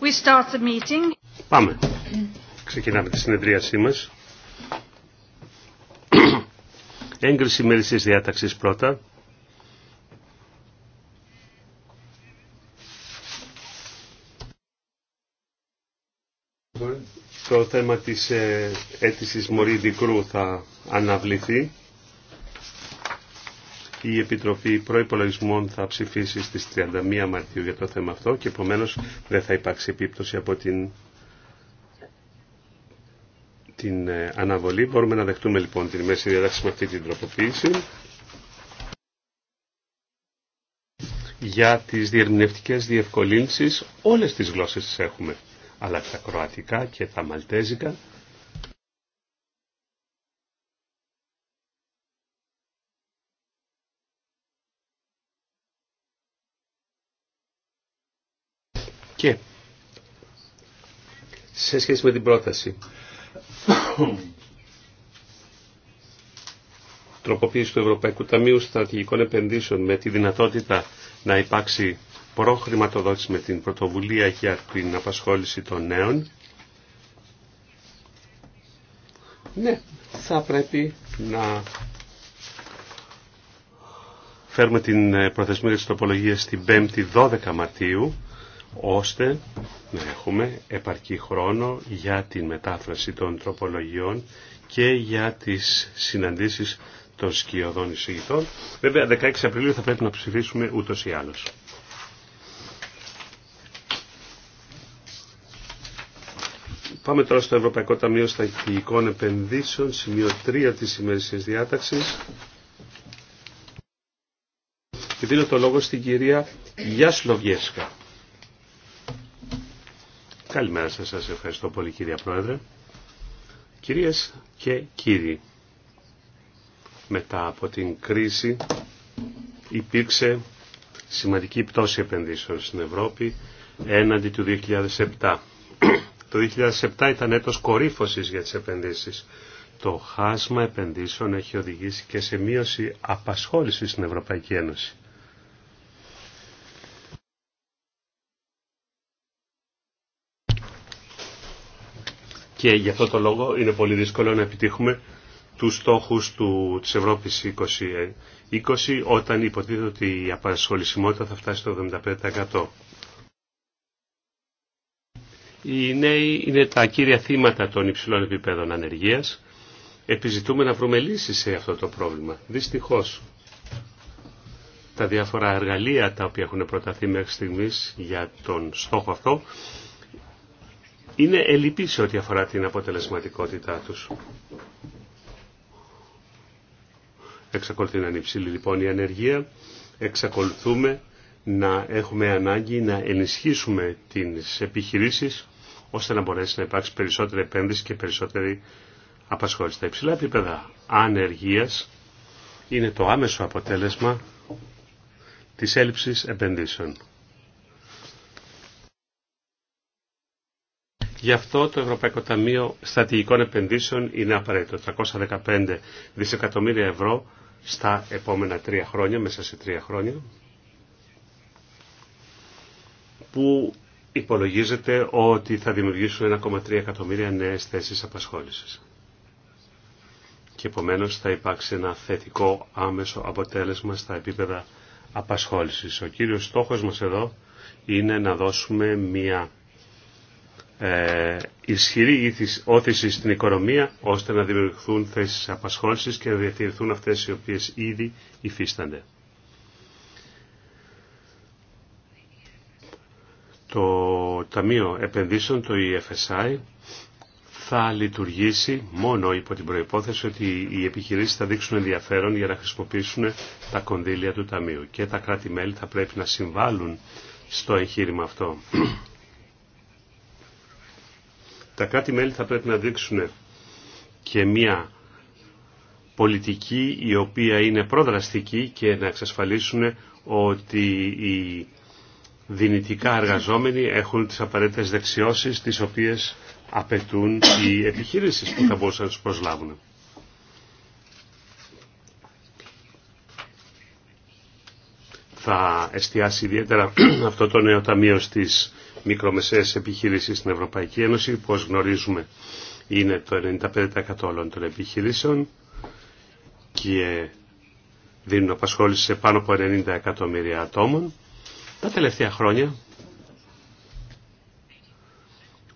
We start the meeting. Πάμε. Ξεκινάμε τη συνεδρίασή μας. Έγκριση μέλησης διάταξης πρώτα. Το θέμα της ε, αίτησης Μωρή Δικρού θα αναβληθεί η Επιτροφή Προϋπολογισμών θα ψηφίσει στις 31 Μαρτίου για το θέμα αυτό και επομένως δεν θα υπάρξει επίπτωση από την, την ε, αναβολή. Μπορούμε να δεχτούμε λοιπόν την μέση διαδάξη με αυτή την τροποποίηση. Για τις διερμηνευτικές διευκολύνσεις όλες τις γλώσσες τις έχουμε, αλλά τα κροατικά και τα μαλτέζικα Και σε σχέση με την πρόταση τροποποίηση του Ευρωπαϊκού Ταμείου Στρατηγικών Επενδύσεων με τη δυνατότητα να υπάρξει προχρηματοδότηση με την πρωτοβουλία για την απασχόληση των νέων. Ναι, θα πρέπει να φέρουμε την ε, προθεσμία της τροπολογίας την 5η 12 Μαρτίου ώστε να έχουμε επαρκή χρόνο για την μετάφραση των τροπολογιών και για τις συναντήσεις των σκιωδών εισηγητών. Βέβαια, 16 Απριλίου θα πρέπει να ψηφίσουμε ούτως ή άλλως. Πάμε τώρα στο Ευρωπαϊκό Ταμείο Στατικών Επενδύσεων, σημείο 3 της ημερησίας διάταξης. Και δίνω το λόγο στην κυρία Γιάσλοβιέσκα. Καλημέρα σας, σας ευχαριστώ πολύ κυρία Πρόεδρε. Κυρίες και κύριοι, μετά από την κρίση υπήρξε σημαντική πτώση επενδύσεων στην Ευρώπη έναντι του 2007. Το 2007 ήταν έτος κορύφωσης για τις επενδύσεις. Το χάσμα επενδύσεων έχει οδηγήσει και σε μείωση απασχόλησης στην Ευρωπαϊκή Ένωση. και γι' αυτό το λόγο είναι πολύ δύσκολο να επιτύχουμε τους στόχους του, της Ευρώπης 2020 όταν υποτίθεται ότι η απασχολησιμότητα θα φτάσει στο 75%. Οι νέοι είναι τα κύρια θύματα των υψηλών επίπεδων ανεργίας. Επιζητούμε να βρούμε λύσεις σε αυτό το πρόβλημα. Δυστυχώς, τα διάφορα εργαλεία τα οποία έχουν προταθεί μέχρι στιγμής για τον στόχο αυτό είναι ελλειπή σε ό,τι αφορά την αποτελεσματικότητά τους. Εξακολουθεί να είναι υψηλή λοιπόν η ανεργία. Εξακολουθούμε να έχουμε ανάγκη να ενισχύσουμε τις επιχειρήσεις ώστε να μπορέσει να υπάρξει περισσότερη επένδυση και περισσότερη απασχόληση. Τα υψηλά επίπεδα ανεργίας είναι το άμεσο αποτέλεσμα της έλλειψης επενδύσεων. Γι' αυτό το Ευρωπαϊκό Ταμείο Στατηγικών Επενδύσεων είναι απαραίτητο. 315 δισεκατομμύρια ευρώ στα επόμενα τρία χρόνια, μέσα σε τρία χρόνια, που υπολογίζεται ότι θα δημιουργήσουν 1,3 εκατομμύρια νέες θέσεις απασχόλησης. Και επομένως θα υπάρξει ένα θετικό άμεσο αποτέλεσμα στα επίπεδα απασχόλησης. Ο κύριος στόχος μας εδώ είναι να δώσουμε μια ε, ισχυρή όθηση στην οικονομία ώστε να δημιουργηθούν θέσεις απασχόλησης και να διατηρηθούν αυτές οι οποίες ήδη υφίστανται. Το Ταμείο Επενδύσεων, το EFSI, θα λειτουργήσει μόνο υπό την προϋπόθεση ότι οι επιχειρήσεις θα δείξουν ενδιαφέρον για να χρησιμοποιήσουν τα κονδύλια του Ταμείου και τα κράτη-μέλη θα πρέπει να συμβάλλουν στο εγχείρημα αυτό. Τα κράτη-μέλη θα πρέπει να δείξουν και μία πολιτική η οποία είναι προδραστική και να εξασφαλίσουν ότι οι δυνητικά εργαζόμενοι έχουν τις απαραίτητες δεξιώσεις τις οποίες απαιτούν οι επιχείρησεις που θα μπορούσαν να τους προσλάβουν. Θα εστιάσει ιδιαίτερα αυτό το νέο ταμείο στις μικρομεσαίες επιχειρήσεις στην Ευρωπαϊκή Ένωση που γνωρίζουμε είναι το 95% όλων των επιχειρήσεων και δίνουν απασχόληση σε πάνω από 90 εκατομμύρια ατόμων. Τα τελευταία χρόνια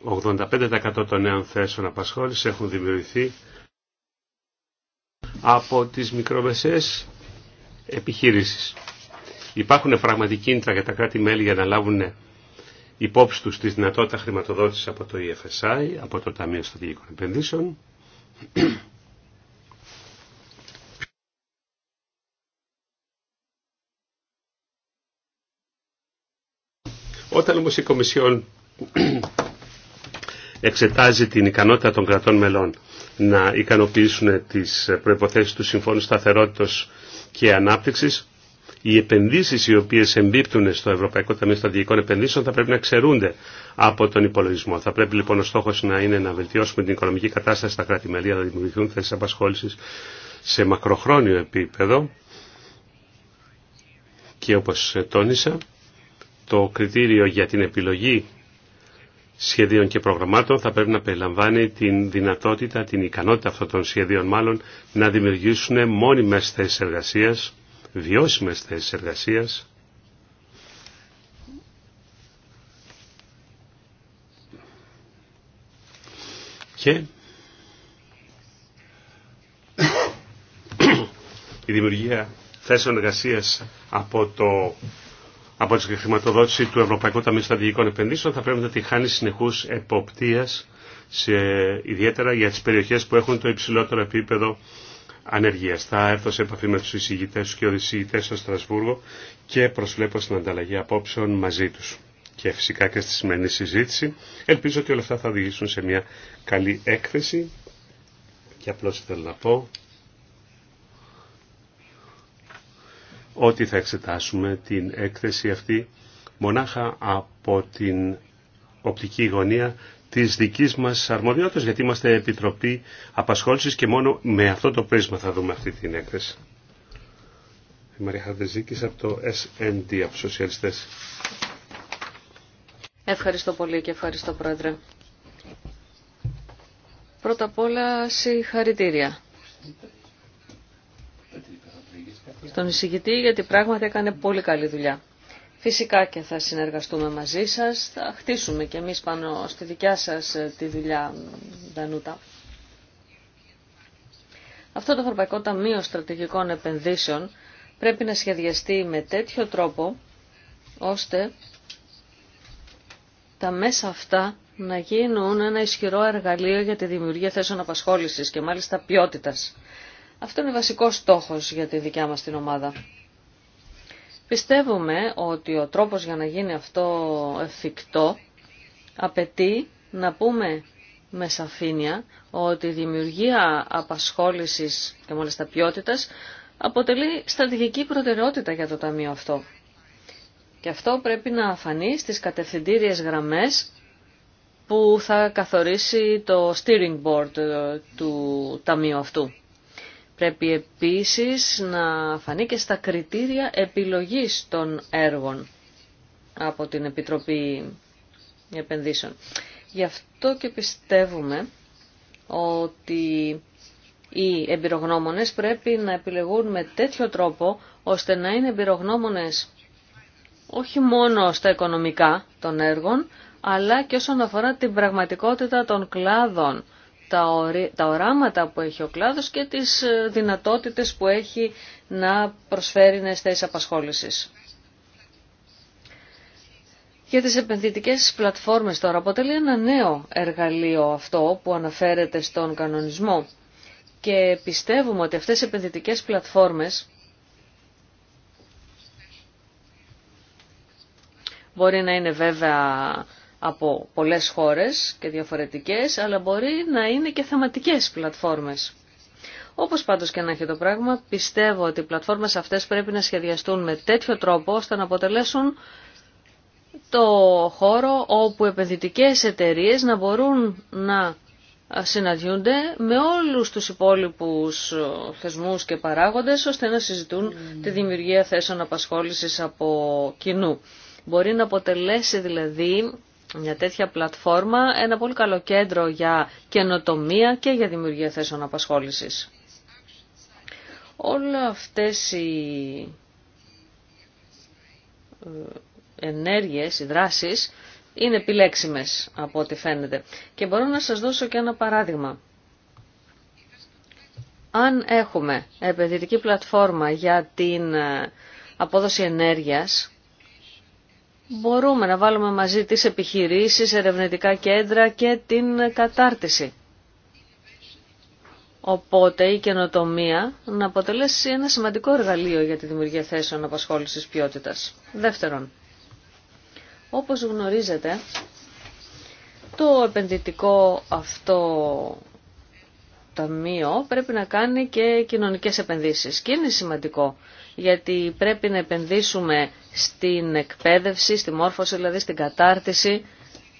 85% των νέων θέσεων απασχόλησης έχουν δημιουργηθεί από τις μικρομεσαίες επιχειρήσεις. Υπάρχουν πραγματικοί κίνητρα για τα κράτη-μέλη για να λάβουν υπόψη τους τη δυνατότητα χρηματοδότησης από το EFSI, από το Ταμείο Στρατηγικών Επενδύσεων. Όταν όμως η Κομισιόν εξετάζει την ικανότητα των κρατών μελών να ικανοποιήσουν τις προϋποθέσεις του Συμφώνου Σταθερότητος και Ανάπτυξης, οι επενδύσει οι οποίε εμπίπτουν στο Ευρωπαϊκό Ταμείο Στρατηγικών Επενδύσεων θα πρέπει να ξερούνται από τον υπολογισμό. Θα πρέπει λοιπόν ο στόχο να είναι να βελτιώσουμε την οικονομική κατάσταση στα κράτη-μέλη, να δημιουργηθούν θέσει απασχόληση σε μακροχρόνιο επίπεδο. Και όπω τόνισα, το κριτήριο για την επιλογή σχεδίων και προγραμμάτων θα πρέπει να περιλαμβάνει την δυνατότητα, την ικανότητα αυτών των σχεδίων μάλλον να δημιουργήσουν μόνιμες θέσεις εργασίας βιώσιμες θέσεις εργασίας και η δημιουργία θέσεων εργασίας από, το, από τη χρηματοδότηση του Ευρωπαϊκού Ταμείου Στρατηγικών Επενδύσεων θα πρέπει να τη χάνει συνεχούς εποπτείας σε, ιδιαίτερα για τις περιοχές που έχουν το υψηλότερο επίπεδο Ανεργία, Θα έρθω σε επαφή με τους εισηγητές και οδηγητέ στο Στρασβούργο και προσβλέπω στην ανταλλαγή απόψεων μαζί τους. Και φυσικά και στη σημερινή συζήτηση. Ελπίζω ότι όλα αυτά θα οδηγήσουν σε μια καλή έκθεση. Και απλώ θέλω να πω ότι θα εξετάσουμε την έκθεση αυτή μονάχα από την οπτική γωνία της δικής μας αρμοδιότητας, γιατί είμαστε Επιτροπή Απασχόλησης και μόνο με αυτό το πρίσμα θα δούμε αυτή την έκθεση. Η Μαρία Χαρδεζίκης από το SND, από Σοσιαλιστές. Ευχαριστώ πολύ και ευχαριστώ Πρόεδρε. Πρώτα απ' όλα συγχαρητήρια στον εισηγητή γιατί πράγματι έκανε πολύ καλή δουλειά. Φυσικά και θα συνεργαστούμε μαζί σας, θα χτίσουμε και εμείς πάνω στη δικιά σας ε, τη δουλειά, Δανούτα. Αυτό το Ευρωπαϊκό Ταμείο Στρατηγικών Επενδύσεων πρέπει να σχεδιαστεί με τέτοιο τρόπο, ώστε τα μέσα αυτά να γίνουν ένα ισχυρό εργαλείο για τη δημιουργία θέσεων απασχόλησης και μάλιστα ποιότητας. Αυτό είναι βασικός στόχος για τη δικιά μας την ομάδα. Πιστεύουμε ότι ο τρόπος για να γίνει αυτό εφικτό απαιτεί να πούμε με σαφήνεια ότι η δημιουργία απασχόλησης και μάλιστα τα αποτελεί στρατηγική προτεραιότητα για το Ταμείο αυτό. Και αυτό πρέπει να φανεί στις κατευθυντήριες γραμμές που θα καθορίσει το steering board ε, του Ταμείου αυτού. Πρέπει επίσης να φανεί και στα κριτήρια επιλογής των έργων από την Επιτροπή Επενδύσεων. Γι' αυτό και πιστεύουμε ότι οι εμπειρογνώμονες πρέπει να επιλεγούν με τέτοιο τρόπο ώστε να είναι εμπειρογνώμονες όχι μόνο στα οικονομικά των έργων, αλλά και όσον αφορά την πραγματικότητα των κλάδων τα οράματα που έχει ο κλάδος και τις ε, δυνατότητες που έχει να προσφέρει νέες θέσεις απασχόλησης. Για τις επενδυτικές πλατφόρμες τώρα αποτελεί ένα νέο εργαλείο αυτό που αναφέρεται στον κανονισμό και πιστεύουμε ότι αυτές οι επενδυτικές πλατφόρμες μπορεί να είναι βέβαια από πολλές χώρες και διαφορετικές, αλλά μπορεί να είναι και θεματικές πλατφόρμες. Όπως πάντως και να έχει το πράγμα, πιστεύω ότι οι πλατφόρμες αυτές πρέπει να σχεδιαστούν με τέτοιο τρόπο ώστε να αποτελέσουν το χώρο όπου επενδυτικές εταιρείες να μπορούν να συναντιούνται με όλους τους υπόλοιπους θεσμούς και παράγοντες ώστε να συζητούν τη δημιουργία θέσεων απασχόλησης από κοινού. Μπορεί να αποτελέσει δηλαδή μια τέτοια πλατφόρμα ένα πολύ καλό κέντρο για καινοτομία και για δημιουργία θέσεων απασχόλησης. Όλα αυτές οι ε, ενέργειες, οι δράσεις είναι επιλέξιμες από ό,τι φαίνεται. Και μπορώ να σας δώσω και ένα παράδειγμα. Αν έχουμε επενδυτική πλατφόρμα για την ε, απόδοση ενέργειας, μπορούμε να βάλουμε μαζί τις επιχειρήσεις, ερευνητικά κέντρα και την κατάρτιση. Οπότε η καινοτομία να αποτελέσει ένα σημαντικό εργαλείο για τη δημιουργία θέσεων απασχόλησης ποιότητας. Δεύτερον, όπως γνωρίζετε, το επενδυτικό αυτό ταμείο πρέπει να κάνει και κοινωνικές επενδύσεις και είναι σημαντικό γιατί πρέπει να επενδύσουμε στην εκπαίδευση, στη μόρφωση, δηλαδή στην κατάρτιση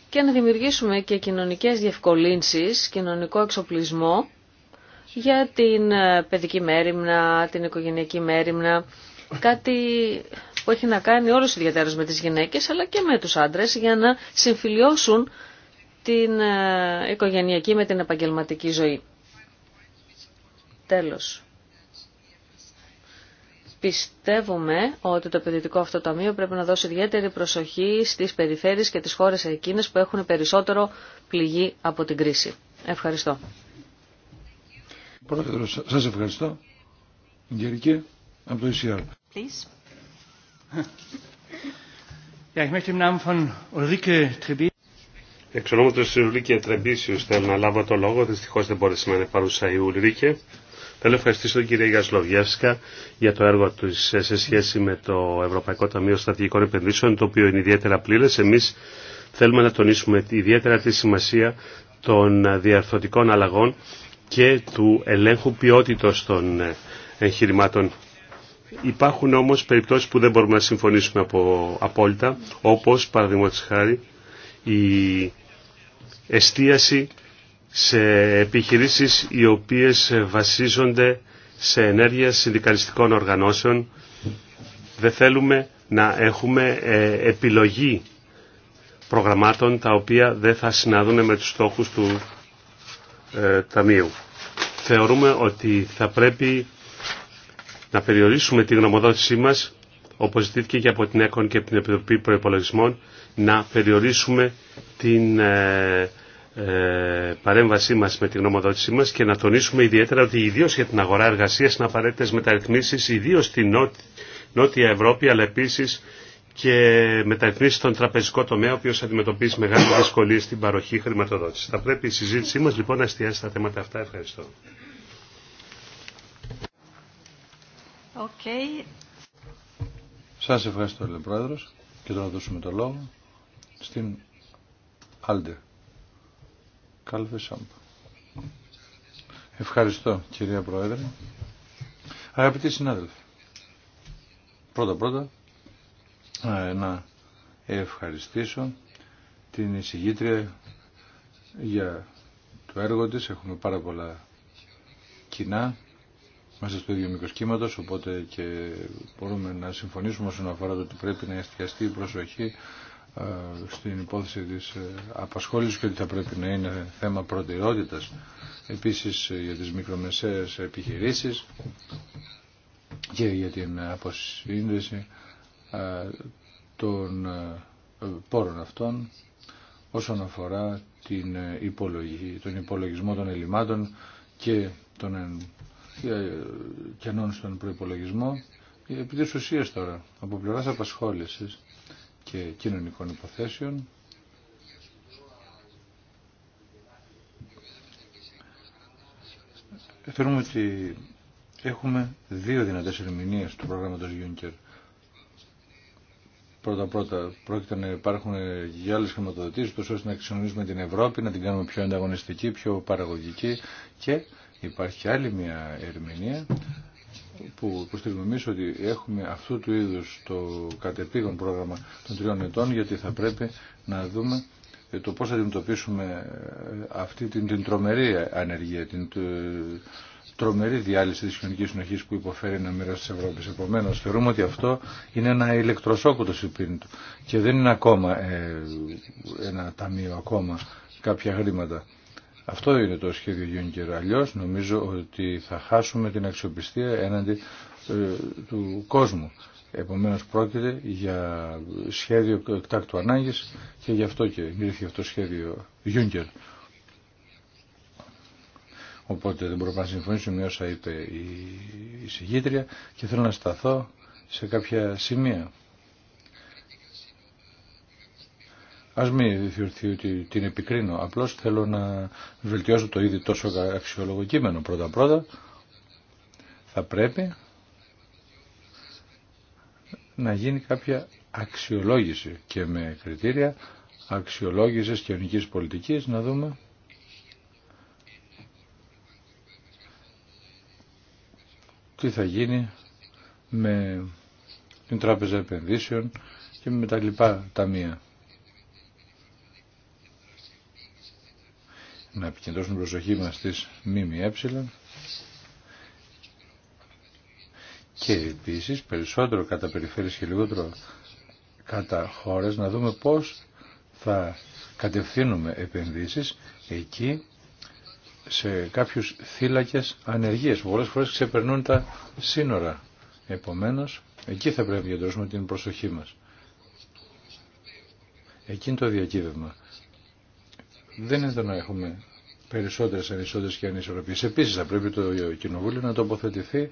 και να δημιουργήσουμε και κοινωνικές διευκολύνσεις, κοινωνικό εξοπλισμό για την ε, παιδική μέρημνα, την οικογενειακή μέρημνα, κάτι που έχει να κάνει όλος ιδιαίτερως με τις γυναίκες αλλά και με τους άντρες για να συμφιλιώσουν την ε, οικογενειακή με την επαγγελματική ζωή. Τέλος πιστεύουμε ότι το επενδυτικό αυτό ταμείο πρέπει να δώσει ιδιαίτερη προσοχή στις περιφέρειες και τις χώρες εκείνες που έχουν περισσότερο πληγή από την κρίση. Ευχαριστώ. Πρόεδρο, σας ευχαριστώ. Γερικέ, από το ECR. Ja, ich möchte im Namen von Ulrike Εξ ονόματος της Ουλίκη Τρεμπίσιους θέλω να λάβω το λόγο, δυστυχώς δεν μπόρεσε να είναι παρούσα η Ουλρίκε. Θέλω να ευχαριστήσω τον κύριο για το έργο του σε σχέση με το Ευρωπαϊκό Ταμείο Στατικών Επενδύσεων, το οποίο είναι ιδιαίτερα πλήρε. Εμεί θέλουμε να τονίσουμε ιδιαίτερα τη σημασία των διαρθρωτικών αλλαγών και του ελέγχου ποιότητα των ε, εγχειρημάτων. Υπάρχουν όμω περιπτώσει που δεν μπορούμε να συμφωνήσουμε από, απόλυτα, όπως τη χάρη η εστίαση σε επιχειρήσεις οι οποίες βασίζονται σε ενέργεια συνδικαλιστικών οργανώσεων. Δεν θέλουμε να έχουμε ε, επιλογή προγραμμάτων τα οποία δεν θα συνάδουν με τους στόχους του ε, Ταμείου. Θεωρούμε ότι θα πρέπει να περιορίσουμε την γνωμοδότησή μας, όπως ζητήθηκε και από την ΕΚΟΝ και από την Επιτροπή Προϋπολογισμών, να περιορίσουμε την ε, ε, παρέμβασή μας με τη γνωμοδότησή μας και να τονίσουμε ιδιαίτερα ότι ιδίω για την αγορά εργασίας είναι απαραίτητε μεταρρυθμίσεις ιδίω στη Νότια Ευρώπη αλλά επίση και μεταρρυθμίσει στον τραπεζικό τομέα, ο οποίο αντιμετωπίζει μεγάλη δυσκολία στην παροχή χρηματοδότηση. Θα πρέπει η συζήτησή μα λοιπόν να εστιάσει στα θέματα αυτά. Ευχαριστώ. Okay. Σα ευχαριστώ, Λεπρόεδρο, και τώρα δώσουμε το λόγο στην Άλντε. Ευχαριστώ κυρία Πρόεδρε. Αγαπητοί συνάδελφοι, πρώτα πρώτα να ευχαριστήσω την εισηγήτρια για το έργο της. Έχουμε πάρα πολλά κοινά μέσα στο ίδιο μικρό οπότε και μπορούμε να συμφωνήσουμε όσον αφορά το ότι πρέπει να εστιαστεί η προσοχή ε, στην υπόθεση της ε, απασχόλησης και ότι θα πρέπει να είναι θέμα προτεραιότητας επίσης ε, για τις μικρομεσαίες επιχειρήσεις και για την αποσύνδεση των πόρων αυτών όσον αφορά την υπολογή, τον υπολογισμό των ελλημάτων και των κενών στον προϋπολογισμό επί της ουσίας τώρα από πλευράς απασχόλησης και κοινωνικών υποθέσεων. Θεωρούμε ότι έχουμε δύο δυνατές ερμηνείες του προγράμματος Juncker. Πρώτα-πρώτα, πρόκειται να υπάρχουν για άλλε χρηματοδοτήσει, ώστε να εξοικονομήσουμε την Ευρώπη, να την κάνουμε πιο ανταγωνιστική, πιο παραγωγική. Και υπάρχει άλλη μια ερμηνεία που υποστηρίζουμε εμεί ότι έχουμε αυτού του είδους το κατεπήγον πρόγραμμα των τριών ετών γιατί θα πρέπει να δούμε ε, το πώς θα αντιμετωπίσουμε ε, αυτή την, την τρομερή ανεργία, την ε, τρομερή διάλυση της κοινωνικής συνοχής που υποφέρει ένα μέρος της Ευρώπης. Επομένως, θεωρούμε ότι αυτό είναι ένα ηλεκτροσόκο το και δεν είναι ακόμα ένα ταμείο, ακόμα κάποια χρήματα. Αυτό είναι το σχέδιο Juncker. Αλλιώ νομίζω ότι θα χάσουμε την αξιοπιστία έναντι ε, του κόσμου. Επομένως πρόκειται για σχέδιο εκτάκτου ανάγκης και γι' αυτό και εγκρίθηκε αυτό το σχέδιο Juncker. Οπότε δεν μπορούμε να συμφωνήσουμε με όσα είπε η συγγήτρια και θέλω να σταθώ σε κάποια σημεία. Ας μην διευθυνθεί ότι την επικρίνω. Απλώς θέλω να βελτιώσω το ήδη αξιολογοκείμενο. κείμενο. Πρώτα-πρώτα θα πρέπει να γίνει κάποια αξιολόγηση και με κριτήρια αξιολόγησης κοινωνικής πολιτικής να δούμε τι θα γίνει με την Τράπεζα Επενδύσεων και με τα λοιπά ταμεία. να επικεντρώσουμε την προσοχή μας στις ΜΜΕ και επίσης περισσότερο κατά περιφέρειες και λιγότερο κατά χώρες να δούμε πώς θα κατευθύνουμε επενδύσεις εκεί σε κάποιους θύλακες ανεργίες που πολλές φορές ξεπερνούν τα σύνορα. Επομένως, εκεί θα πρέπει να κεντρώσουμε την προσοχή μας. Εκεί είναι το διακύβευμα δεν είναι το να έχουμε περισσότερες ανισότητες και ανισορροπίες. Επίσης θα πρέπει το Κοινοβούλιο να τοποθετηθεί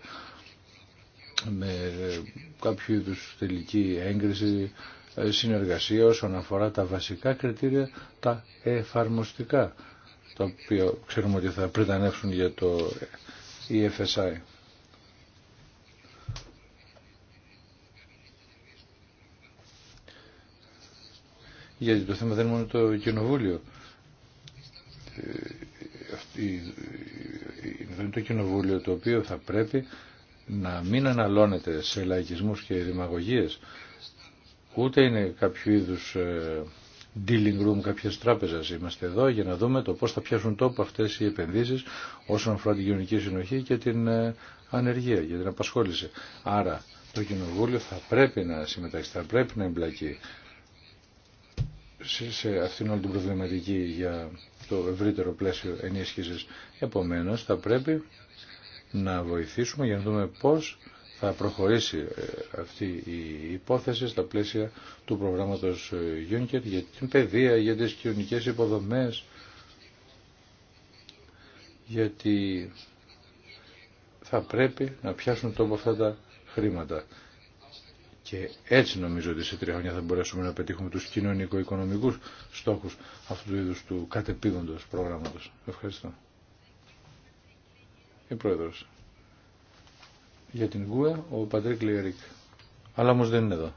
με ε, κάποιο είδου τελική έγκριση ε, συνεργασία όσον αφορά τα βασικά κριτήρια, τα εφαρμοστικά, τα οποία ξέρουμε ότι θα πρετανεύσουν για το EFSI. Γιατί το θέμα δεν είναι μόνο το κοινοβούλιο το κοινοβούλιο το οποίο θα πρέπει να μην αναλώνεται σε λαϊκισμούς και δημαγωγίες ούτε είναι κάποιο είδους ε, dealing room κάποιες τράπεζες. Είμαστε εδώ για να δούμε το πώς θα πιάσουν τόπο αυτές οι επενδύσεις όσον αφορά την κοινωνική συνοχή και την ε, ανεργία, για την απασχόληση. Άρα το Κοινοβούλιο θα πρέπει να συμμεταξει θα πρέπει να εμπλακεί σε αυτήν όλη την προβληματική για στο ευρύτερο πλαίσιο ενίσχυσης. Επομένως θα πρέπει να βοηθήσουμε για να δούμε πώς θα προχωρήσει ε, αυτή η υπόθεση στα πλαίσια του προγράμματος ε, Juncker για την παιδεία, για τις κοινωνικές υποδομές, γιατί θα πρέπει να πιάσουν τόπο αυτά τα χρήματα. Και έτσι νομίζω ότι σε τρία χρόνια θα μπορέσουμε να πετύχουμε τους κοινωνικο-οικονομικούς στόχους αυτού του είδους του κατεπίδοντος προγράμματος. Ευχαριστώ. Η ε, Πρόεδρος. Για την ΚΟΕ, ο Πατρίκ Λιερίκ. Αλλά όμως δεν είναι εδώ.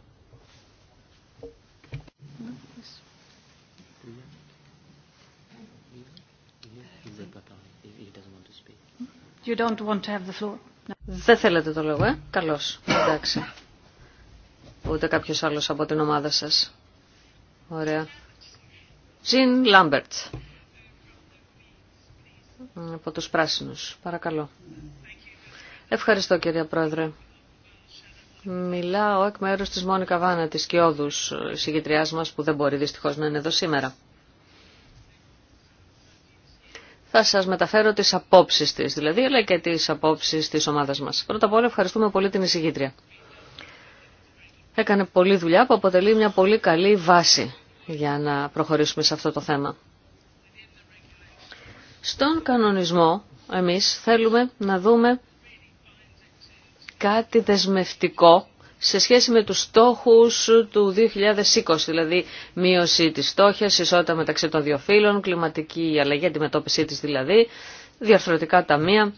Δεν θέλετε το λόγο, ε. Καλώς. Εντάξει ούτε κάποιος άλλος από την ομάδα σας. Ωραία. Τζιν Λάμπερτ. Από τους πράσινους. Παρακαλώ. Ευχαριστώ κυρία Πρόεδρε. Μιλάω εκ μέρους της Μόνικα Βάνα, της Κιόδους, συγκητριάς μας, που δεν μπορεί δυστυχώς να είναι εδώ σήμερα. Θα σας μεταφέρω τις απόψεις της, δηλαδή, αλλά και τις απόψεις της ομάδας μας. Πρώτα απ' όλα ευχαριστούμε πολύ την εισηγήτρια έκανε πολλή δουλειά που αποτελεί μια πολύ καλή βάση για να προχωρήσουμε σε αυτό το θέμα. Στον κανονισμό εμείς θέλουμε να δούμε κάτι δεσμευτικό σε σχέση με τους στόχους του 2020, δηλαδή μείωση της στόχιας, ισότητα μεταξύ των δύο φύλων, κλιματική αλλαγή, αντιμετώπιση της δηλαδή, διαφορετικά ταμεία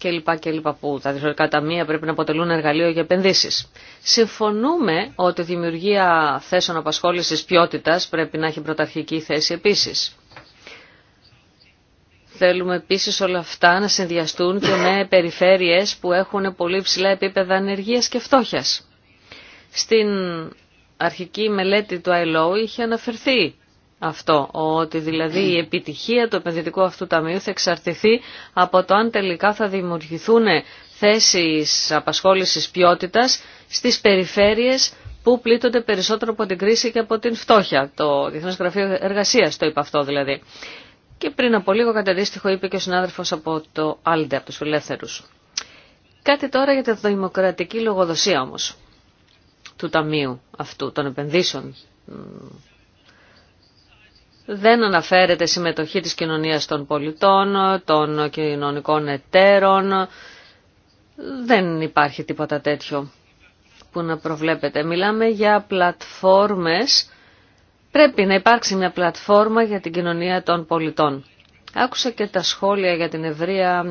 κλπ. κλπ που τα διευθυντικά ταμεία πρέπει να αποτελούν εργαλείο για επενδύσεις. Συμφωνούμε ότι η δημιουργία θέσεων απασχόλησης ποιότητας πρέπει να έχει πρωταρχική θέση επίσης. Θέλουμε επίσης όλα αυτά να συνδυαστούν και με περιφέρειες που έχουν πολύ ψηλά επίπεδα ανεργίας και φτώχειας. Στην αρχική μελέτη του ILO είχε αναφερθεί αυτό, ότι δηλαδή η επιτυχία του επενδυτικού αυτού ταμείου θα εξαρτηθεί από το αν τελικά θα δημιουργηθούν θέσεις απασχόλησης ποιότητας στις περιφέρειες που πλήττονται περισσότερο από την κρίση και από την φτώχεια. Το Διεθνές Γραφείο Εργασίας το είπε αυτό δηλαδή. Και πριν από λίγο κατά είπε και ο συνάδελφος από το Άλντε, από τους Φιλεύθερους. Κάτι τώρα για τη δημοκρατική λογοδοσία όμως του ταμείου αυτού, των επενδύσεων δεν αναφέρεται συμμετοχή της κοινωνίας των πολιτών, των κοινωνικών εταίρων. Δεν υπάρχει τίποτα τέτοιο που να προβλέπετε. Μιλάμε για πλατφόρμες. Πρέπει να υπάρξει μια πλατφόρμα για την κοινωνία των πολιτών. Άκουσα και τα σχόλια για την ευρεία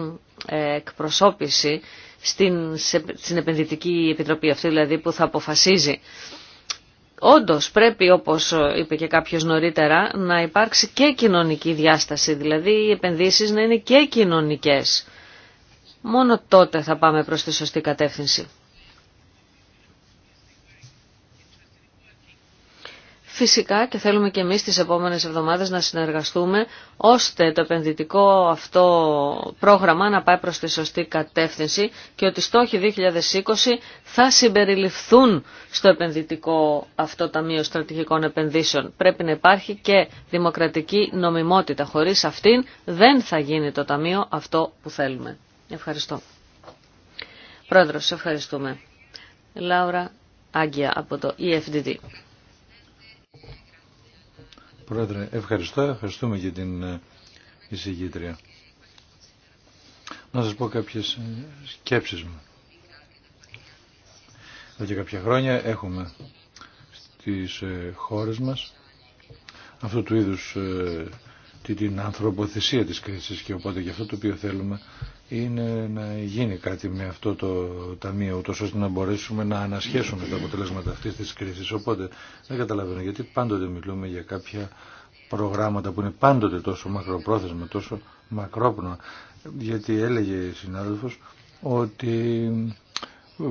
ε, εκπροσώπηση στην, στην Επενδυτική Επιτροπή αυτή δηλαδή που θα αποφασίζει. Όντως πρέπει όπως είπε και κάποιος νωρίτερα να υπάρξει και κοινωνική διάσταση, δηλαδή οι επενδύσεις να είναι και κοινωνικές. Μόνο τότε θα πάμε προς τη σωστή κατεύθυνση. Φυσικά και θέλουμε και εμείς τις επόμενες εβδομάδες να συνεργαστούμε ώστε το επενδυτικό αυτό πρόγραμμα να πάει προς τη σωστή κατεύθυνση και ότι οι στόχοι 2020 θα συμπεριληφθούν στο επενδυτικό αυτό Ταμείο Στρατηγικών Επενδύσεων. Πρέπει να υπάρχει και δημοκρατική νομιμότητα. Χωρίς αυτήν δεν θα γίνει το Ταμείο αυτό που θέλουμε. Ευχαριστώ. Πρόεδρος, ευχαριστούμε. Λάουρα Άγκια από το EFDD. Πρόεδρε, ευχαριστώ. Ευχαριστούμε για την ε, εισηγήτρια. Να σας πω κάποιες ε, σκέψεις μου. Εδώ κάποια χρόνια έχουμε στις ε, χώρες μας αυτού του είδους την ανθρωποθεσία της κρίσης και οπότε για αυτό το οποίο θέλουμε είναι να γίνει κάτι με αυτό το ταμείο, ούτω ώστε να μπορέσουμε να ανασχέσουμε τα αποτελέσματα αυτή τη κρίση. Οπότε δεν καταλαβαίνω γιατί πάντοτε μιλούμε για κάποια προγράμματα που είναι πάντοτε τόσο μακροπρόθεσμα, τόσο μακρόπνοα. Γιατί έλεγε η συνάδελφος ότι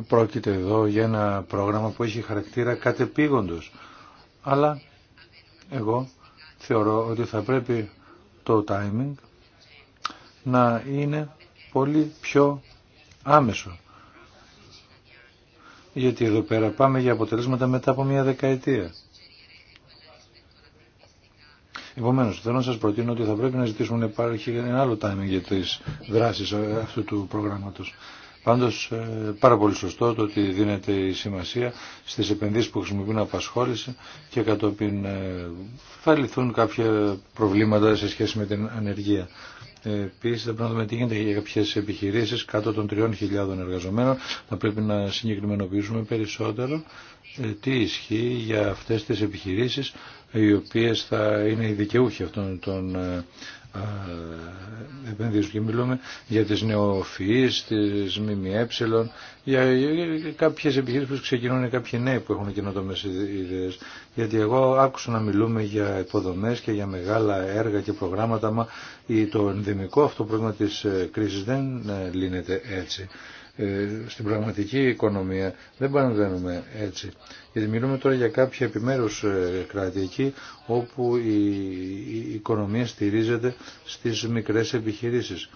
πρόκειται εδώ για ένα πρόγραμμα που έχει χαρακτήρα κατεπήγοντος. Αλλά εγώ θεωρώ ότι θα πρέπει το timing να είναι πολύ πιο άμεσο. Γιατί εδώ πέρα πάμε για αποτελέσματα μετά από μια δεκαετία. Επομένω, θέλω να σα προτείνω ότι θα πρέπει να ζητήσουμε να υπάρχει ένα άλλο timing για τις δράσεις αυτού του προγράμματο. Πάντως, ε, πάρα πολύ σωστό το ότι δίνεται η σημασία στι επενδύσει που χρησιμοποιούν απασχόληση και κατόπιν ε, θα λυθούν κάποια προβλήματα σε σχέση με την ανεργία. Επίση, θα πρέπει να δούμε τι γίνεται για κάποιε επιχειρήσει κάτω των 3.000 εργαζομένων. Θα πρέπει να συγκεκριμενοποιήσουμε περισσότερο ε, τι ισχύει για αυτέ τι επιχειρήσει οι οποίε θα είναι οι δικαιούχοι αυτών των ε, επενδύσεις και μιλούμε για τις νεοφυείς, τις ΜΜΕ, για κάποιες επιχείρησεις που ξεκινούν κάποιοι νέοι που έχουν καινοτομές ιδέες. Γιατί εγώ άκουσα να μιλούμε για υποδομές και για μεγάλα έργα και προγράμματα, μα το ενδυμικό αυτό πρόβλημα της ε, κρίσης δεν ε, λύνεται έτσι. Ε, στην πραγματική οικονομία. Δεν παρεμβαίνουμε έτσι. Γιατί μιλούμε τώρα για κάποια επιμέρους ε, κράτη εκεί όπου η οικονομία στηρίζεται στις μικρές επιχειρήσεις.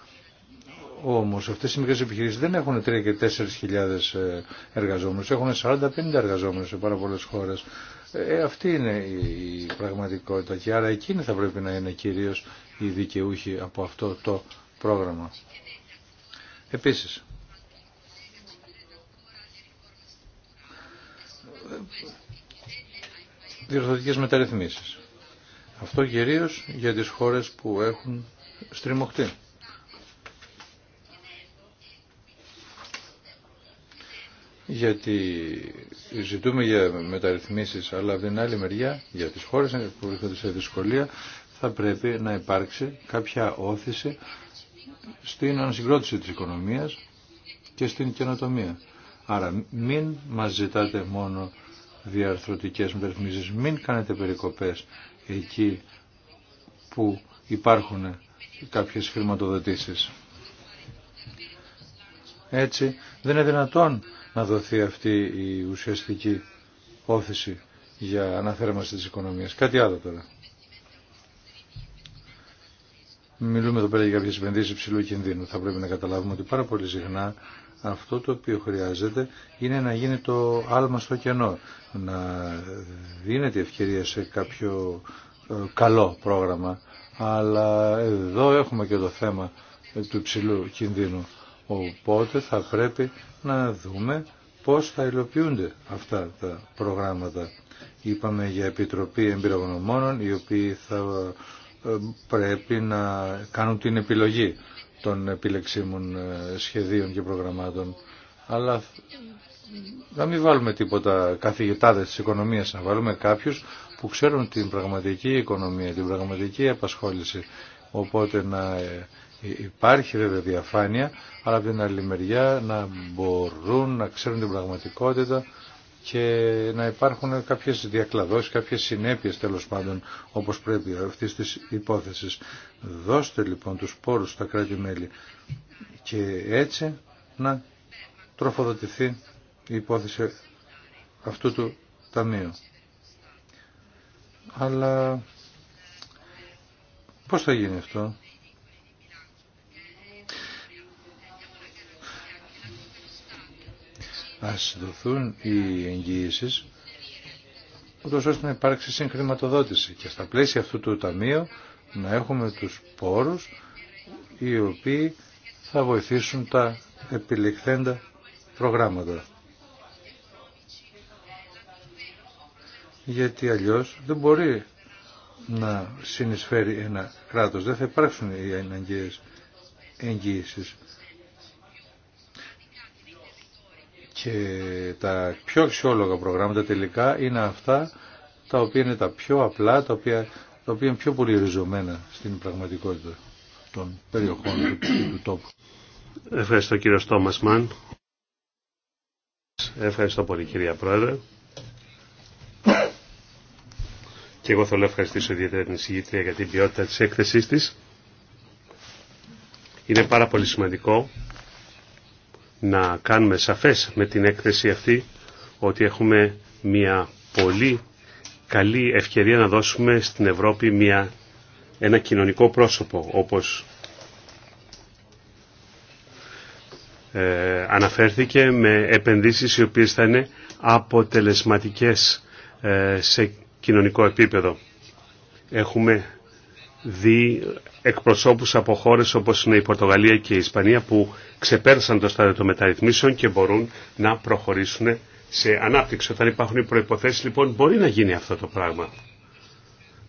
Όμως αυτές οι μικρές επιχειρήσεις δεν έχουν 3 και 4 χιλιάδες ε, εργαζόμενους, έχουν 40-50 εργαζόμενους σε πάρα πολλές χώρες. Ε, αυτή είναι η πραγματικότητα και άρα εκείνη θα πρέπει να είναι κυρίως οι δικαιούχοι από αυτό το πρόγραμμα. Επίσης, διορθωτικές μεταρρυθμίσεις. Αυτό κυρίως για τις χώρες που έχουν στριμωχτεί. γιατί ζητούμε για μεταρρυθμίσεις, αλλά από την άλλη μεριά, για τις χώρες που βρίσκονται σε δυσκολία, θα πρέπει να υπάρξει κάποια όθηση στην ανασυγκρότηση της οικονομίας και στην καινοτομία. Άρα μην μας ζητάτε μόνο διαρθρωτικές μεταρρυθμίσεις. Μην κάνετε περικοπές εκεί που υπάρχουν κάποιες χρηματοδοτήσεις. Έτσι δεν είναι δυνατόν να δοθεί αυτή η ουσιαστική όθηση για αναθέρμανση της οικονομίας. Κάτι άλλο τώρα. Μιλούμε εδώ πέρα για κάποιες επενδύσεις υψηλού κινδύνου. Θα πρέπει να καταλάβουμε ότι πάρα πολύ συχνά αυτό το οποίο χρειάζεται είναι να γίνει το άλμα στο κενό, να δίνεται ευκαιρία σε κάποιο ε, καλό πρόγραμμα, αλλά εδώ έχουμε και το θέμα του υψηλού κινδύνου. Οπότε θα πρέπει να δούμε πώς θα υλοποιούνται αυτά τα προγράμματα. Είπαμε για Επιτροπή Εμπειρογνωμόνων, οι οποίοι θα ε, πρέπει να κάνουν την επιλογή των επιλεξίμων ε, σχεδίων και προγραμμάτων. Αλλά να μην βάλουμε τίποτα καθηγητάδες της οικονομίας, να βάλουμε κάποιους που ξέρουν την πραγματική οικονομία, την πραγματική απασχόληση. Οπότε να ε, υπάρχει βέβαια διαφάνεια, αλλά από την άλλη μεριά να μπορούν να ξέρουν την πραγματικότητα και να υπάρχουν κάποιες διακλαδώσεις, κάποιες συνέπειες τέλος πάντων όπως πρέπει αυτή της υπόθεσης. Δώστε λοιπόν τους πόρους στα κράτη-μέλη και έτσι να τροφοδοτηθεί η υπόθεση αυτού του ταμείου. Αλλά πώς θα γίνει αυτό. ας δοθούν οι εγγύησει ούτως ώστε να υπάρξει συγχρηματοδότηση και στα πλαίσια αυτού του ταμείου να έχουμε τους πόρους οι οποίοι θα βοηθήσουν τα επιλεκθέντα προγράμματα. Γιατί αλλιώς δεν μπορεί να συνεισφέρει ένα κράτος. Δεν θα υπάρξουν οι αναγκαίες εγγύησεις. Και τα πιο αξιόλογα προγράμματα τελικά είναι αυτά τα οποία είναι τα πιο απλά, τα οποία, τα οποία είναι πιο πολύ ριζωμένα στην πραγματικότητα των περιοχών του, τόπου. Ευχαριστώ κύριο Στόμας Μαν. Ευχαριστώ πολύ κυρία Πρόεδρε. Και εγώ θέλω να ευχαριστήσω ιδιαίτερα την εισηγήτρια για την ποιότητα της έκθεσής της. Είναι πάρα πολύ σημαντικό να κάνουμε σαφές με την έκθεση αυτή ότι έχουμε μια πολύ καλή ευκαιρία να δώσουμε στην Ευρώπη μια, ένα κοινωνικό πρόσωπο όπως ε, αναφέρθηκε με επενδύσεις οι οποίες θα είναι αποτελεσματικές ε, σε κοινωνικό επίπεδο. Έχουμε δει εκπροσώπους από χώρες όπως είναι η Πορτογαλία και η Ισπανία που ξεπέρασαν το στάδιο των μεταρρυθμίσεων και μπορούν να προχωρήσουν σε ανάπτυξη. Όταν υπάρχουν οι προϋποθέσεις λοιπόν μπορεί να γίνει αυτό το πράγμα.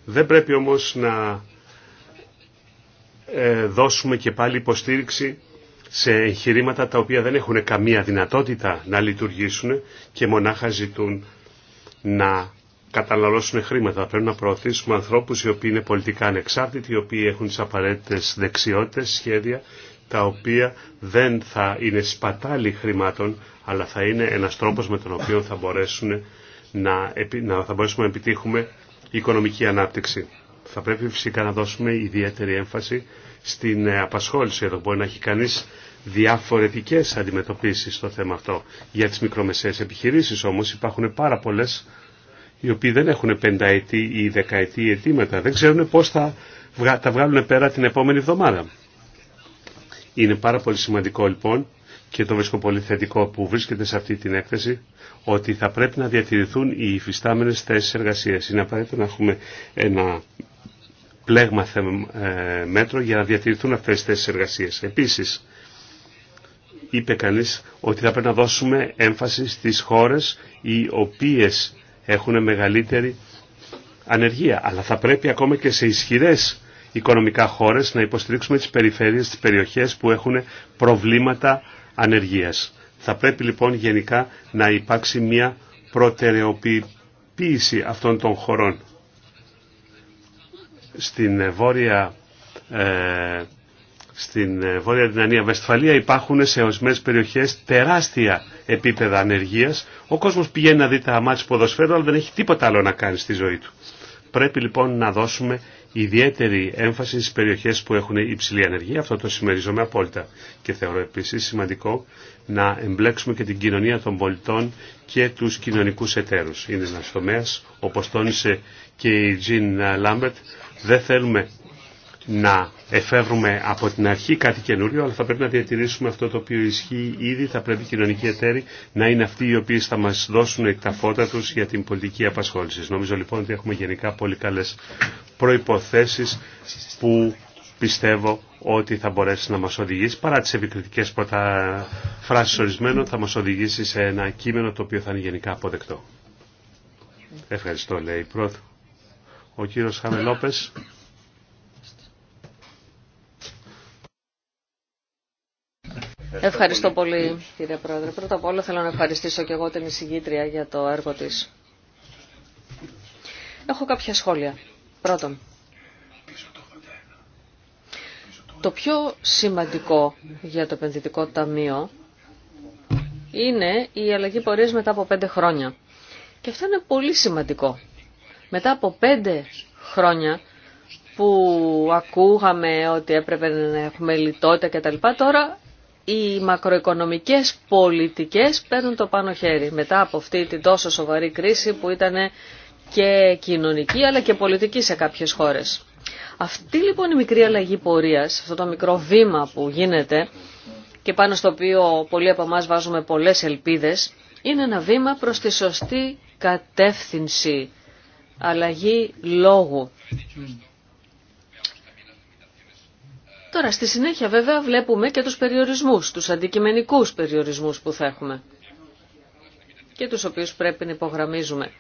Δεν πρέπει όμως να ε, δώσουμε και πάλι υποστήριξη σε εγχειρήματα τα οποία δεν έχουν καμία δυνατότητα να λειτουργήσουν και μονάχα ζητούν να καταναλώσουν χρήματα. Θα πρέπει να προωθήσουμε ανθρώπους οι οποίοι είναι πολιτικά ανεξάρτητοι, οι οποίοι έχουν τις απαραίτητες δεξιότητες, σχέδια, τα οποία δεν θα είναι σπατάλη χρημάτων, αλλά θα είναι ένας τρόπος με τον οποίο θα, μπορέσουν να, να, θα μπορέσουμε να επιτύχουμε οικονομική ανάπτυξη. Θα πρέπει φυσικά να δώσουμε ιδιαίτερη έμφαση στην ε, απασχόληση. Εδώ μπορεί να έχει κανείς διαφορετικές αντιμετωπίσεις στο θέμα αυτό. Για τις μικρομεσαίες επιχειρήσεις όμως υπάρχουν πάρα πολλές οι οποίοι δεν έχουν πενταετή ή δεκαετή αιτήματα. Δεν ξέρουν πώς θα τα βγάλουν πέρα την επόμενη εβδομάδα. Είναι πάρα πολύ σημαντικό λοιπόν και το βρίσκω πολύ θετικό που βρίσκεται σε αυτή την έκθεση ότι θα πρέπει να διατηρηθούν οι υφιστάμενες θέσεις εργασίας. Είναι απαραίτητο να έχουμε ένα πλέγμα ε, μέτρο για να διατηρηθούν αυτές τις θέσεις εργασίας. Επίσης, είπε κανείς ότι θα πρέπει να δώσουμε έμφαση στις χώρες οι οποίες έχουν μεγαλύτερη ανεργία. Αλλά θα πρέπει ακόμα και σε ισχυρές οικονομικά χώρες να υποστηρίξουμε τις περιφέρειες, τις περιοχές που έχουν προβλήματα ανεργίας. Θα πρέπει λοιπόν γενικά να υπάρξει μια προτεραιοποίηση αυτών των χωρών. Στην ε, βόρεια ε, στην ε, Βόρεια Δυνανία Βεσφαλία υπάρχουν σε ορισμένε περιοχές τεράστια επίπεδα ανεργίας. Ο κόσμος πηγαίνει να δει τα μάτια ποδοσφαίρου αλλά δεν έχει τίποτα άλλο να κάνει στη ζωή του. Πρέπει λοιπόν να δώσουμε ιδιαίτερη έμφαση στις περιοχές που έχουν υψηλή ανεργία. Αυτό το συμμερίζομαι απόλυτα. Και θεωρώ επίσης σημαντικό να εμπλέξουμε και την κοινωνία των πολιτών και τους κοινωνικούς εταίρους. Είναι ένας τομέας, όπως τόνισε και η Τζιν Λάμπερτ, δεν θέλουμε να εφεύρουμε από την αρχή κάτι καινούριο, αλλά θα πρέπει να διατηρήσουμε αυτό το οποίο ισχύει ήδη. Θα πρέπει οι κοινωνικοί εταίροι να είναι αυτοί οι οποίοι θα μας δώσουν τα φώτα τους για την πολιτική απασχόληση. Νομίζω λοιπόν ότι έχουμε γενικά πολύ καλές προϋποθέσεις που πιστεύω ότι θα μπορέσει να μας οδηγήσει, παρά τις επικριτικές πρώτα φράσεις ορισμένων, θα μας οδηγήσει σε ένα κείμενο το οποίο θα είναι γενικά αποδεκτό. Ευχαριστώ, λέει πρώτο. Ο κύριος Χαμελόπες. Ευχαριστώ πολύ κύριε Πρόεδρε. Πρώτα απ' όλα θέλω να ευχαριστήσω και εγώ την εισηγήτρια για το έργο της. Έχω κάποια σχόλια. Πρώτον, το πιο σημαντικό για το επενδυτικό ταμείο είναι η αλλαγή πορείας μετά από πέντε χρόνια. Και αυτό είναι πολύ σημαντικό. Μετά από πέντε χρόνια που ακούγαμε ότι έπρεπε να έχουμε λιτότητα κτλ. Τώρα οι μακροοικονομικές πολιτικές παίρνουν το πάνω χέρι μετά από αυτή την τόσο σοβαρή κρίση που ήταν και κοινωνική αλλά και πολιτική σε κάποιες χώρες. Αυτή λοιπόν η μικρή αλλαγή πορείας, αυτό το μικρό βήμα που γίνεται και πάνω στο οποίο πολλοί από εμά βάζουμε πολλές ελπίδες, είναι ένα βήμα προς τη σωστή κατεύθυνση, αλλαγή λόγου. Τώρα στη συνέχεια βέβαια βλέπουμε και τους περιορισμούς, τους αντικειμενικούς περιορισμούς που θα έχουμε και τους οποίους πρέπει να υπογραμμίζουμε.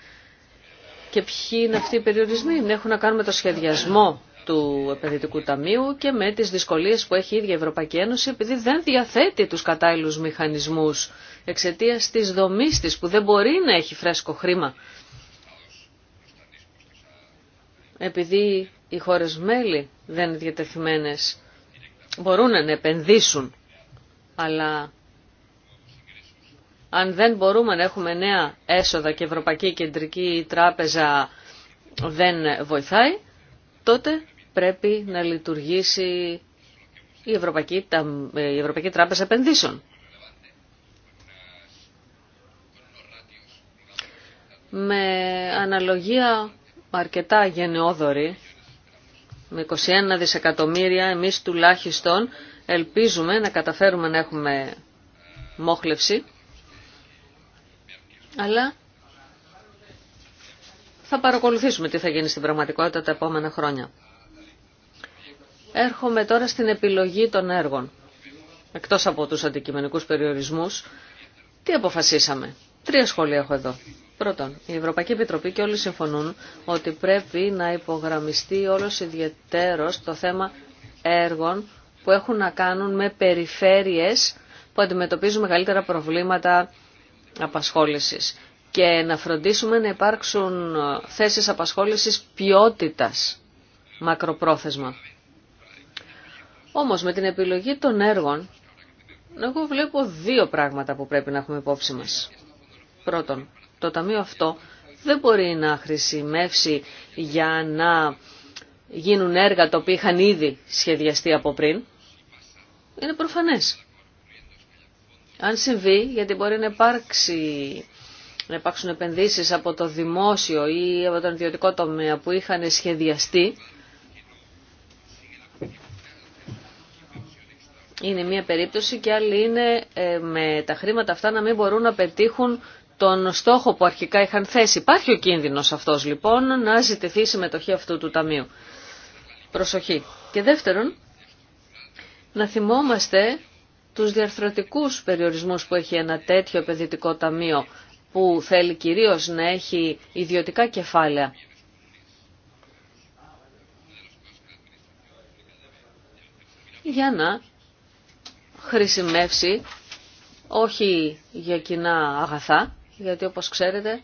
Και ποιοι είναι αυτοί οι περιορισμοί, ναι, έχουν να κάνουν με το σχεδιασμό του επενδυτικού ταμείου και με τις δυσκολίες που έχει η ίδια η Ευρωπαϊκή Ένωση επειδή δεν διαθέτει τους κατάλληλους μηχανισμούς εξαιτία της δομής της που δεν μπορεί να έχει φρέσκο χρήμα. Επειδή οι χώρες μέλη δεν είναι διατεθειμένες μπορούν να επενδύσουν, αλλά αν δεν μπορούμε να έχουμε νέα έσοδα και η Ευρωπαϊκή Κεντρική Τράπεζα δεν βοηθάει, τότε πρέπει να λειτουργήσει η Ευρωπαϊκή, η Ευρωπαϊκή Τράπεζα Επενδύσεων. Με αναλογία αρκετά γενναιόδορη, με 21 δισεκατομμύρια εμείς τουλάχιστον ελπίζουμε να καταφέρουμε να έχουμε μόχλευση αλλά θα παρακολουθήσουμε τι θα γίνει στην πραγματικότητα τα επόμενα χρόνια. Έρχομαι τώρα στην επιλογή των έργων. Εκτός από τους αντικειμενικούς περιορισμούς, τι αποφασίσαμε. Τρία σχόλια έχω εδώ. Πρώτον, η Ευρωπαϊκή Επιτροπή και όλοι συμφωνούν ότι πρέπει να υπογραμμιστεί όλος ιδιαιτέρως το θέμα έργων που έχουν να κάνουν με περιφέρειες που αντιμετωπίζουν μεγαλύτερα προβλήματα απασχόλησης και να φροντίσουμε να υπάρξουν θέσεις απασχόλησης ποιότητας μακροπρόθεσμα. Όμως με την επιλογή των έργων, εγώ βλέπω δύο πράγματα που πρέπει να έχουμε υπόψη μας. Πρώτον, το ταμείο αυτό δεν μπορεί να χρησιμεύσει για να γίνουν έργα τα οποία είχαν ήδη σχεδιαστεί από πριν. Είναι προφανές. Αν συμβεί, γιατί μπορεί να, υπάρξει, να υπάρξουν επενδύσεις από το δημόσιο ή από τον ιδιωτικό τομέα που είχαν σχεδιαστεί, είναι μία περίπτωση και άλλη είναι ε, με τα χρήματα αυτά να μην μπορούν να πετύχουν τον στόχο που αρχικά είχαν θέσει. Υπάρχει ο κίνδυνος αυτός λοιπόν να ζητηθεί συμμετοχή αυτού του ταμείου. Προσοχή. Και δεύτερον, να θυμόμαστε τους διαρθρωτικούς περιορισμούς που έχει ένα τέτοιο επενδυτικό ταμείο που θέλει κυρίως να έχει ιδιωτικά κεφάλαια. Για να χρησιμεύσει όχι για κοινά αγαθά, γιατί όπως ξέρετε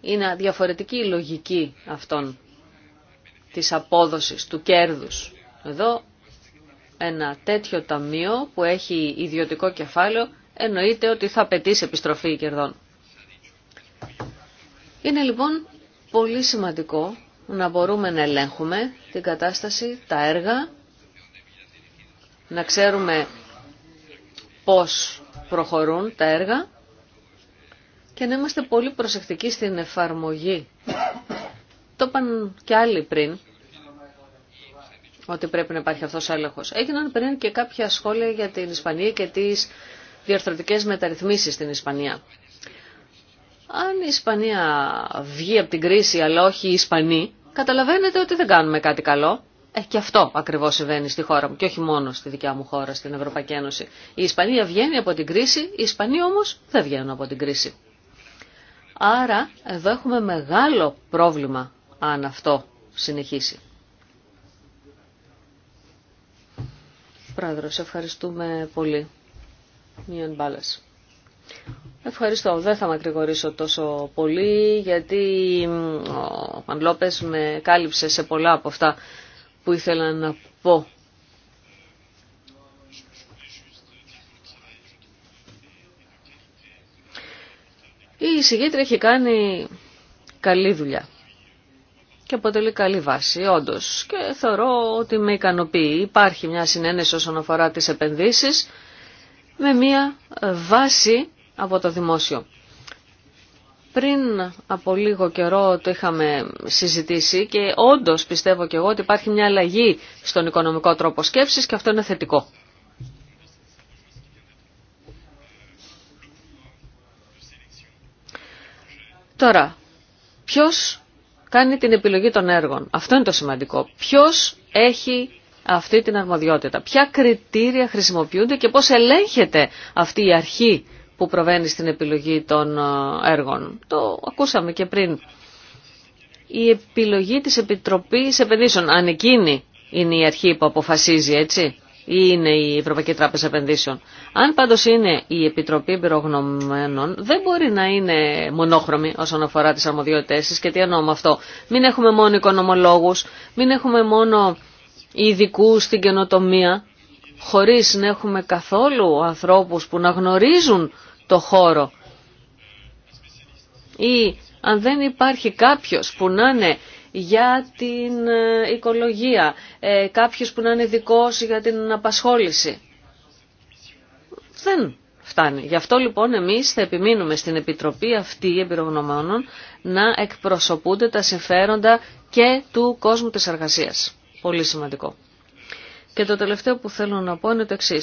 είναι διαφορετική η λογική αυτών της απόδοσης, του κέρδους. Εδώ ένα τέτοιο ταμείο που έχει ιδιωτικό κεφάλαιο εννοείται ότι θα απαιτήσει επιστροφή κερδών. Είναι λοιπόν πολύ σημαντικό να μπορούμε να ελέγχουμε την κατάσταση, τα έργα, να ξέρουμε πώς προχωρούν τα έργα και να είμαστε πολύ προσεκτικοί στην εφαρμογή. Το είπαν και άλλοι πριν, ότι πρέπει να υπάρχει αυτός ο έλεγχος. Έγιναν πριν και κάποια σχόλια για την Ισπανία και τις διαρθρωτικές μεταρρυθμίσεις στην Ισπανία. Αν η Ισπανία βγει από την κρίση αλλά όχι η Ισπανή, καταλαβαίνετε ότι δεν κάνουμε κάτι καλό. Ε, και αυτό ακριβώς συμβαίνει στη χώρα μου και όχι μόνο στη δικιά μου χώρα, στην Ευρωπαϊκή Ένωση. Η Ισπανία βγαίνει από την κρίση, οι Ισπανοί όμως δεν βγαίνουν από την κρίση. Άρα εδώ έχουμε μεγάλο πρόβλημα αν αυτό συνεχίσει. Πρόεδρος, ευχαριστούμε πολύ. μπάλας. Ευχαριστώ. Δεν θα μακρηγορήσω τόσο πολύ γιατί ο Πανλόπες με κάλυψε σε πολλά από αυτά που ήθελα να πω Η εισηγήτρια έχει κάνει καλή δουλειά και αποτελεί καλή βάση, όντω. Και θεωρώ ότι με ικανοποιεί. Υπάρχει μια συνένεση όσον αφορά τις επενδύσεις με μια βάση από το δημόσιο. Πριν από λίγο καιρό το είχαμε συζητήσει και όντως πιστεύω και εγώ ότι υπάρχει μια αλλαγή στον οικονομικό τρόπο σκέψης και αυτό είναι θετικό. Τώρα, ποιος κάνει την επιλογή των έργων. Αυτό είναι το σημαντικό. Ποιος έχει αυτή την αρμοδιότητα. Ποια κριτήρια χρησιμοποιούνται και πώς ελέγχεται αυτή η αρχή που προβαίνει στην επιλογή των ε, έργων. Το ακούσαμε και πριν. Η επιλογή της Επιτροπής Επενδύσεων, αν εκείνη είναι η αρχή που αποφασίζει, έτσι είναι η Ευρωπαϊκή Τράπεζα Επενδύσεων. Αν πάντως είναι η Επιτροπή Εμπειρογνωμένων, δεν μπορεί να είναι μονόχρωμη όσον αφορά τις αρμοδιότητε, της. Και τι εννοώ με αυτό. Μην έχουμε μόνο οικονομολόγους, μην έχουμε μόνο ειδικού στην καινοτομία, χωρίς να έχουμε καθόλου ανθρώπους που να γνωρίζουν το χώρο. Ή αν δεν υπάρχει κάποιος που να είναι για την ε, οικολογία, ε, κάποιος που να είναι δικός για την απασχόληση. Δεν φτάνει. Γι' αυτό λοιπόν εμείς θα επιμείνουμε στην Επιτροπή αυτή οι να εκπροσωπούνται τα συμφέροντα και του κόσμου της εργασίας. Πολύ σημαντικό. Και το τελευταίο που θέλω να πω είναι το εξή.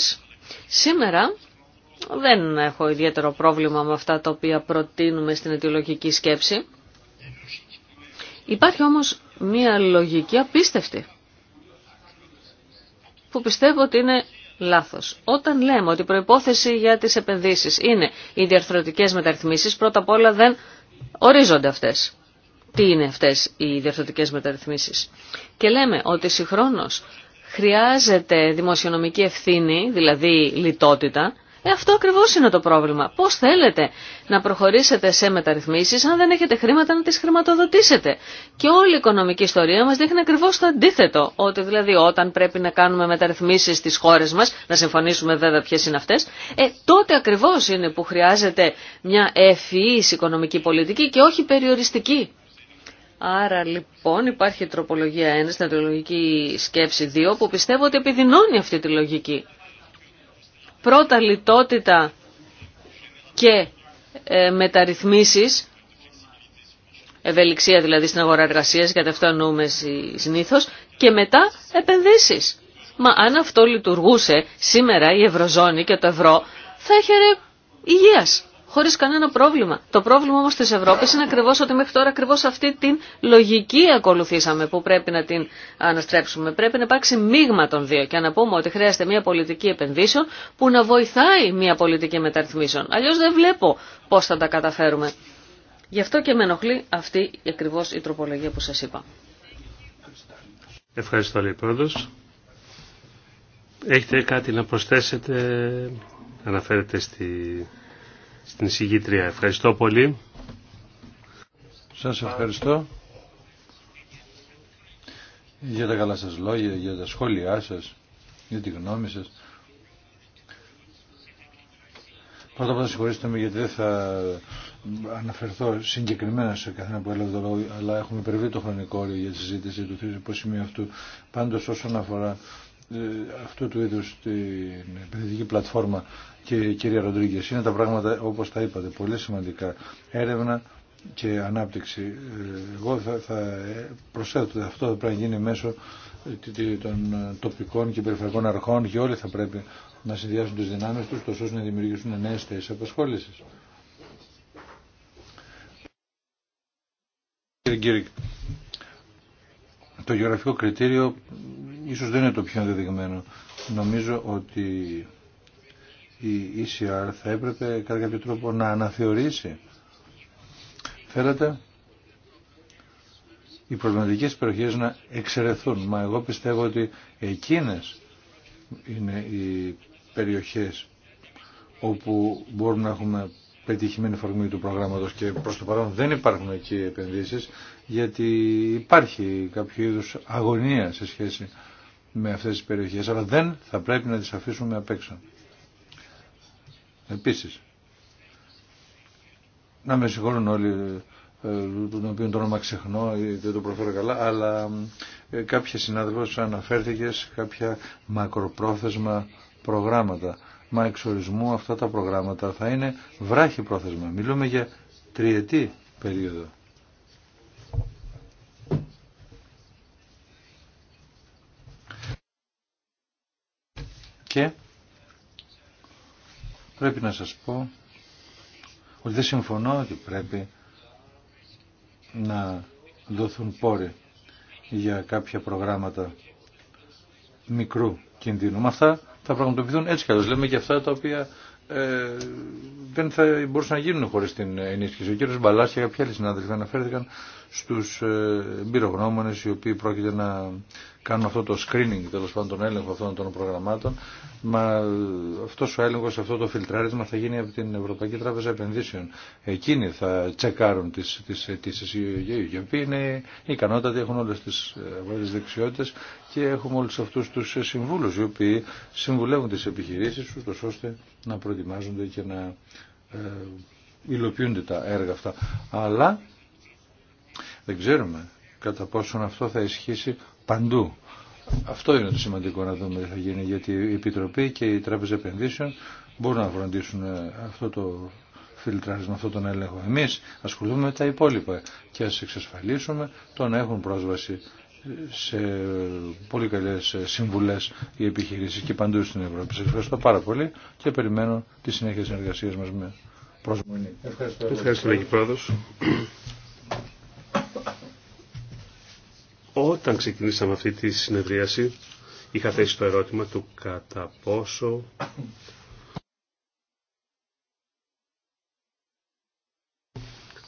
Σήμερα δεν έχω ιδιαίτερο πρόβλημα με αυτά τα οποία προτείνουμε στην αιτιολογική σκέψη. Υπάρχει όμως μία λογική απίστευτη που πιστεύω ότι είναι λάθος. Όταν λέμε ότι η προϋπόθεση για τις επενδύσεις είναι οι διαρθρωτικές μεταρρυθμίσεις, πρώτα απ' όλα δεν ορίζονται αυτές. Τι είναι αυτές οι διαρθρωτικές μεταρρυθμίσεις. Και λέμε ότι συγχρόνως χρειάζεται δημοσιονομική ευθύνη, δηλαδή λιτότητα, ε, αυτό ακριβώς είναι το πρόβλημα. Πώς θέλετε να προχωρήσετε σε μεταρρυθμίσεις αν δεν έχετε χρήματα να τις χρηματοδοτήσετε. Και όλη η οικονομική ιστορία μας δείχνει ακριβώς το αντίθετο. Ότι δηλαδή όταν πρέπει να κάνουμε μεταρρυθμίσεις στις χώρες μας, να συμφωνήσουμε βέβαια ποιες είναι αυτές, ε, τότε ακριβώς είναι που χρειάζεται μια ευφυής οικονομική πολιτική και όχι περιοριστική. Άρα λοιπόν υπάρχει τροπολογία 1 στην σκέψη 2 που πιστεύω ότι επιδεινώνει αυτή τη λογική πρώτα λιτότητα και ε, μεταρρυθμίσεις, ευελιξία δηλαδή στην αγορά εργασίας, γιατί αυτό εννοούμε συνήθω, και μετά επενδύσεις. Μα αν αυτό λειτουργούσε, σήμερα η Ευρωζώνη και το ευρώ θα είχε υγείας. Χωρί κανένα πρόβλημα. Το πρόβλημα όμω τη Ευρώπη είναι ακριβώ ότι μέχρι τώρα ακριβώ αυτή την λογική ακολουθήσαμε που πρέπει να την αναστρέψουμε. Πρέπει να υπάρξει μείγμα των δύο και να πούμε ότι χρειάζεται μια πολιτική επενδύσεων που να βοηθάει μια πολιτική μεταρρυθμίσεων. Αλλιώ δεν βλέπω πώ θα τα καταφέρουμε. Γι' αυτό και με ενοχλεί αυτή ακριβώ η τροπολογία που σα είπα. Ευχαριστώ λέει Έχετε κάτι να προσθέσετε, αναφέρετε στη στην εισηγήτρια. Ευχαριστώ πολύ. Σας ευχαριστώ για τα καλά σας λόγια, για τα σχόλιά σας, για τη γνώμη σας. Πρώτα απ' όλα συγχωρήστε με γιατί δεν θα αναφερθώ συγκεκριμένα σε καθένα που έλεγε το λόγο, αλλά έχουμε υπερβεί το χρονικό όριο για τη συζήτηση του θρήσου υποσημείου αυτού. Πάντως όσον αφορά ε, αυτού του είδους την επενδυτική πλατφόρμα και κυρία Ροντρίγκε, είναι τα πράγματα όπω τα είπατε, πολύ σημαντικά. Έρευνα και ανάπτυξη. Εγώ θα, θα προσθέτω ότι αυτό θα πρέπει να γίνει μέσω ε, των ε, τοπικών και περιφερειακών αρχών και όλοι θα πρέπει να συνδυάσουν τις δυνάμεις τους τόσο ώστε να δημιουργήσουν νέες θέσεις απασχόλησης. Κύριε Γκύρικ, το γεωγραφικό κριτήριο ίσως δεν είναι το πιο ενδεδειγμένο. Νομίζω ότι η ECR θα έπρεπε κατά κάποιο τρόπο να αναθεωρήσει. Θέλετε οι προβληματικές περιοχές να εξαιρεθούν. Μα εγώ πιστεύω ότι εκείνες είναι οι περιοχές όπου μπορούμε να έχουμε πετυχημένη φορμή του προγράμματος και προς το παρόν δεν υπάρχουν εκεί επενδύσεις γιατί υπάρχει κάποιο είδους αγωνία σε σχέση με αυτές τις περιοχές αλλά δεν θα πρέπει να τις αφήσουμε απ' έξω. Επίσης, να με συγχωρούν όλοι ε, τον οποίο το όνομα ξεχνώ δεν το προφέρω καλά, αλλά ε, κάποια συνάδελφος αναφέρθηκε σε κάποια μακροπρόθεσμα προγράμματα. Μα εξορισμού αυτά τα προγράμματα θα είναι βράχη πρόθεσμα. Μιλούμε για τριετή περίοδο. Και πρέπει να σας πω ότι δεν συμφωνώ ότι πρέπει να δοθούν πόροι για κάποια προγράμματα μικρού κινδύνου. Με αυτά θα πραγματοποιηθούν έτσι καλώς. Λέμε και αυτά τα οποία ε, δεν θα μπορούσαν να γίνουν χωρίς την ενίσχυση. Ο κύριος Μπαλάς και κάποιοι άλλοι συνάδελφοι αναφέρθηκαν στους ε, οι οποίοι πρόκειται να κάνουν αυτό το screening, τέλο πάντων τον έλεγχο αυτών των προγραμμάτων, μα αυτός ο έλεγχος, αυτό το φιλτράρισμα θα γίνει από την Ευρωπαϊκή Τράπεζα Επενδύσεων. Εκείνοι θα τσεκάρουν τις, τις αιτήσεις. Οι οποίοι είναι ικανότατοι, έχουν όλες τις απαραίτητες ε, δεξιότητες και έχουμε όλους αυτούς τους συμβούλους οι οποίοι συμβουλεύουν τις επιχειρήσεις τους ώστε να προετοιμάζονται και να ε, υλοποιούνται τα έργα αυτά. Αλλά δεν ξέρουμε κατά πόσον αυτό θα ισχύσει παντού. Αυτό είναι το σημαντικό να δούμε τι θα γίνει, γιατί η Επιτροπή και η Τράπεζα Επενδύσεων μπορούν να φροντίσουν ε, αυτό το φιλτράρισμα, αυτό τον έλεγχο. Εμείς ασχολούμαι με τα υπόλοιπα και α εξασφαλίσουμε το να έχουν πρόσβαση ε, σε πολύ καλέ ε, συμβουλές οι επιχειρήσει και παντού στην Ευρώπη. Σα ευχαριστώ πάρα πολύ και περιμένω τη συνέχεια τη συνεργασίας μας με προσμονή. Ευχαριστώ. Ευχαριστώ, Ευχαριστώ. Όταν ξεκινήσαμε αυτή τη συνεδρίαση, είχα θέσει το ερώτημα του κατά πόσο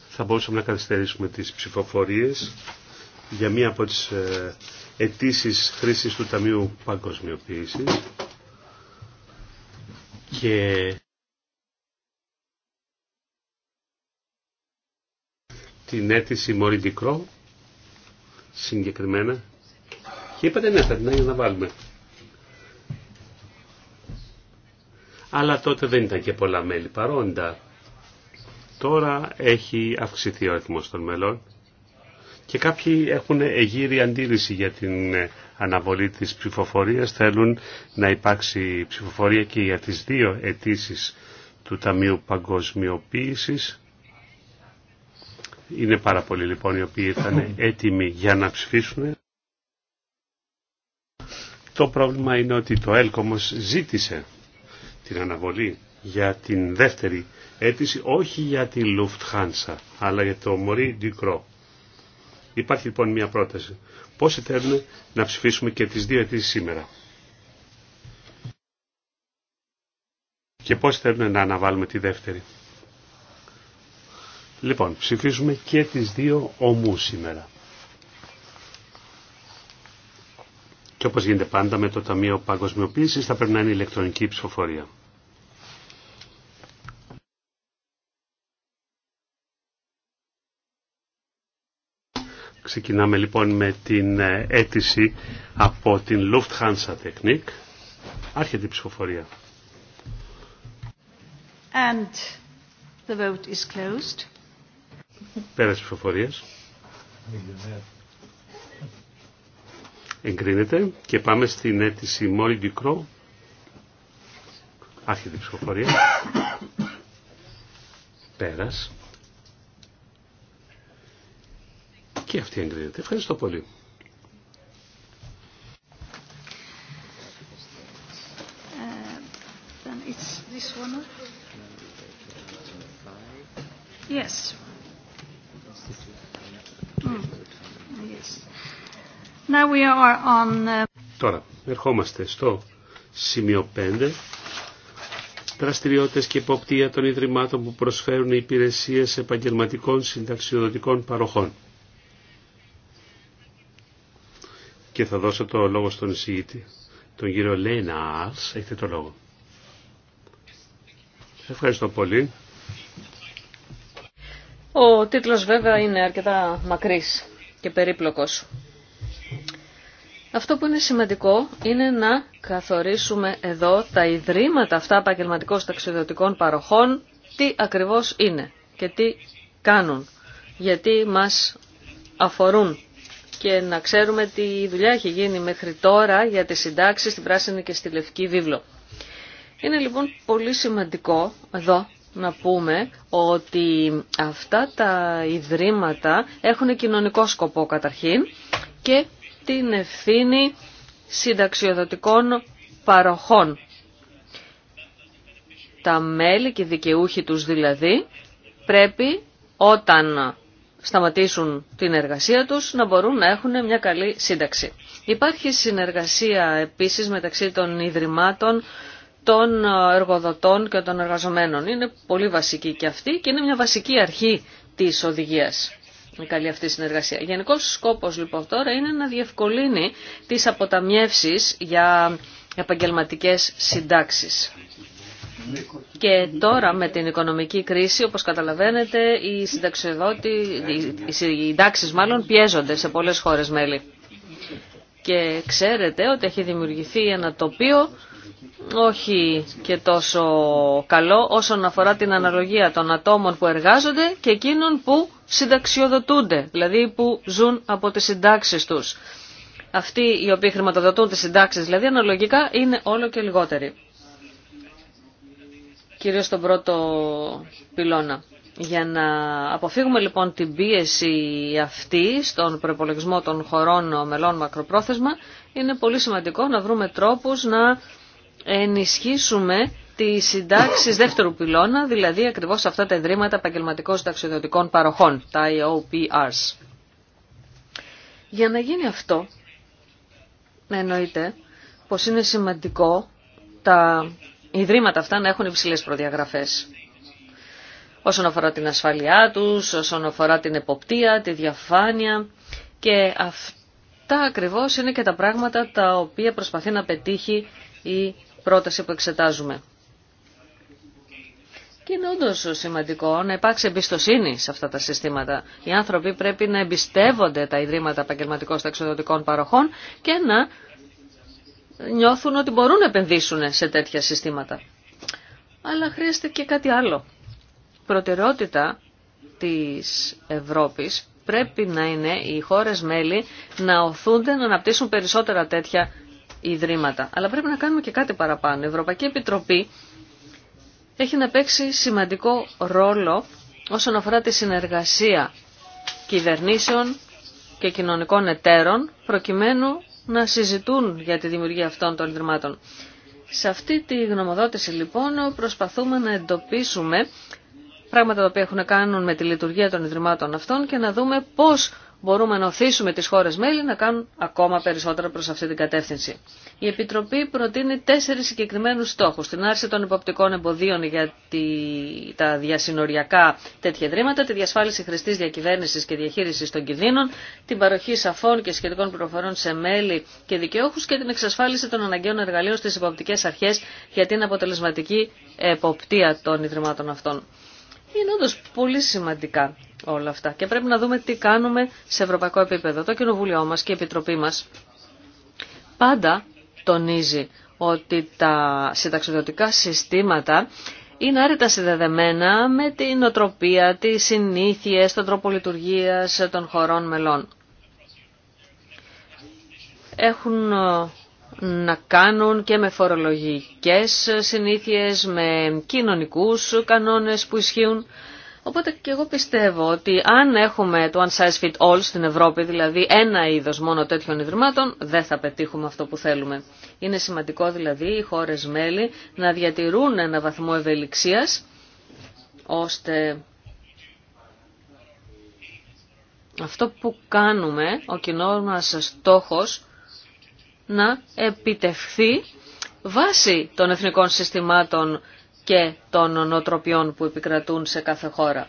θα μπορούσαμε να καθυστερήσουμε τις ψηφοφορίες για μία από τις ε, αιτήσει χρήσης του Ταμείου Παγκοσμιοποίησης και την αίτηση Μωρή Μικρό συγκεκριμένα και είπατε ναι θα την βάλουμε. Αλλά τότε δεν ήταν και πολλά μέλη παρόντα. Τώρα έχει αυξηθεί ο αριθμό των μελών και κάποιοι έχουν εγείρη αντίρρηση για την ε, αναβολή της ψηφοφορίας. Θέλουν να υπάρξει ψηφοφορία και για τις δύο αιτήσει του Ταμείου Παγκοσμιοποίησης είναι πάρα πολλοί λοιπόν οι οποίοι ήταν έτοιμοι για να ψηφίσουν. Το πρόβλημα είναι ότι το ΕΛΚ όμως ζήτησε την αναβολή για την δεύτερη αίτηση, όχι για την Lufthansa, αλλά για το Μωρί Ντικρό. Υπάρχει λοιπόν μια πρόταση. Πόσοι θέλουν να ψηφίσουμε και τις δύο αιτήσεις σήμερα. Και πώς θέλουν να αναβάλουμε τη δεύτερη. Λοιπόν, ψηφίζουμε και τις δύο ομούς σήμερα. Και όπως γίνεται πάντα με το Ταμείο Παγκοσμιοποίησης θα πρέπει να είναι ηλεκτρονική ψηφοφορία. Ξεκινάμε λοιπόν με την ε, αίτηση από την Lufthansa Technik. Άρχεται η ψηφοφορία. And the vote is closed. Πέρα της ψηφοφορίας. Εγκρίνεται και πάμε στην αίτηση Μόλι Ντικρό. Άρχεται η ψηφοφορία. Πέρας. Και αυτή εγκρίνεται. Ευχαριστώ πολύ. Uh, Uh, Τώρα, ερχόμαστε στο σημείο 5. Δραστηριότητε και υποπτία των Ιδρυμάτων που προσφέρουν υπηρεσίε υπηρεσίες επαγγελματικών συνταξιοδοτικών παροχών. Και θα δώσω το λόγο στον εισηγητή, τον κύριο Λένα Αρς. Έχετε το λόγο. Ευχαριστώ πολύ. Ο τίτλος βέβαια είναι αρκετά μακρύς και περίπλοκος. Αυτό που είναι σημαντικό είναι να καθορίσουμε εδώ τα ιδρύματα αυτά επαγγελματικώ ταξιδιωτικών παροχών, τι ακριβώς είναι και τι κάνουν, γιατί μας αφορούν και να ξέρουμε τι δουλειά έχει γίνει μέχρι τώρα για τις συντάξεις στην Πράσινη και στη Λευκή Βίβλο. Είναι λοιπόν πολύ σημαντικό εδώ να πούμε ότι αυτά τα ιδρύματα έχουν κοινωνικό σκοπό καταρχήν και την ευθύνη συνταξιοδοτικών παροχών. Τα μέλη και οι δικαιούχοι τους δηλαδή πρέπει όταν σταματήσουν την εργασία τους να μπορούν να έχουν μια καλή σύνταξη. Υπάρχει συνεργασία επίσης μεταξύ των Ιδρυμάτων των ε, εργοδοτών και των εργαζομένων. Είναι πολύ βασική και αυτή και είναι μια βασική αρχή της οδηγίας η καλή αυτή συνεργασία. Γενικό σκόπος λοιπόν τώρα είναι να διευκολύνει τις αποταμιεύσεις για επαγγελματικές συντάξεις. Και τώρα με την οικονομική κρίση, όπως καταλαβαίνετε, οι συνταξιοδότη, οι συντάξεις μάλλον πιέζονται σε πολλές χώρες μέλη. Και ξέρετε ότι έχει δημιουργηθεί ένα τοπίο όχι και τόσο καλό όσον αφορά την αναλογία των ατόμων που εργάζονται και εκείνων που συνταξιοδοτούνται, δηλαδή που ζουν από τις συντάξεις τους. Αυτοί οι οποίοι χρηματοδοτούν τις συντάξεις, δηλαδή αναλογικά, είναι όλο και λιγότεροι. Κυρίως στον πρώτο πυλώνα. Για να αποφύγουμε λοιπόν την πίεση αυτή στον προπολογισμό των χωρών μελών μακροπρόθεσμα, είναι πολύ σημαντικό να βρούμε τρόπους να ενισχύσουμε τι συντάξει δεύτερου πυλώνα, δηλαδή ακριβώς αυτά τα ιδρύματα επαγγελματικών ταξιδιωτικών παροχών, τα IOPRs. Για να γίνει αυτό, να εννοείται πως είναι σημαντικό τα ιδρύματα αυτά να έχουν υψηλέ προδιαγραφές. Όσον αφορά την ασφαλειά τους, όσον αφορά την εποπτεία, τη διαφάνεια και αυτά ακριβώς είναι και τα πράγματα τα οποία προσπαθεί να πετύχει η πρόταση που εξετάζουμε. Και είναι όντω σημαντικό να υπάρξει εμπιστοσύνη σε αυτά τα συστήματα. Οι άνθρωποι πρέπει να εμπιστεύονται τα ιδρύματα επαγγελματικών ταξιδιωτικών παροχών και να νιώθουν ότι μπορούν να επενδύσουν σε τέτοια συστήματα. Αλλά χρειάζεται και κάτι άλλο. Προτεραιότητα της Ευρώπης πρέπει να είναι οι χώρες μέλη να οθούνται να αναπτύσσουν περισσότερα τέτοια ιδρύματα. Αλλά πρέπει να κάνουμε και κάτι παραπάνω. Η Ευρωπαϊκή Επιτροπή έχει να παίξει σημαντικό ρόλο όσον αφορά τη συνεργασία κυβερνήσεων και κοινωνικών εταίρων προκειμένου να συζητούν για τη δημιουργία αυτών των ιδρυμάτων. Σε αυτή τη γνωμοδότηση λοιπόν προσπαθούμε να εντοπίσουμε πράγματα τα οποία έχουν να κάνουν με τη λειτουργία των ιδρυμάτων αυτών και να δούμε πώς μπορούμε να οθήσουμε τις χώρες μέλη να κάνουν ακόμα περισσότερα προς αυτή την κατεύθυνση. Η Επιτροπή προτείνει τέσσερις συγκεκριμένους στόχους. Την άρση των υποπτικών εμποδίων για τα διασυνοριακά τέτοια δρήματα, τη διασφάλιση χρηστής διακυβέρνηση και διαχείριση των κινδύνων, την παροχή σαφών και σχετικών προφορών σε μέλη και δικαιούχου και την εξασφάλιση των αναγκαίων εργαλείων στι υποπτικέ αρχέ για την αποτελεσματική εποπτεία των ιδρυμάτων αυτών. Είναι όντω πολύ σημαντικά όλα αυτά. Και πρέπει να δούμε τι κάνουμε σε ευρωπαϊκό επίπεδο. Το Κοινοβούλιο μας και η Επιτροπή μας πάντα τονίζει ότι τα συνταξιδοτικά συστήματα είναι άρρητα συνδεδεμένα με την οτροπία, τις συνήθειε τον τρόπο λειτουργίας των χωρών μελών. Έχουν ε, να κάνουν και με φορολογικές συνήθειες, με κοινωνικούς κανόνες που ισχύουν. Οπότε και εγώ πιστεύω ότι αν έχουμε το one size fit all στην Ευρώπη, δηλαδή ένα είδος μόνο τέτοιων ιδρυμάτων, δεν θα πετύχουμε αυτό που θέλουμε. Είναι σημαντικό δηλαδή οι χώρες μέλη να διατηρούν ένα βαθμό ευελιξίας, ώστε αυτό που κάνουμε, ο κοινό μας στόχος, να επιτευχθεί βάσει των εθνικών συστημάτων και των νοοτροπιών που επικρατούν σε κάθε χώρα.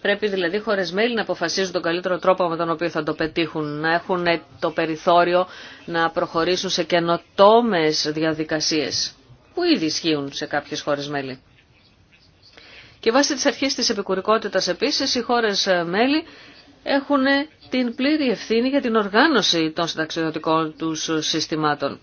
Πρέπει δηλαδή οι χώρες μέλη να αποφασίζουν τον καλύτερο τρόπο με τον οποίο θα το πετύχουν, να έχουν το περιθώριο να προχωρήσουν σε καινοτόμες διαδικασίες που ήδη ισχύουν σε κάποιες χώρες μέλη. Και βάσει της αρχής της επικουρικότητας επίσης οι χώρες μέλη έχουν την πλήρη ευθύνη για την οργάνωση των συνταξιδοτικών τους συστημάτων.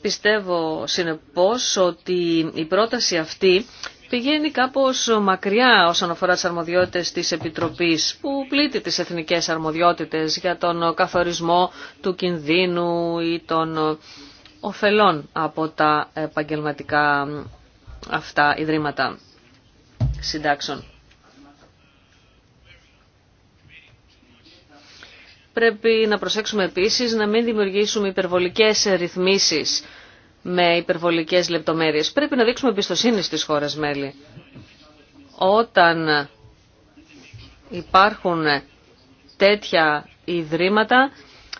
Πιστεύω συνεπώς ότι η πρόταση αυτή πηγαίνει κάπως μακριά όσον αφορά τις αρμοδιότητες της Επιτροπής που πλήττει τις εθνικές αρμοδιότητες για τον καθορισμό του κινδύνου ή των ωφελών από τα επαγγελματικά αυτά ιδρύματα συντάξεων. Πρέπει να προσέξουμε επίσης να μην δημιουργήσουμε υπερβολικές ρυθμίσεις με υπερβολικές λεπτομέρειες. Πρέπει να δείξουμε εμπιστοσύνη στις χώρες μέλη. Όταν υπάρχουν τέτοια ιδρύματα,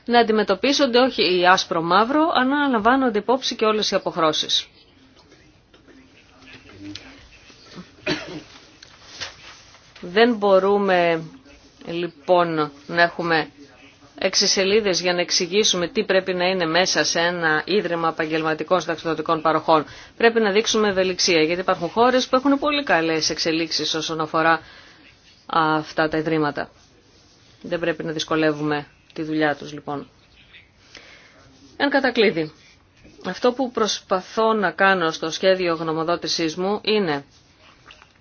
να αντιμετωπίσονται όχι οι άσπρο-μαύρο, αλλά να λαμβάνονται υπόψη και όλες οι αποχρώσεις. Δεν μπορούμε λοιπόν να έχουμε έξι για να εξηγήσουμε τι πρέπει να είναι μέσα σε ένα ίδρυμα επαγγελματικών συνταξιδοτικών παροχών. Πρέπει να δείξουμε ευελιξία, γιατί υπάρχουν χώρες που έχουν πολύ καλές εξελίξεις όσον αφορά αυτά τα ιδρύματα. Δεν πρέπει να δυσκολεύουμε τη δουλειά τους λοιπόν. Εν κατακλείδη, αυτό που προσπαθώ να κάνω στο σχέδιο γνωμοδότησής μου είναι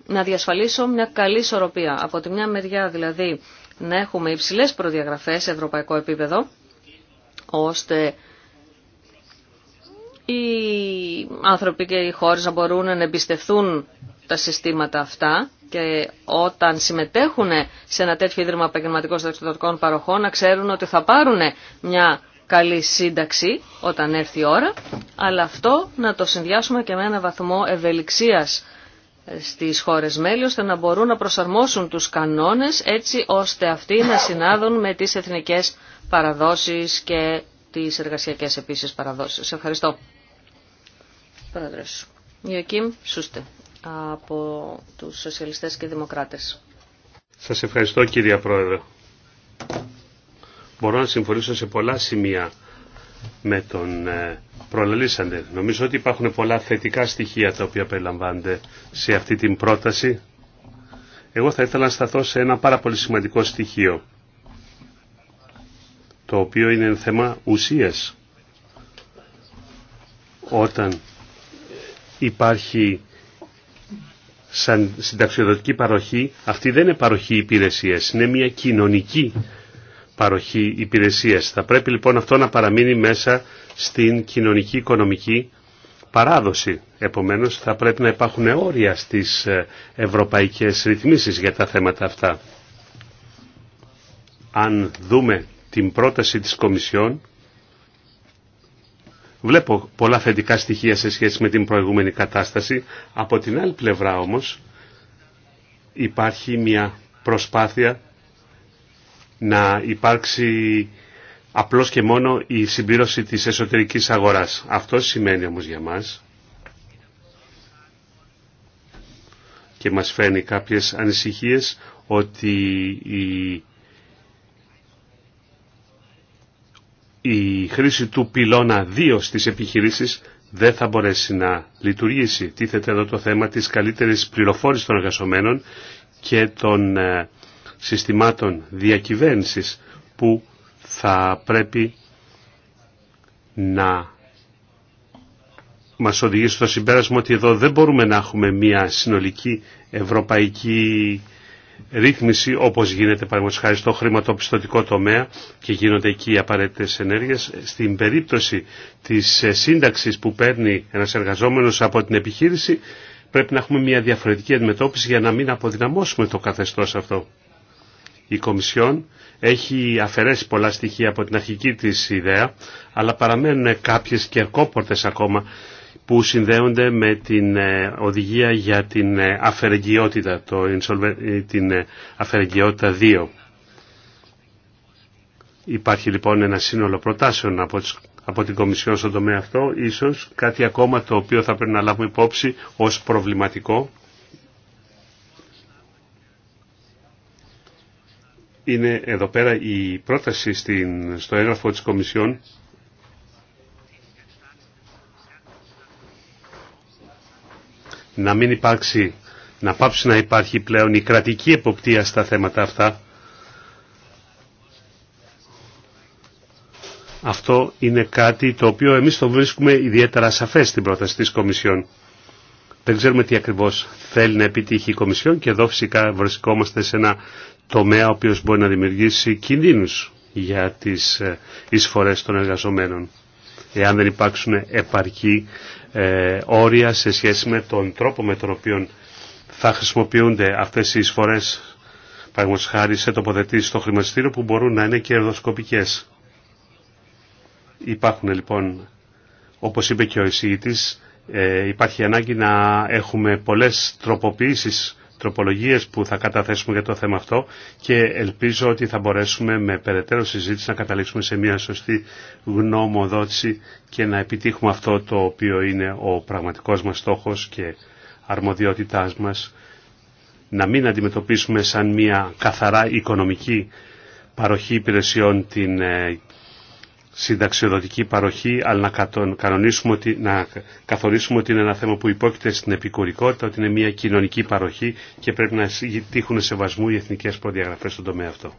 να διασφαλίσω μια καλή ισορροπία. Από τη μια μεριά δηλαδή να έχουμε υψηλές προδιαγραφές σε ευρωπαϊκό επίπεδο, ώστε οι άνθρωποι και οι χώρες να μπορούν να εμπιστευθούν τα συστήματα αυτά και όταν συμμετέχουν σε ένα τέτοιο ίδρυμα επαγγελματικών συνταξιδοτικών παροχών να ξέρουν ότι θα πάρουν μια καλή σύνταξη όταν έρθει η ώρα, αλλά αυτό να το συνδυάσουμε και με ένα βαθμό ευελιξίας στις χώρες μέλη ώστε να μπορούν να προσαρμόσουν τους κανόνες έτσι ώστε αυτοί να συνάδουν με τις εθνικές παραδόσεις και τις εργασιακές επίσης παραδόσεις. Ευχαριστώ. Πρόεδρος. Ιωκίμ Σούστε από τους Σοσιαλιστές και Δημοκράτες. Σας ευχαριστώ κύριε Πρόεδρε. Μπορώ να συμφωνήσω σε πολλά σημεία με τον ε, προλαλήσαντε. Νομίζω ότι υπάρχουν πολλά θετικά στοιχεία τα οποία περιλαμβάνονται σε αυτή την πρόταση. Εγώ θα ήθελα να σταθώ σε ένα πάρα πολύ σημαντικό στοιχείο, το οποίο είναι θέμα ουσίας. Όταν υπάρχει σαν συνταξιοδοτική παροχή, αυτή δεν είναι παροχή υπηρεσίας, είναι μια κοινωνική παροχή υπηρεσίας. Θα πρέπει λοιπόν αυτό να παραμείνει μέσα στην κοινωνική οικονομική παράδοση. Επομένως θα πρέπει να υπάρχουν όρια στις ε, ευρωπαϊκές ρυθμίσεις για τα θέματα αυτά. Αν δούμε την πρόταση της Κομισιόν, βλέπω πολλά θετικά στοιχεία σε σχέση με την προηγούμενη κατάσταση. Από την άλλη πλευρά όμως υπάρχει μια προσπάθεια να υπάρξει απλώς και μόνο η συμπλήρωση της εσωτερικής αγοράς. Αυτό σημαίνει όμως για μας και μας φαίνει κάποιες ανησυχίες ότι η, χρήση του πυλώνα 2 στις επιχειρήσεις δεν θα μπορέσει να λειτουργήσει. Τίθεται εδώ το θέμα της καλύτερης πληροφόρησης των εργασομένων και των ε, συστημάτων διακυβέρνησης που θα πρέπει να μας οδηγήσει στο συμπέρασμα ότι εδώ δεν μπορούμε να έχουμε μια συνολική ευρωπαϊκή ρύθμιση όπως γίνεται παραδείγματος στο χρηματοπιστωτικό τομέα και γίνονται εκεί οι απαραίτητες ενέργειες. Στην περίπτωση της σύνταξης που παίρνει ένας εργαζόμενος από την επιχείρηση πρέπει να έχουμε μια διαφορετική αντιμετώπιση για να μην αποδυναμώσουμε το καθεστώς αυτό. Η Κομισιόν έχει αφαιρέσει πολλά στοιχεία από την αρχική της ιδέα, αλλά παραμένουν κάποιες κερκόπορτες ακόμα που συνδέονται με την ε, οδηγία για την ε, αφαιρεγγιότητα, το, ε, την αφαιρεγγιότητα 2. Υπάρχει λοιπόν ένα σύνολο προτάσεων από, από την Κομισιόν στον τομέα αυτό, ίσως κάτι ακόμα το οποίο θα πρέπει να λάβουμε υπόψη ως προβληματικό είναι εδώ πέρα η πρόταση στην, στο έγγραφο της Κομισιόν να μην υπάρξει, να πάψει να υπάρχει πλέον η κρατική εποπτεία στα θέματα αυτά. Αυτό είναι κάτι το οποίο εμείς το βρίσκουμε ιδιαίτερα σαφές στην πρόταση της Κομισιόν. Δεν ξέρουμε τι ακριβώς θέλει να επιτύχει η Κομισιόν και εδώ φυσικά βρισκόμαστε σε ένα τομέα ο οποίος μπορεί να δημιουργήσει κινδύνους για τις ε, εισφορές των εργαζομένων εάν δεν υπάρξουν επαρκή ε, όρια σε σχέση με τον τρόπο με τον οποίο θα χρησιμοποιούνται αυτές οι εισφορές παραγωγός χάρη σε τοποθετήσει στο χρηματιστήριο που μπορούν να είναι κερδοσκοπικές. Υπάρχουν λοιπόν, όπως είπε και ο εισηγητής, ε, υπάρχει ανάγκη να έχουμε πολλές τροποποιήσεις τροπολογίες που θα καταθέσουμε για το θέμα αυτό και ελπίζω ότι θα μπορέσουμε με περαιτέρω συζήτηση να καταλήξουμε σε μια σωστή γνώμοδότηση και να επιτύχουμε αυτό το οποίο είναι ο πραγματικός μας στόχος και αρμοδιότητάς μας να μην αντιμετωπίσουμε σαν μια καθαρά οικονομική παροχή υπηρεσιών την ε, συνταξιοδοτική παροχή, αλλά να, κανονίσουμε ότι, να καθορίσουμε ότι είναι ένα θέμα που υπόκειται στην επικουρικότητα, ότι είναι μια κοινωνική παροχή και πρέπει να τύχουν σεβασμού οι εθνικές προδιαγραφές στον τομέα αυτό.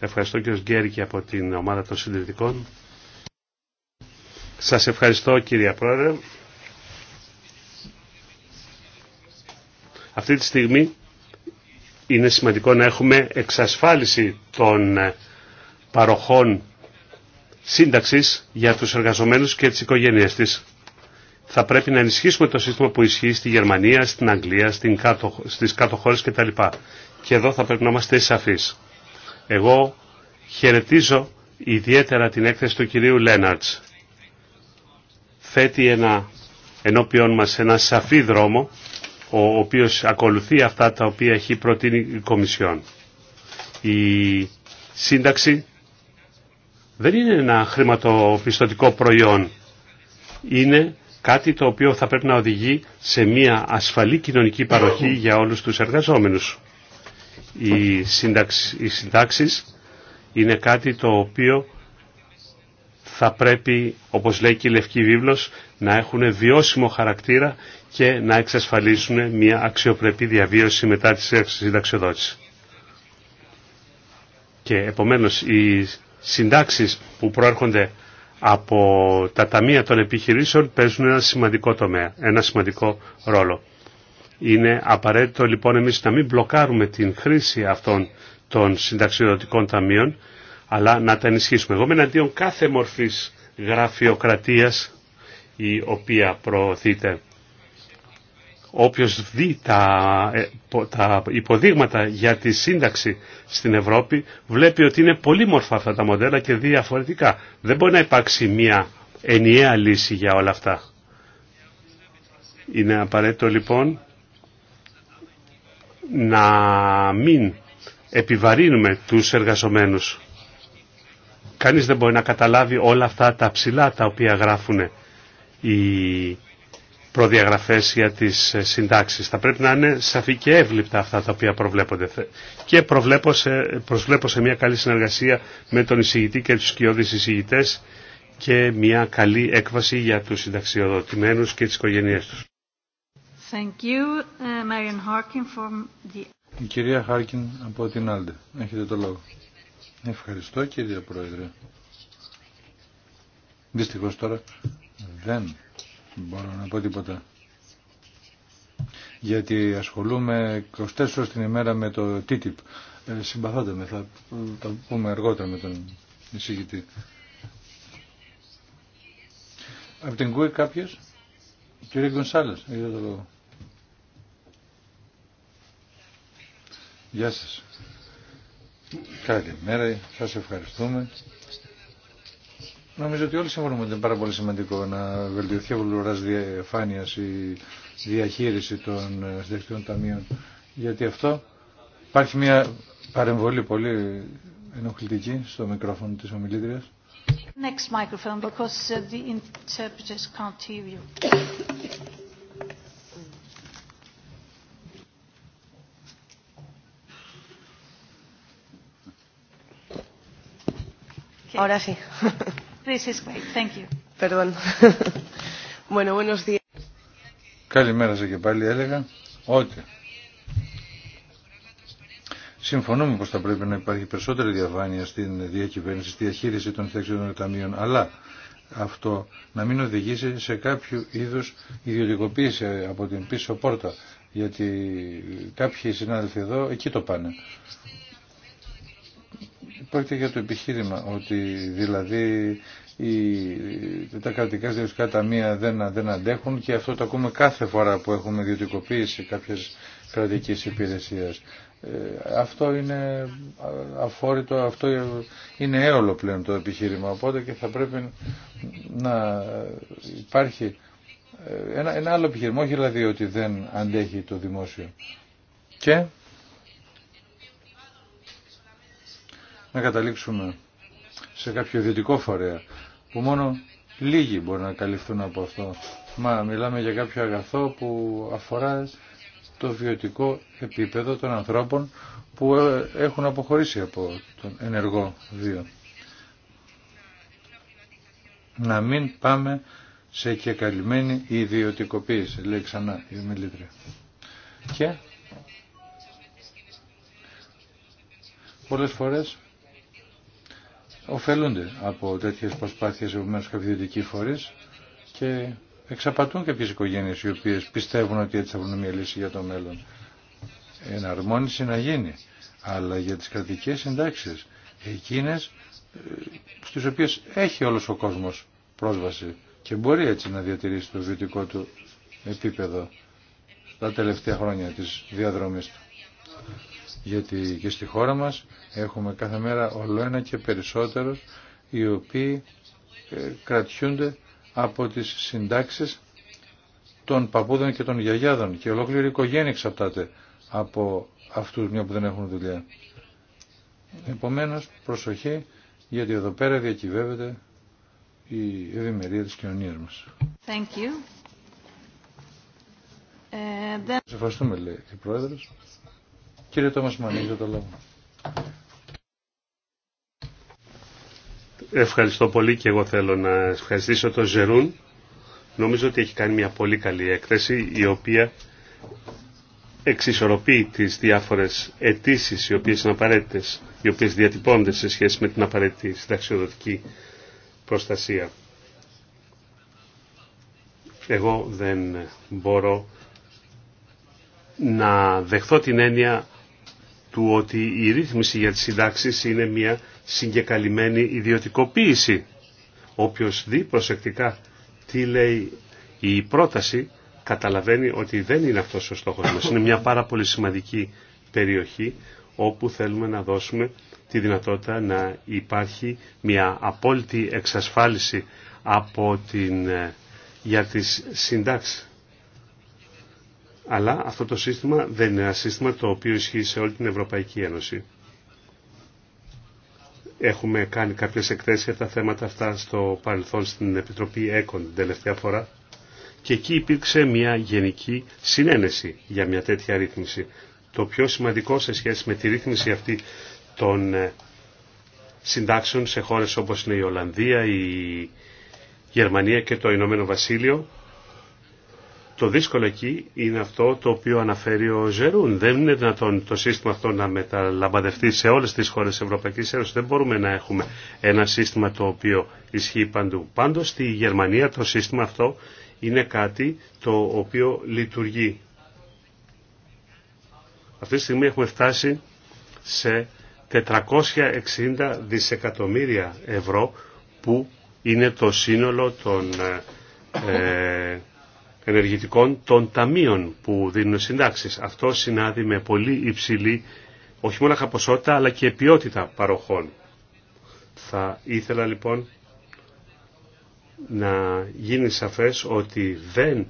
Ευχαριστώ κύριο Γκέρικε από την ομάδα των συντηρητικών. Σας ευχαριστώ κύριε Πρόεδρε. Αυτή τη στιγμή είναι σημαντικό να έχουμε εξασφάλιση των ε, παροχών σύνταξης για τους εργαζομένους και τις οικογένειές της. Θα πρέπει να ενισχύσουμε το σύστημα που ισχύει στη Γερμανία, στην Αγγλία, στην κάτω, στις κάτω χώρες κτλ. Και εδώ θα πρέπει να είμαστε σαφείς. Εγώ χαιρετίζω ιδιαίτερα την έκθεση του κυρίου Λέναρτς. Θέτει ένα, ενώπιον μας ένα σαφή δρόμο ο οποίος ακολουθεί αυτά τα οποία έχει προτείνει η Κομισιόν. Η σύνταξη δεν είναι ένα χρηματοπιστωτικό προϊόν. Είναι κάτι το οποίο θα πρέπει να οδηγεί σε μια ασφαλή κοινωνική παροχή για όλους τους εργαζόμενους. Οι, σύνταξη, συντάξεις είναι κάτι το οποίο θα πρέπει, όπως λέει και η Λευκή Βίβλος, να έχουν βιώσιμο χαρακτήρα και να εξασφαλίσουν μια αξιοπρεπή διαβίωση μετά τη συνταξιοδότηση. Και επομένως οι συντάξεις που προέρχονται από τα ταμεία των επιχειρήσεων παίζουν ένα σημαντικό τομέα, ένα σημαντικό ρόλο. Είναι απαραίτητο λοιπόν εμείς να μην μπλοκάρουμε την χρήση αυτών των συνταξιοδοτικών ταμείων, αλλά να τα ενισχύσουμε. Εγώ με εναντίον κάθε μορφής γραφειοκρατίας η οποία προωθείται. Όποιος δει τα, ε, τα υποδείγματα για τη σύνταξη στην Ευρώπη βλέπει ότι είναι μορφά αυτά τα μοντέλα και διαφορετικά. Δεν μπορεί να υπάρξει μία ενιαία λύση για όλα αυτά. Είναι απαραίτητο λοιπόν να μην επιβαρύνουμε τους εργαζομένους. Κανείς δεν μπορεί να καταλάβει όλα αυτά τα ψηλά τα οποία γράφουν οι προδιαγραφές για τις ε, συντάξεις. Θα πρέπει να είναι σαφή και εύληπτα αυτά τα οποία προβλέπονται. Και προβλέπω σε, προσβλέπω σε μια καλή συνεργασία με τον εισηγητή και τους σκιώδεις εισηγητές και μια καλή έκβαση για τους συνταξιοδοτημένους και τις οικογένειές τους. Thank you, ε, from the... Η κυρία Χάρκιν από την Άλντε. Έχετε το λόγο. Ευχαριστώ κυρία Πρόεδρε. Δυστυχώς τώρα δεν μπορώ να πω τίποτα. Γιατί ασχολούμαι 24 ώρες την ημέρα με το TTIP. Ε, συμπαθάτε με, θα τα πούμε αργότερα με τον εισηγητή. Από την ΚΟΕ κάποιος, κύριε Γκονσάλες, για το λόγο. Γεια σας. Καλημέρα, σας ευχαριστούμε Νομίζω ότι όλοι συμφωνούμε ότι είναι πάρα πολύ σημαντικό να βελτιωθεί ο πλευρά διαφάνεια η διαχείριση των ε, συντεκτικών ταμείων. Γιατί αυτό υπάρχει μια παρεμβολή πολύ ενοχλητική στο μικρόφωνο της ομιλήτριας. sí. Καλημέρα σα και πάλι έλεγα ότι συμφωνούμε πως θα πρέπει να υπάρχει περισσότερη διαφάνεια στην διακυβέρνηση, στη διαχείριση των των ταμείων, αλλά αυτό να μην οδηγήσει σε κάποιο είδους ιδιωτικοποίηση από την πίσω πόρτα, γιατί κάποιοι συνάδελφοι εδώ εκεί το πάνε. Πρόκειται για το επιχείρημα ότι δηλαδή οι, τα κρατικά διευθυντικά ταμεία δεν, δεν αντέχουν και αυτό το ακούμε κάθε φορά που έχουμε ιδιωτικοποίηση κάποιες κρατικής υπηρεσίας. Ε, αυτό είναι αφόρητο, αυτό είναι έολο πλέον το επιχείρημα, οπότε και θα πρέπει να υπάρχει ε, ένα, άλλο επιχείρημα, όχι δηλαδή ότι δεν αντέχει το δημόσιο. Και να καταλήξουμε σε κάποιο ιδιωτικό φορέα που μόνο λίγοι μπορεί να καλυφθούν από αυτό. Μα μιλάμε για κάποιο αγαθό που αφορά το βιωτικό επίπεδο των ανθρώπων που ε, έχουν αποχωρήσει από τον ενεργό βίο. Να μην πάμε σε κεκαλυμμένη ιδιωτικοποίηση, λέει ξανά η Μιλήτρια. Και πολλές φορές ωφελούνται από τέτοιες προσπάθειες επομένως καπιδιωτικοί φορείς και εξαπατούν κάποιες οικογένειες οι οποίες πιστεύουν ότι έτσι θα βρουν μια λύση για το μέλλον. Εναρμόνιση να γίνει, αλλά για τις κρατικές συντάξεις, εκείνες ε, στις οποίες έχει όλος ο κόσμος πρόσβαση και μπορεί έτσι να διατηρήσει το βιωτικό του επίπεδο τα τελευταία χρόνια της διαδρομής του γιατί και στη χώρα μας έχουμε κάθε μέρα ολοένα και περισσότερους οι οποίοι ε, κρατιούνται από τις συντάξεις των παππούδων και των γιαγιάδων και ολόκληρη οικογένεια εξαρτάται από αυτούς μια που δεν έχουν δουλειά. Επομένως προσοχή γιατί εδώ πέρα διακυβεύεται η ευημερία της κοινωνίας μας. Thank you. Ε, ευχαριστούμε λέει η Πρόεδρος. Κύριε Τόμας για το λόγο. Ευχαριστώ πολύ και εγώ θέλω να ευχαριστήσω τον Ζερούν. Νομίζω ότι έχει κάνει μια πολύ καλή έκθεση η οποία εξισορροπεί τις διάφορες αιτήσει οι οποίες είναι απαραίτητε, οι οποίες διατυπώνται σε σχέση με την απαραίτητη συνταξιοδοτική προστασία. Εγώ δεν μπορώ να δεχθώ την έννοια του ότι η ρύθμιση για τις συντάξεις είναι μια συγκεκαλυμμένη ιδιωτικοποίηση. Όποιος δει προσεκτικά τι λέει η πρόταση καταλαβαίνει ότι δεν είναι αυτός ο στόχος μας. Είναι μια πάρα πολύ σημαντική περιοχή όπου θέλουμε να δώσουμε τη δυνατότητα να υπάρχει μια απόλυτη εξασφάλιση από την, ε, για τις συντάξεις αλλά αυτό το σύστημα δεν είναι ένα σύστημα το οποίο ισχύει σε όλη την Ευρωπαϊκή Ένωση. Έχουμε κάνει κάποιες εκθέσεις για τα θέματα αυτά στο παρελθόν στην Επιτροπή ΕΚΟΝ την τελευταία φορά και εκεί υπήρξε μια γενική συνένεση για μια τέτοια ρύθμιση. Το πιο σημαντικό σε σχέση με τη ρύθμιση αυτή των ε, συντάξεων σε χώρες όπως είναι η Ολλανδία, η Γερμανία και το Ηνωμένο Βασίλειο το δύσκολο εκεί είναι αυτό το οποίο αναφέρει ο Ζερούν. Δεν είναι δυνατόν το σύστημα αυτό να μεταλαμπαδευτεί σε όλες τις χώρες της Ευρωπαϊκής Ένωσης. Δεν μπορούμε να έχουμε ένα σύστημα το οποίο ισχύει παντού. Πάντως στη Γερμανία το σύστημα αυτό είναι κάτι το οποίο λειτουργεί. Αυτή τη στιγμή έχουμε φτάσει σε 460 δισεκατομμύρια ευρώ που είναι το σύνολο των ε, ε, ενεργητικών των ταμείων που δίνουν συντάξεις. Αυτό συνάδει με πολύ υψηλή όχι μόνο ποσότητα αλλά και ποιότητα παροχών. Θα ήθελα λοιπόν να γίνει σαφές ότι δεν,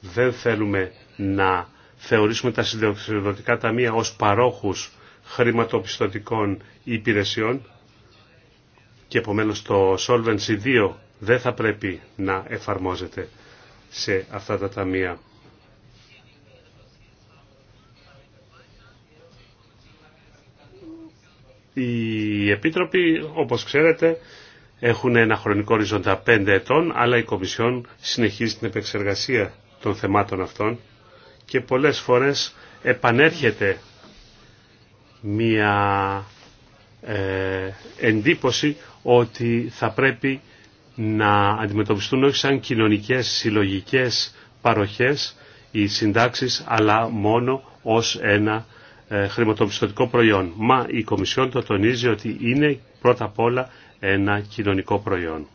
δεν θέλουμε να θεωρήσουμε τα συνδεδοτικά ταμεία ως παρόχους χρηματοπιστωτικών υπηρεσιών και επομένως το Solvency 2 δεν θα πρέπει να εφαρμόζεται σε αυτά τα ταμεία. Οι επίτροποι, όπως ξέρετε, έχουν ένα χρονικό οριζόντα 5 ετών, αλλά η Κομισιόν συνεχίζει την επεξεργασία των θεμάτων αυτών και πολλές φορές επανέρχεται μία ε, εντύπωση ότι θα πρέπει να αντιμετωπιστούν όχι σαν κοινωνικές συλλογικές παροχές οι συντάξεις αλλά μόνο ως ένα ε, χρηματοπιστωτικό προϊόν. Μα η Κομισιόν το τονίζει ότι είναι πρώτα απ' όλα ένα κοινωνικό προϊόν.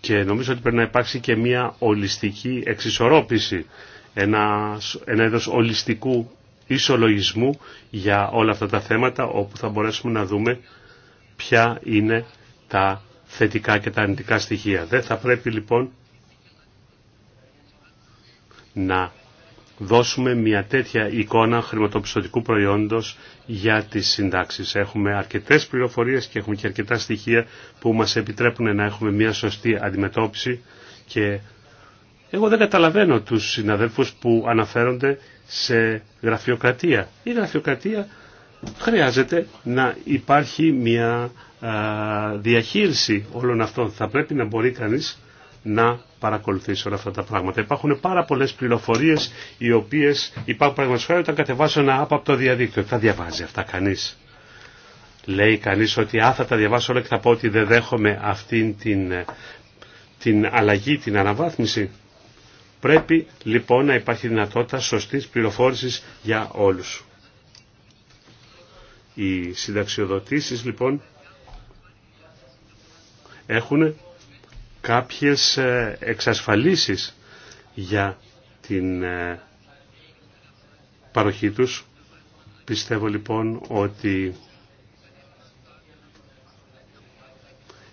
Και νομίζω ότι πρέπει να υπάρξει και μια ολιστική εξισορρόπηση, ένα, ένα ολιστικού ισολογισμού για όλα αυτά τα θέματα όπου θα μπορέσουμε να δούμε ποια είναι τα θετικά και τα αρνητικά στοιχεία. Δεν θα πρέπει λοιπόν να δώσουμε μια τέτοια εικόνα χρηματοπιστωτικού προϊόντος για τις συντάξεις. Έχουμε αρκετές πληροφορίες και έχουμε και αρκετά στοιχεία που μας επιτρέπουν να έχουμε μια σωστή αντιμετώπιση και εγώ δεν καταλαβαίνω τους συναδέλφους που αναφέρονται σε γραφειοκρατία. Η γραφειοκρατία χρειάζεται να υπάρχει μια διαχείριση όλων αυτών. Θα πρέπει να μπορεί κανείς να παρακολουθήσει όλα αυτά τα πράγματα. Υπάρχουν πάρα πολλές πληροφορίες οι οποίες υπάρχουν πραγματικά όταν κατεβάζω ένα app από το διαδίκτυο. Θα διαβάζει αυτά κανείς. Λέει κανείς ότι α, θα τα διαβάσω όλα και θα πω ότι δεν δέχομαι αυτήν την, ε, την αλλαγή, την αναβάθμιση. Πρέπει λοιπόν να υπάρχει δυνατότητα σωστής πληροφόρησης για όλους. Οι συνταξιοδοτήσεις λοιπόν έχουν κάποιες ε, εξασφαλίσεις για την ε, παροχή τους. Πιστεύω λοιπόν ότι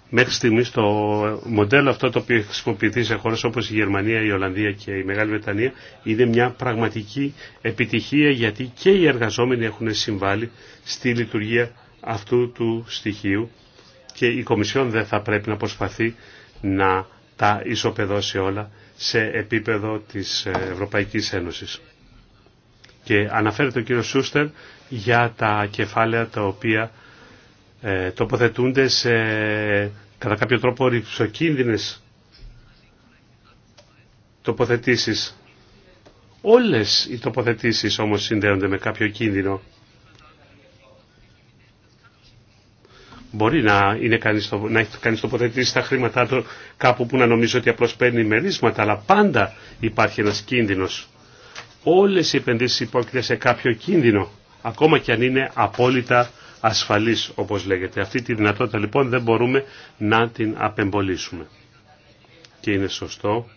μέχρι στιγμής το μοντέλο αυτό το οποίο έχει χρησιμοποιηθεί σε χώρες όπως η Γερμανία, η Ολλανδία και η Μεγάλη Βρετανία είναι μια πραγματική επιτυχία γιατί και οι εργαζόμενοι έχουν συμβάλει στη λειτουργία αυτού του στοιχείου και η Κομισιόν δεν θα πρέπει να προσπαθεί να τα ισοπεδώσει όλα σε επίπεδο της Ευρωπαϊκής Ένωσης. Και αναφέρεται ο κύριο Σούστερ για τα κεφάλαια τα οποία ε, τοποθετούνται σε κατά κάποιο τρόπο ριψοκίνδυνες τοποθετήσεις. Όλες οι τοποθετήσεις όμως συνδέονται με κάποιο κίνδυνο. Μπορεί να, είναι κανείς, να έχει κανείς τοποθετήσει τα χρήματά του κάπου που να νομίζει ότι απλώς παίρνει μερίσματα, αλλά πάντα υπάρχει ένας κίνδυνος. Όλες οι επενδύσεις υπόκειται σε κάποιο κίνδυνο, ακόμα και αν είναι απόλυτα ασφαλής, όπως λέγεται. Αυτή τη δυνατότητα λοιπόν δεν μπορούμε να την απεμπολίσουμε. Και είναι σωστό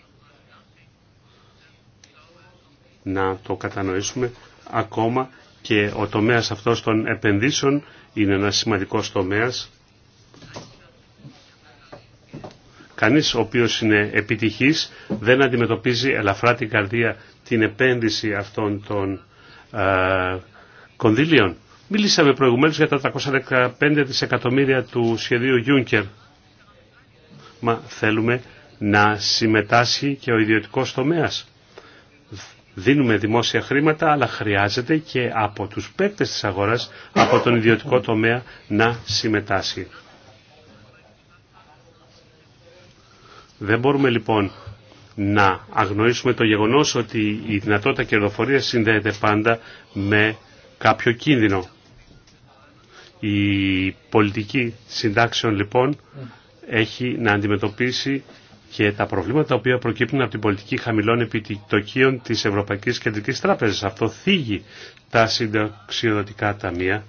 να το κατανοήσουμε ακόμα και ο τομέας αυτός των επενδύσεων είναι ένα σημαντικός τομέας. Κανείς ο οποίος είναι επιτυχής δεν αντιμετωπίζει ελαφρά την καρδία την επένδυση αυτών των ε, κονδυλίων. Μίλησαμε προηγουμένως για τα 315 δισεκατομμύρια του σχεδίου Juncker. Μα θέλουμε να συμμετάσχει και ο ιδιωτικός τομέας δίνουμε δημόσια χρήματα, αλλά χρειάζεται και από τους παίκτες της αγοράς, από τον ιδιωτικό τομέα να συμμετάσχει. Δεν μπορούμε λοιπόν να αγνοήσουμε το γεγονός ότι η δυνατότητα κερδοφορίας συνδέεται πάντα με κάποιο κίνδυνο. Η πολιτική συντάξεων λοιπόν έχει να αντιμετωπίσει και τα προβλήματα τα οποία προκύπτουν από την πολιτική χαμηλών επιτοκίων της Ευρωπαϊκής Κεντρικής Τράπεζας. Αυτό θίγει τα συνταξιοδοτικά ταμεία.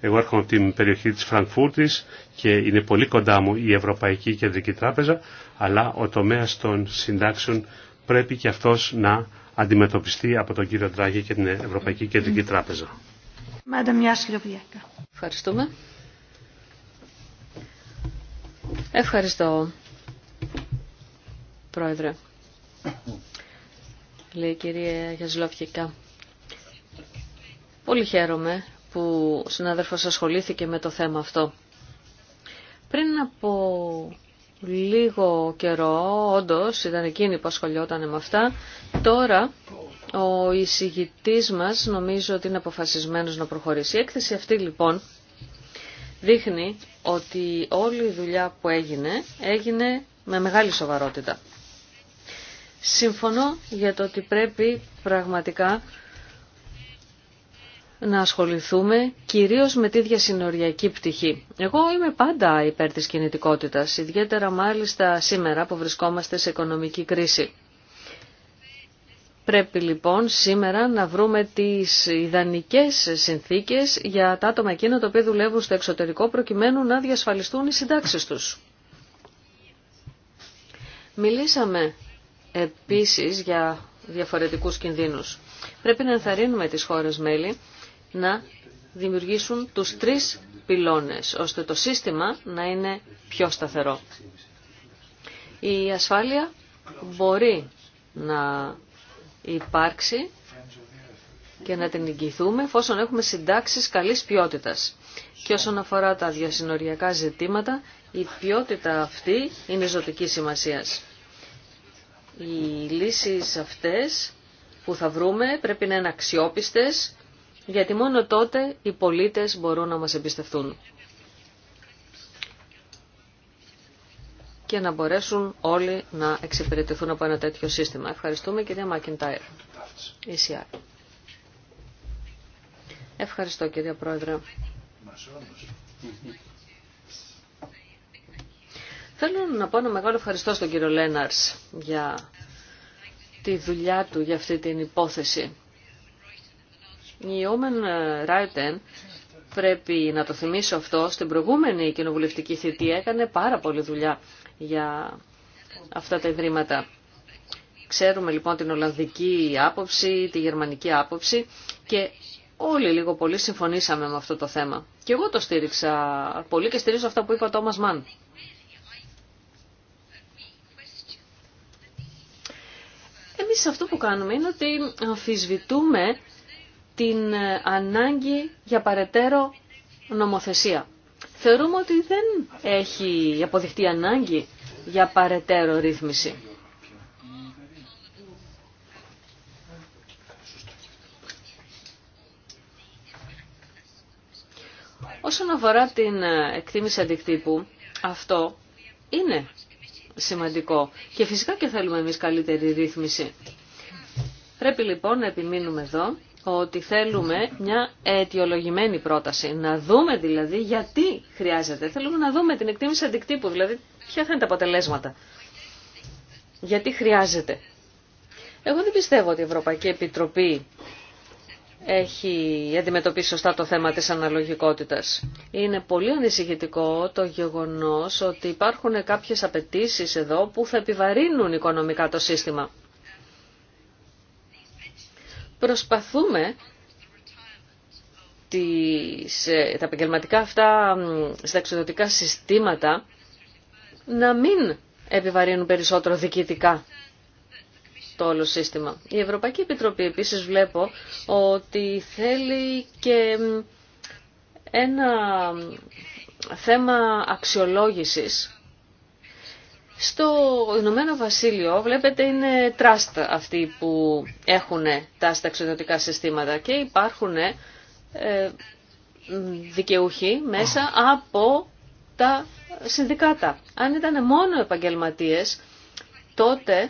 Εγώ έρχομαι από την περιοχή της Φραγκφούρτης και είναι πολύ κοντά μου η Ευρωπαϊκή Κεντρική Τράπεζα, αλλά ο τομέας των συντάξεων πρέπει και αυτός να αντιμετωπιστεί από τον κύριο Ντράγη και την Ευρωπαϊκή Κεντρική Τράπεζα. Ευχαριστούμε. Ευχαριστώ Πρόεδρε. Λέει η κυρία Γιαζλόφικα. Πολύ χαίρομαι που ο συνάδελφος ασχολήθηκε με το θέμα αυτό. Πριν από λίγο καιρό, όντως ήταν εκείνη που ασχολιόταν με αυτά, τώρα ο εισηγητής μας νομίζω ότι είναι αποφασισμένος να προχωρήσει. Η έκθεση αυτή λοιπόν δείχνει ότι όλη η δουλειά που έγινε, έγινε με μεγάλη σοβαρότητα. Συμφωνώ για το ότι πρέπει πραγματικά να ασχοληθούμε κυρίως με τη διασυνοριακή πτυχή. Εγώ είμαι πάντα υπέρ της κινητικότητας, ιδιαίτερα μάλιστα σήμερα που βρισκόμαστε σε οικονομική κρίση. Πρέπει λοιπόν σήμερα να βρούμε τις ιδανικές συνθήκες για τα άτομα εκείνα τα οποία δουλεύουν στο εξωτερικό προκειμένου να διασφαλιστούν οι συντάξεις τους. Μιλήσαμε επίσης για διαφορετικούς κινδύνους. Πρέπει να ενθαρρύνουμε τις χώρες μέλη να δημιουργήσουν τους τρεις πυλώνες, ώστε το σύστημα να είναι πιο σταθερό. Η ασφάλεια μπορεί να υπάρξει και να την εγγυηθούμε εφόσον έχουμε συντάξεις καλής ποιότητας. Και όσον αφορά τα διασυνοριακά ζητήματα, η ποιότητα αυτή είναι ζωτική σημασίας. Οι λύσεις αυτές που θα βρούμε πρέπει να είναι αξιόπιστες, γιατί μόνο τότε οι πολίτες μπορούν να μας εμπιστευτούν. και να μπορέσουν όλοι να εξυπηρετηθούν από ένα τέτοιο σύστημα. Ευχαριστούμε κυρία Μακιντάιρ. Ευχαριστώ κυρία Πρόεδρε. Θέλω να πω ένα μεγάλο ευχαριστώ στον κύριο Λέναρς για τη δουλειά του για αυτή την υπόθεση. Η Όμεν Ράιτεν πρέπει να το θυμίσω αυτό, στην προηγούμενη κοινοβουλευτική θητεία έκανε πάρα πολλή δουλειά για αυτά τα ιδρύματα. Ξέρουμε λοιπόν την Ολλανδική άποψη, τη Γερμανική άποψη και όλοι λίγο πολύ συμφωνήσαμε με αυτό το θέμα. Και εγώ το στήριξα πολύ και στηρίζω αυτά που είπε ο Τόμας Μαν. Εμείς αυτό που κάνουμε είναι ότι αμφισβητούμε την ε, ανάγκη για παρετέρω νομοθεσία. Θεωρούμε ότι δεν έχει αποδειχτεί ανάγκη για παρετέρω ρύθμιση. Όσον αφορά την ε, εκτίμηση αντικτύπου, αυτό είναι σημαντικό. Και φυσικά και θέλουμε εμείς καλύτερη ρύθμιση. Πρέπει λοιπόν να επιμείνουμε εδώ ότι θέλουμε μια αιτιολογημένη πρόταση. Να δούμε δηλαδή γιατί χρειάζεται. Θέλουμε να δούμε την εκτίμηση αντικτύπου, δηλαδή ποια θα είναι τα αποτελέσματα. Γιατί χρειάζεται. Εγώ δεν πιστεύω ότι η Ευρωπαϊκή Επιτροπή έχει αντιμετωπίσει σωστά το θέμα της αναλογικότητας. Είναι πολύ ανησυχητικό το γεγονός ότι υπάρχουν κάποιες απαιτήσεις εδώ που θα επιβαρύνουν οικονομικά το σύστημα. Προσπαθούμε τις, ε, τα επαγγελματικά αυτά στα εξοδοτικά συστήματα να μην επιβαρύνουν περισσότερο διοικητικά το όλο σύστημα. Η Ευρωπαϊκή Επιτροπή επίσης βλέπω ότι θέλει και ένα θέμα αξιολόγησης. Στο Ηνωμένο Βασίλειο, βλέπετε, είναι τραστ αυτοί που έχουν τα σταξιδιωτικά συστήματα και υπάρχουν ε, δικαιούχοι μέσα από τα συνδικάτα. Αν ήταν μόνο επαγγελματίες, τότε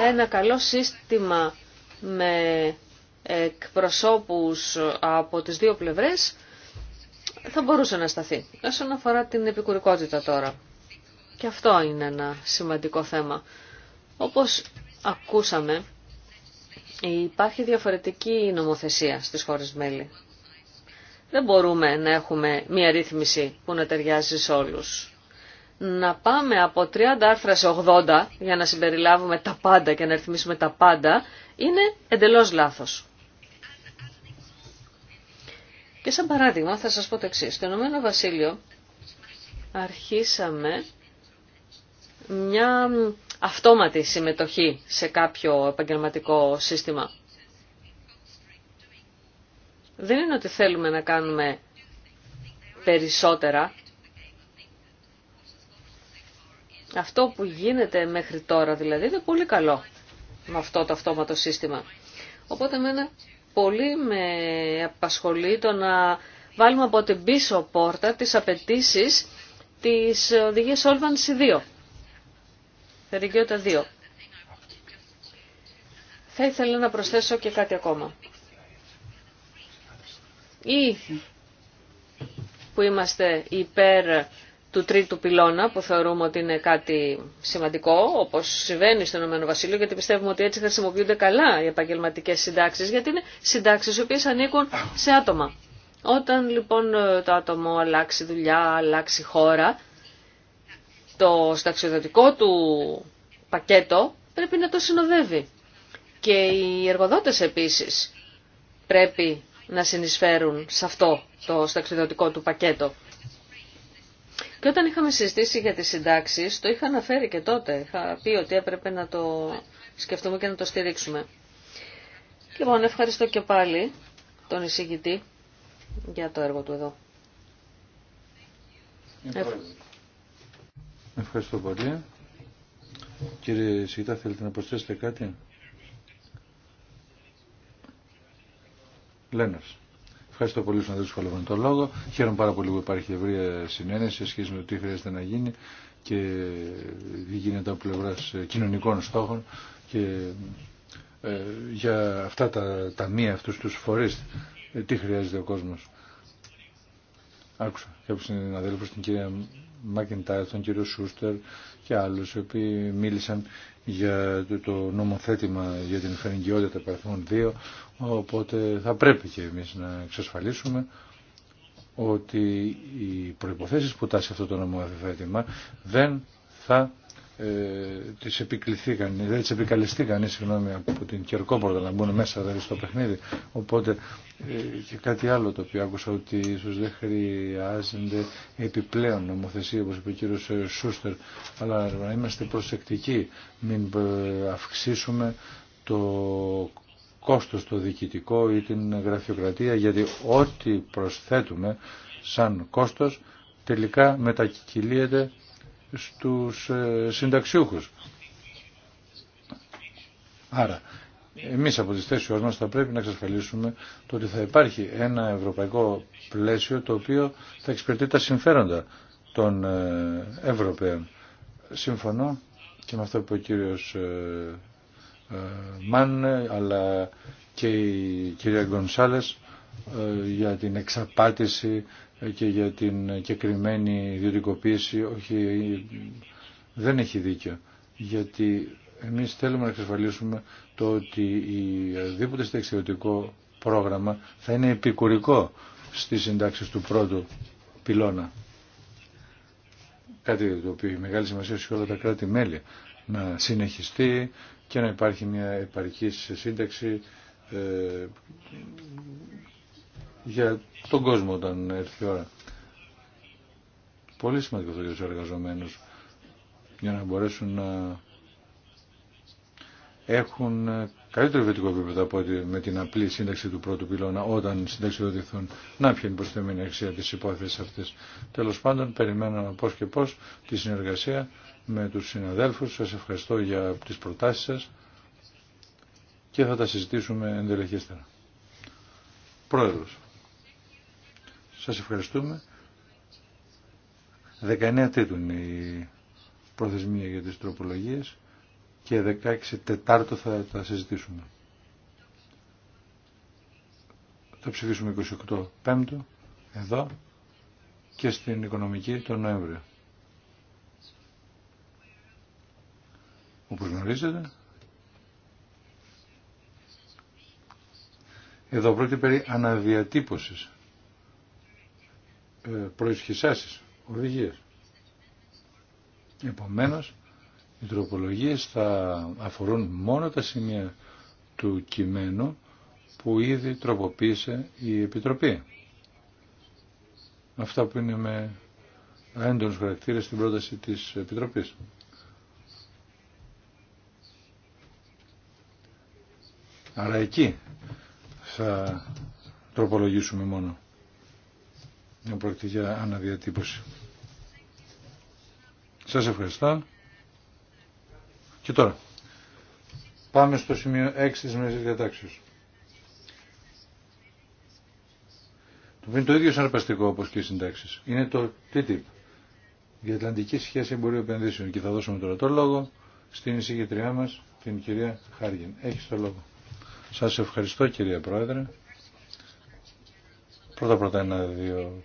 ένα καλό σύστημα με εκπροσώπους από τις δύο πλευρές θα μπορούσε να σταθεί. Όσον αφορά την επικουρικότητα τώρα. Και αυτό είναι ένα σημαντικό θέμα. Όπως ακούσαμε, υπάρχει διαφορετική νομοθεσία στις χώρες μέλη. Δεν μπορούμε να έχουμε μία ρύθμιση που να ταιριάζει σε όλους να πάμε από 30 άρθρα σε 80 για να συμπεριλάβουμε τα πάντα και να ρυθμίσουμε τα πάντα είναι εντελώς λάθος. Και σαν παράδειγμα θα σας πω το εξής. Στο Ηνωμένο Βασίλειο αρχίσαμε μια αυτόματη συμμετοχή σε κάποιο επαγγελματικό σύστημα. Δεν είναι ότι θέλουμε να κάνουμε περισσότερα, Αυτό που γίνεται μέχρι τώρα δηλαδή είναι πολύ καλό με αυτό το αυτόματο σύστημα. Οπότε εμένα πολύ με απασχολεί το να βάλουμε από την πίσω πόρτα τις απαιτήσει της οδηγίας Όλβανση 2. 2. Θα ήθελα να προσθέσω και κάτι ακόμα. Ή που είμαστε υπέρ του τρίτου πυλώνα που θεωρούμε ότι είναι κάτι σημαντικό, όπως συμβαίνει στο Ηνωμένο Βασίλειο, γιατί πιστεύουμε ότι έτσι χρησιμοποιούνται καλά οι επαγγελματικές συντάξεις, γιατί είναι συντάξεις οι οποίες ανήκουν σε άτομα. Όταν λοιπόν το άτομο αλλάξει δουλειά, αλλάξει χώρα, το συνταξιοδοτικό του πακέτο πρέπει να το συνοδεύει. Και οι εργοδότες επίσης πρέπει να συνεισφέρουν σε αυτό το σταξιδοτικό του πακέτο. Και όταν είχαμε συζητήσει για τις συντάξεις, το είχα αναφέρει και τότε. Είχα πει ότι έπρεπε να το σκεφτούμε και να το στηρίξουμε. Λοιπόν, ευχαριστώ και πάλι τον εισηγητή για το έργο του εδώ. Ευχαριστώ, ευχαριστώ πολύ. Κύριε Σιγητά, θέλετε να προσθέσετε κάτι. Λένας. Ευχαριστώ πολύ στον Αντρέα που τον λόγο. Χαίρομαι πάρα πολύ που υπάρχει ευρεία συνένεση σε σχέση με το τι χρειάζεται να γίνει και τι γίνεται από πλευρά ε, κοινωνικών στόχων και ε, για αυτά τα ταμεία, αυτούς τους φορείς, ε, τι χρειάζεται ο κόσμος. Άκουσα κάποιο συναδέλφο την κυρία Μακεντάρ, τον κύριο Σούστερ και άλλους οι οποίοι μίλησαν για το νομοθέτημα για την των παραθμών 2 οπότε θα πρέπει και εμείς να εξασφαλίσουμε ότι οι προϋποθέσεις που τάσει αυτό το νομοθέτημα δεν θα ε, τις επικληθήκαν, δεν τις επικαλεστήκαν, ε, συγγνώμη, από την Κερκόπορτα να μπουν μέσα δηλαδή, στο παιχνίδι. Οπότε ε, και κάτι άλλο το οποίο άκουσα ότι ίσως δεν χρειάζεται επιπλέον νομοθεσία, όπως είπε ο κύριος ε, Σούστερ, αλλά να είμαστε προσεκτικοί, μην αυξήσουμε το κόστος το διοικητικό ή την γραφειοκρατία, γιατί ό,τι προσθέτουμε σαν κόστος τελικά μετακυλίεται στους ε, συνταξιούχους. Άρα, εμείς από τις θέσεις μας θα πρέπει να εξασφαλίσουμε το ότι θα υπάρχει ένα ευρωπαϊκό πλαίσιο το οποίο θα εξυπηρετεί τα συμφέροντα των ε, Ευρωπαίων. Συμφωνώ και με αυτό που ο κύριος ε, Μάν αλλά και η κυρία Γκονσάλες για την εξαπάτηση και για την κεκριμένη ιδιωτικοποίηση όχι, δεν έχει δίκιο. Γιατί εμείς θέλουμε να εξασφαλίσουμε το ότι η δίποτε στεξιωτικό πρόγραμμα θα είναι επικουρικό στις συντάξεις του πρώτου πυλώνα. Κάτι το οποίο έχει μεγάλη σημασία σε όλα τα κράτη-μέλη να συνεχιστεί και να υπάρχει μια επαρκή σύνταξη ε, για τον κόσμο όταν έρθει η ώρα. Πολύ σημαντικό αυτό για τους εργαζομένους για να μπορέσουν να έχουν καλύτερο βιωτικό επίπεδο από ότι με την απλή σύνταξη του πρώτου πυλώνα όταν συνταξιδοτηθούν. Να πιένει είναι η προσθεμένη αξία της υπόθεσης αυτής. Τέλος πάντων περιμένω πώς και πώς τη συνεργασία με τους συναδέλφους. Σας ευχαριστώ για τις προτάσεις σας και θα τα συζητήσουμε εντελεχέστερα. Πρόεδρος. Σας ευχαριστούμε. 19 Τρίτου είναι η προθεσμία για τις τροπολογίες και 16 Τετάρτο θα τα συζητήσουμε. Θα ψηφίσουμε 28 Πέμπτου εδώ και στην Οικονομική τον Νοέμβριο. Όπως γνωρίζετε, εδώ πρόκειται περί αναδιατύπωσης ε, προϊσχυσάσεις, οδηγίες. Επομένως, οι τροπολογίες θα αφορούν μόνο τα σημεία του κειμένου που ήδη τροποποίησε η Επιτροπή. Αυτά που είναι με έντονους χαρακτήρες στην πρόταση της Επιτροπής. Άρα εκεί θα τροπολογήσουμε μόνο να πρόκειται αναδιατύπωση. Σας ευχαριστώ. Και τώρα, πάμε στο σημείο 6 της μέσης διατάξεως. Το οποίο είναι το ίδιο σαρπαστικό όπως και οι συντάξεις. Είναι το TTIP, η Ατλαντική Σχέση Εμπορίου Επενδύσεων. Και θα δώσουμε τώρα το λόγο στην εισηγητριά μας, την κυρία Χάργεν. Έχεις το λόγο. Σας ευχαριστώ κυρία Πρόεδρε. Πρώτα πρώτα ένα-δύο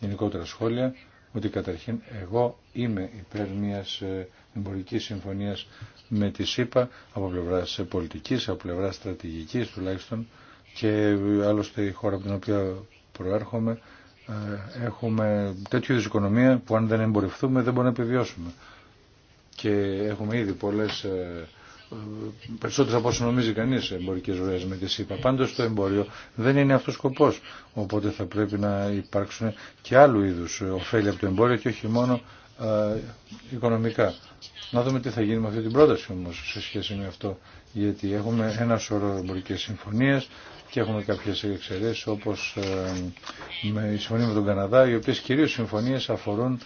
γενικότερα σχόλια ότι καταρχήν εγώ είμαι υπέρ μιας ε, εμπορικής συμφωνίας με τη ΣΥΠΑ από πλευράς ε, πολιτικής, από πλευράς στρατηγικής τουλάχιστον και ε, άλλωστε η χώρα από την οποία προέρχομαι έχουμε τέτοιου είδους οικονομία που αν δεν εμπορευτούμε δεν μπορούμε να επιβιώσουμε. Και έχουμε ήδη πολλές περισσότερο από όσο νομίζει κανεί εμπορικέ ροέ με τη ΣΥΠΑ. Πάντω το εμπόριο δεν είναι αυτό ο σκοπό. Οπότε θα πρέπει να υπάρξουν και άλλου είδου ωφέλη από το εμπόριο και όχι μόνο ε, οικονομικά. Να δούμε τι θα γίνει με αυτή την πρόταση όμω σε σχέση με αυτό. Γιατί έχουμε ένα σωρό εμπορικέ συμφωνίε και έχουμε κάποιε εξαιρέσει όπω ε, η συμφωνία με τον Καναδά, οι οποίε κυρίω συμφωνίε αφορούν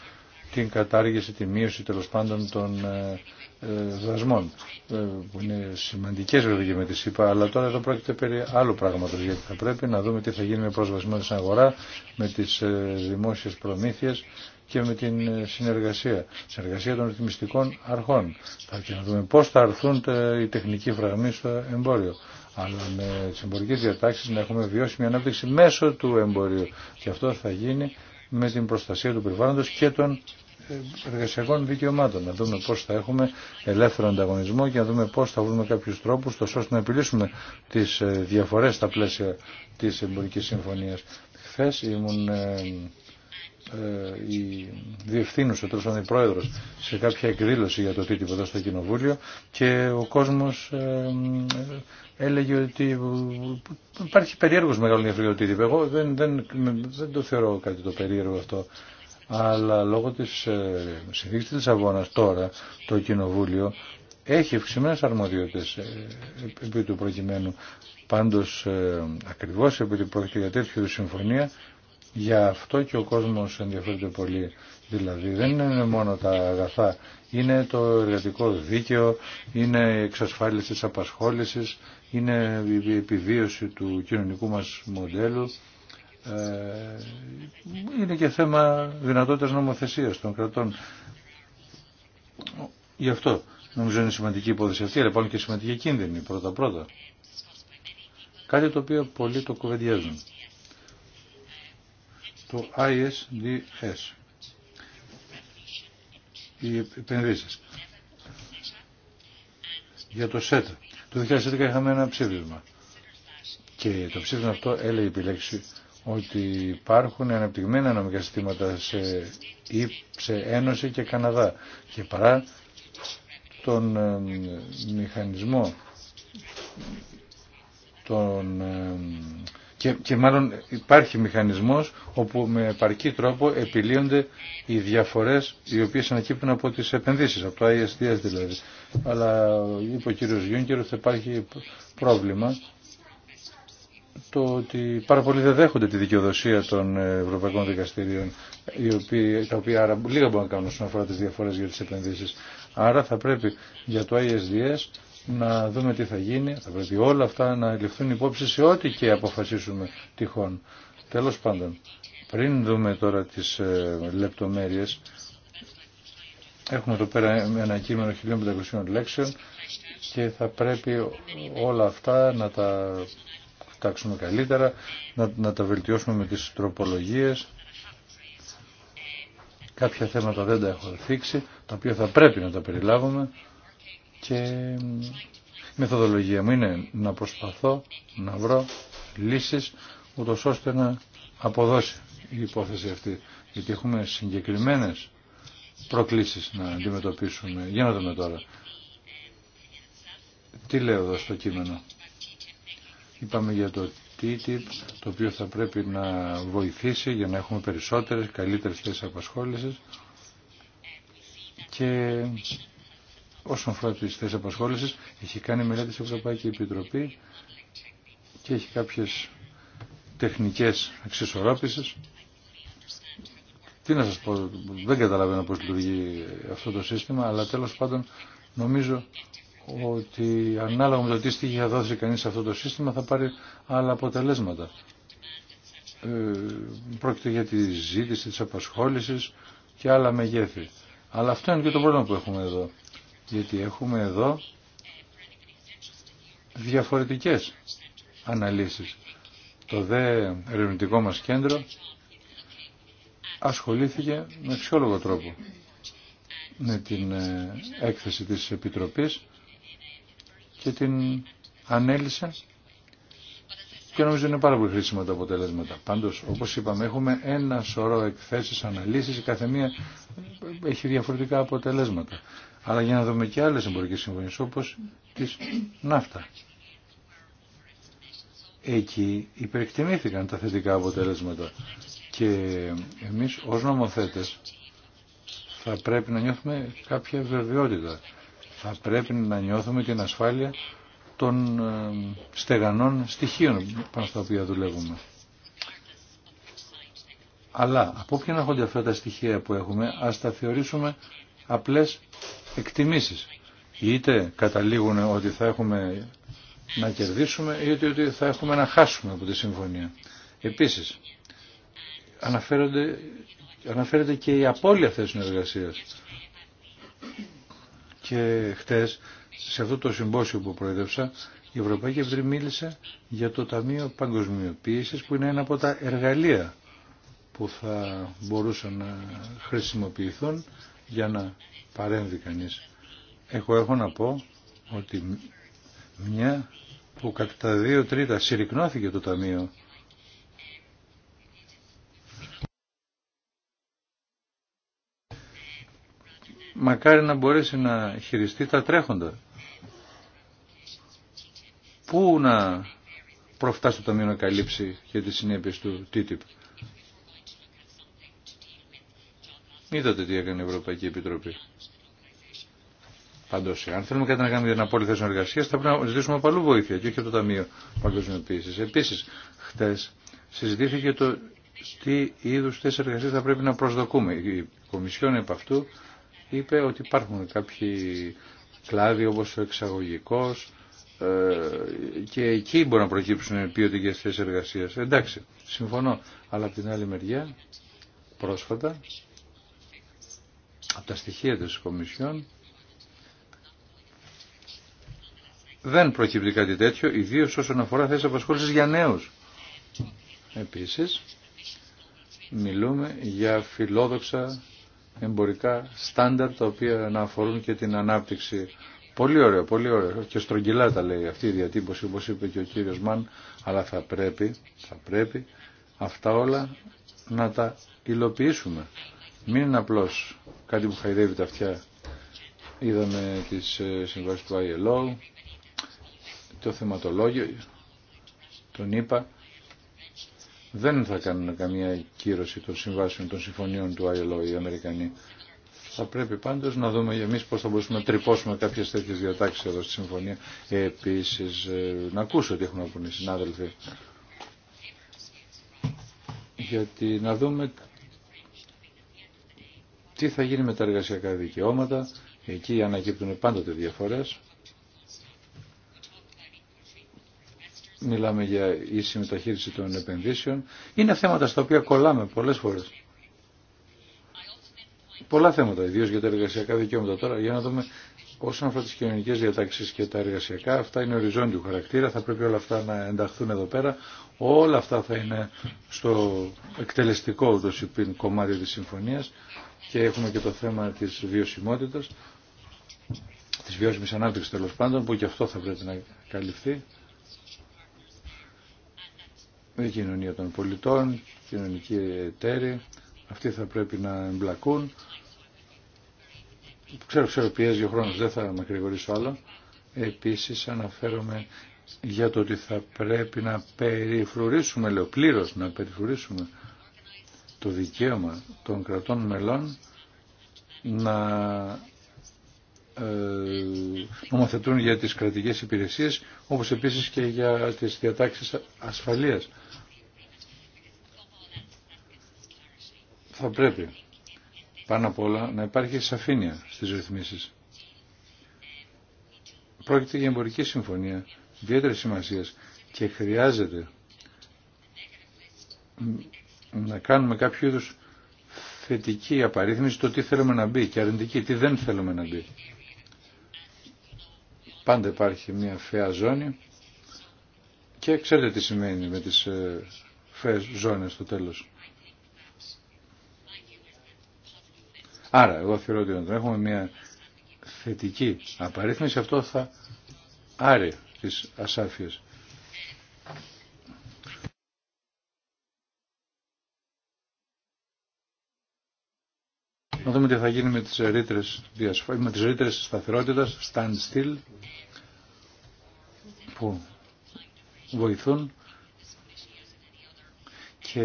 την κατάργηση, τη μείωση τέλο πάντων των. Ε, δασμών ε, που είναι σημαντικές βέβαια και με τη ΣΥΠΑ αλλά τώρα εδώ πρόκειται περί άλλου πράγματος γιατί θα πρέπει να δούμε τι θα γίνει με πρόσβαση στην αγορά με τις ε, δημόσιες προμήθειες και με την ε, συνεργασία, συνεργασία των ρυθμιστικών αρχών. Θα και να δούμε πώς θα αρθούν οι τεχνικοί φραγμοί στο εμπόριο. Αλλά με τι εμπορικέ διατάξει να έχουμε βιώσιμη ανάπτυξη μέσω του εμπορίου. Και αυτό θα γίνει με την προστασία του περιβάλλοντος και των εργασιακών δικαιωμάτων. Να δούμε πώς θα έχουμε ελεύθερο ανταγωνισμό και να δούμε πώς θα βρούμε κάποιους τρόπους ώστε να επιλύσουμε τις ε, διαφορές στα πλαίσια της εμπορικής συμφωνίας. Χθε ήμουν ε, ε, η διευθύνουσα, τέλο πάντων πρόεδρο, σε κάποια εκδήλωση για το τίτλο εδώ στο Κοινοβούλιο και ο κόσμο έλεγε ότι υπάρχει περίεργο μεγάλο ενδιαφέρον για Εγώ δεν το θεωρώ κάτι το περίεργο αυτό αλλά λόγω της ε, συνθήκης της Αγώνα τώρα το Κοινοβούλιο έχει ευξημένε αρμοδιότητες ε, επί του προκειμένου. Πάντως ε, ακριβώς επειδή πρόκειται για τέτοιου συμφωνία για αυτό και ο κόσμος ενδιαφέρεται πολύ. Δηλαδή δεν είναι μόνο τα αγαθά, είναι το εργατικό δίκαιο, είναι η εξασφάλιση της απασχόλησης, είναι η επιβίωση του κοινωνικού μας μοντέλου ε, είναι και θέμα δυνατότητας νομοθεσίας των κρατών. Γι' αυτό νομίζω είναι σημαντική υπόθεση αυτή, αλλά υπάρχουν και σημαντική κίνδυνη πρώτα-πρώτα. Κάτι το οποίο πολλοί το κουβεντιάζουν. Το ISDS. Οι επενδύσεις. Για το ΣΕΤ Το 2011 είχαμε ένα ψήφισμα. Και το ψήφισμα αυτό έλεγε επιλέξει ότι υπάρχουν αναπτυγμένα νομικά συστήματα σε, σε Ένωση και Καναδά και παρά τον ε, μηχανισμό τον, ε, και, και μάλλον υπάρχει μηχανισμός όπου με επαρκή τρόπο επιλύονται οι διαφορές οι οποίες ανακύπτουν από τις επενδύσεις, από το ISDS δηλαδή. Αλλά είπε ο κύριος Γιούνκερ ότι υπάρχει πρόβλημα το ότι πάρα πολλοί δεν δέχονται τη δικαιοδοσία των ευρωπαϊκών δικαστηρίων, οι οποίοι, τα οποία άρα λίγα μπορούν να κάνουν όσον αφορά τι διαφορέ για τι επενδύσει. Άρα θα πρέπει για το ISDS να δούμε τι θα γίνει, θα πρέπει όλα αυτά να ληφθούν υπόψη σε ό,τι και αποφασίσουμε τυχόν. Τέλος πάντων, πριν δούμε τώρα τις ε, λεπτομέρειες, έχουμε εδώ πέρα ένα κείμενο 1500 λέξεων και θα πρέπει όλα αυτά να τα κοιτάξουμε καλύτερα, να, να τα βελτιώσουμε με τις τροπολογίες. Κάποια θέματα δεν τα έχω θίξει, τα οποία θα πρέπει να τα περιλάβουμε και η μεθοδολογία μου είναι να προσπαθώ να βρω λύσεις ούτως ώστε να αποδώσει η υπόθεση αυτή. Γιατί έχουμε συγκεκριμένες προκλήσεις να αντιμετωπίσουμε. Για να τώρα. Τι λέω εδώ στο κείμενο. Είπαμε για το TTIP, το οποίο θα πρέπει να βοηθήσει για να έχουμε περισσότερες, καλύτερες θέσεις απασχόλησης και όσον αφορά τις θέσεις απασχόλησης έχει κάνει μελέτη στην Ευρωπαϊκή Επιτροπή και έχει κάποιες τεχνικές αξισορρόπησης. Τι να σας πω, δεν καταλαβαίνω πώς λειτουργεί αυτό το σύστημα, αλλά τέλος πάντων νομίζω ότι ανάλογα με το τι στοιχεία δώσει κανείς σε αυτό το σύστημα θα πάρει άλλα αποτελέσματα. Ε, πρόκειται για τη ζήτηση της απασχόλησης και άλλα μεγέθη. Αλλά αυτό είναι και το πρόβλημα που έχουμε εδώ. Γιατί έχουμε εδώ διαφορετικές αναλύσεις. Το δε ερευνητικό μας κέντρο ασχολήθηκε με αξιόλογο τρόπο με την ε, έκθεση της Επιτροπής και την ανέλησα και νομίζω είναι πάρα πολύ χρήσιμα τα αποτελέσματα. Πάντως, όπως είπαμε, έχουμε ένα σωρό εκθέσεις, αναλύσεις, η καθεμία έχει διαφορετικά αποτελέσματα. Αλλά για να δούμε και άλλες εμπορικές συμφωνίες, όπως της ναύτα. Εκεί υπερεκτιμήθηκαν τα θετικά αποτελέσματα και εμείς ως νομοθέτες θα πρέπει να νιώθουμε κάποια βεβαιότητα θα πρέπει να νιώθουμε την ασφάλεια των ε, στεγανών στοιχείων πάνω στα οποία δουλεύουμε. Αλλά από ποιον να αυτά τα στοιχεία που έχουμε, ας τα θεωρήσουμε απλές εκτιμήσεις. Είτε καταλήγουν ότι θα έχουμε να κερδίσουμε, είτε ότι θα έχουμε να χάσουμε από τη συμφωνία. Επίσης, αναφέρονται, αναφέρεται και η απώλεια θέσεων εργασίας και χτες σε αυτό το συμπόσιο που προέδευσα η Ευρωπαϊκή Επιτροπή μίλησε για το Ταμείο Παγκοσμιοποίησης που είναι ένα από τα εργαλεία που θα μπορούσαν να χρησιμοποιηθούν για να παρέμβει κανείς. Έχω, έχω να πω ότι μια που κατά τα δύο τρίτα συρρυκνώθηκε το Ταμείο μακάρι να μπορέσει να χειριστεί τα τρέχοντα. Πού να προφτάσει το Ταμείο να καλύψει για τις συνέπειες του TTIP. Είδατε τι έκανε η Ευρωπαϊκή Επιτροπή. Πάντω, αν θέλουμε κάτι να κάνουμε για την απόλυτη θέση εργασία, θα πρέπει να ζητήσουμε παλού βοήθεια και όχι από το Ταμείο Παγκοσμιοποίηση. Επίση, χτε συζητήθηκε το τι είδου θέσει εργασία θα πρέπει να προσδοκούμε. Η Κομισιόν επ' αυτού είπε ότι υπάρχουν κάποιοι κλάδοι όπως ο εξαγωγικός ε, και εκεί μπορεί να προκύψουν ποιοτικές θέσεις εργασίας. Εντάξει, συμφωνώ. Αλλά από την άλλη μεριά, πρόσφατα, από τα στοιχεία της Κομισιόν, δεν προκύπτει κάτι τέτοιο, ιδίω όσον αφορά θέσεις απασχόλησης για νέους. Επίσης, μιλούμε για φιλόδοξα εμπορικά στάνταρ τα οποία να αφορούν και την ανάπτυξη. Πολύ ωραίο, πολύ ωραίο. Και στρογγυλά τα λέει αυτή η διατύπωση όπως είπε και ο κύριος Μαν, αλλά θα πρέπει, θα πρέπει αυτά όλα να τα υλοποιήσουμε. Μην είναι απλώς κάτι που χαϊδεύει τα αυτιά. Είδαμε τις ε, συμβάσεις του ILO, το θεματολόγιο, τον είπα, δεν θα κάνουν καμία κύρωση των συμβάσεων των συμφωνίων του ILO οι Αμερικανοί. Θα πρέπει πάντως να δούμε εμείς πώς θα μπορούσαμε να τρυπώσουμε κάποιες τέτοιες διατάξεις εδώ στη συμφωνία. Επίσης, ε, να ακούσω τι έχουν να πούνε οι συνάδελφοι. Γιατί να δούμε τι θα γίνει με τα εργασιακά δικαιώματα. Εκεί ανακύπτουν πάντοτε διαφορές. μιλάμε για ίση μεταχείριση των επενδύσεων. Είναι θέματα στα οποία κολλάμε πολλές φορές. Πολλά θέματα, ιδίω για τα εργασιακά δικαιώματα. Τώρα, για να δούμε όσον αφορά τι κοινωνικέ διατάξει και τα εργασιακά, αυτά είναι οριζόντιου χαρακτήρα. Θα πρέπει όλα αυτά να ενταχθούν εδώ πέρα. Όλα αυτά θα είναι στο εκτελεστικό ούτω ή κομμάτι τη συμφωνία και έχουμε και το θέμα τη βιωσιμότητα, τη βιώσιμη ανάπτυξη τέλο πάντων, που και αυτό θα πρέπει να καλυφθεί η κοινωνία των πολιτών, κοινωνική εταίρη αυτοί θα πρέπει να εμπλακούν. Ξέρω, ξέρω πιέζει ο χρόνος, δεν θα με κρηγορήσω άλλο. Επίσης αναφέρομαι για το ότι θα πρέπει να περιφρουρήσουμε, λέω πλήρως, να περιφρουρήσουμε το δικαίωμα των κρατών μελών να ε, νομοθετούν για τις κρατικές υπηρεσίες όπως επίσης και για τις διατάξεις ασφαλείας. θα πρέπει πάνω απ' όλα να υπάρχει σαφήνεια στις ρυθμίσεις. Πρόκειται για εμπορική συμφωνία ιδιαίτερη σημασία και χρειάζεται να κάνουμε κάποιο είδου θετική απαρίθμηση το τι θέλουμε να μπει και αρνητική τι δεν θέλουμε να μπει. Πάντα υπάρχει μια φαιά ζώνη και ξέρετε τι σημαίνει με τις ε, φαιές ζώνες στο τέλος. Άρα, εγώ θεωρώ ότι όταν έχουμε μια θετική απαρίθμηση, αυτό θα άρει τις ασάφειες. Να δούμε τι θα γίνει με τις ρήτρες, με τις σταθερότητας, stand still, που βοηθούν και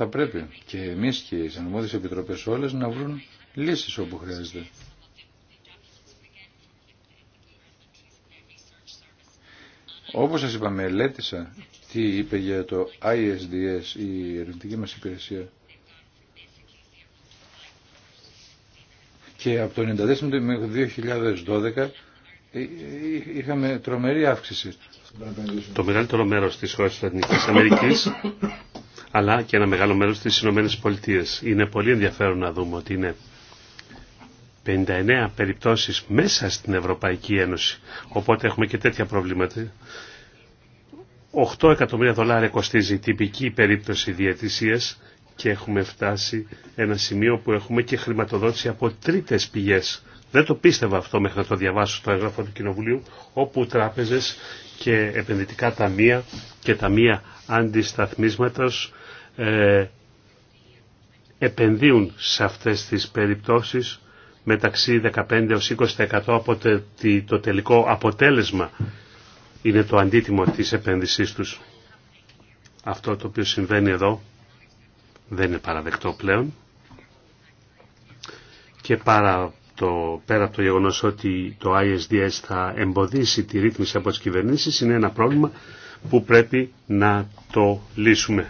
θα πρέπει και εμείς και οι συνομόδιες επιτροπέ όλε να βρουν λύσεις όπου χρειάζεται. Όπως σα είπα, μελέτησα τι είπε για το ISDS, η ερευνητική μα υπηρεσία. Και από το 1994 μέχρι το 2012 ε, ε, είχαμε τρομερή αύξηση. Το μεγαλύτερο μέρος της χώρας της Αμερικής αλλά και ένα μεγάλο μέρος στις Ηνωμένες Πολιτείες. Είναι πολύ ενδιαφέρον να δούμε ότι είναι 59 περιπτώσεις μέσα στην Ευρωπαϊκή Ένωση. Οπότε έχουμε και τέτοια προβλήματα. 8 εκατομμύρια δολάρια κοστίζει η τυπική περίπτωση διαιτησίας και έχουμε φτάσει ένα σημείο που έχουμε και χρηματοδότηση από τρίτες πηγές. Δεν το πίστευα αυτό μέχρι να το διαβάσω στο έγγραφο του Κοινοβουλίου, όπου τράπεζες και επενδυτικά ταμεία και ταμεία αντισταθμίσματος ε, επενδύουν σε αυτές τις περιπτώσεις μεταξύ 15 20% από το τελικό αποτέλεσμα είναι το αντίτιμο της επένδυσής τους. Αυτό το οποίο συμβαίνει εδώ δεν είναι παραδεκτό πλέον και παρά το, πέρα από το γεγονός ότι το ISDS θα εμποδίσει τη ρύθμιση από τις κυβερνήσεις είναι ένα πρόβλημα που πρέπει να το λύσουμε.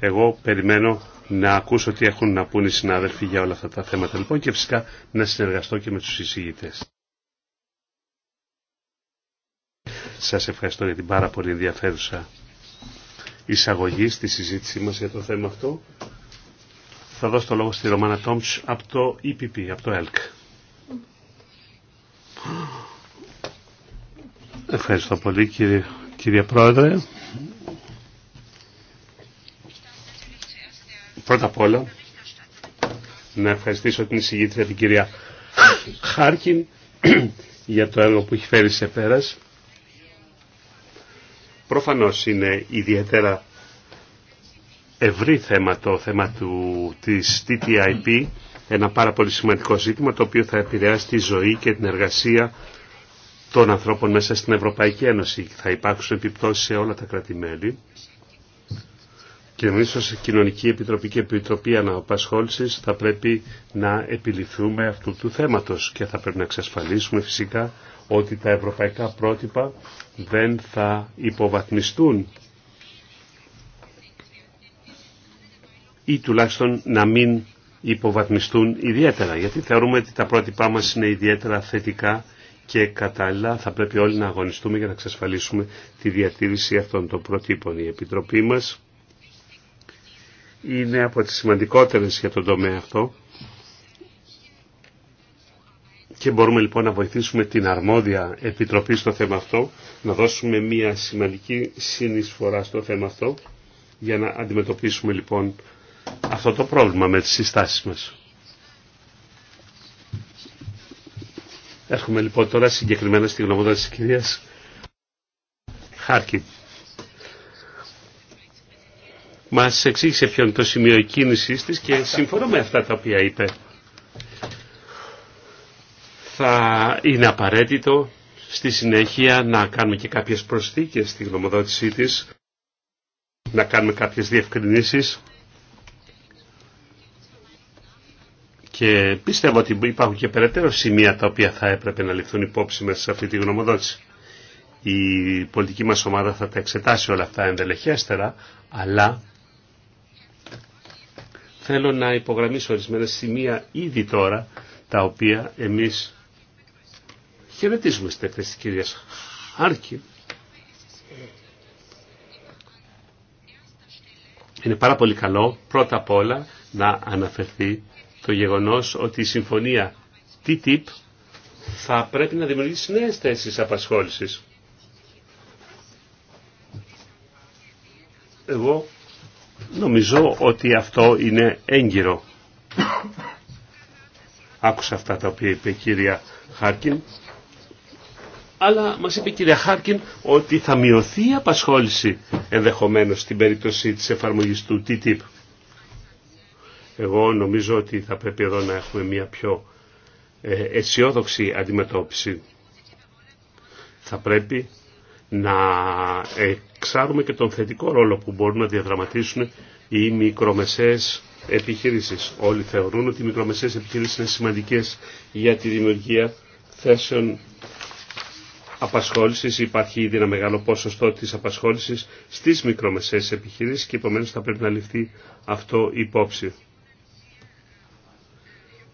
Εγώ περιμένω να ακούσω τι έχουν να πούν οι συνάδελφοι για όλα αυτά τα θέματα λοιπόν και φυσικά να συνεργαστώ και με τους εισηγητές. Σας ευχαριστώ για την πάρα πολύ ενδιαφέρουσα εισαγωγή στη συζήτησή μας για το θέμα αυτό. Θα δώσω το λόγο στη Ρωμάνα Τόμψ από το EPP, από το ΕΛΚ. Ευχαριστώ πολύ κύριε, κύριε Πρόεδρε. Πρώτα απ' όλα, να ευχαριστήσω την εισηγήτρια την κυρία Χάρκιν για το έργο που έχει φέρει σε πέρας. Προφανώς είναι ιδιαίτερα ευρύ θέμα το θέμα του, της TTIP, ένα πάρα πολύ σημαντικό ζήτημα το οποίο θα επηρεάσει τη ζωή και την εργασία των ανθρώπων μέσα στην Ευρωπαϊκή Ένωση. Θα υπάρξουν επιπτώσεις σε όλα τα κρατημέλη. Και νομίζω σε Κοινωνική Επιτροπή και Επιτροπή Αναπασχόλησης θα πρέπει να επιληθούμε αυτού του θέματος και θα πρέπει να εξασφαλίσουμε φυσικά ότι τα ευρωπαϊκά πρότυπα δεν θα υποβαθμιστούν ή τουλάχιστον να μην υποβαθμιστούν ιδιαίτερα. Γιατί θεωρούμε ότι τα πρότυπά μας είναι ιδιαίτερα θετικά και κατάλληλα θα πρέπει όλοι να αγωνιστούμε για να εξασφαλίσουμε τη διατήρηση αυτών των προτύπων. Η Επιτροπή μας είναι από τις σημαντικότερες για τον τομέα αυτό και μπορούμε λοιπόν να βοηθήσουμε την αρμόδια επιτροπή στο θέμα αυτό, να δώσουμε μια σημαντική συνεισφορά στο θέμα αυτό για να αντιμετωπίσουμε λοιπόν αυτό το πρόβλημα με τις συστάσεις μας. Έρχομαι λοιπόν τώρα συγκεκριμένα στη γνωμότητα της κυρίας Χάρκη μας εξήγησε ποιο είναι το σημείο κίνησης της και συμφωνώ με αυτά τα οποία είπε. Θα είναι απαραίτητο στη συνέχεια να κάνουμε και κάποιες προσθήκες στη γνωμοδότησή της, να κάνουμε κάποιες διευκρινήσεις και πιστεύω ότι υπάρχουν και περαιτέρω σημεία τα οποία θα έπρεπε να ληφθούν υπόψη μέσα σε αυτή τη γνωμοδότηση. Η πολιτική μας ομάδα θα τα εξετάσει όλα αυτά ενδελεχέστερα, αλλά Θέλω να υπογραμμίσω ορισμένα σημεία ήδη τώρα, τα οποία εμείς χαιρετίζουμε στην έκθεση της κυρίας Χάρκιν. Είναι πάρα πολύ καλό πρώτα απ' όλα να αναφερθεί το γεγονός ότι η συμφωνία TTIP θα πρέπει να δημιουργήσει νέες θέσεις απασχόλησης. Εγώ Νομίζω ότι αυτό είναι έγκυρο. Άκουσα αυτά τα οποία είπε η κυρία Χάρκιν. Αλλά μας είπε η κυρία Χάρκιν ότι θα μειωθεί η απασχόληση ενδεχομένως στην περίπτωση της εφαρμογής του TTIP. Εγώ νομίζω ότι θα πρέπει εδώ να έχουμε μια πιο ε, αισιόδοξη αντιμετώπιση. Θα πρέπει να ε, ξάρουμε και τον θετικό ρόλο που μπορούν να διαδραματίσουν οι μικρομεσαίες επιχειρήσεις. Όλοι θεωρούν ότι οι μικρομεσαίες επιχειρήσεις είναι σημαντικές για τη δημιουργία θέσεων απασχόλησης. Υπάρχει ήδη ένα μεγάλο ποσοστό της απασχόλησης στις μικρομεσαίες επιχειρήσεις και επομένως θα πρέπει να ληφθεί αυτό υπόψη.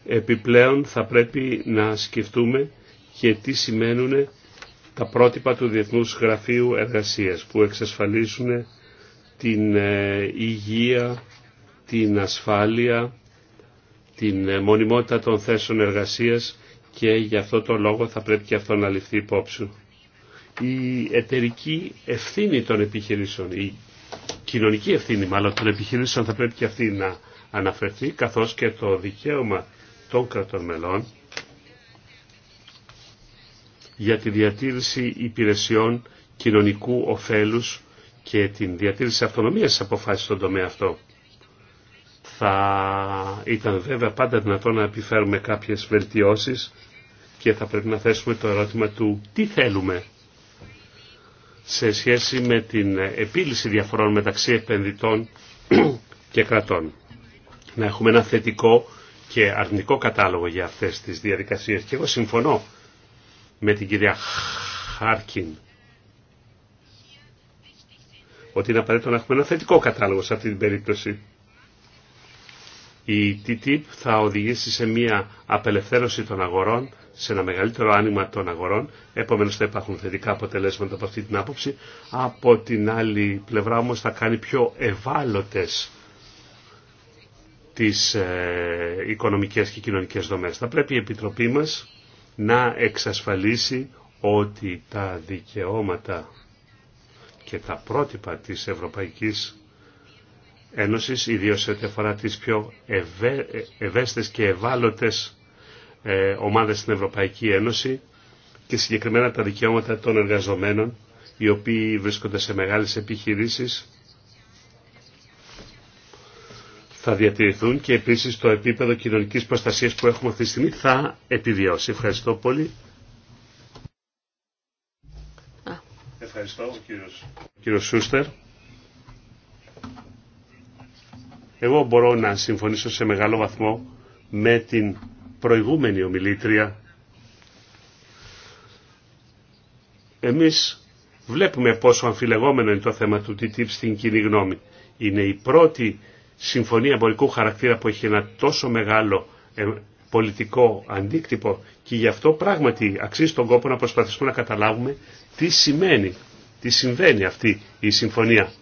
Επιπλέον θα πρέπει να σκεφτούμε και τι σημαίνουν τα πρότυπα του Διεθνούς Γραφείου Εργασίας που εξασφαλίζουν την ε, υγεία, την ασφάλεια, την ε, μονιμότητα των θέσεων εργασίας και γι' αυτό το λόγο θα πρέπει και αυτό να ληφθεί υπόψη. Η εταιρική ευθύνη των επιχειρήσεων, η κοινωνική ευθύνη μάλλον των επιχειρήσεων θα πρέπει και αυτή να αναφερθεί καθώς και το δικαίωμα των κρατών μελών για τη διατήρηση υπηρεσιών κοινωνικού ωφέλους και την διατήρηση αυτονομίας της αποφάσης στον τομέα αυτό. Θα ήταν βέβαια πάντα δυνατόν να επιφέρουμε κάποιες βελτιώσεις και θα πρέπει να θέσουμε το ερώτημα του τι θέλουμε σε σχέση με την επίλυση διαφορών μεταξύ επενδυτών και κρατών. Να έχουμε ένα θετικό και αρνητικό κατάλογο για αυτές τις διαδικασίες. Και εγώ συμφωνώ με την κυρία Χάρκιν ότι είναι απαραίτητο να έχουμε ένα θετικό κατάλογο σε αυτή την περίπτωση. Η TTIP θα οδηγήσει σε μια απελευθέρωση των αγορών, σε ένα μεγαλύτερο άνοιγμα των αγορών, επομένως θα υπάρχουν θετικά αποτελέσματα από αυτή την άποψη. Από την άλλη πλευρά όμως θα κάνει πιο ευάλωτες τις ε, οικονομικές και κοινωνικές δομές. Θα πρέπει η Επιτροπή μας να εξασφαλίσει ότι τα δικαιώματα και τα πρότυπα της Ευρωπαϊκής Ένωσης, ιδίως σε αφορά τις πιο ευε, και ευάλωτες ε, ομάδες στην Ευρωπαϊκή Ένωση και συγκεκριμένα τα δικαιώματα των εργαζομένων, οι οποίοι βρίσκονται σε μεγάλες επιχειρήσεις, θα διατηρηθούν και επίσης το επίπεδο κοινωνικής προστασίας που έχουμε αυτή τη στιγμή θα επιβιώσει. Ευχαριστώ πολύ. Ευχαριστώ ο κύριος. κύριος Σούστερ. Εγώ μπορώ να συμφωνήσω σε μεγάλο βαθμό με την προηγούμενη ομιλήτρια. Εμείς βλέπουμε πόσο αμφιλεγόμενο είναι το θέμα του TTIP στην κοινή γνώμη. Είναι η πρώτη συμφωνία εμπορικού χαρακτήρα που έχει ένα τόσο μεγάλο ε, πολιτικό αντίκτυπο και γι' αυτό πράγματι αξίζει τον κόπο να προσπαθήσουμε να καταλάβουμε τι σημαίνει, τι συμβαίνει αυτή η συμφωνία.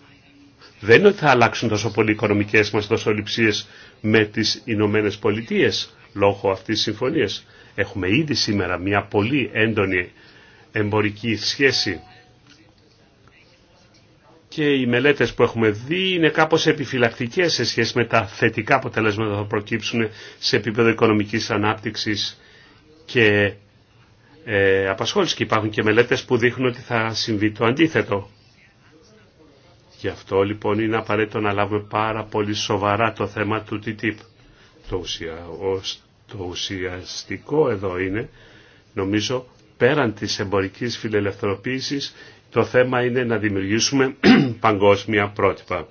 Δεν είναι ότι θα αλλάξουν τόσο πολύ οι οικονομικές μας δοσοληψίες με τις Ηνωμένε Πολιτείε λόγω αυτής της συμφωνίας. Έχουμε ήδη σήμερα μια πολύ έντονη εμπορική σχέση και οι μελέτες που έχουμε δει είναι κάπως επιφυλακτικές σε σχέση με τα θετικά αποτελέσματα που θα προκύψουν σε επίπεδο οικονομικής ανάπτυξης και ε, απασχόλησης. Και υπάρχουν και μελέτες που δείχνουν ότι θα συμβεί το αντίθετο. Γι' αυτό λοιπόν είναι απαραίτητο να λάβουμε πάρα πολύ σοβαρά το θέμα του TTIP. Το, ουσια, το ουσιαστικό εδώ είναι, νομίζω, πέραν της εμπορικής φιλελευθερωποίησης το θέμα είναι να δημιουργήσουμε παγκόσμια πρότυπα.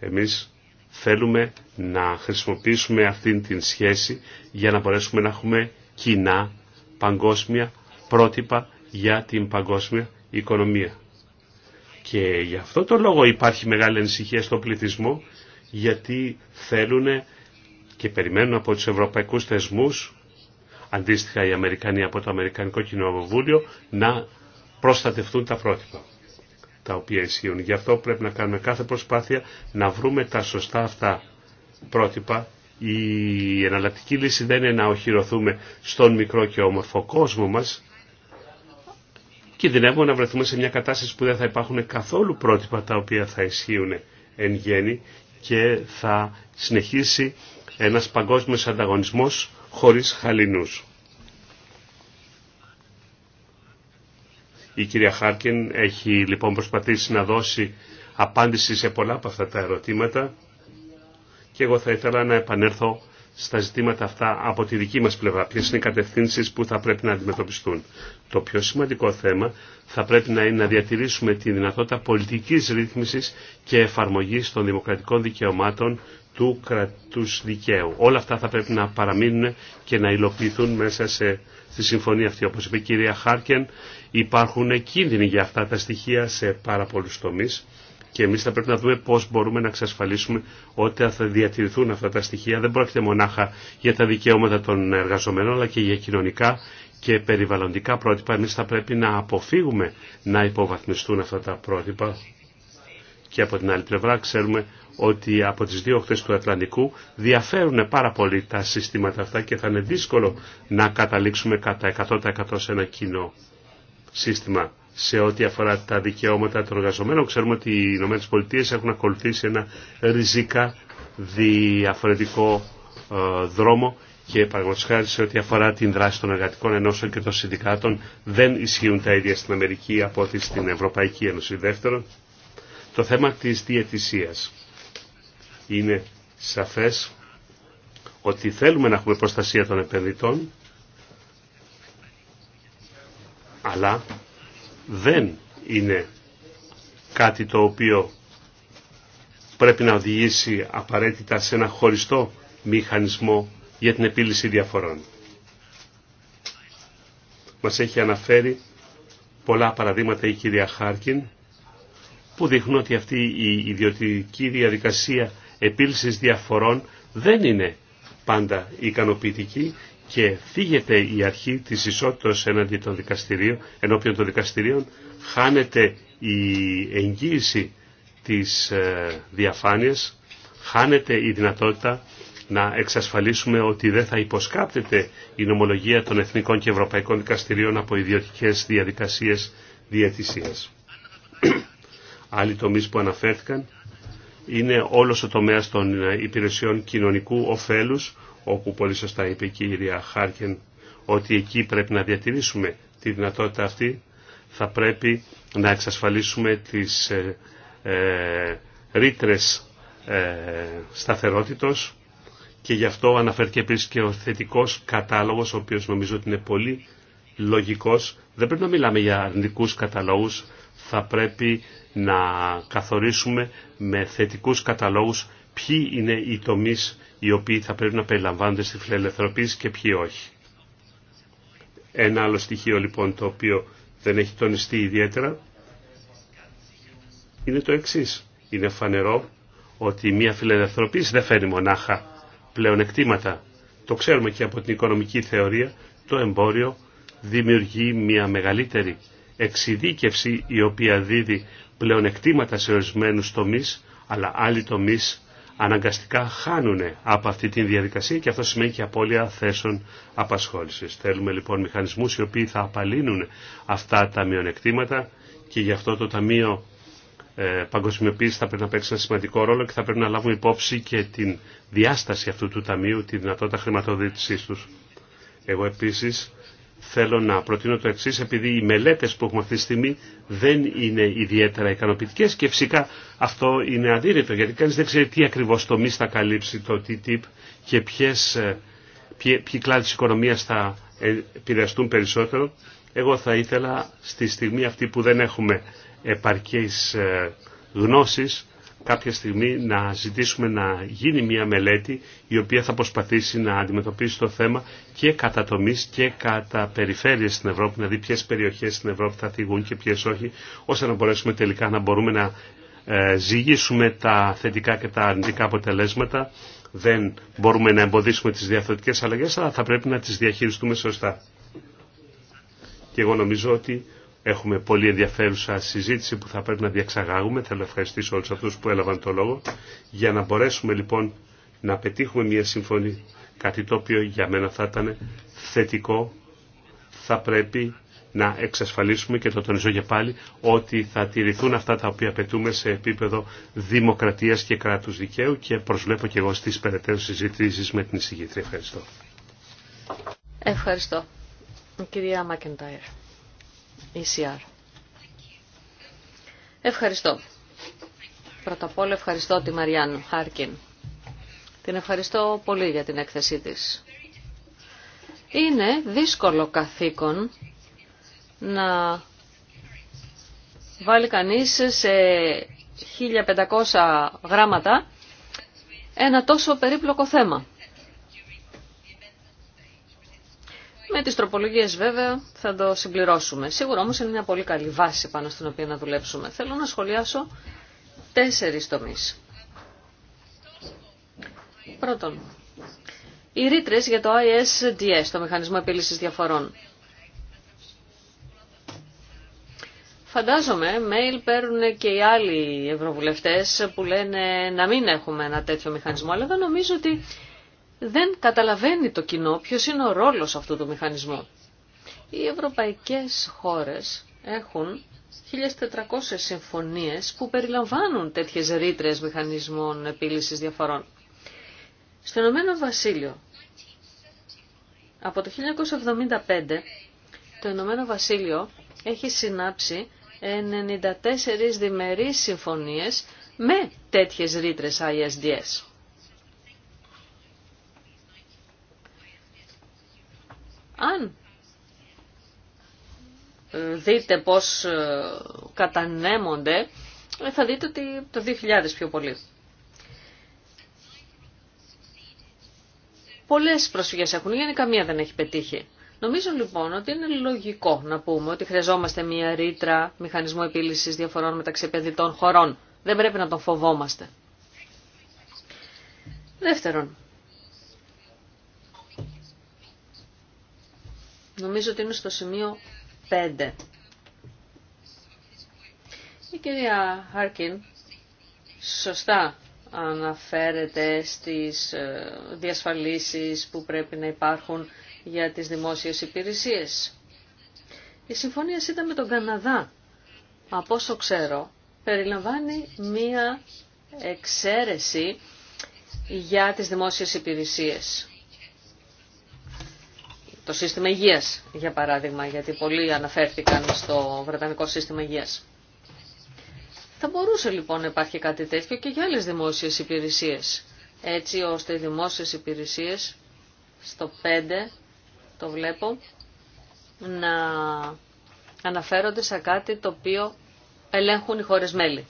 Εμείς θέλουμε να χρησιμοποιήσουμε αυτήν την σχέση για να μπορέσουμε να έχουμε κοινά παγκόσμια πρότυπα για την παγκόσμια οικονομία. Και γι' αυτό το λόγο υπάρχει μεγάλη ανησυχία στον πληθυσμό γιατί θέλουν και περιμένουν από τους ευρωπαϊκούς θεσμούς αντίστοιχα οι Αμερικανοί από το Αμερικανικό Κοινοβούλιο να προστατευτούν τα πρότυπα τα οποία ισχύουν. Γι' αυτό πρέπει να κάνουμε κάθε προσπάθεια να βρούμε τα σωστά αυτά πρότυπα. Η εναλλακτική λύση δεν είναι να οχυρωθούμε στον μικρό και όμορφο κόσμο μας. Κινδυνεύουμε να βρεθούμε σε μια κατάσταση που δεν θα υπάρχουν καθόλου πρότυπα τα οποία θα ισχύουν εν γέννη και θα συνεχίσει ένας παγκόσμιος ανταγωνισμός χωρίς χαλινούς. Η κυρία Χάρκιν έχει λοιπόν προσπαθήσει να δώσει απάντηση σε πολλά από αυτά τα ερωτήματα και εγώ θα ήθελα να επανέλθω στα ζητήματα αυτά από τη δική μας πλευρά. Ποιε είναι οι κατευθύνσει που θα πρέπει να αντιμετωπιστούν. Το πιο σημαντικό θέμα θα πρέπει να είναι να διατηρήσουμε τη δυνατότητα πολιτικής ρύθμισης και εφαρμογής των δημοκρατικών δικαιωμάτων του κρατούς δικαίου. Όλα αυτά θα πρέπει να παραμείνουν και να υλοποιηθούν μέσα σε, στη συμφωνία αυτή. Όπως είπε η κυρία Χάρκεν, υπάρχουν κίνδυνοι για αυτά τα στοιχεία σε πάρα πολλού τομεί. Και εμεί θα πρέπει να δούμε πώ μπορούμε να εξασφαλίσουμε ότι θα διατηρηθούν αυτά τα στοιχεία. Δεν πρόκειται μονάχα για τα δικαιώματα των εργαζομένων, αλλά και για κοινωνικά και περιβαλλοντικά πρότυπα. Εμεί θα πρέπει να αποφύγουμε να υποβαθμιστούν αυτά τα πρότυπα. Και από την άλλη πλευρά ξέρουμε ότι από τις δύο χτες του Ατλαντικού διαφέρουν πάρα πολύ τα συστήματα αυτά και θα είναι δύσκολο να καταλήξουμε κατά 100% σε ένα κοινό σύστημα σε ό,τι αφορά τα δικαιώματα των εργαζομένων. Ξέρουμε ότι οι Ηνωμένε Πολιτείε έχουν ακολουθήσει ένα ριζικά διαφορετικό ε, δρόμο και παραγωγικά σε ό,τι αφορά την δράση των εργατικών ενώσεων και των συνδικάτων δεν ισχύουν τα ίδια στην Αμερική από ό,τι στην Ευρωπαϊκή Ένωση. Δεύτερον, το θέμα της διαιτησίας είναι σαφές ότι θέλουμε να έχουμε προστασία των επενδυτών, αλλά δεν είναι κάτι το οποίο πρέπει να οδηγήσει απαραίτητα σε ένα χωριστό μηχανισμό για την επίλυση διαφορών. Μας έχει αναφέρει πολλά παραδείγματα η κυρία Χάρκιν που δείχνουν ότι αυτή η ιδιωτική διαδικασία επίλυσης διαφορών δεν είναι πάντα ικανοποιητική και φύγεται η αρχή της ισότητας εναντί των δικαστηρίων, ενώπιον των δικαστηρίων, χάνεται η εγγύηση της ε, διαφάνειας, χάνεται η δυνατότητα να εξασφαλίσουμε ότι δεν θα υποσκάπτεται η νομολογία των εθνικών και ευρωπαϊκών δικαστηρίων από ιδιωτικές διαδικασίες διαιτησίας. Άλλοι τομείς που αναφέρθηκαν είναι όλος ο τομέας των ε, υπηρεσιών κοινωνικού ωφέλους, όπου πολύ σωστά είπε η κυρία Χάρκεν ότι εκεί πρέπει να διατηρήσουμε τη δυνατότητα αυτή, θα πρέπει να εξασφαλίσουμε τις ε, ε, ρήτρες ε, σταθερότητος και γι' αυτό αναφέρθηκε επίσης και ο θετικός κατάλογος, ο οποίος νομίζω ότι είναι πολύ λογικός. Δεν πρέπει να μιλάμε για αρνητικούς καταλόγους, θα πρέπει να καθορίσουμε με θετικούς καταλόγους ποιοι είναι οι τομείς οι οποίοι θα πρέπει να περιλαμβάνονται στη φιλελευθερωποίηση και ποιοι όχι. Ένα άλλο στοιχείο λοιπόν το οποίο δεν έχει τονιστεί ιδιαίτερα είναι το εξής. Είναι φανερό ότι μια φιλελευθερωποίηση δεν φέρνει μονάχα πλέον εκτήματα. Το ξέρουμε και από την οικονομική θεωρία, το εμπόριο δημιουργεί μια μεγαλύτερη εξειδίκευση η οποία δίδει πλεονεκτήματα σε ορισμένου τομεί, αλλά άλλοι τομεί αναγκαστικά χάνουν από αυτή τη διαδικασία και αυτό σημαίνει και απώλεια θέσεων απασχόλησης. Θέλουμε λοιπόν μηχανισμούς οι οποίοι θα απαλύνουν αυτά τα μειονεκτήματα και γι' αυτό το Ταμείο ε, Παγκοσμιοποίηση θα πρέπει να παίξει ένα σημαντικό ρόλο και θα πρέπει να λάβουμε υπόψη και την διάσταση αυτού του Ταμείου, τη δυνατότητα χρηματοδότησής του Εγώ επίσης θέλω να προτείνω το εξή, επειδή οι μελέτες που έχουμε αυτή τη στιγμή δεν είναι ιδιαίτερα ικανοποιητικές και φυσικά αυτό είναι αδύρυτο, γιατί κανείς δεν ξέρει τι ακριβώς τομείς θα καλύψει το TTIP και ποιες, ε, ποιοι, ποιοι κλάδοι της οικονομίας θα επηρεαστούν περισσότερο. Εγώ θα ήθελα στη στιγμή αυτή που δεν έχουμε επαρκείς ε, γνώσεις κάποια στιγμή να ζητήσουμε να γίνει μια μελέτη η οποία θα προσπαθήσει να αντιμετωπίσει το θέμα και κατά τομείς και κατά περιφέρειες στην Ευρώπη, δει ποιες περιοχές στην Ευρώπη θα θυγούν και ποιες όχι, ώστε να μπορέσουμε τελικά να μπορούμε να ε, ζυγίσουμε τα θετικά και τα αρνητικά αποτελέσματα. Δεν μπορούμε να εμποδίσουμε τις διαθετικές αλλαγές, αλλά θα πρέπει να τις διαχειριστούμε σωστά. Και εγώ νομίζω ότι Έχουμε πολύ ενδιαφέρουσα συζήτηση που θα πρέπει να διεξαγάγουμε. Θέλω να ευχαριστήσω όλους αυτούς που έλαβαν το λόγο. Για να μπορέσουμε λοιπόν να πετύχουμε μια συμφωνία, κάτι το οποίο για μένα θα ήταν θετικό, θα πρέπει να εξασφαλίσουμε και το τονίζω και πάλι ότι θα τηρηθούν αυτά τα οποία απαιτούμε σε επίπεδο δημοκρατίας και κράτους δικαίου και προσβλέπω και εγώ στις περαιτέρω συζητήσεις με την εισηγήτρια. Ευχαριστώ. Ευχαριστώ. Κυρία Μακεντάιρ. ECR. Ευχαριστώ. Πρώτα απ' όλα ευχαριστώ τη Μαριάν Χάρκιν. Την ευχαριστώ πολύ για την έκθεσή της. Είναι δύσκολο καθήκον να βάλει κανείς σε 1500 γράμματα ένα τόσο περίπλοκο θέμα. Με τις τροπολογίες βέβαια θα το συμπληρώσουμε. Σίγουρα όμως είναι μια πολύ καλή βάση πάνω στην οποία να δουλέψουμε. Θέλω να σχολιάσω τέσσερις τομείς. Πρώτον, οι ρήτρε για το ISDS, το Μηχανισμό Επίλυσης Διαφορών. Φαντάζομαι, mail παίρνουν και οι άλλοι ευρωβουλευτές που λένε να μην έχουμε ένα τέτοιο μηχανισμό, αλλά δεν νομίζω ότι δεν καταλαβαίνει το κοινό ποιος είναι ο ρόλος αυτού του μηχανισμού. Οι ευρωπαϊκές χώρες έχουν 1.400 συμφωνίες που περιλαμβάνουν τέτοιες ρήτρε μηχανισμών επίλυσης διαφορών. Στο Ηνωμένο Βασίλειο, από το 1975, το Ηνωμένο Βασίλειο έχει συνάψει 94 διμερείς συμφωνίες με τέτοιες ρήτρε ISDS. Αν δείτε πώς ε, κατανέμονται, ε, θα δείτε ότι το 2000 πιο πολύ. Πολλές προσφυγές έχουν γίνει, καμία δεν έχει πετύχει. Νομίζω λοιπόν ότι είναι λογικό να πούμε ότι χρειαζόμαστε μια ρήτρα μηχανισμού επίλυσης διαφορών μεταξύ επενδυτών χωρών. Δεν πρέπει να τον φοβόμαστε. Δεύτερον, Νομίζω ότι είναι στο σημείο 5. Η κυρία Χάρκιν σωστά αναφέρεται στις ε, διασφαλίσεις που πρέπει να υπάρχουν για τις δημόσιες υπηρεσίες. Η συμφωνία ήταν με τον Καναδά, από όσο ξέρω, περιλαμβάνει μία εξαίρεση για τις δημόσιες υπηρεσίες το σύστημα υγείας, για παράδειγμα, γιατί πολλοί αναφέρθηκαν στο Βρετανικό σύστημα υγείας. Θα μπορούσε λοιπόν να υπάρχει κάτι τέτοιο και για άλλες δημόσιες υπηρεσίες, έτσι ώστε οι δημόσιες υπηρεσίες στο 5, το βλέπω, να αναφέρονται σε κάτι το οποίο ελέγχουν οι χώρες μέλη.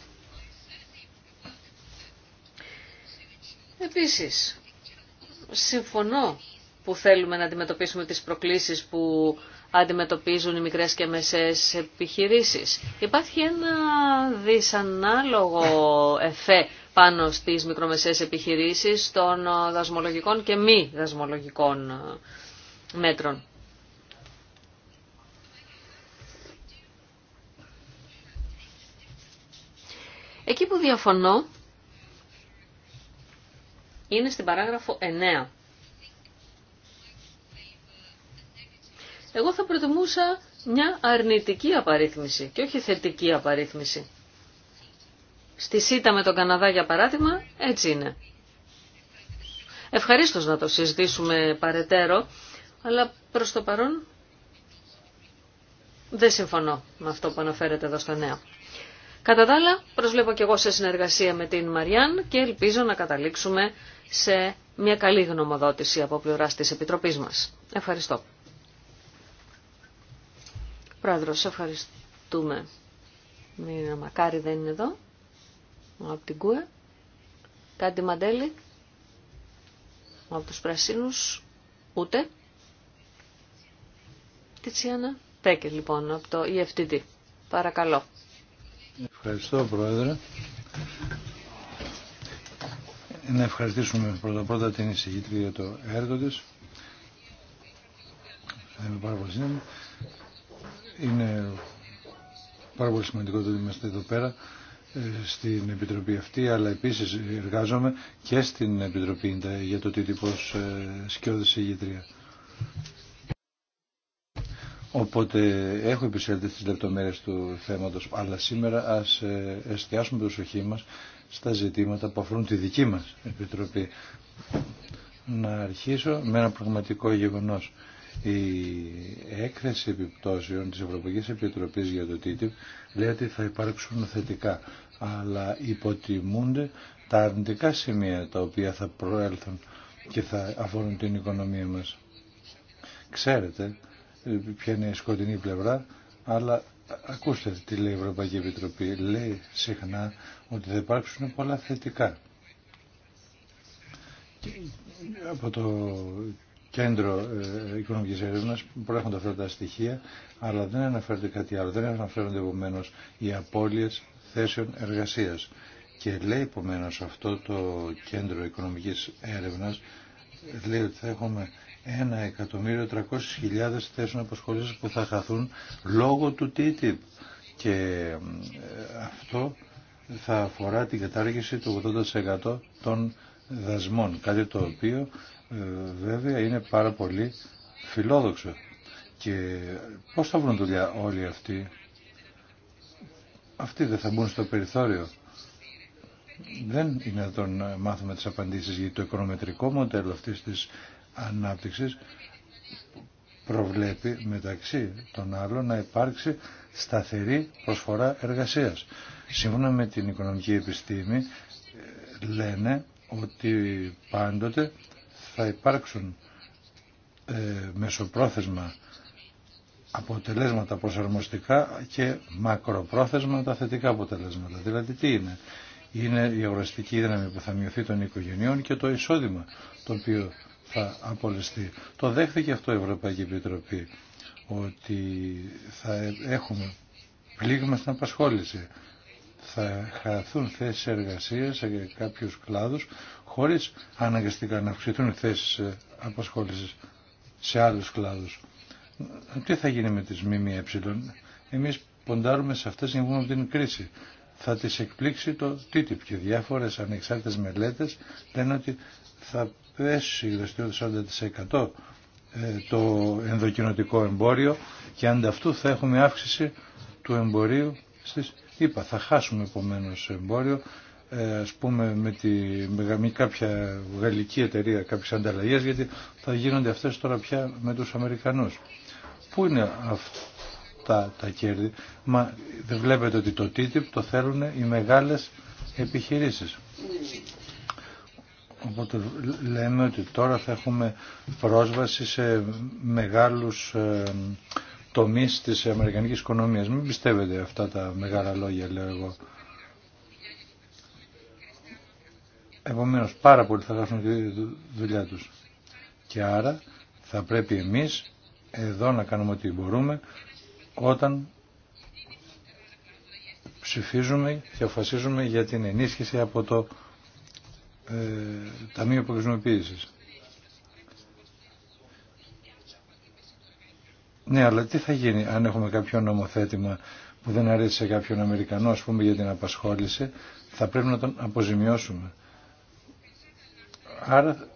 Επίσης, συμφωνώ που θέλουμε να αντιμετωπίσουμε τις προκλήσεις που αντιμετωπίζουν οι μικρές και μεσαίες επιχειρήσεις. Υπάρχει ένα δυσανάλογο εφέ πάνω στις μικρομεσαίες επιχειρήσεις των δασμολογικών και μη δασμολογικών ε, μέτρων. Εκεί που διαφωνώ είναι στην παράγραφο 9 Εγώ θα προτιμούσα μια αρνητική απαρίθμηση και όχι θετική απαρίθμηση. Στη ΣΥΤΑ με τον Καναδά για παράδειγμα έτσι είναι. Ευχαρίστως να το συζητήσουμε παρετέρω, αλλά προς το παρόν δεν συμφωνώ με αυτό που αναφέρεται εδώ στο νέο. Κατά τα άλλα, προσβλέπω και εγώ σε συνεργασία με την Μαριάν και ελπίζω να καταλήξουμε σε μια καλή γνωμοδότηση από της Επιτροπής μας. Ευχαριστώ. Πρόεδρος, ευχαριστούμε. Μην μακάρι δεν είναι εδώ. Από την ΚΟΕ. Κάντι Μαντέλη. Από τους Πρασίνους. Ούτε. Τιτσιάνα. Πέκερ λοιπόν από το EFTD. Παρακαλώ. Ευχαριστώ Πρόεδρε. Να ευχαριστήσουμε πρώτα πρώτα την εισηγήτρια για το έργο της. Θα είμαι είναι πάρα πολύ σημαντικό ότι είμαστε εδώ πέρα ε, στην Επιτροπή αυτή, αλλά επίσης εργάζομαι και στην Επιτροπή για το τύπος ε, σκιώδης ηγητρία. Οπότε έχω επισέλθει στις λεπτομέρειες του θέματος, αλλά σήμερα ας ε, εστιάσουμε την προσοχή μας στα ζητήματα που αφορούν τη δική μας Επιτροπή. Να αρχίσω με ένα πραγματικό γεγονός. Η έκθεση επιπτώσεων της Ευρωπαϊκής Επιτροπής για το TTIP λέει ότι θα υπάρξουν θετικά, αλλά υποτιμούνται τα αρνητικά σημεία τα οποία θα προέλθουν και θα αφορούν την οικονομία μας. Ξέρετε ε, ποια είναι η σκοτεινή πλευρά, αλλά ακούστε τι λέει η Ευρωπαϊκή Επιτροπή. Λέει συχνά ότι θα υπάρξουν πολλά θετικά κέντρο ε, οικονομικής έρευνας προέρχονται αυτά τα στοιχεία, αλλά δεν αναφέρεται κάτι άλλο. Δεν αναφέρονται επομένω οι απώλειες θέσεων εργασίας. Και λέει επομένω αυτό το κέντρο οικονομικής έρευνας, λέει ότι θα έχουμε 1.300.000 θέσεων απασχόλησης που θα χαθούν λόγω του TTIP. Και ε, αυτό θα αφορά την κατάργηση του 80% των δασμών, κάτι το οποίο ε, βέβαια είναι πάρα πολύ φιλόδοξο. Και πώς θα βρουν δουλειά όλοι αυτοί. Αυτοί δεν θα μπουν στο περιθώριο. Δεν είναι να μάθουμε τις απαντήσεις γιατί το οικονομετρικό μοντέλο αυτής της ανάπτυξης προβλέπει μεταξύ των άλλων να υπάρξει σταθερή προσφορά εργασίας. Σύμφωνα με την οικονομική επιστήμη ε, λένε ότι πάντοτε θα υπάρξουν ε, μεσοπρόθεσμα αποτελέσματα προσαρμοστικά και μακροπρόθεσμα τα θετικά αποτελέσματα. Δηλαδή τι είναι. Είναι η αγοραστική δύναμη που θα μειωθεί των οικογενειών και το εισόδημα το οποίο θα απολυστεί. Το δέχθηκε αυτό η Ευρωπαϊκή Επιτροπή ότι θα έχουμε πλήγμα στην απασχόληση θα χαθούν θέσεις εργασίας σε κάποιους κλάδους χωρίς αναγκαστικά να αυξηθούν θέσεις απασχόλησης σε άλλους κλάδους. Τι θα γίνει με τις ΜΜΕ. Εμείς ποντάρουμε σε αυτές να βγούμε από την κρίση. Θα τις εκπλήξει το TTIP και διάφορες ανεξάρτητες μελέτες λένε ότι θα πέσει το 40% ε, το ενδοκινοτικό εμπόριο και ανταυτού θα έχουμε αύξηση του εμπορίου στις Είπα, θα χάσουμε επομένω εμπόριο, ε, ας πούμε με, τη, με κάποια γαλλική εταιρεία, κάποιες ανταλλαγές, γιατί θα γίνονται αυτές τώρα πια με τους Αμερικανούς. Πού είναι αυτά τα κέρδη, μα δεν βλέπετε ότι το TTIP το θέλουν οι μεγάλες επιχειρήσεις. Οπότε λέμε ότι τώρα θα έχουμε πρόσβαση σε μεγάλους ε, τομείς της αμερικανικής οικονομίας. Μην πιστεύετε αυτά τα μεγάλα λόγια, λέω εγώ. Επομένως, πάρα πολλοί θα χάσουν τη δουλειά τους. Και άρα θα πρέπει εμείς εδώ να κάνουμε ό,τι μπορούμε όταν ψηφίζουμε και αποφασίζουμε για την ενίσχυση από το ε, Ταμείο Αποκλεισμοποίησης. Ναι, αλλά τι θα γίνει αν έχουμε κάποιο νομοθέτημα που δεν αρέσει σε κάποιον Αμερικανό, α πούμε, για την απασχόληση, θα πρέπει να τον αποζημιώσουμε. Άρα,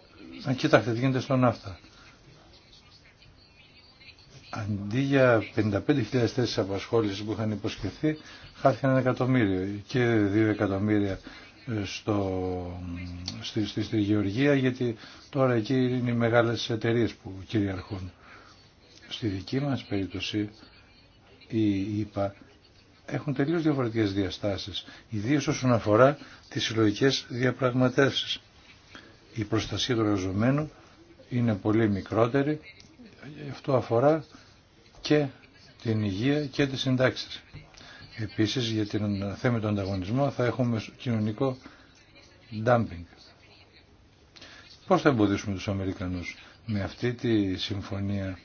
να κοίταξτε τι γίνεται στον ναύτα. Αντί για 55.000 θέσει απασχόλησης που είχαν υποσχεθεί, χάθηκαν ένα εκατομμύριο και δύο εκατομμύρια ε, στο, στη, στη, στη Γεωργία, γιατί τώρα εκεί είναι οι μεγάλες εταιρείες που κυριαρχούν. Στη δική μας περίπτωση οι ΙΠΑ έχουν τελείως διαφορετικές διαστάσεις, ιδίως όσον αφορά τις συλλογικέ διαπραγματεύσεις. Η προστασία του εργαζομένου είναι πολύ μικρότερη, αυτό αφορά και την υγεία και τις συντάξεις. Επίσης για την θέμα του ανταγωνισμού θα έχουμε κοινωνικό dumping. Πώς θα εμποδίσουμε τους Αμερικανούς με αυτή τη συμφωνία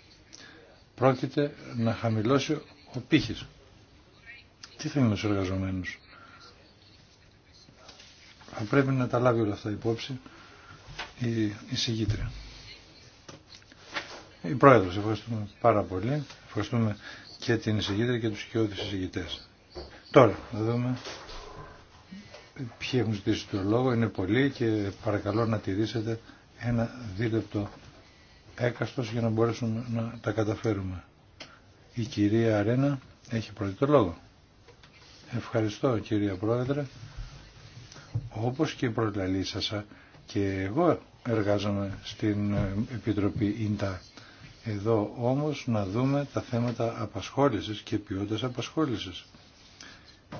πρόκειται να χαμηλώσει ο πύχης. Τι θα είναι εργαζομένου. Θα πρέπει να τα λάβει όλα αυτά υπόψη η, η Η Πρόεδρος, ευχαριστούμε πάρα πολύ. Ευχαριστούμε και την εισηγήτρια και τους κοιόδης εισηγητές. Τώρα, να δούμε ποιοι έχουν ζητήσει το λόγο. Είναι πολλοί και παρακαλώ να τηρήσετε ένα δίλεπτο έκαστος για να μπορέσουμε να τα καταφέρουμε. Η κυρία Αρένα έχει πρώτη λόγο. Ευχαριστώ κυρία Πρόεδρε. Όπως και η προλαλήσασα και εγώ εργάζομαι στην ε, Επιτροπή ΙΝΤΑ. Εδώ όμως να δούμε τα θέματα απασχόλησης και ποιότητας απασχόλησης.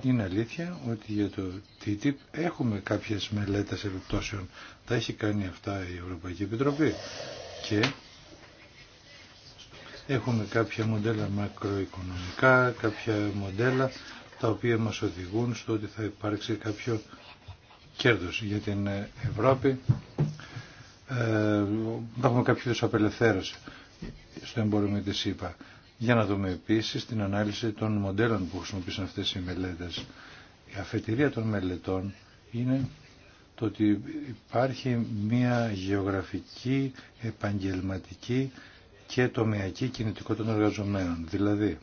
Είναι αλήθεια ότι για το TTIP έχουμε κάποιες μελέτες επιπτώσεων. Τα έχει κάνει αυτά η Ευρωπαϊκή Επιτροπή και Έχουμε κάποια μοντέλα μακροοικονομικά, κάποια μοντέλα τα οποία μας οδηγούν στο ότι θα υπάρξει κάποιο κέρδος για την Ευρώπη. Ε, έχουμε κάποιο απελευθέρωση στο εμπόριο με τη ΣΥΠΑ. Για να δούμε επίσης την ανάλυση των μοντέλων που χρησιμοποίησαν αυτές οι μελέτες. Η αφετηρία των μελετών είναι το ότι υπάρχει μια γεωγραφική, επαγγελματική και τομεακή κινητικότητα των εργαζομένων. Δηλαδή,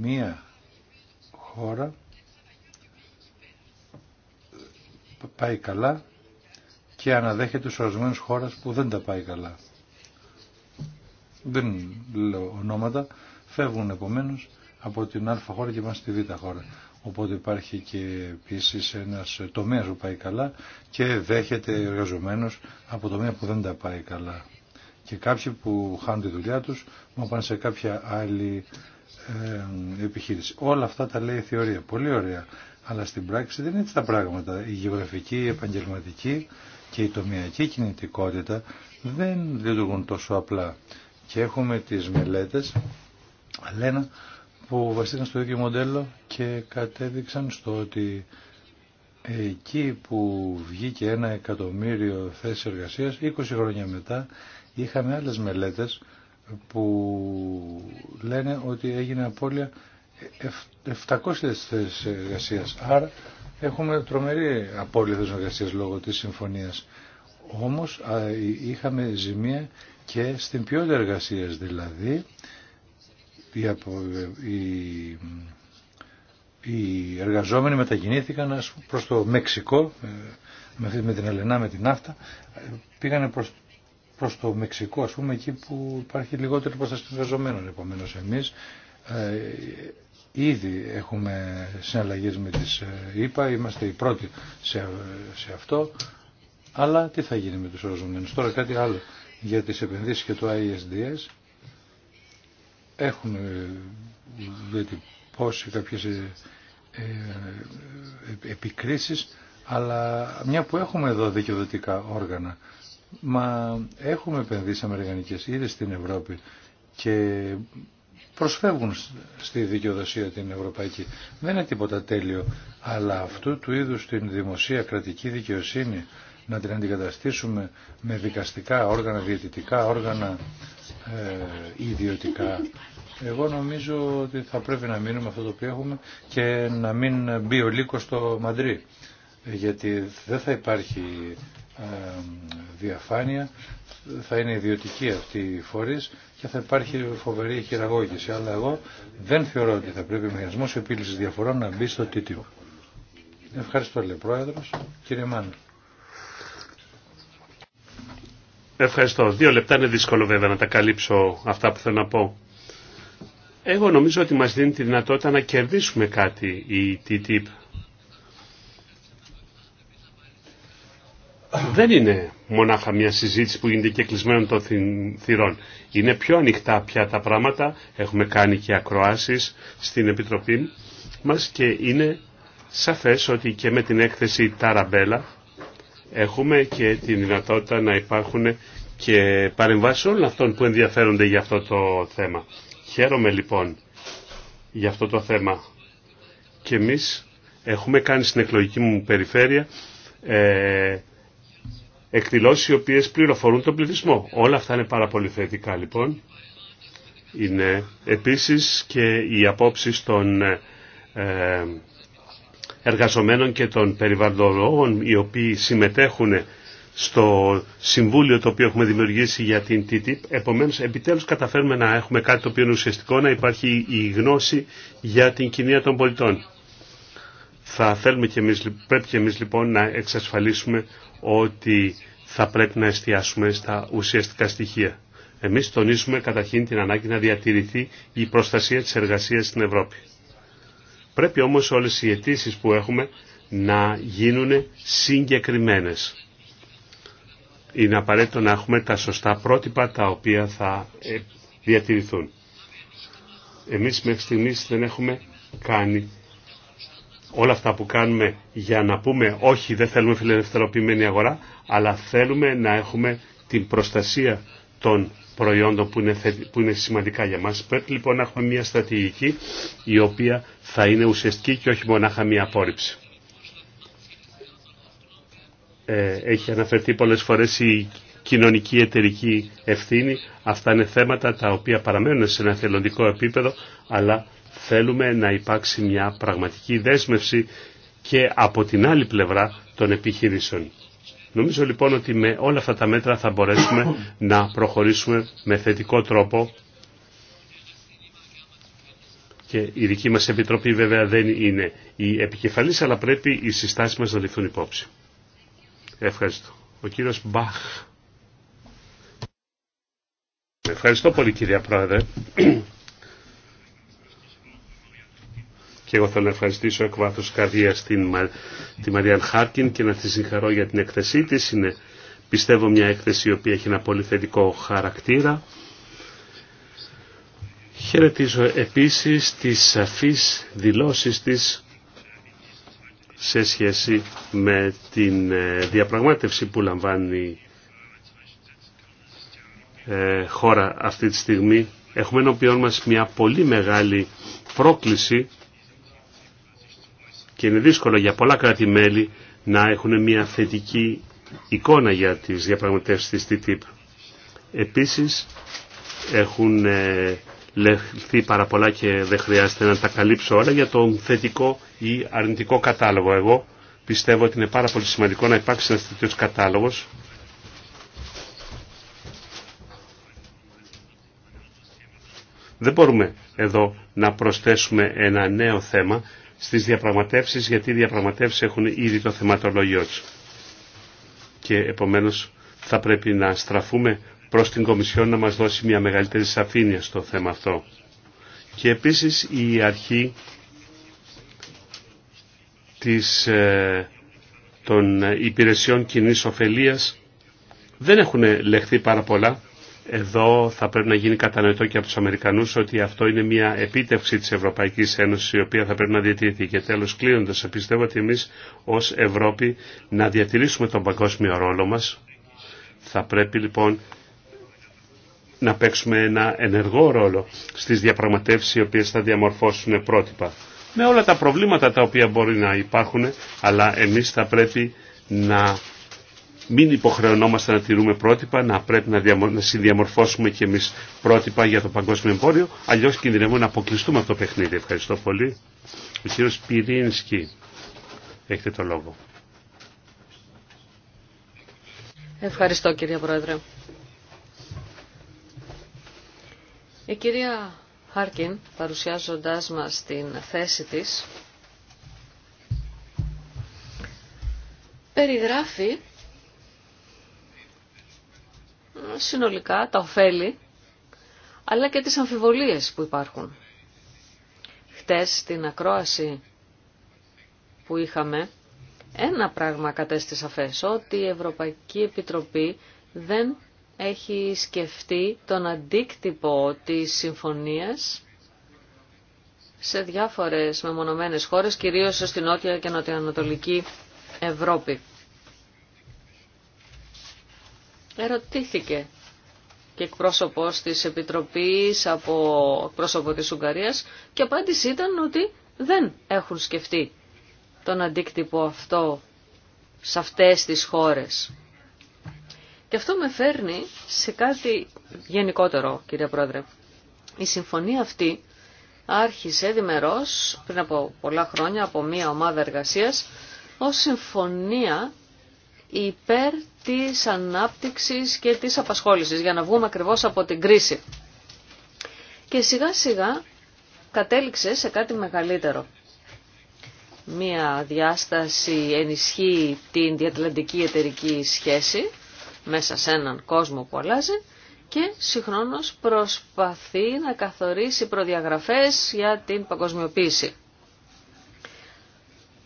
μία χώρα πάει καλά και αναδέχεται στους ορισμένους χώρες που δεν τα πάει καλά. Δεν λέω ονόματα, φεύγουν επομένως από την α χώρα και μας στη β χώρα. Οπότε υπάρχει και επίση ένας τομέα που πάει καλά και δέχεται εργαζομένου από τομέα που δεν τα πάει καλά και κάποιοι που χάνουν τη δουλειά τους να πάνε σε κάποια άλλη ε, επιχείρηση. Όλα αυτά τα λέει η θεωρία. Πολύ ωραία. Αλλά στην πράξη δεν είναι έτσι τα πράγματα. Η γεωγραφική, η επαγγελματική και η τομιακή κινητικότητα δεν λειτουργούν τόσο απλά. Και έχουμε τις μελέτες, Αλένα, που βασίζαν στο ίδιο μοντέλο και κατέδειξαν στο ότι εκεί που βγήκε ένα εκατομμύριο θέσεις εργασίας, 20 χρόνια μετά Είχαμε άλλες μελέτες που λένε ότι έγινε απώλεια 700 θέσεις εργασίας. Άρα έχουμε τρομερή απώλεια θέσεων εργασίας λόγω της συμφωνίας. Όμως είχαμε ζημία και στην ποιότητα εργασίας δηλαδή οι, εργαζόμενοι μετακινήθηκαν προς το Μεξικό ε, με την Ελενά, με την Ναύτα πήγανε προς προς το Μεξικό, ας πούμε, εκεί που υπάρχει λιγότερο προστασία εργαζομένων. Επομένως, εμείς ε, ήδη έχουμε συναλλαγές με τις ε, είμαστε οι πρώτοι σε, αυτό, αλλά τι θα γίνει με τους εργαζομένους. Τώρα κάτι άλλο για τις επενδύσεις και το ISDS. Έχουν ε, διατυπώσει κάποιες ε, ε, επικρίσεις, αλλά μια που έχουμε εδώ δικαιοδοτικά όργανα, Μα έχουμε επενδύσει αμερικανικέ ήδη στην Ευρώπη και προσφεύγουν στη δικαιοδοσία την ευρωπαϊκή. Δεν είναι τίποτα τέλειο, αλλά αυτού του είδου την δημοσία κρατική δικαιοσύνη να την αντικαταστήσουμε με δικαστικά όργανα, διαιτητικά όργανα, ε, ιδιωτικά. Εγώ νομίζω ότι θα πρέπει να μείνουμε αυτό το οποίο έχουμε και να μην μπει ο λύκος στο Μαντρί. Γιατί δεν θα υπάρχει ε, διαφάνεια, θα είναι ιδιωτική αυτή η φορής και θα υπάρχει φοβερή χειραγώγηση. Αλλά εγώ δεν θεωρώ ότι θα πρέπει ο μηχανισμός επίλυσης διαφορών να μπει στο TTIP. Ευχαριστώ, λέει Πρόεδρος. Κύριε Μάνου Ευχαριστώ. Δύο λεπτά είναι δύσκολο βέβαια να τα καλύψω αυτά που θέλω να πω. Εγώ νομίζω ότι μας δίνει τη δυνατότητα να κερδίσουμε κάτι η TTIP δεν είναι μονάχα μια συζήτηση που γίνεται και κλεισμένο των θυρών. Είναι πιο ανοιχτά πια τα πράγματα. Έχουμε κάνει και ακροάσεις στην Επιτροπή μας και είναι σαφές ότι και με την έκθεση Ταραμπέλα έχουμε και τη δυνατότητα να υπάρχουν και παρεμβάσεις όλων αυτών που ενδιαφέρονται για αυτό το θέμα. Χαίρομαι λοιπόν για αυτό το θέμα. Και εμείς έχουμε κάνει στην εκλογική μου περιφέρεια ε, εκδηλώσεις οι οποίες πληροφορούν τον πληθυσμό. Όλα αυτά είναι πάρα πολύ θετικά λοιπόν. Είναι επίσης και οι απόψεις των ε, ε, εργαζομένων και των περιβαλλοντολόγων οι οποίοι συμμετέχουν στο συμβούλιο το οποίο έχουμε δημιουργήσει για την TTIP. Επομένως, επιτέλους καταφέρουμε να έχουμε κάτι το οποίο είναι ουσιαστικό, να υπάρχει η γνώση για την κοινία των πολιτών. Θα θέλουμε και εμείς, πρέπει και εμείς λοιπόν να εξασφαλίσουμε ότι θα πρέπει να εστιάσουμε στα ουσιαστικά στοιχεία. Εμείς τονίζουμε καταρχήν την ανάγκη να διατηρηθεί η προστασία της εργασίας στην Ευρώπη. Πρέπει όμως όλες οι αιτήσει που έχουμε να γίνουν συγκεκριμένες. Είναι απαραίτητο να έχουμε τα σωστά πρότυπα τα οποία θα ε, διατηρηθούν. Εμείς μέχρι στιγμής δεν έχουμε κάνει όλα αυτά που κάνουμε για να πούμε όχι δεν θέλουμε φιλελευθερωποιημένη αγορά αλλά θέλουμε να έχουμε την προστασία των προϊόντων που είναι, που είναι σημαντικά για μας. Πρέπει λοιπόν να έχουμε μια στρατηγική η οποία θα είναι ουσιαστική και όχι μονάχα μια απόρριψη. Ε, έχει αναφερθεί πολλές φορές η κοινωνική εταιρική ευθύνη. Αυτά είναι θέματα τα οποία παραμένουν σε ένα θελοντικό επίπεδο αλλά θέλουμε να υπάρξει μια πραγματική δέσμευση και από την άλλη πλευρά των επιχειρήσεων. Νομίζω λοιπόν ότι με όλα αυτά τα μέτρα θα μπορέσουμε να προχωρήσουμε με θετικό τρόπο και η δική μας Επιτροπή βέβαια δεν είναι η επικεφαλής αλλά πρέπει οι συστάσεις μας να ληφθούν υπόψη. Ευχαριστώ. Ο κύριος Μπαχ. Ευχαριστώ πολύ κυρία Πρόεδρε. Και εγώ θέλω να ευχαριστήσω εκ βάθους καρδίας τη Μαριάν Χάρκιν και να τη συγχαρώ για την έκθεσή της. Είναι πιστεύω μια έκθεση η οποία έχει ένα πολύ θετικό χαρακτήρα. Χαιρετίζω επίσης τις σαφείς δηλώσεις της σε σχέση με την ε, διαπραγμάτευση που λαμβάνει ε, χώρα αυτή τη στιγμή. Έχουμε ενώπιόν μας μια πολύ μεγάλη πρόκληση και είναι δύσκολο για πολλά κράτη-μέλη να έχουν μια θετική εικόνα για τις διαπραγματεύσεις της TTIP. Επίσης έχουν ε, λεχθεί πάρα πολλά και δεν χρειάζεται να τα καλύψω όλα για τον θετικό ή αρνητικό κατάλογο. Εγώ πιστεύω ότι είναι πάρα πολύ σημαντικό να υπάρξει ένας τέτοιος κατάλογος Δεν μπορούμε εδώ να προσθέσουμε ένα νέο θέμα στις διαπραγματεύσεις γιατί οι διαπραγματεύσεις έχουν ήδη το θεματολόγιο τους. Και επομένως θα πρέπει να στραφούμε προς την Κομισιόν να μας δώσει μια μεγαλύτερη σαφήνεια στο θέμα αυτό. Και επίσης η αρχή της, ε, των υπηρεσιών κοινή ωφελία δεν έχουν λεχθεί πάρα πολλά εδώ θα πρέπει να γίνει κατανοητό και από τους Αμερικανούς ότι αυτό είναι μια επίτευξη της Ευρωπαϊκής Ένωσης η οποία θα πρέπει να διατηρηθεί. Και τέλος κλείνοντας, πιστεύω ότι εμείς ως Ευρώπη να διατηρήσουμε τον παγκόσμιο ρόλο μας. Θα πρέπει λοιπόν να παίξουμε ένα ενεργό ρόλο στις διαπραγματεύσεις οι οποίες θα διαμορφώσουν πρότυπα. Με όλα τα προβλήματα τα οποία μπορεί να υπάρχουν, αλλά εμείς θα πρέπει να μην υποχρεωνόμαστε να τηρούμε πρότυπα, να πρέπει να, συνδιαμορφώσουμε κι εμείς πρότυπα για το παγκόσμιο εμπόριο, αλλιώς κινδυνεύουμε να αποκλειστούμε από το παιχνίδι. Ευχαριστώ πολύ. Ο κύριος Πυρίνσκι, έχετε το λόγο. Ευχαριστώ κύριε Πρόεδρε. Η κυρία Χάρκιν, παρουσιάζοντάς μας την θέση της, περιγράφει συνολικά τα ωφέλη, αλλά και τις αμφιβολίες που υπάρχουν. Χτες στην ακρόαση που είχαμε, ένα πράγμα κατέστη σαφές, ότι η Ευρωπαϊκή Επιτροπή δεν έχει σκεφτεί τον αντίκτυπο της συμφωνίας σε διάφορες μεμονωμένες χώρες, κυρίως στην Νότια και Νοτιοανατολική Ευρώπη. Ερωτήθηκε και εκπρόσωπος της Επιτροπής από πρόσωπο της Ουγγαρίας και απάντηση ήταν ότι δεν έχουν σκεφτεί τον αντίκτυπο αυτό σε αυτές τις χώρες. Και αυτό με φέρνει σε κάτι γενικότερο, κύριε Πρόεδρε. Η συμφωνία αυτή άρχισε διμερός πριν από πολλά χρόνια από μία ομάδα εργασίας ως συμφωνία υπέρ της ανάπτυξης και της απασχόλησης για να βγούμε ακριβώς από την κρίση. Και σιγά σιγά κατέληξε σε κάτι μεγαλύτερο. Μία διάσταση ενισχύει την διατλαντική εταιρική σχέση μέσα σε έναν κόσμο που αλλάζει και συγχρόνως προσπαθεί να καθορίσει προδιαγραφές για την παγκοσμιοποίηση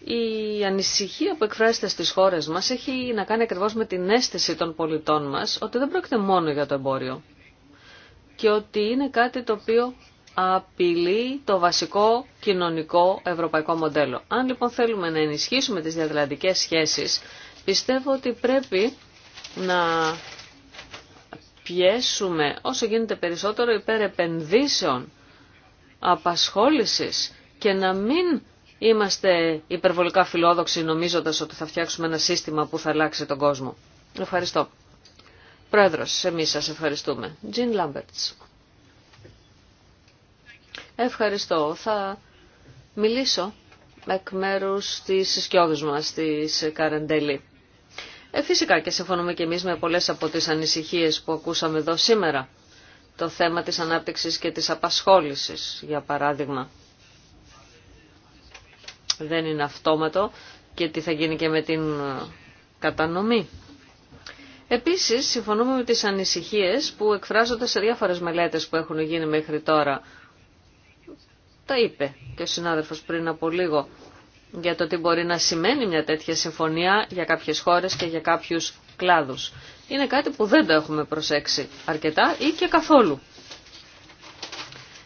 η ανησυχία που εκφράζεται στις χώρες μας έχει να κάνει ακριβώς με την αίσθηση των πολιτών μας ότι δεν πρόκειται μόνο για το εμπόριο και ότι είναι κάτι το οποίο απειλεί το βασικό κοινωνικό ευρωπαϊκό μοντέλο. Αν λοιπόν θέλουμε να ενισχύσουμε τις διαδραντικές σχέσεις, πιστεύω ότι πρέπει να πιέσουμε όσο γίνεται περισσότερο υπέρ επενδύσεων, απασχόλησης και να μην Είμαστε υπερβολικά φιλόδοξοι νομίζοντας ότι θα φτιάξουμε ένα σύστημα που θα αλλάξει τον κόσμο. Ευχαριστώ. Πρόεδρος, εμείς σας ευχαριστούμε. Τζιν Λάμπερτς. Ευχαριστώ. Θα μιλήσω εκ μέρους της σκιώδης μας, της Καρεντέλη. Ε, φυσικά και συμφωνούμε και εμείς με πολλές από τις ανησυχίες που ακούσαμε εδώ σήμερα. Το θέμα της ανάπτυξης και της απασχόλησης, για παράδειγμα δεν είναι αυτόματο και τι θα γίνει και με την ε, κατανομή. Επίσης, συμφωνούμε με τις ανησυχίες που εκφράζονται σε διάφορες μελέτες που έχουν γίνει μέχρι τώρα. Τα είπε και ο συνάδελφος πριν από λίγο για το τι μπορεί να σημαίνει μια τέτοια συμφωνία για κάποιες χώρες και για κάποιους κλάδους. Είναι κάτι που δεν το έχουμε προσέξει αρκετά ή και καθόλου.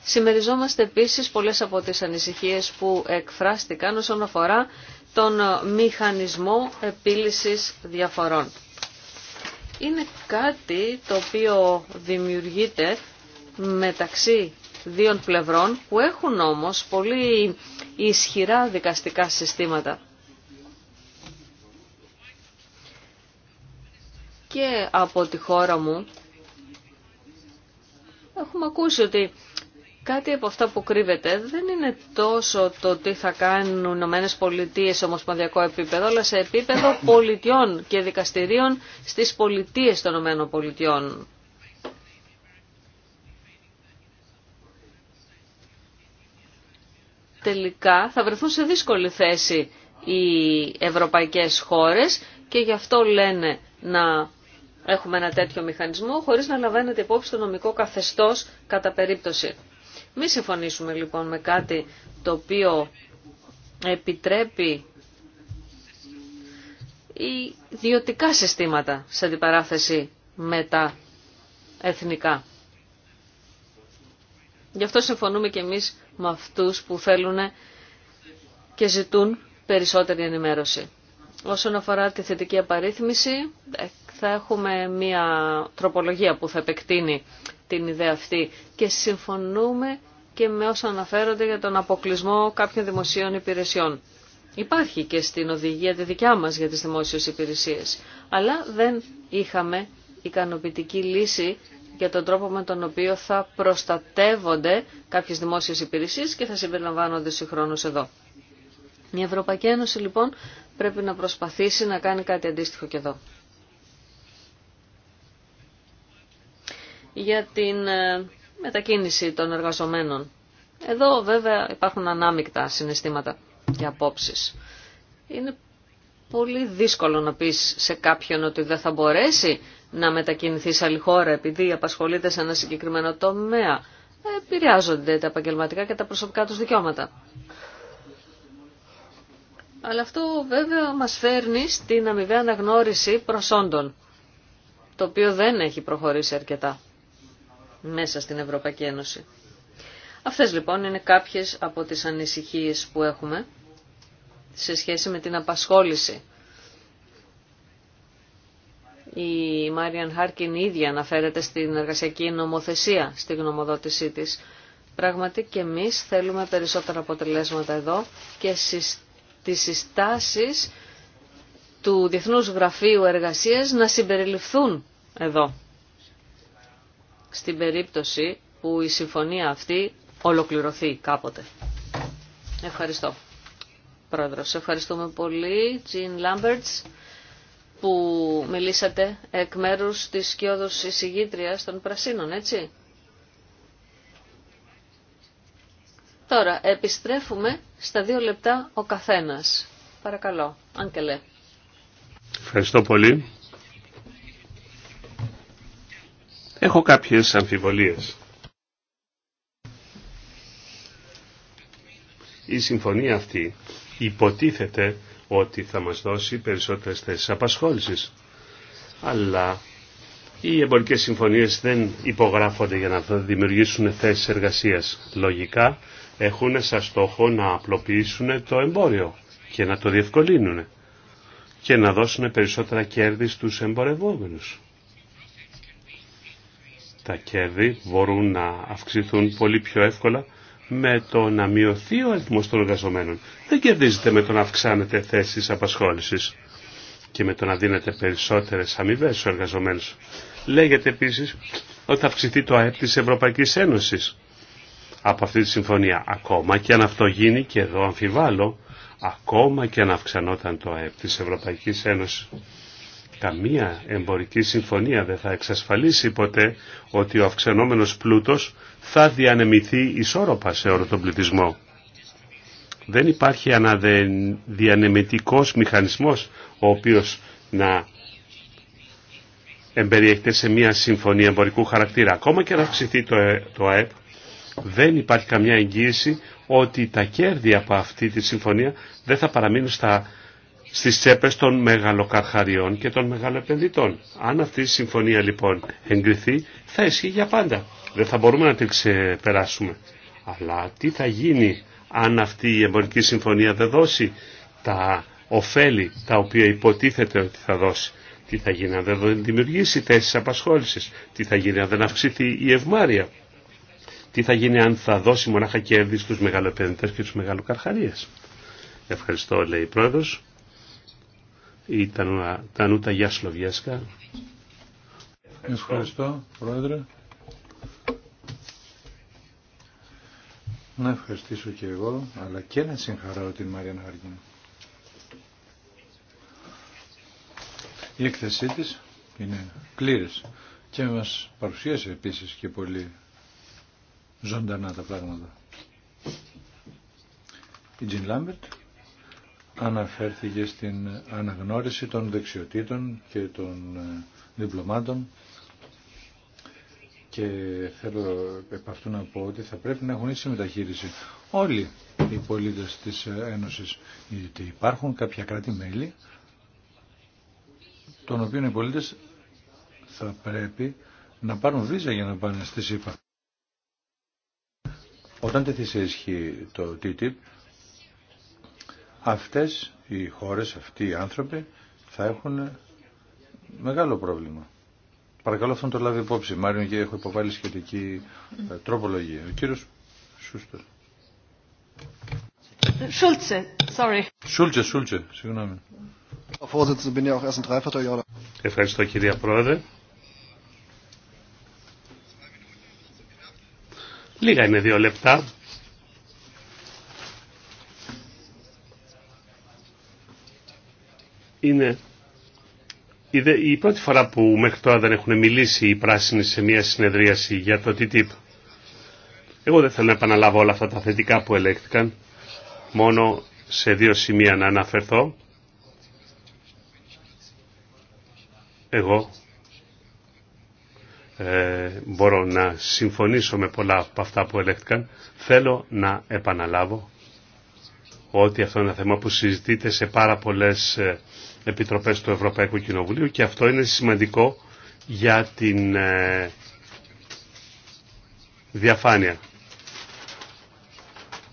Συμμεριζόμαστε επίσης πολλές από τις ανησυχίες που εκφράστηκαν όσον αφορά τον μηχανισμό επίλυσης διαφορών. Είναι κάτι το οποίο δημιουργείται μεταξύ δύο πλευρών που έχουν όμως πολύ ισχυρά δικαστικά συστήματα. Και από τη χώρα μου έχουμε ακούσει ότι Κάτι από αυτά που κρύβεται δεν είναι τόσο το τι θα κάνουν οι Ηνωμένες σε ομοσπονδιακό επίπεδο, αλλά σε επίπεδο πολιτιών και δικαστηρίων στις πολιτείες των Ηνωμένων Πολιτειών. Τελικά θα βρεθούν σε δύσκολη θέση οι ευρωπαϊκές χώρες και γι' αυτό λένε να έχουμε ένα τέτοιο μηχανισμό χωρίς να λαμβάνεται υπόψη το νομικό καθεστώς κατά περίπτωση. Μη συμφωνήσουμε λοιπόν με κάτι το οποίο επιτρέπει ιδιωτικά συστήματα σε αντιπαράθεση με τα εθνικά. Γι' αυτό συμφωνούμε και εμείς με αυτούς που θέλουν και ζητούν περισσότερη ενημέρωση. Όσον αφορά τη θετική απαρίθμηση, θα έχουμε μία τροπολογία που θα επεκτείνει την ιδέα αυτή και συμφωνούμε και με όσα αναφέρονται για τον αποκλεισμό κάποιων δημοσίων υπηρεσιών. Υπάρχει και στην οδηγία τη δικιά μας για τις δημόσιες υπηρεσίες, αλλά δεν είχαμε ικανοποιητική λύση για τον τρόπο με τον οποίο θα προστατεύονται κάποιες δημόσιες υπηρεσίες και θα συμπεριλαμβάνονται συγχρόνως εδώ. Η Ευρωπαϊκή Ένωση λοιπόν πρέπει να προσπαθήσει να κάνει κάτι αντίστοιχο και εδώ. για την ε, μετακίνηση των εργαζομένων. Εδώ βέβαια υπάρχουν ανάμεικτα συναισθήματα και απόψεις. Είναι πολύ δύσκολο να πεις σε κάποιον ότι δεν θα μπορέσει να μετακινηθεί σε άλλη χώρα επειδή απασχολείται σε ένα συγκεκριμένο τομέα. Επηρεάζονται τα επαγγελματικά και τα προσωπικά τους δικαιώματα. Αλλά αυτό βέβαια μας φέρνει στην αμοιβαία αναγνώριση προσόντων, το οποίο δεν έχει προχωρήσει αρκετά μέσα στην Ευρωπαϊκή Ένωση. Αυτές λοιπόν είναι κάποιες από τις ανησυχίες που έχουμε σε σχέση με την απασχόληση. Η Μάριαν Χάρκιν ίδια αναφέρεται στην εργασιακή νομοθεσία, στη γνωμοδότησή της. Πράγματι και εμείς θέλουμε περισσότερα αποτελέσματα εδώ και τις συστάσεις του Διεθνούς Γραφείου Εργασίας να συμπεριληφθούν εδώ στην περίπτωση που η συμφωνία αυτή ολοκληρωθεί κάποτε. Ευχαριστώ. Πρόεδρος, ευχαριστούμε πολύ. Τζιν Λάμπερτς που μιλήσατε εκ μέρους της σκιώδους εισηγήτριας των Πρασίνων, έτσι. Τώρα, επιστρέφουμε στα δύο λεπτά ο καθένας. Παρακαλώ, Άγκελε. Ευχαριστώ πολύ. Έχω κάποιες αμφιβολίες. Η συμφωνία αυτή υποτίθεται ότι θα μας δώσει περισσότερες θέσεις απασχόλησης. Αλλά οι εμπορικές συμφωνίες δεν υπογράφονται για να δημιουργήσουν θέσεις εργασίας. Λογικά έχουν σαν στόχο να απλοποιήσουν το εμπόριο και να το διευκολύνουν και να δώσουν περισσότερα κέρδη στους εμπορευόμενους. Τα κέρδη μπορούν να αυξηθούν πολύ πιο εύκολα με το να μειωθεί ο αριθμό των εργαζομένων. Δεν κερδίζετε με το να αυξάνετε θέσεις απασχόλησης και με το να δίνετε περισσότερες αμοιβέ στους εργαζομένους. Λέγεται επίσης ότι θα αυξηθεί το ΑΕΠ της Ευρωπαϊκής Ένωσης από αυτή τη συμφωνία. Ακόμα και αν αυτό γίνει, και εδώ αμφιβάλλω, ακόμα και αν αυξανόταν το ΑΕΠ της Ευρωπαϊκής Ένωσης Καμία εμπορική συμφωνία δεν θα εξασφαλίσει ποτέ ότι ο αυξανόμενος πλούτος θα διανεμηθεί ισόρροπα σε όλο τον πληθυσμό. Δεν υπάρχει αναδιανεμητικός μηχανισμός ο οποίος να εμπεριέχεται σε μια συμφωνία εμπορικού χαρακτήρα. Ακόμα και να αυξηθεί το, ε, το ΑΕΠ δεν υπάρχει καμιά εγγύηση ότι τα κέρδη από αυτή τη συμφωνία δεν θα παραμείνουν στα στις τσέπες των μεγαλοκαρχαριών και των μεγαλοεπενδυτών. Αν αυτή η συμφωνία λοιπόν εγκριθεί, θα ισχύει για πάντα. Δεν θα μπορούμε να την ξεπεράσουμε. Αλλά τι θα γίνει αν αυτή η εμπορική συμφωνία δεν δώσει τα ωφέλη τα οποία υποτίθεται ότι θα δώσει. Τι θα γίνει αν δεν δημιουργήσει θέσεις απασχόλησης. Τι θα γίνει αν δεν αυξηθεί η ευμάρεια. Τι θα γίνει αν θα δώσει μονάχα κέρδη στους μεγαλοεπενδυτές και στους μεγαλοκαρχαρίες. Ευχαριστώ λέει η Πρόεδρος ο Τανούτα Γιάσλοβιέσκα. Ευχαριστώ, Πρόεδρε. Να ευχαριστήσω και εγώ, αλλά και να συγχαρώ την Μαρία Η έκθεσή της είναι κλήρης και μας παρουσίασε επίσης και πολύ ζωντανά τα πράγματα. Η Τζιν Λάμπερτ αναφέρθηκε στην αναγνώριση των δεξιοτήτων και των ε, διπλωμάτων και θέλω επ' αυτού να πω ότι θα πρέπει να έχουν ίση μεταχείριση όλοι οι πολίτες της ε, Ένωσης γιατί υπάρχουν κάποια κράτη-μέλη των οποίων οι πολίτες θα πρέπει να πάρουν βίζα για να πάνε στη ΣΥΠΑ. Όταν τεθεί σε ισχύ το TTIP αυτές οι χώρες, αυτοί οι άνθρωποι θα έχουν μεγάλο πρόβλημα. Παρακαλώ αυτόν τον λάβει υπόψη. Μάριον και έχω υποβάλει σχετική ε, τροπολογία. Ο κύριος Σούστερ. Σούλτσε, sorry. Σούλτσε, Σούλτσε, συγγνώμη. Ευχαριστώ κυρία Πρόεδρε. Λίγα είναι δύο λεπτά είναι η πρώτη φορά που μέχρι τώρα δεν έχουν μιλήσει οι πράσινοι σε μια συνεδρίαση για το TTIP. Εγώ δεν θέλω να επαναλάβω όλα αυτά τα θετικά που ελέγχθηκαν, μόνο σε δύο σημεία να αναφερθώ. Εγώ ε, μπορώ να συμφωνήσω με πολλά από αυτά που ελέγχθηκαν. Θέλω να επαναλάβω ότι αυτό είναι ένα θέμα που συζητείται σε πάρα πολλές ε, επιτροπές του Ευρωπαϊκού Κοινοβουλίου και αυτό είναι σημαντικό για την ε, διαφάνεια.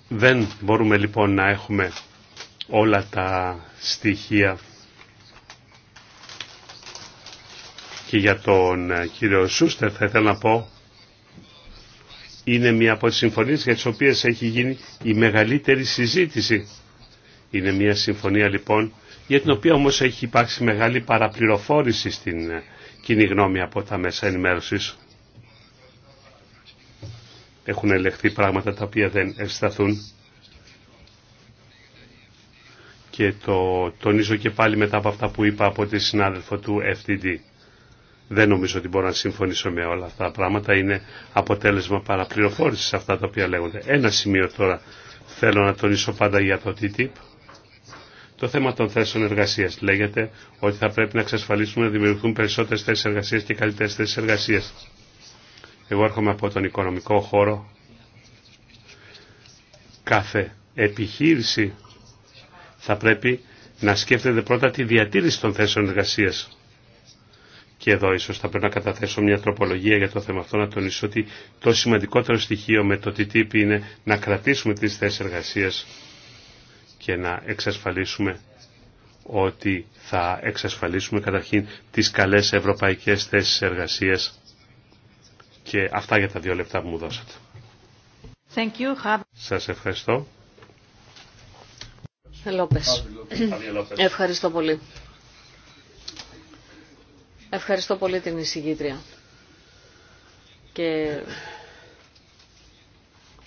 Δεν μπορούμε λοιπόν να έχουμε όλα τα στοιχεία και για τον ε, κύριο Σούστερ θα ήθελα να πω είναι μία από τις συμφωνίες για τις οποίες έχει γίνει η μεγαλύτερη συζήτηση. Είναι μία συμφωνία λοιπόν για την οποία όμως έχει υπάρξει μεγάλη παραπληροφόρηση στην ε, κοινή γνώμη από τα μέσα ενημέρωσης. Έχουν ελεγχθεί πράγματα τα οποία δεν ευσταθούν και το τονίζω και πάλι μετά από αυτά που είπα από τη συνάδελφο του FTD. Δεν νομίζω ότι μπορώ να συμφωνήσω με όλα αυτά τα πράγματα. Είναι αποτέλεσμα παραπληροφόρησης αυτά τα οποία λέγονται. Ένα σημείο τώρα θέλω να τονίσω πάντα για το TTIP. Το θέμα των θέσεων εργασία. Λέγεται ότι θα πρέπει να εξασφαλίσουμε να δημιουργηθούν περισσότερε θέσει εργασία και καλύτερε θέσει εργασία. Εγώ έρχομαι από τον οικονομικό χώρο. Κάθε επιχείρηση θα πρέπει να σκέφτεται πρώτα τη διατήρηση των θέσεων εργασία. Και εδώ ίσως θα πρέπει να καταθέσω μια τροπολογία για το θέμα αυτό, να τονίσω ότι το σημαντικότερο στοιχείο με το TTIP είναι να κρατήσουμε τις θέσεις εργασίας και να εξασφαλίσουμε ότι θα εξασφαλίσουμε καταρχήν τις καλές ευρωπαϊκές θέσεις εργασίας και αυτά για τα δύο λεπτά που μου δώσατε. Thank Σας ευχαριστώ. Ε, ε, ευχαριστώ πολύ. Ευχαριστώ πολύ την εισηγήτρια και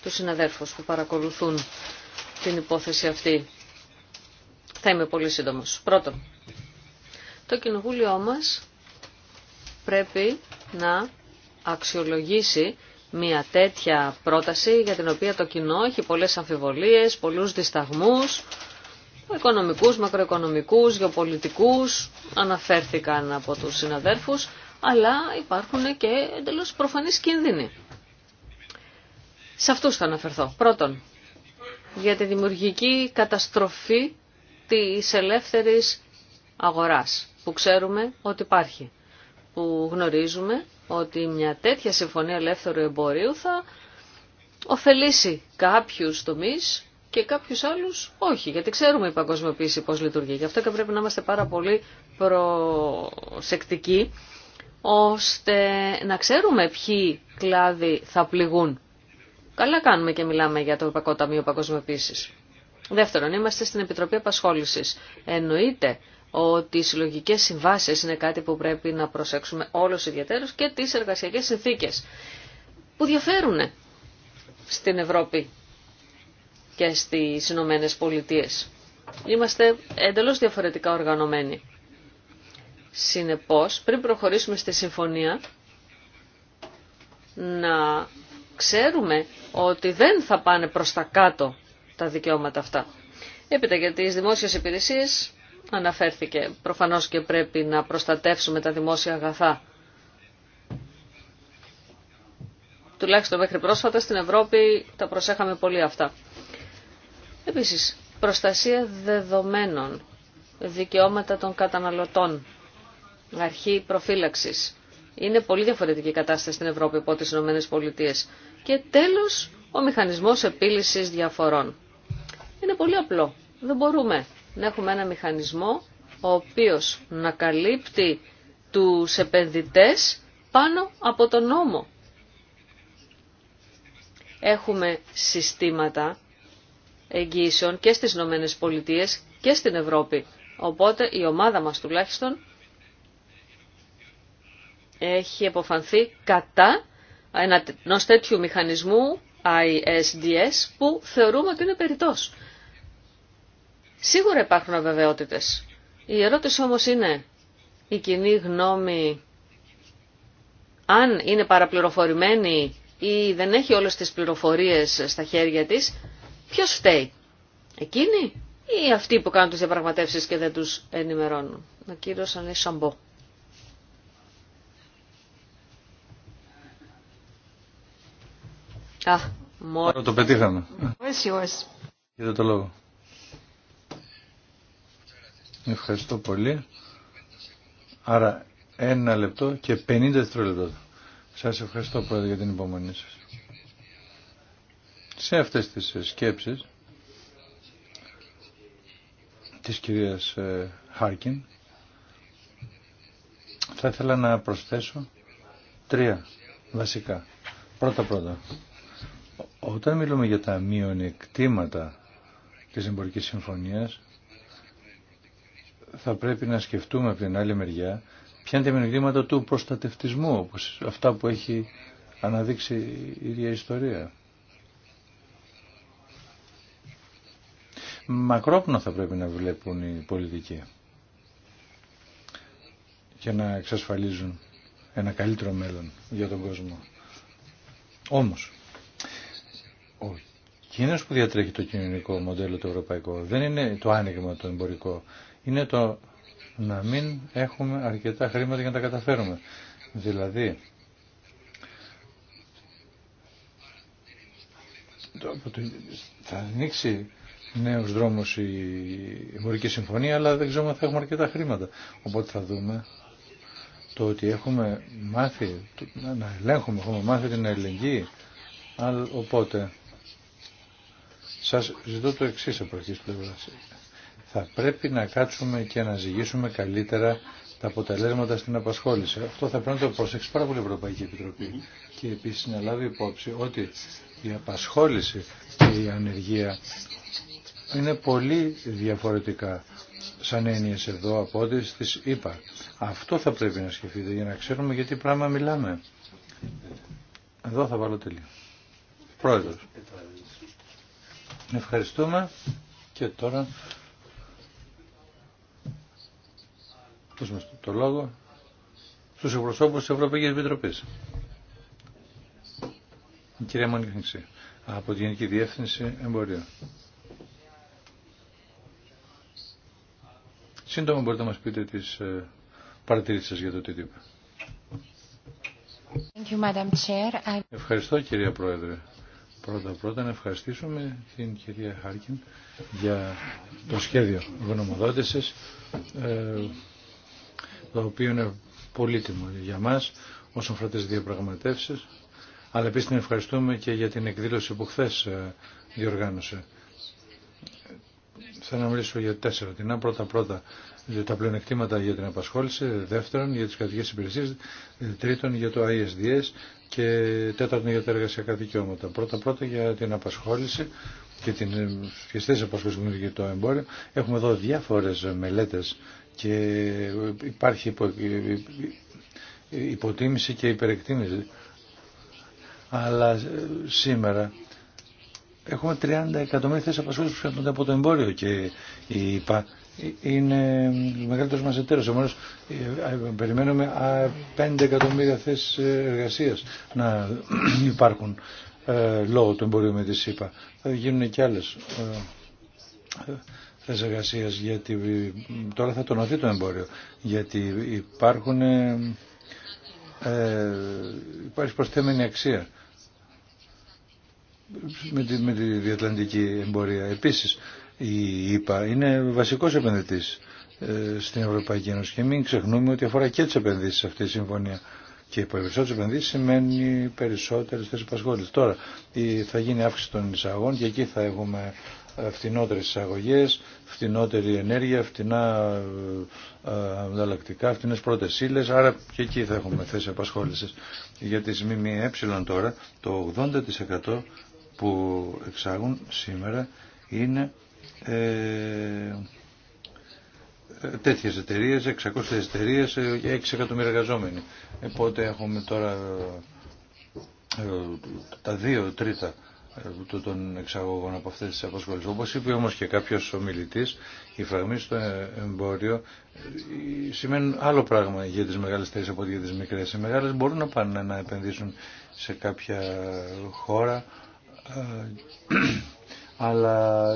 τους συναδέρφους που παρακολουθούν την υπόθεση αυτή. Θα είμαι πολύ σύντομος. Πρώτον, το κοινοβούλιο μας πρέπει να αξιολογήσει μια τέτοια πρόταση για την οποία το κοινό έχει πολλές αμφιβολίες, πολλούς δισταγμούς, οικονομικούς, μακροοικονομικούς, γεωπολιτικούς, αναφέρθηκαν από τους συναδέρφους, αλλά υπάρχουν και εντελώς προφανείς κίνδυνοι. Σε αυτούς θα αναφερθώ. Πρώτον, για τη δημιουργική καταστροφή της ελεύθερης αγοράς που ξέρουμε ότι υπάρχει, που γνωρίζουμε ότι μια τέτοια συμφωνία ελεύθερου εμπορίου θα ωφελήσει κάποιους τομείς και κάποιους άλλους όχι, γιατί ξέρουμε η παγκοσμιοποίηση πώς λειτουργεί. Γι' αυτό και πρέπει να είμαστε πάρα πολύ προσεκτικοί, ώστε να ξέρουμε ποιοι κλάδοι θα πληγούν Καλά κάνουμε και μιλάμε για το Ευρωπαϊκό Ταμείο Παγκοσμιοποίηση. Δεύτερον, είμαστε στην Επιτροπή Απασχόληση. Εννοείται ότι οι συλλογικέ συμβάσει είναι κάτι που πρέπει να προσέξουμε όλου ιδιαίτερω και τι εργασιακέ συνθήκε που διαφέρουν στην Ευρώπη και στι Ηνωμένε Πολιτείε. Είμαστε εντελώς διαφορετικά οργανωμένοι. Συνεπώς, πριν προχωρήσουμε στη συμφωνία, να ξέρουμε ότι δεν θα πάνε προς τα κάτω τα δικαιώματα αυτά. Έπειτα για τις δημόσιες υπηρεσίες αναφέρθηκε. Προφανώς και πρέπει να προστατεύσουμε τα δημόσια αγαθά. Τουλάχιστον μέχρι πρόσφατα στην Ευρώπη τα προσέχαμε πολύ αυτά. Επίσης, προστασία δεδομένων, δικαιώματα των καταναλωτών, αρχή προφύλαξης. Είναι πολύ διαφορετική η κατάσταση στην Ευρώπη από τις Ηνωμένες Πολιτείες. Και τέλος, ο μηχανισμός επίλυσης διαφορών. Είναι πολύ απλό. Δεν μπορούμε να έχουμε ένα μηχανισμό ο οποίος να καλύπτει τους επενδυτές πάνω από τον νόμο. Έχουμε συστήματα εγγύσεων και στις Ηνωμένε Πολιτείες και στην Ευρώπη. Οπότε η ομάδα μας τουλάχιστον έχει αποφανθεί κατά ενό τέτοιου μηχανισμού ISDS που θεωρούμε ότι είναι περιττός. Σίγουρα υπάρχουν αβεβαιότητες. Η ερώτηση όμως είναι η κοινή γνώμη αν είναι παραπληροφορημένη ή δεν έχει όλες τις πληροφορίες στα χέρια της, ποιος φταίει. Εκείνη ή αυτοί που κάνουν τις διαπραγματεύσεις και δεν τους ενημερώνουν. Ο κύριος Το πετύχαμε. Είδα το λόγο. Ευχαριστώ πολύ. Άρα ένα λεπτό και 50 δευτερόλεπτα. Σας ευχαριστώ πολύ για την υπομονή σας. Σε αυτές τις ε, σκέψεις της κυρίας ε, Χάρκιν θα ήθελα να προσθέσω τρία βασικά. Πρώτα πρώτα όταν μιλούμε για τα μειονεκτήματα της εμπορικής συμφωνίας, θα πρέπει να σκεφτούμε από την άλλη μεριά ποια είναι τα μειονεκτήματα του προστατευτισμού, όπως αυτά που έχει αναδείξει η ίδια ιστορία. Μακρόπνο θα πρέπει να βλέπουν οι πολιτικοί και να εξασφαλίζουν ένα καλύτερο μέλλον για τον κόσμο. Όμως, ο κίνδυνος που διατρέχει το κοινωνικό μοντέλο το ευρωπαϊκό δεν είναι το άνοιγμα το εμπορικό. Είναι το να μην έχουμε αρκετά χρήματα για να τα καταφέρουμε. Δηλαδή, θα ανοίξει νέου δρόμου η εμπορική συμφωνία, αλλά δεν ξέρουμε αν θα έχουμε αρκετά χρήματα. Οπότε θα δούμε το ότι έχουμε μάθει να ελέγχουμε, έχουμε μάθει την ελληνική. οπότε σας ζητώ το εξή από αρχής πλευράς. Θα πρέπει να κάτσουμε και να ζυγίσουμε καλύτερα τα αποτελέσματα στην απασχόληση. Αυτό θα πρέπει να το προσέξει πάρα πολύ η Ευρωπαϊκή Επιτροπή και επίσης να λάβει υπόψη ότι η απασχόληση και η ανεργία είναι πολύ διαφορετικά σαν έννοιε εδώ από ό,τι στι είπα. Αυτό θα πρέπει να σκεφτείτε για να ξέρουμε γιατί πράγμα μιλάμε. Εδώ θα βάλω τελείω. Πρόεδρος. Ευχαριστούμε και τώρα δώσουμε το λόγο στους εκπροσώπους της Ευρωπαϊκής Επιτροπής. Η κυρία Μονίκα από τη Γενική Διεύθυνση Εμπορίου. Σύντομα μπορείτε να μας πείτε τις ε, παρατηρήσεις σας για το TTIP. Ευχαριστώ κυρία Πρόεδρε. Πρώτα πρώτα να ευχαριστήσουμε την κυρία Χάρκιν για το σχέδιο γνωμοδότησης ε, το οποίο είναι πολύτιμο για μας όσον αφορά τις διαπραγματεύσεις αλλά επίσης την ευχαριστούμε και για την εκδήλωση που χθε ε, διοργάνωσε. Θέλω να μιλήσω για τέσσερα. Την πρώτα πρώτα τα πλεονεκτήματα για την απασχόληση, δεύτερον για τις κρατικές υπηρεσίες, τρίτον για το ISDS και τέταρτον για τα εργασιακά δικαιώματα. Πρώτα πρώτα για την απασχόληση και την θέσει απασχόληση που για το εμπόριο. Έχουμε εδώ διάφορες μελέτες και υπάρχει υπο, ε, ε, υποτίμηση και υπερεκτίμηση. Αλλά ε, σήμερα έχουμε 30 εκατομμύρια θέσεις απασχόλησης που από το εμπόριο και η είναι ο μεγαλύτερος μας εταίρος. Επομένω, ε, περιμένουμε 5 εκατομμύρια θέσει ε, εργασίας να υπάρχουν ε, λόγω του εμπορίου με τη ΣΥΠΑ. Θα γίνουν και άλλες θέσει εργασίας, γιατί τώρα θα τονωθεί το εμπόριο, γιατί υπάρχουν, υπάρχει προσθέμενη αξία με τη, με τη διατλαντική εμπορία. Επίσης, η ΕΠΑ είναι βασικός επενδυτής ε, στην Ευρωπαϊκή Ένωση και μην ξεχνούμε ότι αφορά και τις επενδύσεις αυτή η συμφωνία. Και περισσότερε επενδύσει σημαίνει περισσότερε θέσει απασχόληση. Τώρα θα γίνει αύξηση των εισαγών και εκεί θα έχουμε ε, φτηνότερε εισαγωγέ, φτηνότερη ενέργεια, φτηνά ε, ανταλλακτικά, φτηνέ πρώτε ύλε. Άρα και εκεί θα έχουμε θέσει απασχόληση. Για τι ΜΜΕ τώρα το 80% που εξάγουν σήμερα είναι ε, τέτοιες εταιρείες, 600 και 6 εκατομμύρια εργαζόμενοι. Οπότε έχουμε τώρα ε, τα δύο τρίτα ε, των εξαγωγών από αυτέ τι απασχολήσει. Όπω είπε όμω και κάποιο ομιλητή οι φραγμοί στο εμπόριο ε, σημαίνουν άλλο πράγμα για τι μεγάλε εταιρείε από για τι μικρές. Οι μεγάλες μπορούν να πάνε να επενδύσουν σε κάποια χώρα, αλλά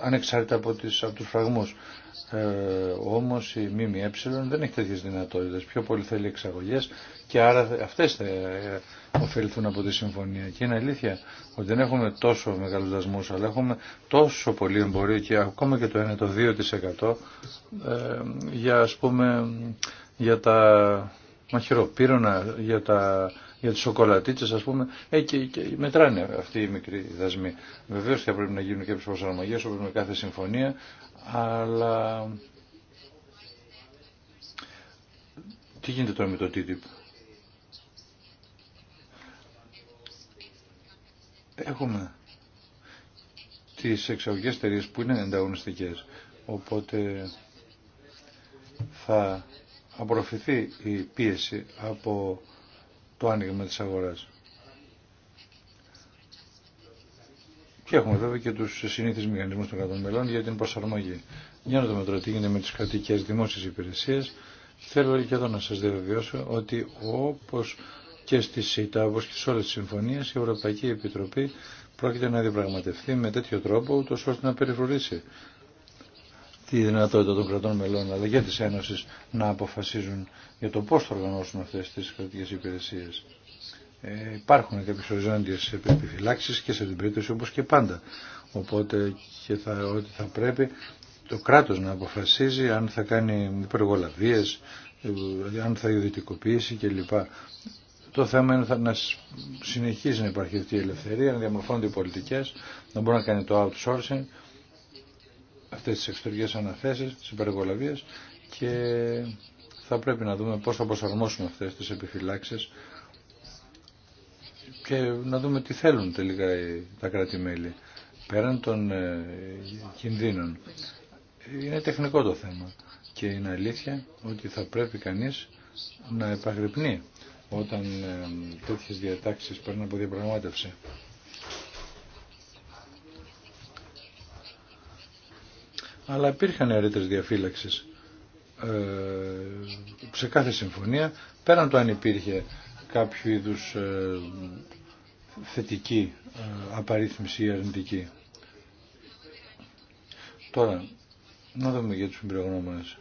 ανεξάρτητα από, τις, από τους φραγμούς. Ε, όμως η ΜΜΕ δεν έχει τέτοιες δυνατότητες. Πιο πολύ θέλει εξαγωγές και άρα αυτές θα ε, ωφεληθούν από τη συμφωνία. Και είναι αλήθεια ότι δεν έχουμε τόσο μεγάλους δασμούς, αλλά έχουμε τόσο πολύ εμπορίο και ακόμα και το 1 το 2% ε, για ας πούμε για τα μαχαιροπύρωνα, για τα για τις σοκολατίτσες ας πούμε, ε, και, και μετράνε αυτοί οι μικροί δασμοί. Βεβαίως θα πρέπει να γίνουν και προσαρμογές όπως με κάθε συμφωνία, αλλά τι γίνεται τώρα με το TTIP. Έχουμε τις εξαγωγές εταιρείε που είναι ενταγωνιστικές, οπότε θα απορροφηθεί η πίεση από το άνοιγμα της αγοράς. Και έχουμε βέβαια και τους συνήθεις μηχανισμούς των κρατών μελών για την προσαρμογή. Για να δούμε τώρα τι γίνεται με τις κρατικές δημόσιες υπηρεσίες. Θέλω και εδώ να σας διαβεβαιώσω ότι όπως και στη ΣΥΤΑ, όπως και σε όλες τις συμφωνίες, η Ευρωπαϊκή Επιτροπή πρόκειται να διαπραγματευτεί με τέτοιο τρόπο, ούτως ώστε να περιφρουρήσει τη δυνατότητα των κρατών μελών αλλά και τη Ένωση να αποφασίζουν για το πώς θα οργανώσουν αυτές τις κρατικέ υπηρεσίες. Ε, υπάρχουν κάποιε οριζόντιες επιφυλάξει και σε την περίπτωση όπως και πάντα. Οπότε και θα, ότι θα πρέπει το κράτος να αποφασίζει αν θα κάνει υπεργολαβίες, ε, αν θα ιδιωτικοποιήσει κλπ. Το θέμα είναι να συνεχίζει να υπάρχει αυτή η ελευθερία, να διαμορφώνονται οι πολιτικέ, να μπορεί να κάνει το outsourcing, αυτές τις εξωτερικές αναθέσεις τις υπερεκολαβίες και θα πρέπει να δούμε πώς θα προσαρμόσουμε αυτές τις επιφυλάξεις και να δούμε τι θέλουν τελικά τα κράτη-μέλη πέραν των ε, κινδύνων. Είναι τεχνικό το θέμα και είναι αλήθεια ότι θα πρέπει κανείς να επαγρυπνεί όταν ε, τέτοιες διατάξεις παίρνουν από διαπραγμάτευση. αλλά υπήρχαν ρήτρες διαφύλαξης ε, σε κάθε συμφωνία, πέραν το αν υπήρχε κάποιο είδους ε, θετική ε, απαρίθμηση ή αρνητική. Τώρα, να δούμε για τους εμπειρογνώμονες.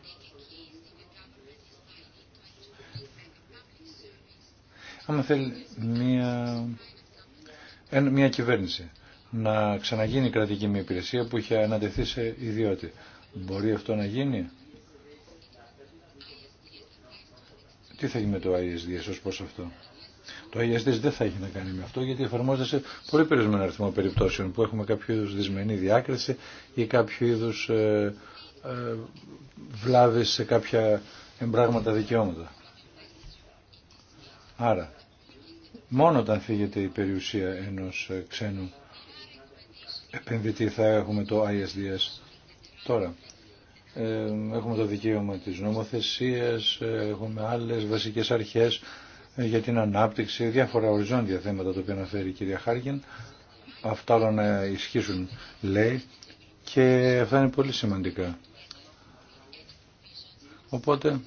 Άμα θέλει μια, μια κυβέρνηση να ξαναγίνει κρατική μη υπηρεσία που είχε ανατεθεί σε ιδιώτη. Μπορεί αυτό να γίνει. Τι θα γίνει με το ISDS ως πώς αυτό. Το ISDS δεν θα έχει να κάνει με αυτό γιατί εφαρμόζεται σε πολύ περιορισμένο αριθμό περιπτώσεων που έχουμε κάποιο είδους δυσμενή διάκριση ή κάποιο είδους ε, ε, βλάβες σε κάποια εμπράγματα δικαιώματα. Άρα, μόνο όταν φύγεται η περιουσία ενός ε, ξένου επενδυτή θα έχουμε το ISDS. Τώρα, ε, έχουμε το δικαίωμα της νομοθεσίας, ε, έχουμε άλλες βασικές αρχές ε, για την ανάπτυξη, διάφορα οριζόντια θέματα τα οποία αναφέρει η κυρία Χάρκιν. Αυτά όλα να ισχύσουν, λέει, και αυτά είναι πολύ σημαντικά. Οπότε,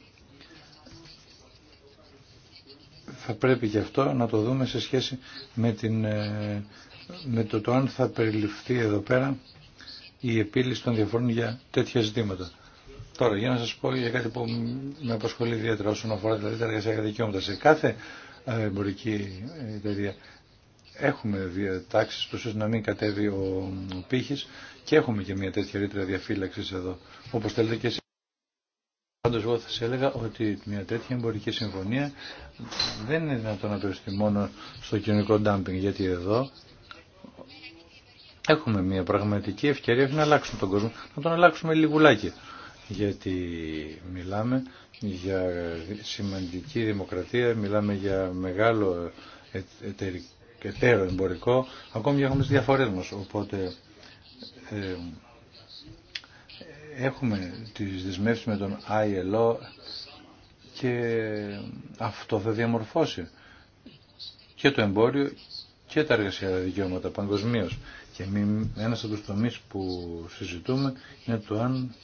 θα πρέπει και αυτό να το δούμε σε σχέση με την με το, το αν θα περιληφθεί εδώ πέρα η επίλυση των διαφορών για τέτοια ζητήματα. Τώρα, για να σας πω για κάτι που με απασχολεί ιδιαίτερα όσον αφορά δηλαδή, τα εργασιακά δικαιώματα. Σε κάθε ε, εμπορική ε, εταιρεία έχουμε διατάξεις ώστε να μην κατέβει ο, ο πύχης και έχουμε και μια τέτοια ρήτρα διαφύλαξης εδώ, όπως θέλετε και εσείς. Πάντως εγώ θα σα έλεγα ότι μια τέτοια εμπορική συμφωνία δεν είναι δυνατόν να περιστεί μόνο στο κοινωνικό ντάμπινγκ γιατί εδώ έχουμε μια πραγματική ευκαιρία να αλλάξουμε τον κόσμο, να τον αλλάξουμε λιγουλάκι. Γιατί μιλάμε για σημαντική δημοκρατία, μιλάμε για μεγάλο εταίρο εμπορικό, ακόμη και έχουμε τις διαφορές μας. Οπότε ε, έχουμε τις δεσμεύσεις με τον ILO και αυτό θα διαμορφώσει και το εμπόριο και τα εργασιακά δικαιώματα παγκοσμίω ένας από τους τομείς που συζητούμε είναι το αν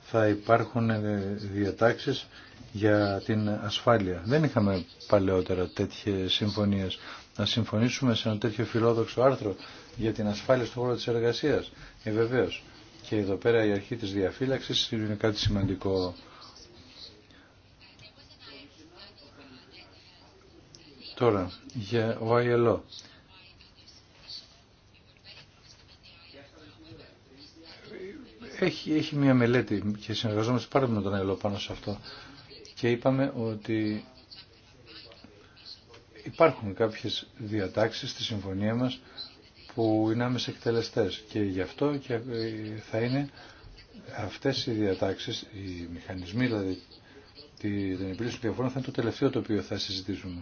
θα υπάρχουν ε, διατάξεις για την ασφάλεια. Δεν είχαμε παλαιότερα τέτοιες συμφωνίες. Να συμφωνήσουμε σε ένα τέτοιο φιλόδοξο άρθρο για την ασφάλεια στον χώρο της εργασίας. Ε, βεβαίως. Και εδώ πέρα η αρχή της διαφύλαξης είναι κάτι σημαντικό. Τώρα, για ο ILO. έχει, έχει μια μελέτη και συνεργαζόμαστε πάρα πολύ με τον ΑΕΛΟ πάνω σε αυτό και είπαμε ότι υπάρχουν κάποιες διατάξεις στη συμφωνία μας που είναι άμεσα εκτελεστές και γι' αυτό και ε, θα είναι αυτές οι διατάξεις, οι μηχανισμοί δηλαδή την επίλυση του διαφορών θα είναι το τελευταίο το οποίο θα συζητήσουμε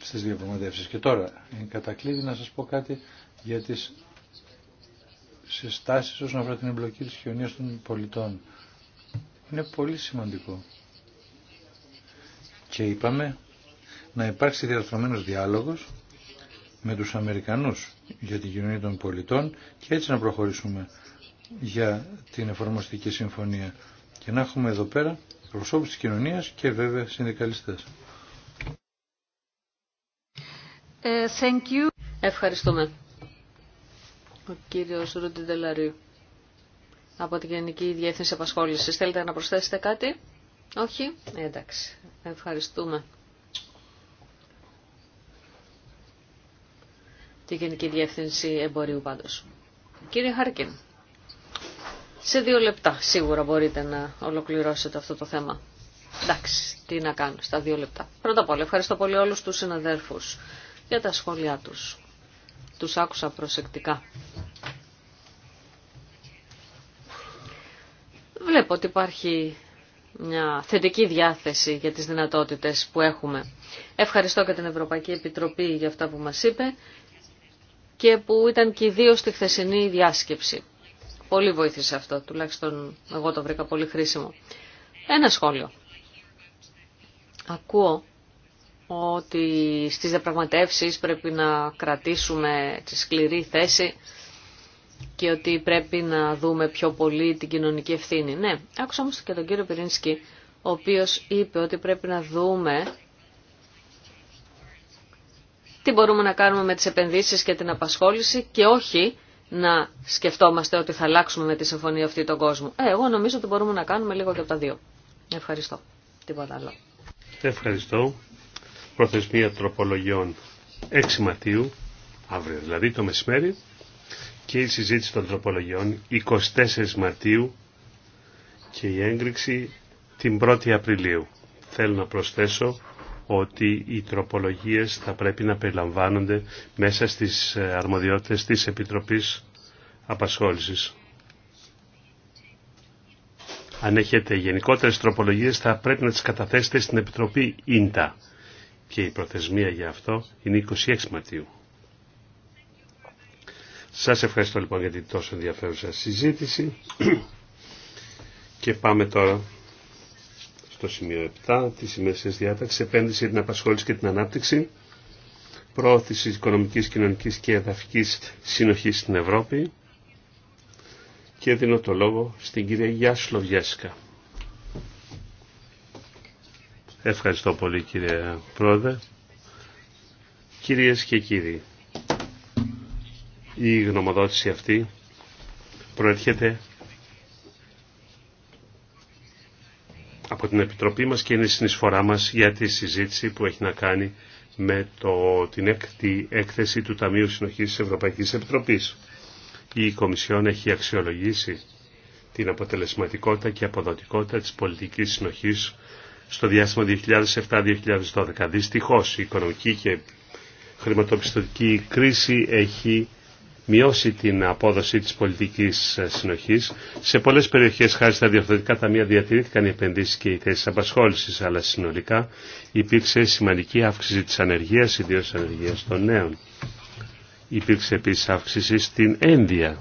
στις διαπραγματεύσεις. Και τώρα, εν κατακλείδη να σας πω κάτι για τις σε στάσεις όσον αφορά την εμπλοκή της κοινωνίας των πολιτών. Είναι πολύ σημαντικό. Και είπαμε να υπάρξει διαρθρωμένος διάλογος με τους Αμερικανούς για την κοινωνία των πολιτών και έτσι να προχωρήσουμε για την εφαρμοστική συμφωνία και να έχουμε εδώ πέρα προσώπους της κοινωνίας και βέβαια συνδικαλιστές. Ε, Ευχαριστούμε. Ο κύριος Ρούντι Ντελαρίου από την Γενική Διεύθυνση Απασχόλησης. Θέλετε να προσθέσετε κάτι? Όχι? Ε, εντάξει. Ευχαριστούμε. Τη Γενική Διεύθυνση Εμπορίου πάντως. Κύριε Χάρκιν, σε δύο λεπτά σίγουρα μπορείτε να ολοκληρώσετε αυτό το θέμα. Εντάξει, τι να κάνω στα δύο λεπτά. Πρώτα απ' όλα, ευχαριστώ πολύ όλους τους συναδέρφους για τα σχόλιά τους. Τους άκουσα προσεκτικά. Βλέπω ότι υπάρχει μια θετική διάθεση για τις δυνατότητες που έχουμε. Ευχαριστώ και την Ευρωπαϊκή Επιτροπή για αυτά που μας είπε και που ήταν και ιδίω στη χθεσινή διάσκεψη. Πολύ βοήθησε αυτό, τουλάχιστον εγώ το βρήκα πολύ χρήσιμο. Ένα σχόλιο. Ακούω ότι στις διαπραγματεύσεις πρέπει να κρατήσουμε τη σκληρή θέση και ότι πρέπει να δούμε πιο πολύ την κοινωνική ευθύνη. Ναι, άκουσα όμως και τον κύριο Πυρίνσκι, ο οποίος είπε ότι πρέπει να δούμε τι μπορούμε να κάνουμε με τις επενδύσεις και την απασχόληση και όχι να σκεφτόμαστε ότι θα αλλάξουμε με τη συμφωνία αυτή τον κόσμο. Ε, εγώ νομίζω ότι μπορούμε να κάνουμε λίγο και από τα δύο. Ευχαριστώ. Τίποτα άλλο. Ευχαριστώ προθεσμία τροπολογιών 6 Μαρτίου, αύριο δηλαδή το μεσημέρι, και η συζήτηση των τροπολογιών 24 Μαρτίου και η έγκριξη την 1η Απριλίου. Θέλω να προσθέσω ότι οι τροπολογίες θα πρέπει να περιλαμβάνονται μέσα στις ε, αρμοδιότητες της Επιτροπής Απασχόλησης. Αν έχετε γενικότερες τροπολογίες θα πρέπει να τις καταθέσετε στην Επιτροπή ΙΝΤΑ και η προθεσμία για αυτό είναι 26 Μαρτίου. Σας ευχαριστώ λοιπόν για την τόσο ενδιαφέρουσα συζήτηση και πάμε τώρα στο σημείο 7 της ημέρας διάταξης επένδυση για την απασχόληση και την ανάπτυξη προώθηση οικονομικής, κοινωνικής και εδαφικής συνοχής στην Ευρώπη και δίνω το λόγο στην κυρία Γιάσλοβιέσκα. Ευχαριστώ πολύ κύριε Πρόεδρε. Κυρίες και κύριοι, η γνωμοδότηση αυτή προέρχεται από την Επιτροπή μας και είναι η συνεισφορά μας για τη συζήτηση που έχει να κάνει με το, την έκτη έκθεση του Ταμείου Συνοχής της Ευρωπαϊκής Επιτροπής. Η Κομισιόν έχει αξιολογήσει την αποτελεσματικότητα και αποδοτικότητα της πολιτικής συνοχής στο διάστημα 2007-2012. Δυστυχώς η οικονομική και χρηματοπιστωτική κρίση έχει μειώσει την απόδοση της πολιτικής συνοχής. Σε πολλές περιοχές χάρη στα διορθωτικά ταμεία διατηρήθηκαν οι επενδύσεις και οι θέσεις απασχόλησης, αλλά συνολικά υπήρξε σημαντική αύξηση της ανεργίας, ιδίως της ανεργίας των νέων. Υπήρξε επίσης αύξηση στην ένδια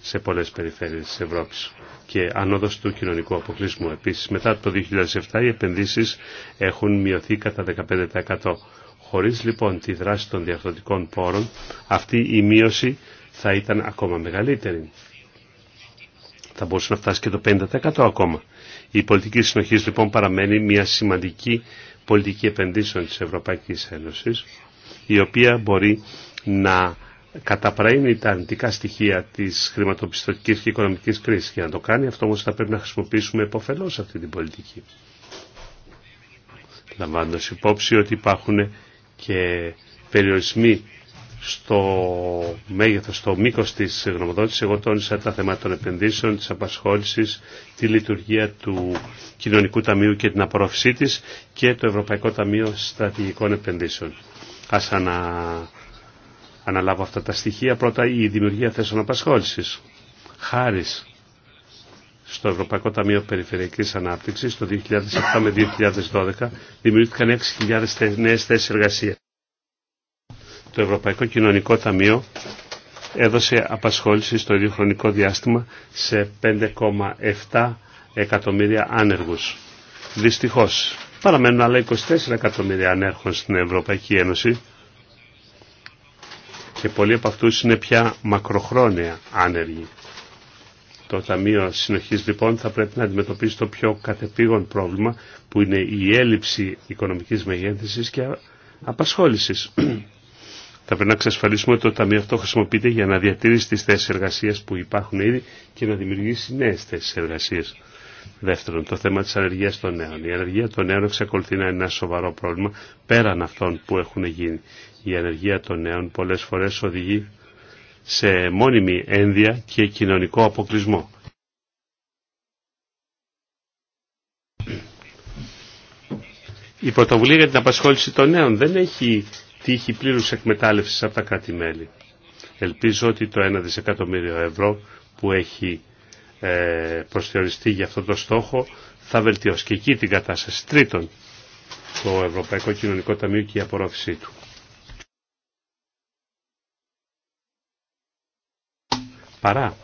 σε πολλές περιφέρειες της Ευρώπης και άνοδος του κοινωνικού αποκλεισμού. Επίσης, μετά το 2007 οι επενδύσεις έχουν μειωθεί κατά 15%. Χωρίς λοιπόν τη δράση των διαφορετικών πόρων, αυτή η μείωση θα ήταν ακόμα μεγαλύτερη. Θα μπορούσε να φτάσει και το 50% ακόμα. Η πολιτική συνοχή λοιπόν παραμένει μια σημαντική πολιτική επενδύσεων της Ευρωπαϊκής Ένωσης, η οποία μπορεί να καταπραίνει τα αρνητικά στοιχεία της χρηματοπιστωτικής και οικονομικής κρίσης. Για να το κάνει αυτό όμως θα πρέπει να χρησιμοποιήσουμε επωφελώς αυτή την πολιτική. Λαμβάνοντας υπόψη ότι υπάρχουν και περιορισμοί στο μέγεθος, στο μήκος της γνωμοδότησης. Εγώ τόνισα τα θέματα των επενδύσεων, της απασχόλησης, τη λειτουργία του Κοινωνικού Ταμείου και την απορροφησή της και το Ευρωπαϊκό Ταμείο Στρατηγικών Επενδύσεων. Ας ανα αναλάβω αυτά τα στοιχεία. Πρώτα η δημιουργία θέσεων απασχόλησης. Χάρη στο Ευρωπαϊκό Ταμείο Περιφερειακής Ανάπτυξης το 2007 με 2012 δημιουργήθηκαν 6.000 νέες θέσεις εργασία. Το Ευρωπαϊκό Κοινωνικό Ταμείο έδωσε απασχόληση στο ίδιο χρονικό διάστημα σε 5,7 εκατομμύρια άνεργους. Δυστυχώς παραμένουν άλλα 24 εκατομμύρια ανέρχων στην Ευρωπαϊκή Ένωση και πολλοί από αυτούς είναι πια μακροχρόνια άνεργοι. Το Ταμείο Συνοχής λοιπόν θα πρέπει να αντιμετωπίσει το πιο κατεπήγον πρόβλημα που είναι η έλλειψη οικονομικής μεγέθυνσης και απασχόλησης. θα πρέπει να εξασφαλίσουμε ότι το Ταμείο αυτό χρησιμοποιείται για να διατηρήσει τις θέσεις εργασίας που υπάρχουν ήδη και να δημιουργήσει νέες θέσεις εργασίας. Δεύτερον, το θέμα της ανεργίας των νέων. Η ανεργία των νέων εξακολουθεί να είναι ένα σοβαρό πρόβλημα πέραν αυτών που έχουν γίνει η ανεργία των νέων πολλές φορές οδηγεί σε μόνιμη ένδια και κοινωνικό αποκλεισμό. Η πρωτοβουλία για την απασχόληση των νέων δεν έχει τύχει πλήρους εκμετάλλευσης από τα κράτη-μέλη. Ελπίζω ότι το 1 δισεκατομμύριο ευρώ που έχει ε, προσθεωριστεί για αυτό το στόχο θα βελτιώσει και εκεί την κατάσταση. Τρίτον, το Ευρωπαϊκό Κοινωνικό Ταμείο και η απορρόφησή του. παρά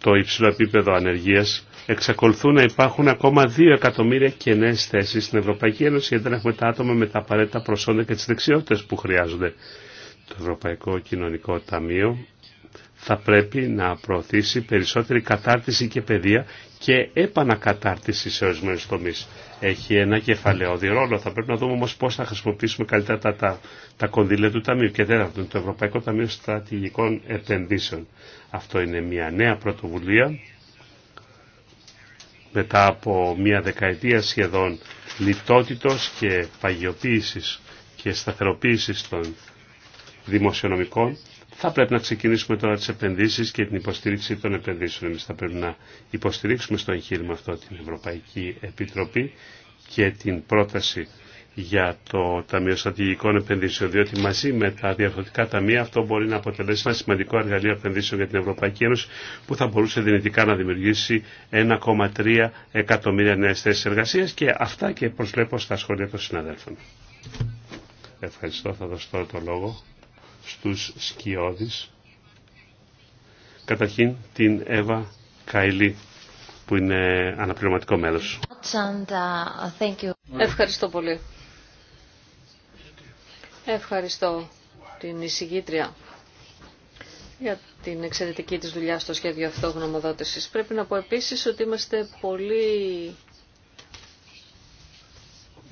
το υψηλό επίπεδο ανεργίας εξακολουθούν να υπάρχουν ακόμα 2 εκατομμύρια κενέ θέσει στην Ευρωπαϊκή Ένωση γιατί δεν έχουμε τα άτομα με τα απαραίτητα προσόντα και τι δεξιότητε που χρειάζονται. Το Ευρωπαϊκό Κοινωνικό Ταμείο θα πρέπει να προωθήσει περισσότερη κατάρτιση και παιδεία και επανακατάρτιση σε ορισμένου τομεί έχει ένα κεφαλαιόδη ρόλο. Θα πρέπει να δούμε όμως πώς θα χρησιμοποιήσουμε καλύτερα τα, τα, τα κονδύλια του Ταμείου και το Ευρωπαϊκό Ταμείο Στρατηγικών Επενδύσεων. Αυτό είναι μια νέα πρωτοβουλία μετά από μια δεκαετία σχεδόν λιτότητος και παγιοποίησης και σταθεροποίησης των δημοσιονομικών θα πρέπει να ξεκινήσουμε τώρα τις επενδύσεις και την υποστήριξη των επενδύσεων. Εμείς θα πρέπει να υποστηρίξουμε στο εγχείρημα αυτό την Ευρωπαϊκή Επιτροπή και την πρόταση για το Ταμείο Στρατηγικών Επενδύσεων, διότι μαζί με τα διαφορετικά ταμεία αυτό μπορεί να αποτελέσει ένα σημαντικό εργαλείο επενδύσεων για την Ευρωπαϊκή Ένωση που θα μπορούσε δυνητικά να δημιουργήσει 1,3 εκατομμύρια νέε θέσει εργασία και αυτά και προσβλέπω στα σχόλια των συναδέλφων. Ευχαριστώ, θα δώσω τώρα το λόγο στους σκιώδεις. Καταρχήν την Εύα Καϊλή που είναι αναπληρωματικό μέλος. Uh, Ευχαριστώ πολύ. Ευχαριστώ την εισηγήτρια για την εξαιρετική της δουλειά στο σχέδιο αυτό γνωμοδότησης. Πρέπει να πω επίσης ότι είμαστε πολύ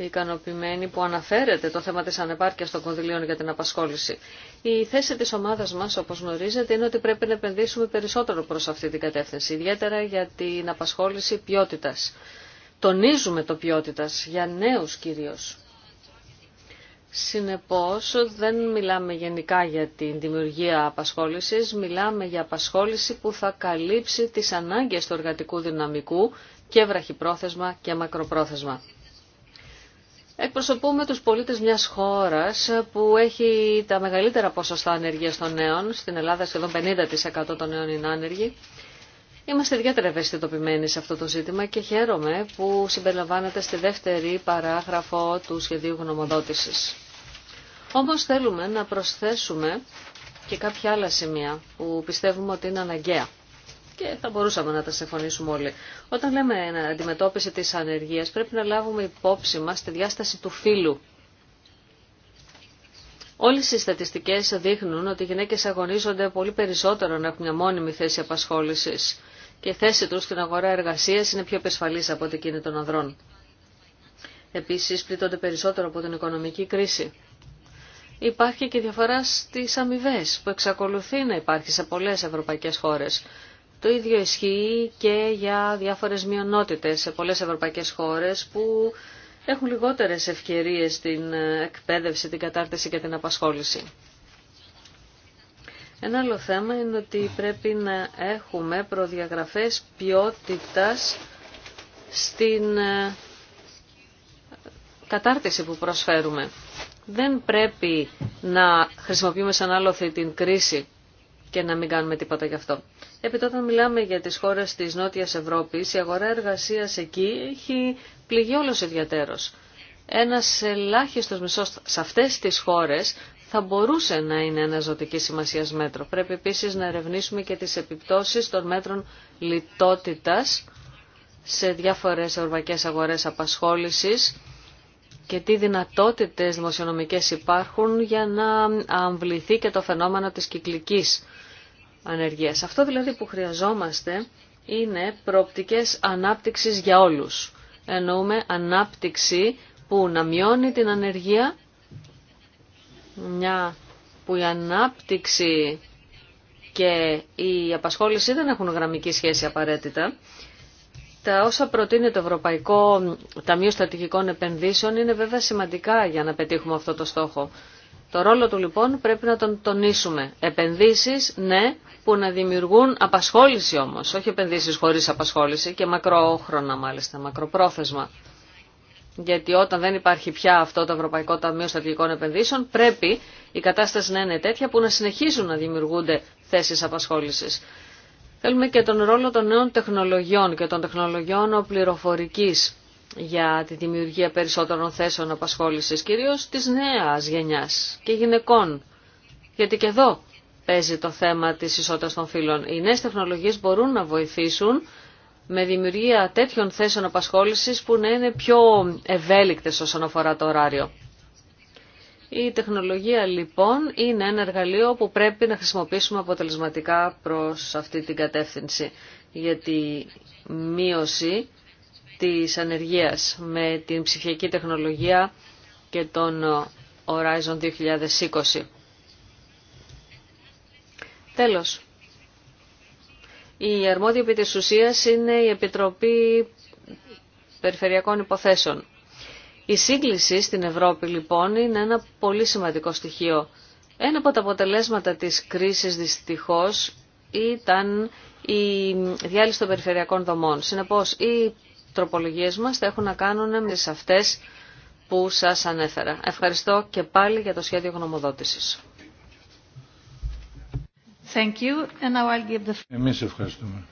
ικανοποιημένοι που αναφέρεται το θέμα της ανεπάρκειας των κονδυλίων για την απασχόληση. Η θέση της ομάδας μας, όπως γνωρίζετε, είναι ότι πρέπει να επενδύσουμε περισσότερο προς αυτή την κατεύθυνση, ιδιαίτερα για την απασχόληση ποιότητας. Τονίζουμε το ποιότητα για νέους κυρίως. Συνεπώς δεν μιλάμε γενικά για την δημιουργία απασχόλησης, μιλάμε για απασχόληση που θα καλύψει τις ανάγκες του εργατικού δυναμικού και βραχυπρόθεσμα και μακροπρόθεσμα. Εκπροσωπούμε τους πολίτες μιας χώρας που έχει τα μεγαλύτερα ποσοστά ανεργίας των νέων. Στην Ελλάδα σχεδόν 50% των νέων είναι άνεργοι. Είμαστε ιδιαίτερα ευαισθητοποιημένοι σε αυτό το ζήτημα και χαίρομαι που συμπεριλαμβάνεται στη δεύτερη παράγραφο του σχεδίου γνωμοδότησης. Όμως θέλουμε να προσθέσουμε και κάποια άλλα σημεία που πιστεύουμε ότι είναι αναγκαία και θα μπορούσαμε να τα συμφωνήσουμε όλοι. Όταν λέμε αντιμετώπιση της ανεργίας πρέπει να λάβουμε υπόψη μας τη διάσταση του φύλου. Όλε οι στατιστικέ δείχνουν ότι οι γυναίκε αγωνίζονται πολύ περισσότερο να έχουν μια μόνιμη θέση απασχόληση και η θέση του στην αγορά εργασία είναι πιο επισφαλή από την εκείνη των ανδρών. Επίση, πλήττονται περισσότερο από την οικονομική κρίση. Υπάρχει και διαφορά στις αμοιβέ που εξακολουθεί να υπάρχει σε πολλέ ευρωπαϊκέ χώρε. Το ίδιο ισχύει και για διάφορες μειονότητες σε πολλές ευρωπαϊκές χώρες που έχουν λιγότερες ευκαιρίες στην εκπαίδευση, την κατάρτιση και την απασχόληση. Ένα άλλο θέμα είναι ότι πρέπει να έχουμε προδιαγραφές ποιότητας στην ε, κατάρτιση που προσφέρουμε. Δεν πρέπει να χρησιμοποιούμε σαν άλλο την κρίση και να μην κάνουμε τίποτα γι' αυτό. Επειδή όταν μιλάμε για τις χώρες της Νότιας Ευρώπης, η αγορά εργασίας εκεί έχει πληγεί όλος ιδιαίτερος. Ένας ελάχιστος μισός σε αυτές τις χώρες θα μπορούσε να είναι ένα ζωτική σημασία μέτρο. Πρέπει επίσης να ερευνήσουμε και τις επιπτώσεις των μέτρων λιτότητας σε διάφορες ευρωπαϊκές αγορές απασχόλησης και τι δυνατότητες δημοσιονομικές υπάρχουν για να αμβληθεί και το φαινόμενο της κυκλικής ανεργίας. Αυτό δηλαδή που χρειαζόμαστε είναι προοπτικές ανάπτυξης για όλους. Εννοούμε ανάπτυξη που να μειώνει την ανεργία, μια που η ανάπτυξη και η απασχόληση δεν έχουν γραμμική σχέση απαραίτητα. Τα όσα προτείνει το Ευρωπαϊκό Ταμείο Στατικικών Επενδύσεων είναι βέβαια σημαντικά για να πετύχουμε αυτό το στόχο. Το ρόλο του λοιπόν πρέπει να τον τονίσουμε. Επενδύσεις, ναι, που να δημιουργούν απασχόληση όμως, όχι επενδύσεις χωρίς απασχόληση και μακρόχρονα μάλιστα, μακροπρόθεσμα. Γιατί όταν δεν υπάρχει πια αυτό το Ευρωπαϊκό Ταμείο Στατικών Επενδύσεων, πρέπει η κατάσταση να είναι τέτοια που να συνεχίζουν να δημιουργούνται θέσεις απασχόλησης. Θέλουμε και τον ρόλο των νέων τεχνολογιών και των τεχνολογιών πληροφορικής για τη δημιουργία περισσότερων θέσεων απασχόλησης, κυρίως της νέας γενιάς και γυναικών. Γιατί και εδώ παίζει το θέμα της ισότητας των φύλων. Οι νέες τεχνολογίες μπορούν να βοηθήσουν με δημιουργία τέτοιων θέσεων απασχόλησης που να είναι πιο ευέλικτες όσον αφορά το ωράριο. Η τεχνολογία λοιπόν είναι ένα εργαλείο που πρέπει να χρησιμοποιήσουμε αποτελεσματικά προς αυτή την κατεύθυνση. Γιατί μείωση της ανεργίας με την ψηφιακή τεχνολογία και τον Horizon 2020. Τέλος, η αρμόδια επί της ουσίας είναι η Επιτροπή Περιφερειακών Υποθέσεων. Η σύγκληση στην Ευρώπη λοιπόν είναι ένα πολύ σημαντικό στοιχείο. Ένα από τα αποτελέσματα της κρίσης δυστυχώς ήταν η διάλυση των περιφερειακών δομών. Συνεπώς, τροπολογίες μας θα έχουν να κάνουν με αυτές που σας ανέφερα. Ευχαριστώ και πάλι για το σχέδιο γνωμοδότησης. Thank you. And now give the... Εμείς ευχαριστούμε.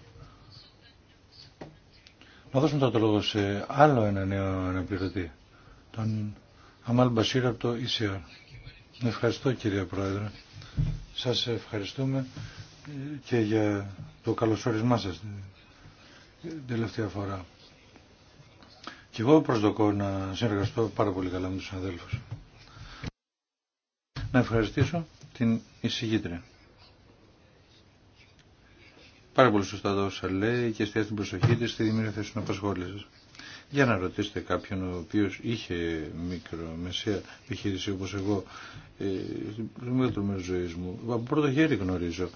Να δώσουμε το λόγο σε άλλο ένα νέο αναπληρωτή, τον Αμάλ Μπασίρα από το ECR. Ευχαριστώ κυρία Πρόεδρε. Σας ευχαριστούμε ε, και για το καλωσόρισμά σας την τελευταία φορά. Και εγώ προσδοκώ να συνεργαστώ πάρα πολύ καλά με τους αδέλφους. Να ευχαριστήσω την εισηγήτρια. Πάρα πολύ σωστά τα όσα λέει και εστιάζει την προσοχή της στη δημιουργία θέσεων απασχόληση. Για να ρωτήσετε κάποιον ο οποίο είχε μικρομεσαία επιχείρηση όπω εγώ, ε, στο μέτρο μέρος ζωής μου, από πρώτο χέρι γνωρίζω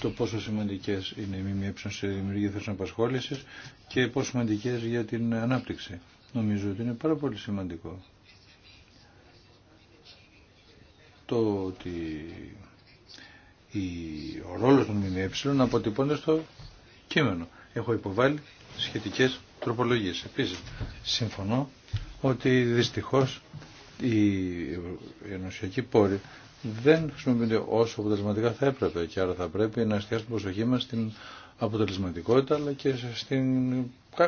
το πόσο σημαντικέ είναι οι ΜΜΕ σε δημιουργία θέσεων απασχόληση και πόσο σημαντικέ για την ανάπτυξη. Νομίζω ότι είναι πάρα πολύ σημαντικό το ότι ο ρόλος των ΜΜΕ αποτυπώνεται στο κείμενο. Έχω υποβάλει σχετικές τροπολογίες. Επίσης, συμφωνώ ότι δυστυχώς οι ενωσιακοί πόροι δεν χρησιμοποιούνται όσο αποτελεσματικά θα έπρεπε και άρα θα πρέπει να εστιάσουμε προσοχή μας στην αποτελεσματικότητα αλλά και στην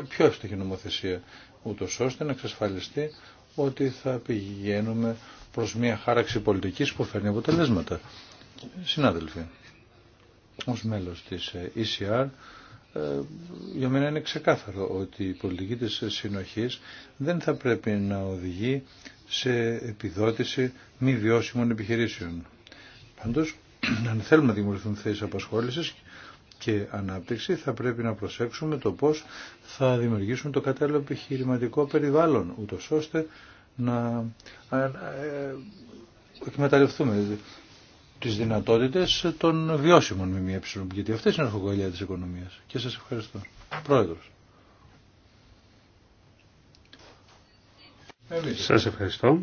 πιο εύστοχη νομοθεσία ούτως ώστε να εξασφαλιστεί ότι θα πηγαίνουμε προς μια χάραξη πολιτικής που φέρνει αποτελέσματα. Συνάδελφοι, ως μέλος της ECR, ε ε, για μένα είναι ξεκάθαρο ότι η πολιτική της συνοχής δεν θα πρέπει να οδηγεί σε επιδότηση μη βιώσιμων επιχειρήσεων. Πάντως, αν θέλουμε να δημιουργηθούν θέσεις απασχόλησης και ανάπτυξη θα πρέπει να προσέξουμε το πώς θα δημιουργήσουμε το κατάλληλο επιχειρηματικό περιβάλλον, ούτω ώστε να ε, ε, εκμεταλλευτούμε τις δυνατότητες των βιώσιμων ΜΜΕ, γιατί αυτές είναι η της οικονομίας. Και σας ευχαριστώ. Πρόεδρος. Σας ευχαριστώ.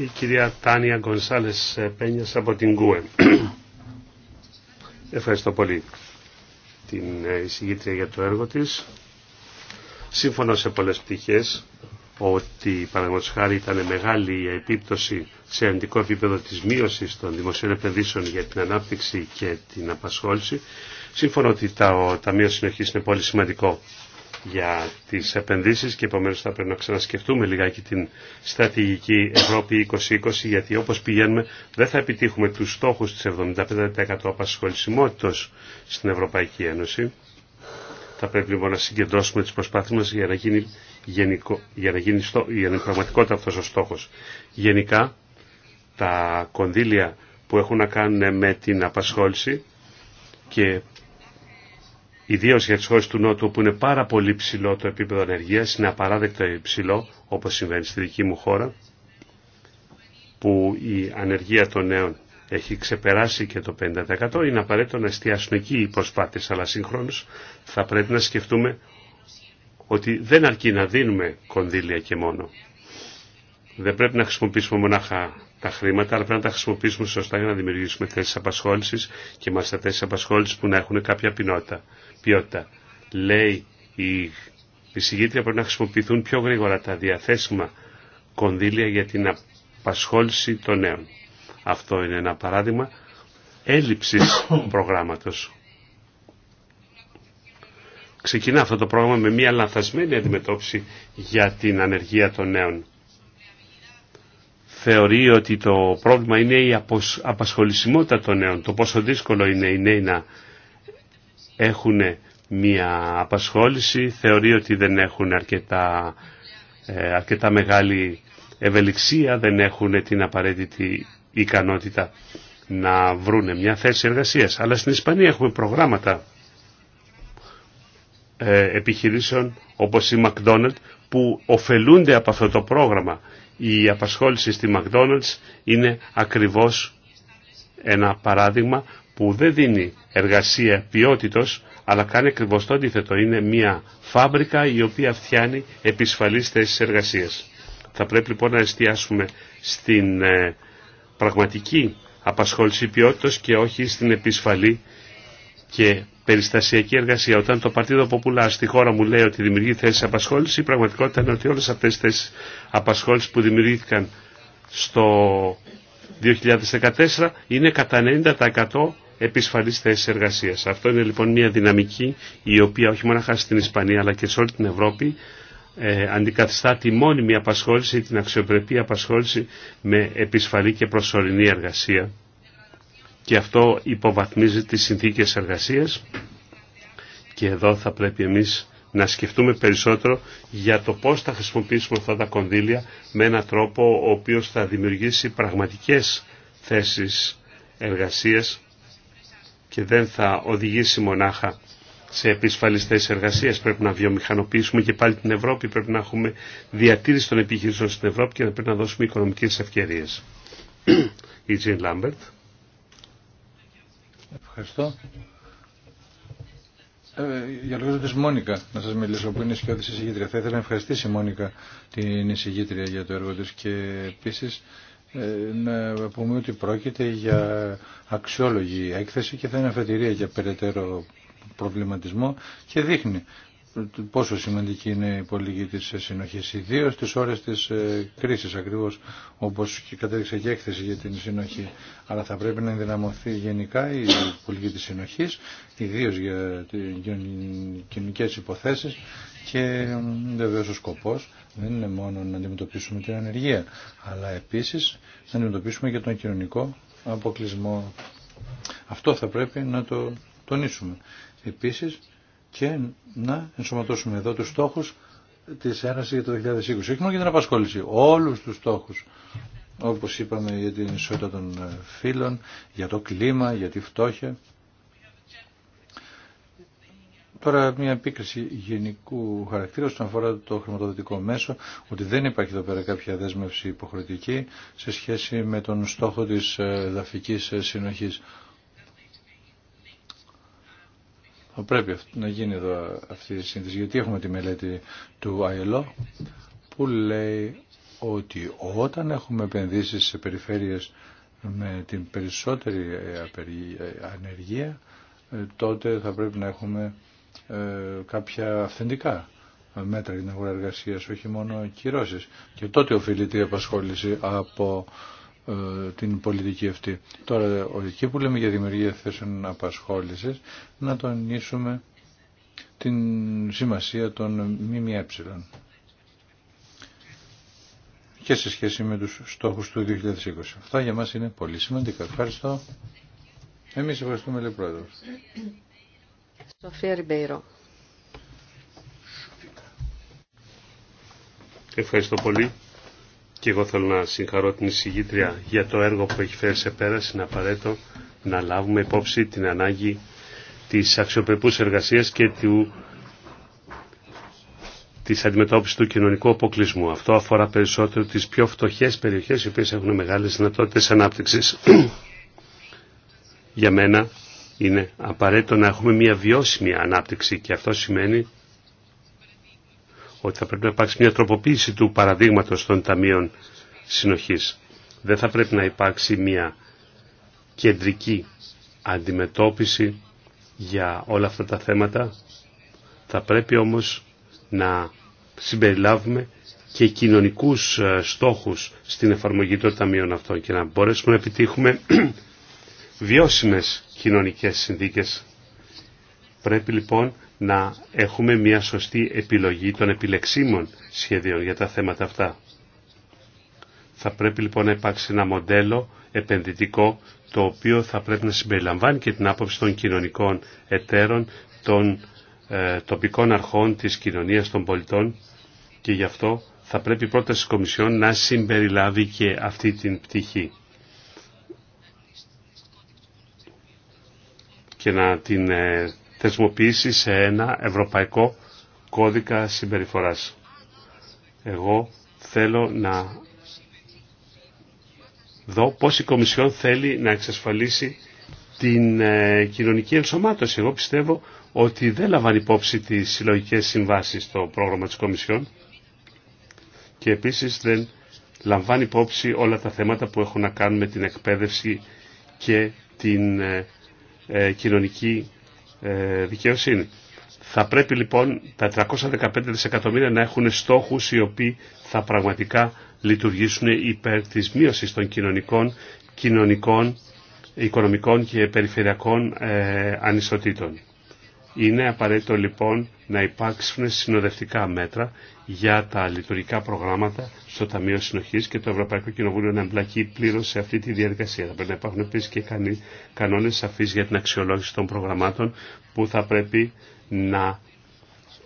η κυρία Τάνια Γκονσάλες Πένιας από την ΚΟΕ. Ευχαριστώ πολύ την ε, εισηγήτρια για το έργο της. Σύμφωνα σε πολλές πτυχές ότι παραδείγματος χάρη ήταν μεγάλη η επίπτωση σε αρνητικό επίπεδο της μείωσης των δημοσίων επενδύσεων για την ανάπτυξη και την απασχόληση. Σύμφωνα ότι τα Ταμείο Συνοχής είναι πολύ σημαντικό για τις επενδύσεις και επομένως θα πρέπει να ξανασκεφτούμε λιγάκι την στρατηγική Ευρώπη 2020 γιατί όπως πηγαίνουμε δεν θα επιτύχουμε τους στόχους της 75% απασχολησιμότητας στην Ευρωπαϊκή Ένωση. Θα πρέπει λοιπόν να συγκεντρώσουμε τις προσπάθειες μας για να γίνει, γενικό, για να γίνει, στο, πραγματικότητα αυτός ο στόχος. Γενικά τα κονδύλια που έχουν να κάνουν με την απασχόληση και ιδίως για τις χώρες του Νότου όπου είναι πάρα πολύ ψηλό το επίπεδο ανεργία, είναι απαράδεκτο υψηλό όπως συμβαίνει στη δική μου χώρα, που η ανεργία των νέων έχει ξεπεράσει και το 50% είναι απαραίτητο να εστιάσουν εκεί οι προσπάθειε, αλλά συγχρόνως θα πρέπει να σκεφτούμε ότι δεν αρκεί να δίνουμε κονδύλια και μόνο. Δεν πρέπει να χρησιμοποιήσουμε μονάχα τα χρήματα, αλλά πρέπει να τα χρησιμοποιήσουμε σωστά για να δημιουργήσουμε θέσει απασχόληση και μάλιστα θέσει απασχόληση που να έχουν κάποια ποινότητα ποιότητα. Λέει οι εισηγήτρια πρέπει να χρησιμοποιηθούν πιο γρήγορα τα διαθέσιμα κονδύλια για την απασχόληση των νέων. Αυτό είναι ένα παράδειγμα έλλειψης προγράμματος. Ξεκινά αυτό το πρόγραμμα με μια λανθασμένη αντιμετώπιση για την ανεργία των νέων. Θεωρεί ότι το πρόβλημα είναι η απασχολησιμότητα των νέων, το πόσο δύσκολο είναι οι νέοι να έχουν μία απασχόληση, θεωρεί ότι δεν έχουν αρκετά, ε, αρκετά μεγάλη ευελιξία, δεν έχουν την απαραίτητη ικανότητα να βρούνε μια θέση εργασίας. Αλλά στην Ισπανία έχουμε προγράμματα ε, επιχειρήσεων όπως η McDonald's που ωφελούνται από αυτό το πρόγραμμα. Η απασχόληση στη McDonald's είναι ακριβώς ένα παράδειγμα που δεν δίνει εργασία ποιότητος, αλλά κάνει ακριβώ το αντίθετο. Είναι μια φάμπρικα η οποία φτιάνει επισφαλείς θέσεις εργασίας. Θα πρέπει λοιπόν να εστιάσουμε στην ε, πραγματική απασχόληση ποιότητος και όχι στην επισφαλή και περιστασιακή εργασία. Όταν το Παρτίδο Ποπουλά στη χώρα μου λέει ότι δημιουργεί θέσει απασχόληση, η πραγματικότητα είναι ότι όλε αυτέ τι θέσει απασχόληση που δημιουργήθηκαν στο 2014 είναι κατά 90% Επισφαλή θέση εργασία. Αυτό είναι λοιπόν μια δυναμική η οποία όχι μόνο χάσει στην Ισπανία αλλά και σε όλη την Ευρώπη ε, αντικαθιστά τη μόνιμη απασχόληση, την αξιοπρεπή απασχόληση με επισφαλή και προσωρινή εργασία. Και αυτό υποβαθμίζει τις συνθήκες εργασίας και εδώ θα πρέπει εμείς να σκεφτούμε περισσότερο για το πώς θα χρησιμοποιήσουμε αυτά τα κονδύλια με έναν τρόπο ο οποίος θα δημιουργήσει πραγματικές θέσεις εργασίας και δεν θα οδηγήσει μονάχα σε επισφαλείς εργασίες. Πρέπει να βιομηχανοποιήσουμε και πάλι την Ευρώπη, πρέπει να έχουμε διατήρηση των επιχειρήσεων στην Ευρώπη και να πρέπει να δώσουμε οικονομικές ευκαιρίες. Η Τζιν Λάμπερτ. Ευχαριστώ. Ε, για λόγω της Μόνικα να σας μιλήσω που είναι ισχυώδης εισηγήτρια. Θα ήθελα να ευχαριστήσει η Μόνικα την εισηγήτρια για το έργο της και επίσης ε, να πούμε ότι πρόκειται για αξιόλογη έκθεση και θα είναι αφετηρία για περαιτέρω προβληματισμό και δείχνει πόσο σημαντική είναι η πολιτική της συνοχής, ιδίως τις ώρες της ε, κρίσης ακριβώς, όπως και κατέληξε και έκθεση για την συνοχή. Αλλά θα πρέπει να ενδυναμωθεί γενικά η πολιτική τη συνοχή, ιδίως για κοινωνικές υποθέσεις και βεβαίω ο σκοπός δεν είναι μόνο να αντιμετωπίσουμε την ανεργία, αλλά επίσης να αντιμετωπίσουμε και τον κοινωνικό αποκλεισμό. Αυτό θα πρέπει να το τονίσουμε. Επίσης, και να ενσωματώσουμε εδώ τους στόχους της Ένωσης για το 2020. Όχι μόνο για την απασχόληση, όλους τους στόχους. Όπως είπαμε για την ισότητα των ε, φύλων, για το κλίμα, για τη φτώχεια. Τώρα μια επίκριση γενικού χαρακτήρα όσον αφορά το χρηματοδοτικό μέσο, ότι δεν υπάρχει εδώ πέρα κάποια δέσμευση υποχρεωτική σε σχέση με τον στόχο της ε, δαφικής ε, συνοχής. πρέπει να γίνει εδώ αυτή η σύνθεση, γιατί έχουμε τη μελέτη του ILO που λέει ότι όταν έχουμε επενδύσει σε περιφέρειες με την περισσότερη ε, ε, ανεργία, ε, τότε θα πρέπει να έχουμε κάποια αυθεντικά μέτρα για την αγορά εργασίας, όχι μόνο κυρώσεις. Και τότε οφείλεται η απασχόληση από ε, την πολιτική αυτή. Τώρα, εκεί που λέμε για δημιουργία θέσεων απασχόληση να τονίσουμε την σημασία των ΜΜΕ και σε σχέση με τους στόχους του 2020. Αυτά για μας είναι πολύ σημαντικά. Ευχαριστώ. Εμείς ευχαριστούμε, λέει Πρόεδρος. Σοφία Ριμπέιρο. Ευχαριστώ πολύ. Και εγώ θέλω να συγχαρώ την εισηγήτρια για το έργο που έχει φέρει σε πέρα. Είναι απαραίτητο να λάβουμε υπόψη την ανάγκη της αξιοπρεπούς εργασίας και του, της αντιμετώπισης του κοινωνικού αποκλεισμού. Αυτό αφορά περισσότερο τις πιο φτωχές περιοχές οι οποίες έχουν μεγάλες δυνατότητες ανάπτυξης. για μένα είναι απαραίτητο να έχουμε μια βιώσιμη ανάπτυξη και αυτό σημαίνει ότι θα πρέπει να υπάρξει μια τροποποίηση του παραδείγματος των ταμείων συνοχής. Δεν θα πρέπει να υπάρξει μια κεντρική αντιμετώπιση για όλα αυτά τα θέματα. Θα πρέπει όμως να συμπεριλάβουμε και κοινωνικούς ε, στόχους στην εφαρμογή των ταμείων αυτών και να μπορέσουμε να επιτύχουμε βιώσιμες κοινωνικές συνδίκες. Πρέπει λοιπόν να έχουμε μια σωστή επιλογή των επιλεξίμων σχεδίων για τα θέματα αυτά. Θα πρέπει λοιπόν να υπάρξει ένα μοντέλο επενδυτικό το οποίο θα πρέπει να συμπεριλαμβάνει και την άποψη των κοινωνικών εταίρων, των ε, τοπικών αρχών της κοινωνίας των πολιτών και γι' αυτό θα πρέπει η πρόταση της Κομισιόν να συμπεριλάβει και αυτή την πτυχή ε, θεσμοποιήσει σε ένα ευρωπαϊκό κώδικα συμπεριφοράς. Εγώ θέλω να δω πώς η Κομισιόν θέλει να εξασφαλίσει την ε, κοινωνική ενσωμάτωση. Εγώ πιστεύω ότι δεν λαμβάνει υπόψη τις συλλογικές συμβάσεις στο πρόγραμμα της Κομισιόν και επίσης δεν λαμβάνει υπόψη όλα τα θέματα που έχουν να κάνουν με την εκπαίδευση και την ε, ε, κοινωνική ε, δικαιοσύνη. Θα πρέπει λοιπόν τα 315 δισεκατομμύρια να έχουν στόχους οι οποίοι θα πραγματικά λειτουργήσουν υπέρ της μείωσης των κοινωνικών, κοινωνικών, οικονομικών και περιφερειακών ε, ανισοτήτων. Είναι απαραίτητο λοιπόν να υπάρξουν συνοδευτικά μέτρα για τα λειτουργικά προγράμματα στο Ταμείο Συνοχής και το Ευρωπαϊκό Κοινοβούλιο να εμπλακεί πλήρως σε αυτή τη διαδικασία. Θα πρέπει να υπάρχουν επίσης και κανόνες σαφείς για την αξιολόγηση των προγραμμάτων που θα πρέπει να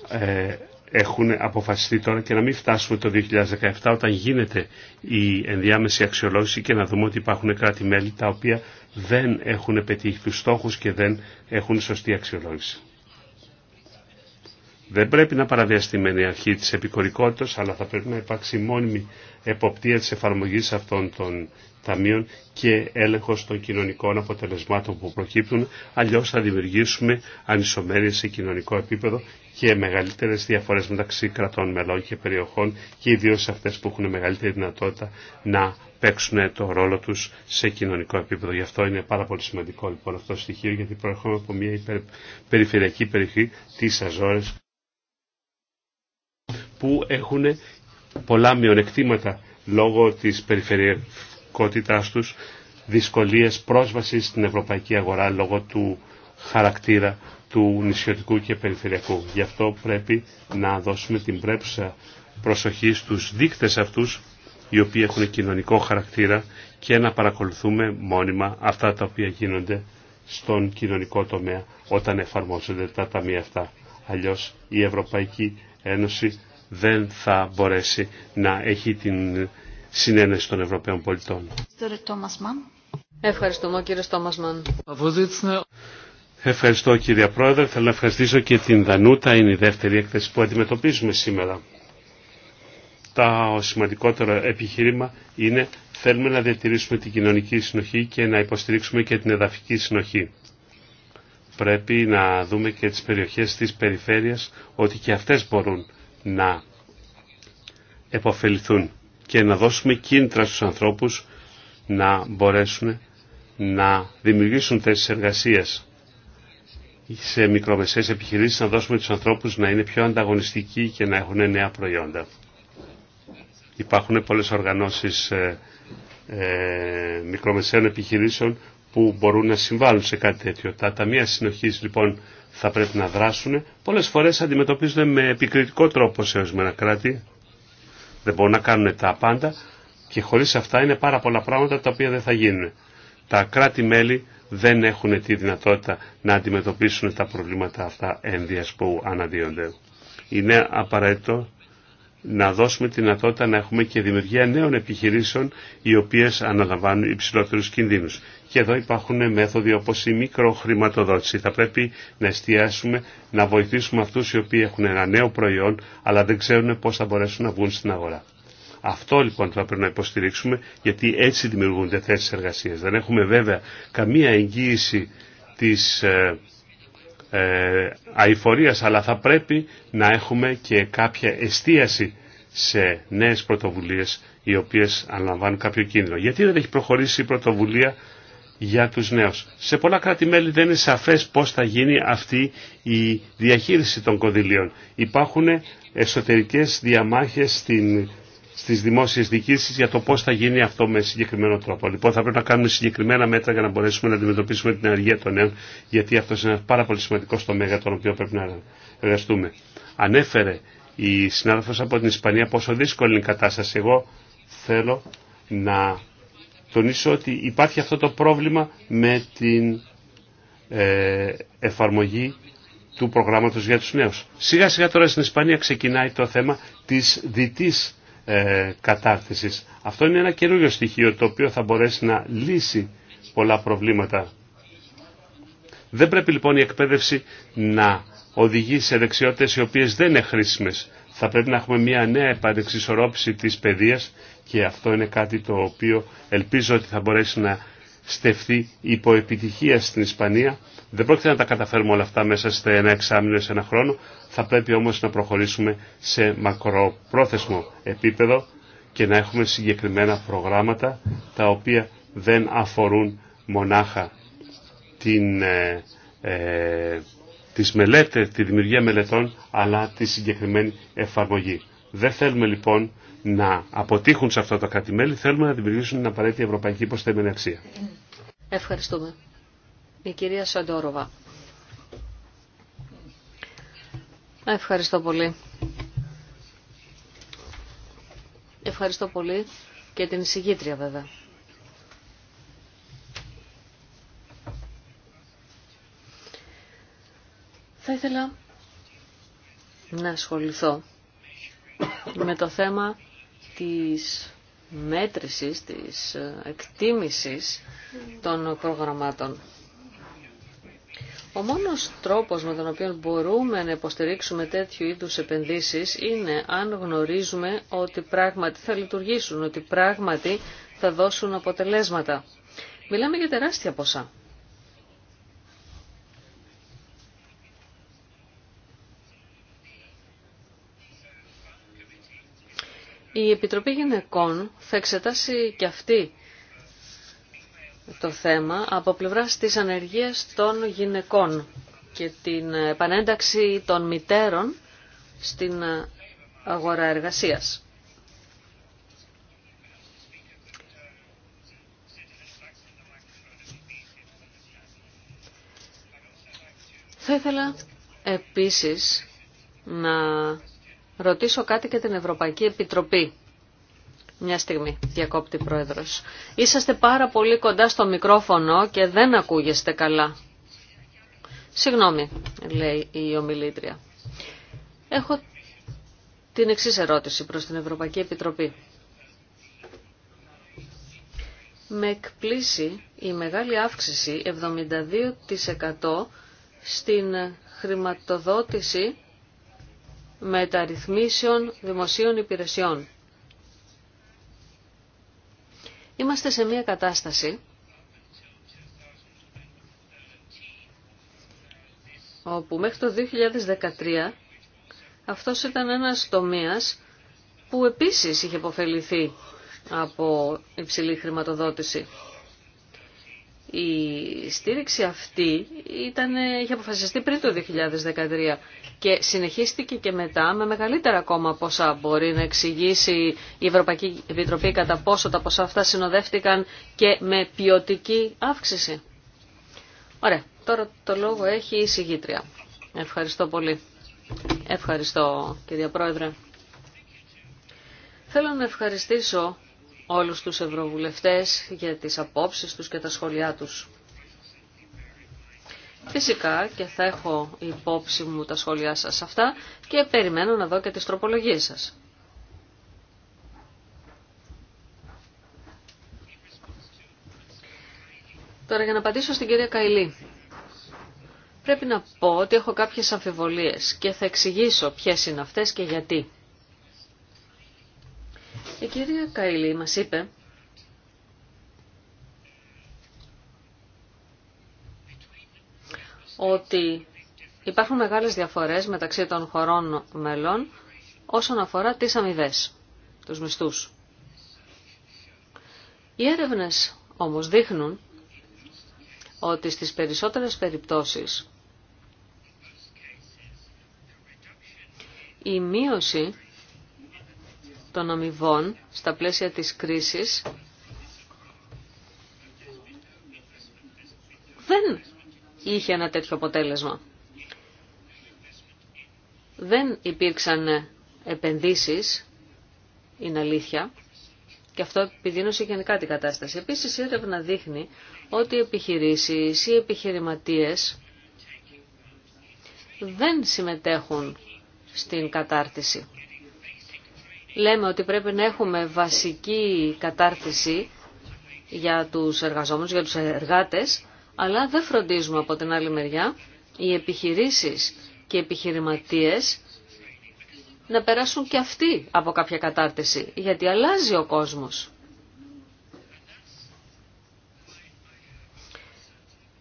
ε, έχουν αποφασιστεί τώρα και να μην φτάσουμε το 2017 όταν γίνεται η ενδιάμεση αξιολόγηση και να δούμε ότι υπάρχουν κράτη-μέλη τα οποία δεν έχουν πετύχει τους στόχους και δεν έχουν σωστή αξιολόγηση. Δεν πρέπει να παραβιαστεί η αρχή της επικορικότητας, αλλά θα πρέπει να υπάρξει μόνιμη εποπτεία της εφαρμογής αυτών των ταμείων και έλεγχος των κοινωνικών αποτελεσμάτων που προκύπτουν, αλλιώς θα δημιουργήσουμε ανισομέρειες σε κοινωνικό επίπεδο και μεγαλύτερες διαφορές μεταξύ κρατών μελών και περιοχών και ιδίως σε αυτές που έχουν μεγαλύτερη δυνατότητα να παίξουν το ρόλο τους σε κοινωνικό επίπεδο. Γι' αυτό είναι πάρα πολύ σημαντικό λοιπόν αυτό το στοιχείο γιατί προέρχομαι από μια περιφερειακή περιοχή της Αζόρες που έχουν πολλά μειονεκτήματα λόγω της περιφερειακότητάς τους, δυσκολίες πρόσβασης στην ευρωπαϊκή αγορά λόγω του χαρακτήρα του νησιωτικού και περιφερειακού. Γι' αυτό πρέπει να δώσουμε την πρέπουσα προσοχή στους δείκτες αυτούς οι οποίοι έχουν κοινωνικό χαρακτήρα και να παρακολουθούμε μόνιμα αυτά τα οποία γίνονται στον κοινωνικό τομέα όταν εφαρμόζονται τα ταμεία αυτά. Αλλιώς η Ευρωπαϊκή Ένωση δεν θα μπορέσει να έχει την συνένεση των Ευρωπαίων πολιτών. Ευχαριστούμε κύριε Στόμας Μαν. Ευχαριστώ κύριε Πρόεδρε. Θέλω να ευχαριστήσω και την Δανούτα. Είναι η δεύτερη έκθεση που αντιμετωπίζουμε σήμερα. Το σημαντικότερο επιχείρημα είναι θέλουμε να διατηρήσουμε την κοινωνική συνοχή και να υποστηρίξουμε και την εδαφική συνοχή. Πρέπει να δούμε και τις περιοχές της περιφέρειας ότι και αυτές μπορούν να επωφεληθούν και να δώσουμε κίνητρα στους ανθρώπους να μπορέσουν να δημιουργήσουν θέσεις εργασίας σε μικρομεσαίες επιχειρήσεις, να δώσουμε τους ανθρώπους να είναι πιο ανταγωνιστικοί και να έχουν νέα προϊόντα. Υπάρχουν πολλές οργανώσεις ε, ε μικρομεσαίων επιχειρήσεων που μπορούν να συμβάλλουν σε κάτι τέτοιο. Τα ταμεία συνοχής λοιπόν θα πρέπει να δράσουν, πολλές φορές αντιμετωπίζονται με επικριτικό τρόπο σε ορισμένα κράτη. Δεν μπορούν να κάνουν τα πάντα και χωρίς αυτά είναι πάρα πολλά πράγματα τα οποία δεν θα γίνουν. Τα κράτη-μέλη δεν έχουν τη δυνατότητα να αντιμετωπίσουν τα προβλήματα αυτά ένδυας που αναδύονται. Είναι απαραίτητο να δώσουμε τη δυνατότητα να έχουμε και δημιουργία νέων επιχειρήσεων οι οποίες αναλαμβάνουν υψηλότερους κινδύνους και εδώ υπάρχουν μέθοδοι όπως η μικροχρηματοδότηση. Θα πρέπει να εστιάσουμε, να βοηθήσουμε αυτούς οι οποίοι έχουν ένα νέο προϊόν αλλά δεν ξέρουν πώς θα μπορέσουν να βγουν στην αγορά. Αυτό λοιπόν θα πρέπει να υποστηρίξουμε γιατί έτσι δημιουργούνται θέσει εργασία. Δεν έχουμε βέβαια καμία εγγύηση της ε, ε, αηφορίας αλλά θα πρέπει να έχουμε και κάποια εστίαση σε νέες πρωτοβουλίες οι οποίες αναλαμβάνουν κάποιο κίνδυνο. Γιατί δεν έχει προχωρήσει η πρωτοβουλία για τους νέους. Σε πολλά κράτη-μέλη δεν είναι σαφές πώς θα γίνει αυτή η διαχείριση των κονδυλίων. Υπάρχουν εσωτερικές διαμάχες στην, στις δημόσιες διοικήσεις για το πώς θα γίνει αυτό με συγκεκριμένο τρόπο. Λοιπόν, θα πρέπει να κάνουμε συγκεκριμένα μέτρα για να μπορέσουμε να αντιμετωπίσουμε την αργία των νέων, γιατί αυτό είναι ένα πάρα πολύ σημαντικό τομέα για τον οποίο πρέπει να εργαστούμε. Ανέφερε η συνάδελφος από την Ισπανία πόσο δύσκολη είναι η κατάσταση. Εγώ θέλω να τονίσω ότι υπάρχει αυτό το πρόβλημα με την ε, εφαρμογή του προγράμματος για τους νέους. Σιγά σιγά τώρα στην Ισπανία ξεκινάει το θέμα της δυτής ε, κατάρτισης. Αυτό είναι ένα καινούριο στοιχείο το οποίο θα μπορέσει να λύσει πολλά προβλήματα. Δεν πρέπει λοιπόν η εκπαίδευση να οδηγεί σε δεξιότητες οι οποίες δεν είναι χρήσιμες. Θα πρέπει να έχουμε μια νέα επανεξισορρόπηση της παιδείας και αυτό είναι κάτι το οποίο ελπίζω ότι θα μπορέσει να στεφθεί υπό επιτυχία στην Ισπανία. Δεν πρόκειται να τα καταφέρουμε όλα αυτά μέσα σε ένα εξάμεινο ή σε ένα χρόνο. Θα πρέπει όμως να προχωρήσουμε σε μακροπρόθεσμο επίπεδο και να έχουμε συγκεκριμένα προγράμματα τα οποία δεν αφορούν μονάχα την, ε, ε τη δημιουργία μελετών αλλά τη συγκεκριμένη εφαρμογή. Δεν θέλουμε λοιπόν να αποτύχουν σε αυτό το κατημέρι θέλουμε να δημιουργήσουν την απαραίτητη ευρωπαϊκή προσθέμενη αξία. Ευχαριστούμε. Η κυρία Σαντόροβα. Ευχαριστώ πολύ. Ευχαριστώ πολύ και την εισηγήτρια βέβαια. Θα ήθελα να ασχοληθώ με το θέμα της μέτρησης, της εκτίμησης των προγραμμάτων. Ο μόνος τρόπος με τον οποίο μπορούμε να υποστηρίξουμε τέτοιου είδους επενδύσεις είναι αν γνωρίζουμε ότι πράγματι θα λειτουργήσουν, ότι πράγματι θα δώσουν αποτελέσματα. Μιλάμε για τεράστια ποσά. Η Επιτροπή Γυναικών θα εξετάσει και αυτή το θέμα από πλευρά της ανεργίας των γυναικών και την επανένταξη των μητέρων στην αγορά εργασίας. Θα ήθελα επίσης να ρωτήσω κάτι και την Ευρωπαϊκή Επιτροπή. Μια στιγμή, διακόπτη πρόεδρος. Είσαστε πάρα πολύ κοντά στο μικρόφωνο και δεν ακούγεστε καλά. Συγγνώμη, λέει η ομιλήτρια. Έχω την εξή ερώτηση προς την Ευρωπαϊκή Επιτροπή. Με εκπλήσει η μεγάλη αύξηση 72% στην χρηματοδότηση μεταρρυθμίσεων δημοσίων υπηρεσιών. Είμαστε σε μια κατάσταση όπου μέχρι το 2013 αυτός ήταν ένας τομέας που επίσης είχε υποφεληθεί από υψηλή χρηματοδότηση. Η στήριξη αυτή ήταν, είχε αποφασιστεί πριν το 2013 και συνεχίστηκε και μετά με μεγαλύτερα ακόμα ποσά. Μπορεί να εξηγήσει η Ευρωπαϊκή Επιτροπή κατά πόσο τα ποσά αυτά συνοδεύτηκαν και με ποιοτική αύξηση. Ωραία, τώρα το λόγο έχει η συγγήτρια. Ευχαριστώ πολύ. Ευχαριστώ κυρία Πρόεδρε. Θέλω να ευχαριστήσω όλους τους ευρωβουλευτές για τις απόψεις τους και τα σχόλιά τους. Φυσικά και θα έχω υπόψη μου τα σχόλιά σας αυτά και περιμένω να δω και τις τροπολογίες σας. Τώρα για να απαντήσω στην κυρία Καϊλή. Πρέπει να πω ότι έχω κάποιες αμφιβολίες και θα εξηγήσω ποιες είναι αυτές και γιατί. Η κυρία Καϊλή μας είπε ότι υπάρχουν μεγάλες διαφορές μεταξύ των χωρών μελών όσον αφορά τις αμοιβέ, τους μισθούς. Οι έρευνες όμως δείχνουν ότι στις περισσότερες περιπτώσεις η μείωση των αμοιβών στα πλαίσια της κρίσης δεν είχε ένα τέτοιο αποτέλεσμα. Δεν υπήρξαν επενδύσεις, είναι αλήθεια, και αυτό επιδίνωσε γενικά την κατάσταση. Επίσης η έρευνα δείχνει ότι οι επιχειρήσεις ή οι επιχειρηματίες δεν συμμετέχουν στην κατάρτιση λέμε ότι πρέπει να έχουμε βασική κατάρτιση για τους εργαζόμενους, για τους εργάτες, αλλά δεν φροντίζουμε από την άλλη μεριά οι επιχειρήσεις και οι επιχειρηματίες να περάσουν και αυτοί από κάποια κατάρτιση, γιατί αλλάζει ο κόσμος.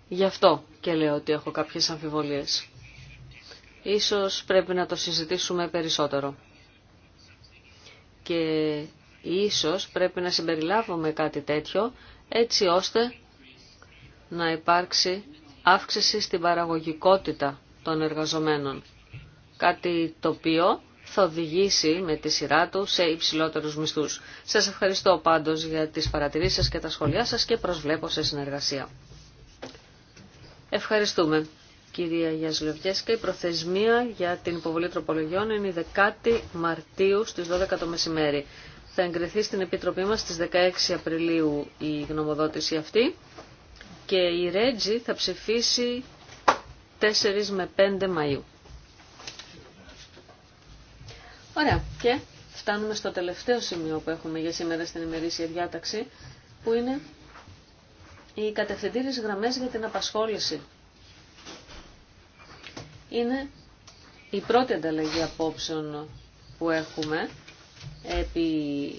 Γι' αυτό και λέω ότι έχω κάποιες αμφιβολίες. Ίσως πρέπει να το συζητήσουμε περισσότερο και ίσως πρέπει να συμπεριλάβουμε κάτι τέτοιο έτσι ώστε να υπάρξει αύξηση στην παραγωγικότητα των εργαζομένων. Κάτι το οποίο θα οδηγήσει με τη σειρά του σε υψηλότερους μισθούς. Σας ευχαριστώ πάντως για τις παρατηρήσεις και τα σχολιά σας και προσβλέπω σε συνεργασία. Ευχαριστούμε κυρία Η προθεσμία για την υποβολή τροπολογιών είναι η 10η Μαρτίου στις 12 το μεσημέρι. Θα εγκριθεί στην Επιτροπή μας στις 16 Απριλίου η γνωμοδότηση αυτή και η Ρέτζη θα ψηφίσει 4 με 5 Μαΐου. Ωραία. Και φτάνουμε στο τελευταίο σημείο που έχουμε για σήμερα στην ημερήσια διάταξη, που είναι οι κατευθυντήριες γραμμές για την απασχόληση είναι η πρώτη ανταλλαγή απόψεων που έχουμε επί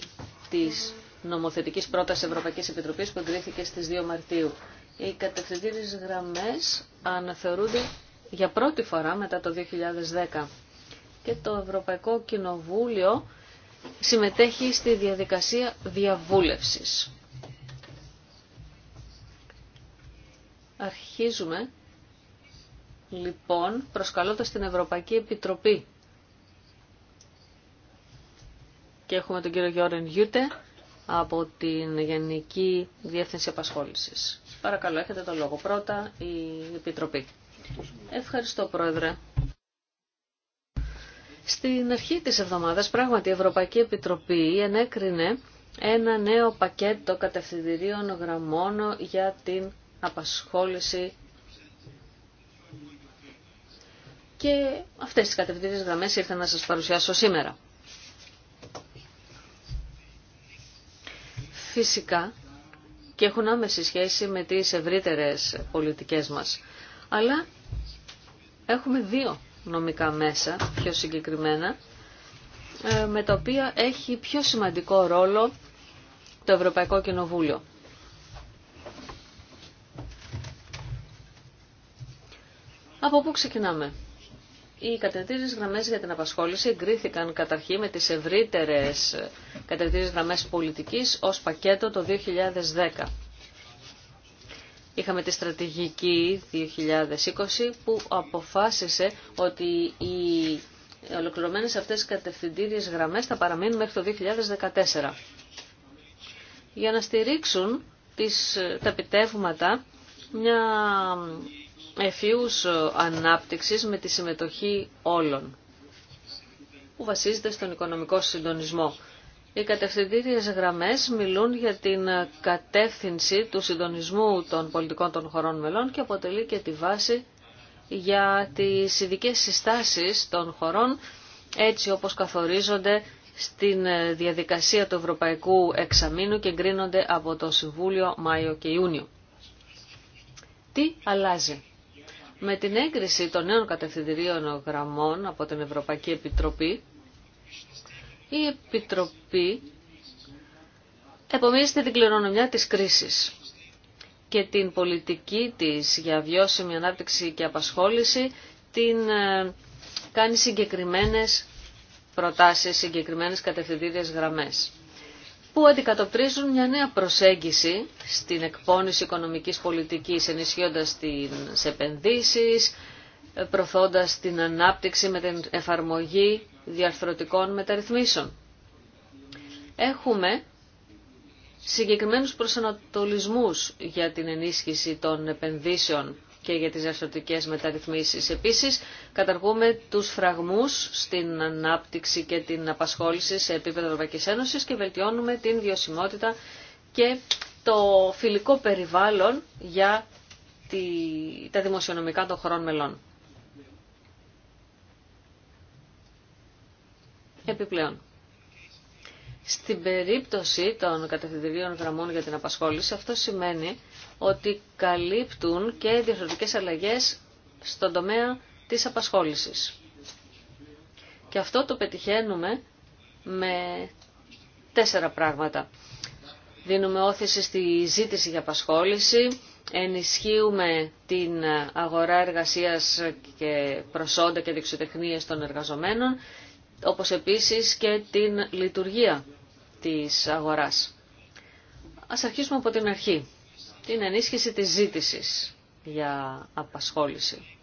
της νομοθετικής πρότασης Ευρωπαϊκής Επιτροπής που εγκρίθηκε στις 2 Μαρτίου. Οι κατευθυντήριες γραμμές αναθεωρούνται για πρώτη φορά μετά το 2010 και το Ευρωπαϊκό Κοινοβούλιο συμμετέχει στη διαδικασία διαβούλευσης. Αρχίζουμε λοιπόν προσκαλώντας την Ευρωπαϊκή Επιτροπή. Και έχουμε τον κύριο Γιώργεν Γιούτε από την Γενική Διεύθυνση Απασχόλησης. Παρακαλώ, έχετε το λόγο πρώτα η Επιτροπή. Ευχαριστώ, Πρόεδρε. Στην αρχή της εβδομάδας, πράγματι, η Ευρωπαϊκή Επιτροπή ενέκρινε ένα νέο πακέτο κατευθυντηρίων γραμμών για την απασχόληση Και αυτές τις κατευθυντικές γραμμές ήρθα να σας παρουσιάσω σήμερα. Φυσικά και έχουν άμεση σχέση με τις ευρύτερες πολιτικές μας. Αλλά έχουμε δύο νομικά μέσα, πιο συγκεκριμένα, ε, με τα οποία έχει πιο σημαντικό ρόλο το Ευρωπαϊκό Κοινοβούλιο. Από πού ξεκινάμε. Οι κατευθύνσεις γραμμές για την απασχόληση εγκρίθηκαν καταρχήν με τις ευρύτερες κατευθύνσεις γραμμές πολιτικής ως πακέτο το 2010. Είχαμε τη στρατηγική 2020 που αποφάσισε ότι οι ολοκληρωμένες αυτές οι κατευθυντήριες γραμμές θα παραμείνουν μέχρι το 2014. Για να στηρίξουν τις, τα επιτεύγματα μια εφιούς ε, ανάπτυξης με τη συμμετοχή όλων που βασίζεται στον οικονομικό συντονισμό. Οι κατευθυντήριες γραμμές μιλούν για την κατεύθυνση του συντονισμού των πολιτικών των χωρών μελών και αποτελεί και τη βάση για τις ειδικέ συστάσεις των χωρών έτσι όπως καθορίζονται στην ε, διαδικασία του Ευρωπαϊκού Εξαμήνου και εγκρίνονται από το Συμβούλιο Μάιο και Ιούνιο. Τι αλλάζει. Με την έγκριση των νέων κατευθυντηρίων γραμμών από την Ευρωπαϊκή Επιτροπή, η Επιτροπή επομίζεται την κληρονομιά της κρίσης και την πολιτική της για βιώσιμη ανάπτυξη και απασχόληση την ε, κάνει συγκεκριμένες προτάσεις, συγκεκριμένες κατευθυντήριες γραμμές που αντικατοπτρίζουν μια νέα προσέγγιση στην εκπόνηση οικονομικής πολιτικής, ενισχύοντας την επενδύσεις, προθώντας την ανάπτυξη με την εφαρμογή διαρθρωτικών μεταρρυθμίσεων. Έχουμε συγκεκριμένους προσανατολισμούς για την ενίσχυση των επενδύσεων και για τις διαστατικές μεταρρυθμίσεις. Επίσης, καταργούμε τους φραγμούς στην ανάπτυξη και την απασχόληση σε επίπεδο Ευρωπαϊκής Ένωσης και βελτιώνουμε την βιωσιμότητα και το φιλικό περιβάλλον για τη, τα δημοσιονομικά των χωρών μελών. Επιπλέον, στην περίπτωση των κατευθυντηρίων γραμμών για την απασχόληση, αυτό σημαίνει ότι καλύπτουν και διαφορετικές αλλαγές στον τομέα της απασχόλησης. Και αυτό το πετυχαίνουμε με τέσσερα πράγματα. Δίνουμε όθηση στη ζήτηση για απασχόληση, ενισχύουμε την αγορά εργασίας και προσόντα και δεξιοτεχνίες των εργαζομένων, όπως επίσης και την λειτουργία της αγοράς. Ας αρχίσουμε από την αρχή την ενίσχυση της ζήτησης για απασχόληση.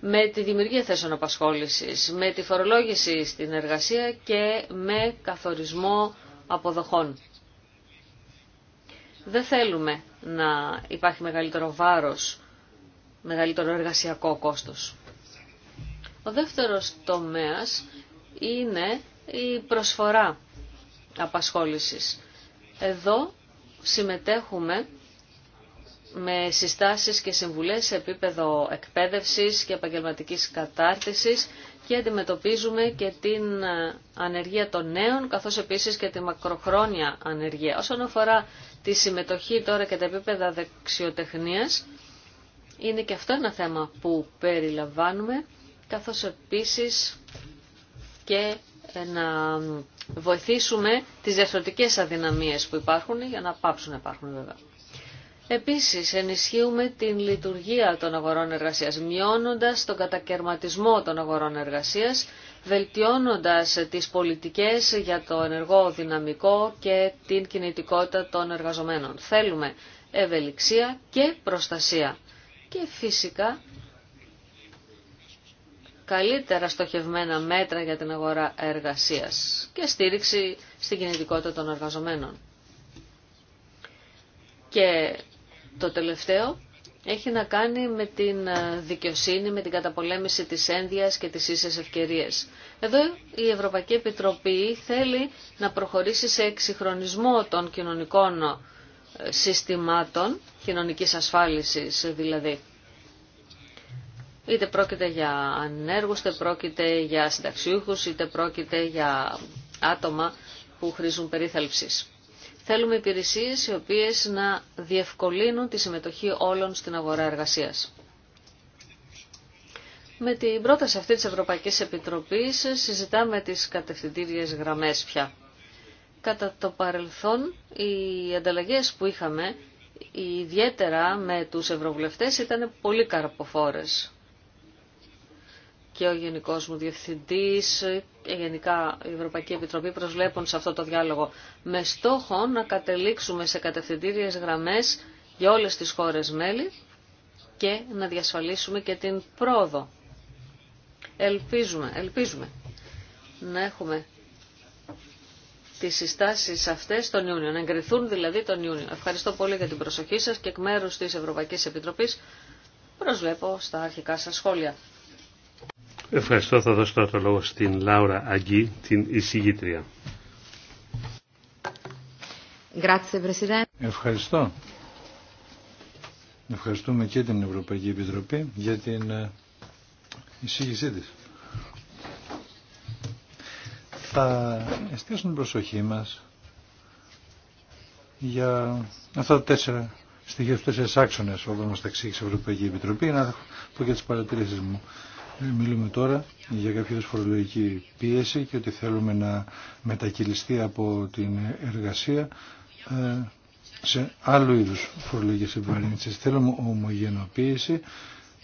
Με τη δημιουργία θέσεων απασχόλησης, με τη φορολόγηση στην εργασία και με καθορισμό αποδοχών. Δεν θέλουμε να υπάρχει μεγαλύτερο βάρος, μεγαλύτερο εργασιακό κόστος. Ο δεύτερος τομέας είναι η προσφορά απασχόλησης. Εδώ συμμετέχουμε με συστάσεις και συμβουλές σε επίπεδο εκπαίδευσης και επαγγελματικής κατάρτισης και αντιμετωπίζουμε και την ανεργία των νέων, καθώς επίσης και τη μακροχρόνια ανεργία. Όσον αφορά τη συμμετοχή τώρα και τα επίπεδα δεξιοτεχνίας, είναι και αυτό ένα θέμα που περιλαμβάνουμε, καθώς επίσης και ε, να βοηθήσουμε τις διαφορετικές αδυναμίες που υπάρχουν για να πάψουν να υπάρχουν βέβαια. Επίσης, ενισχύουμε την λειτουργία των αγορών εργασίας, μειώνοντας τον κατακαιρματισμό των αγορών εργασίας, βελτιώνοντας τις πολιτικές για το ενεργό δυναμικό και την κινητικότητα των εργαζομένων. Θέλουμε ευελιξία και προστασία. Και φυσικά καλύτερα στοχευμένα μέτρα για την αγορά εργασίας και στήριξη στην κινητικότητα των εργαζομένων. Και το τελευταίο έχει να κάνει με την ε, δικαιοσύνη, με την καταπολέμηση της ένδιας και της ίσες ευκαιρίες. Εδώ η Ευρωπαϊκή Επιτροπή θέλει να προχωρήσει σε εξυγχρονισμό των κοινωνικών ε, συστημάτων, κοινωνικής ασφάλισης δηλαδή είτε πρόκειται για ανέργους, είτε πρόκειται για συνταξιούχους, είτε πρόκειται για άτομα που χρήζουν περίθαλψης. Θέλουμε υπηρεσίες οι οποίες να διευκολύνουν τη συμμετοχή όλων στην αγορά εργασίας. Με την πρόταση αυτή της Ευρωπαϊκής Επιτροπής συζητάμε τις κατευθυντήριες γραμμές πια. Κατά το παρελθόν, οι ανταλλαγές που είχαμε, ιδιαίτερα με τους ευρωβουλευτές, ήταν πολύ καρποφόρες και ο Γενικό μου Διευθυντής, γενικά η Ευρωπαϊκή Επιτροπή προσβλέπουν σε αυτό το διάλογο με στόχο να κατελήξουμε σε κατευθυντήριες γραμμές για όλες τις χώρες μέλη και να διασφαλίσουμε και την πρόοδο. Ελπίζουμε, ελπίζουμε να έχουμε τις συστάσεις αυτές τον Ιούνιο, να εγκριθούν δηλαδή τον Ιούνιο. Ευχαριστώ πολύ για την προσοχή σας και εκ μέρους της Ευρωπαϊκής Επιτροπής προσβλέπω στα αρχικά σας σχόλια. Ευχαριστώ. Θα δώσω τώρα το λόγο στην Λάουρα Αγγί, την εισηγήτρια. Ευχαριστώ. Ευχαριστούμε και την Ευρωπαϊκή Επιτροπή για την ε, εισήγησή της. Θα εστιάσουμε την προσοχή μας για αυτά τα τέσσερα στοιχεία, τέσσερα τέσσερις άξονες όπου μας τα εξήγησε η Ευρωπαϊκή Επιτροπή να πω και τις παρατηρήσεις μου. Ε, μιλούμε τώρα για κάποια φορολογική πίεση και ότι θέλουμε να μετακυλιστεί από την εργασία ε, σε άλλου είδους φορολογικές επιβαρύνσεις. Θέλουμε ομογενοποίηση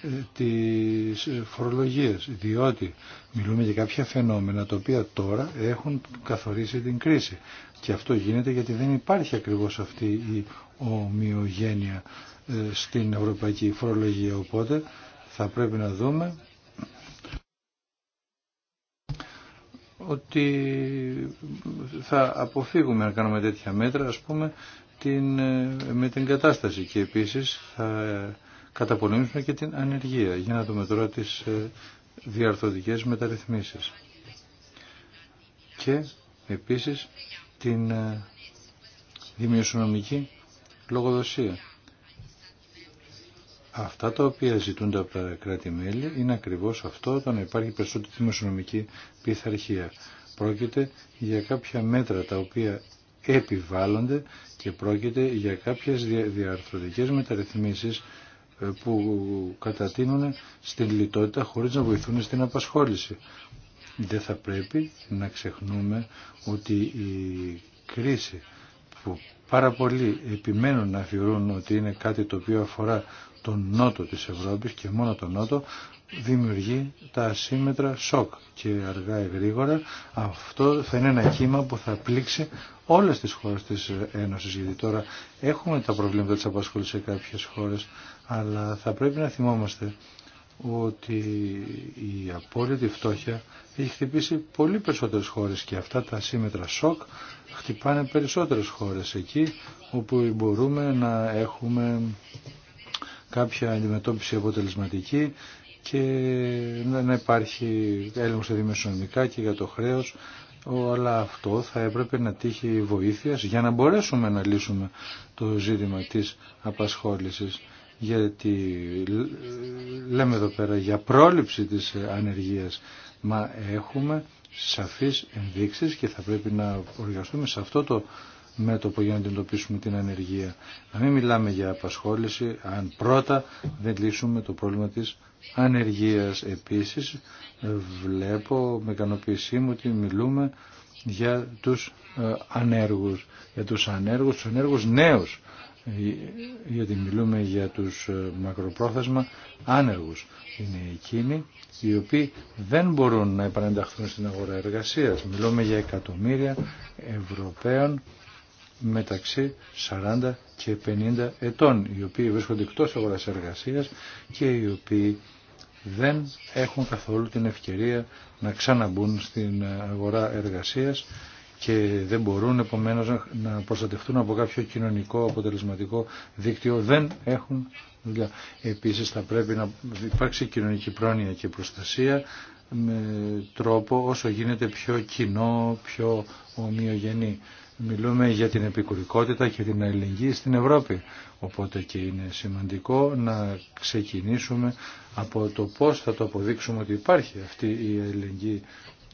ε, της φορολογίας, διότι μιλούμε για κάποια φαινόμενα τα οποία τώρα έχουν καθορίσει την κρίση. Και αυτό γίνεται γιατί δεν υπάρχει ακριβώς αυτή η ομοιογένεια στην ευρωπαϊκή φορολογία. Οπότε θα πρέπει να δούμε ότι θα αποφύγουμε να κάνουμε τέτοια μέτρα, ας πούμε, την, με την κατάσταση και επίσης θα καταπολεμήσουμε και την ανεργία. Για να δούμε τώρα τις ε, διαρθωτικές μεταρρυθμίσεις. Και επίσης την ε, δημιουργική λογοδοσία. Αυτά τα οποία ζητούνται από τα κράτη-μέλη είναι ακριβώς αυτό το να υπάρχει περισσότερη δημοσιονομική πειθαρχία. Πρόκειται για κάποια μέτρα τα οποία επιβάλλονται και πρόκειται για κάποιες διαρθρωτικές μεταρρυθμίσεις ε, που κατατείνουν στην λιτότητα χωρίς να βοηθούν στην απασχόληση. Δεν θα πρέπει να ξεχνούμε ότι η κρίση που πάρα πολλοί επιμένουν να θεωρούν ότι είναι κάτι το οποίο αφορά τον νότο της Ευρώπης και μόνο τον νότο δημιουργεί τα ασύμετρα σοκ και αργά ή γρήγορα αυτό θα είναι ένα κύμα που θα πλήξει όλες τις χώρες της Ένωσης γιατί τώρα έχουμε τα προβλήματα της απασχόλησης σε κάποιες χώρες αλλά θα πρέπει να θυμόμαστε ότι η απόλυτη φτώχεια έχει χτυπήσει πολύ περισσότερες χώρες και αυτά τα σύμμετρα σοκ χτυπάνε περισσότερες χώρες εκεί όπου μπορούμε να έχουμε κάποια αντιμετώπιση αποτελεσματική και να υπάρχει έλεγχο σε και για το χρέος. Όλα αυτό θα έπρεπε να τύχει βοήθειας για να μπορέσουμε να λύσουμε το ζήτημα της απασχόλησης. Γιατί λέμε εδώ πέρα για πρόληψη της ανεργίας, μα έχουμε σαφείς ενδείξεις και θα πρέπει να οργαστούμε σε αυτό το μέτωπο για να αντιμετωπίσουμε την ανεργία. Να μην μιλάμε για απασχόληση αν πρώτα δεν λύσουμε το πρόβλημα της ανεργίας. Επίσης βλέπω με ικανοποίησή μου ότι μιλούμε για τους ε, ανέργους, για τους ανέργους, τους ανέργους νέους ε, γιατί μιλούμε για τους ε, μακροπρόθεσμα άνεργους. Είναι εκείνοι οι οποίοι δεν μπορούν να επανενταχθούν στην αγορά εργασίας. Μιλούμε για εκατομμύρια Ευρωπαίων μεταξύ 40 και 50 ετών, οι οποίοι βρίσκονται εκτός αγοράς εργασίας και οι οποίοι δεν έχουν καθόλου την ευκαιρία να ξαναμπούν στην αγορά εργασίας και δεν μπορούν επομένως να προστατευτούν από κάποιο κοινωνικό αποτελεσματικό δίκτυο. Δεν έχουν δουλειά. Επίσης θα πρέπει να υπάρξει κοινωνική πρόνοια και προστασία με τρόπο όσο γίνεται πιο κοινό, πιο ομοιογενή. Μιλούμε για την επικουρικότητα και την αλληλεγγύη στην Ευρώπη. Οπότε και είναι σημαντικό να ξεκινήσουμε από το πώς θα το αποδείξουμε ότι υπάρχει αυτή η αλληλεγγύη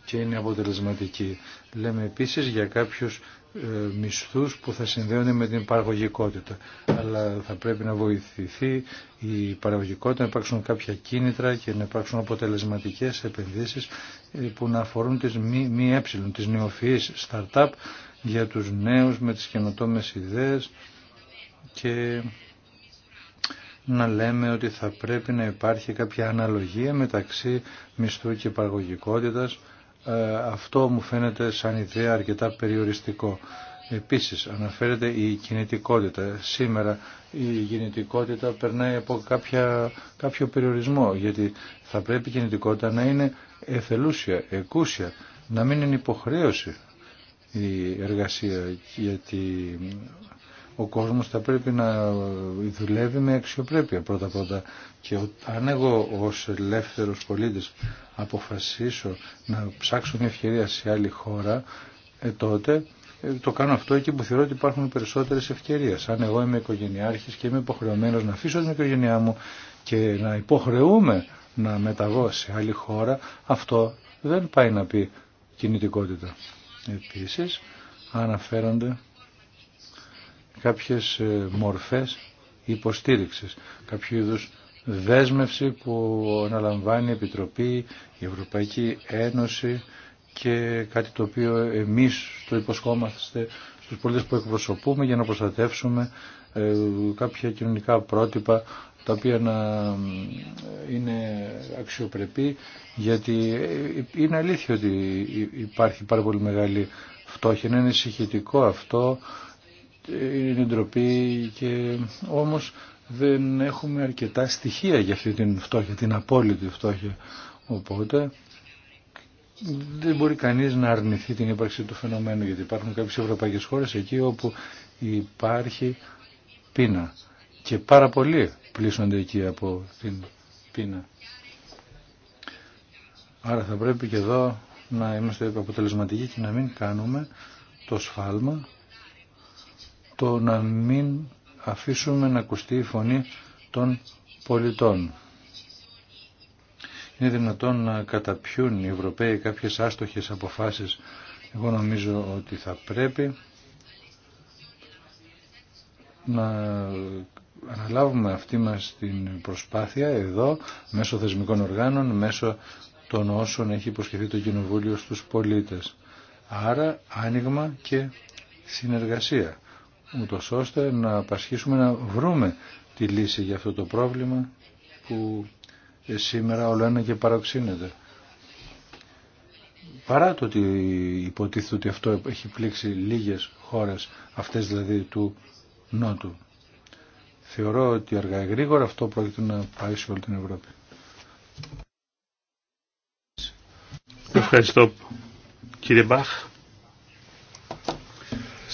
και είναι αποτελεσματική. Λέμε επίσης για κάποιους ε, μισθούς που θα συνδέονται με την παραγωγικότητα. Αλλά θα πρέπει να βοηθηθεί η παραγωγικότητα, να υπάρξουν κάποια κίνητρα και να υπάρξουν αποτελεσματικές επενδύσεις ε, που να αφορούν τις μη, έψιλων, ε, τις νεοφυείς startup για τους νέους με τις καινοτόμες ιδέες και να λέμε ότι θα πρέπει να υπάρχει κάποια αναλογία μεταξύ μισθού και παραγωγικότητας ε, αυτό μου φαίνεται σαν ιδέα αρκετά περιοριστικό. Επίσης αναφέρεται η κινητικότητα. Σήμερα η κινητικότητα περνάει από κάποια, κάποιο περιορισμό γιατί θα πρέπει η κινητικότητα να είναι εθελούσια, εκούσια, να μην είναι υποχρέωση η εργασία γιατί ο κόσμος θα πρέπει να δουλεύει με αξιοπρέπεια πρώτα πρώτα και αν εγώ ως ελεύθερος πολίτης αποφασίσω να ψάξω μια ευκαιρία σε άλλη χώρα ε, τότε ε, το κάνω αυτό εκεί που θεωρώ ότι υπάρχουν περισσότερες ευκαιρίες. Αν εγώ είμαι οικογενειάρχης και είμαι υποχρεωμένος να αφήσω την οικογένειά μου και να υποχρεούμε να μεταβώ σε άλλη χώρα, αυτό δεν πάει να πει κινητικότητα. Επίσης αναφέρονται κάποιες ε, μορφές υποστήριξης, κάποιο είδους δέσμευση που αναλαμβάνει η Επιτροπή, η Ευρωπαϊκή Ένωση και κάτι το οποίο εμείς το υποσχόμαστε στους πολίτες που εκπροσωπούμε για να προστατεύσουμε ε, κάποια κοινωνικά πρότυπα τα οποία να είναι αξιοπρεπή γιατί ε, είναι αλήθεια ότι υπάρχει πάρα πολύ μεγάλη φτώχεια. Είναι ενσυχητικό αυτό είναι ντροπή και όμως δεν έχουμε αρκετά στοιχεία για αυτή την φτώχεια, την απόλυτη φτώχεια. Οπότε δεν μπορεί κανείς να αρνηθεί την ύπαρξη του φαινομένου γιατί υπάρχουν κάποιες ευρωπαϊκές χώρες εκεί όπου υπάρχει πείνα και πάρα πολλοί πλήσονται εκεί από την πείνα. Άρα θα πρέπει και εδώ να είμαστε αποτελεσματικοί και να μην κάνουμε το σφάλμα το να μην αφήσουμε να ακουστεί η φωνή των πολιτών. Είναι δυνατόν να καταπιούν οι Ευρωπαίοι κάποιες άστοχες αποφάσεις. Εγώ νομίζω ότι θα πρέπει να αναλάβουμε αυτή μας την προσπάθεια εδώ, μέσω θεσμικών οργάνων, μέσω των όσων έχει υποσχεθεί το Κοινοβούλιο στους πολίτες. Άρα άνοιγμα και συνεργασία ούτως ώστε να απασχίσουμε να βρούμε τη λύση για αυτό το πρόβλημα που ε, σήμερα όλο ένα και παραξύνεται. Παρά το ότι υποτίθεται ότι αυτό έχει πλήξει λίγες χώρες, αυτές δηλαδή του Νότου. Θεωρώ ότι αργά γρήγορα αυτό πρόκειται να πάει σε όλη την Ευρώπη. Ευχαριστώ κύριε Μπαχ.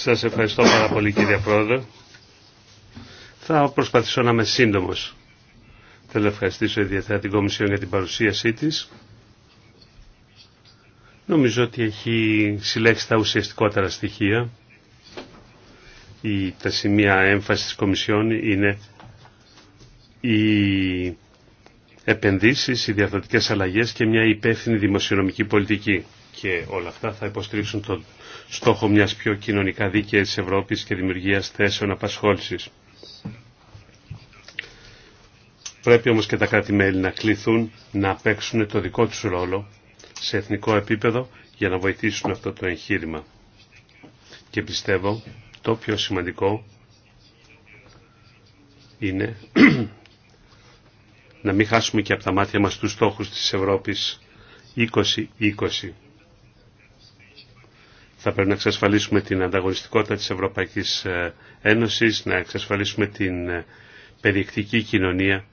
Σας ευχαριστώ πάρα πολύ κύριε Πρόεδρε. Θα προσπαθήσω να είμαι σύντομος. Θέλω να ευχαριστήσω ιδιαίτερα την Κομισιόν για την παρουσίασή της. Νομίζω ότι έχει συλλέξει τα ουσιαστικότερα στοιχεία. Η, τα σημεία έμφαση της Κομισιόν είναι οι επενδύσεις, οι διαφορετικέ αλλαγές και μια υπεύθυνη δημοσιονομική πολιτική και όλα αυτά θα υποστηρίξουν τον στόχο μιας πιο κοινωνικά δίκαιης Ευρώπης και δημιουργίας θέσεων απασχόλησης. Πρέπει όμως και τα κράτη-μέλη να κληθούν να παίξουν το δικό τους ρόλο σε εθνικό επίπεδο για να βοηθήσουν αυτό το εγχείρημα. Και πιστεύω το πιο σημαντικό είναι να μην χάσουμε και από τα μάτια μας τους στόχους της Ευρώπης 2020 θα πρέπει να εξασφαλίσουμε την ανταγωνιστικότητα της Ευρωπαϊκής ε, Ένωσης, να εξασφαλίσουμε την ε, περιεκτική κοινωνία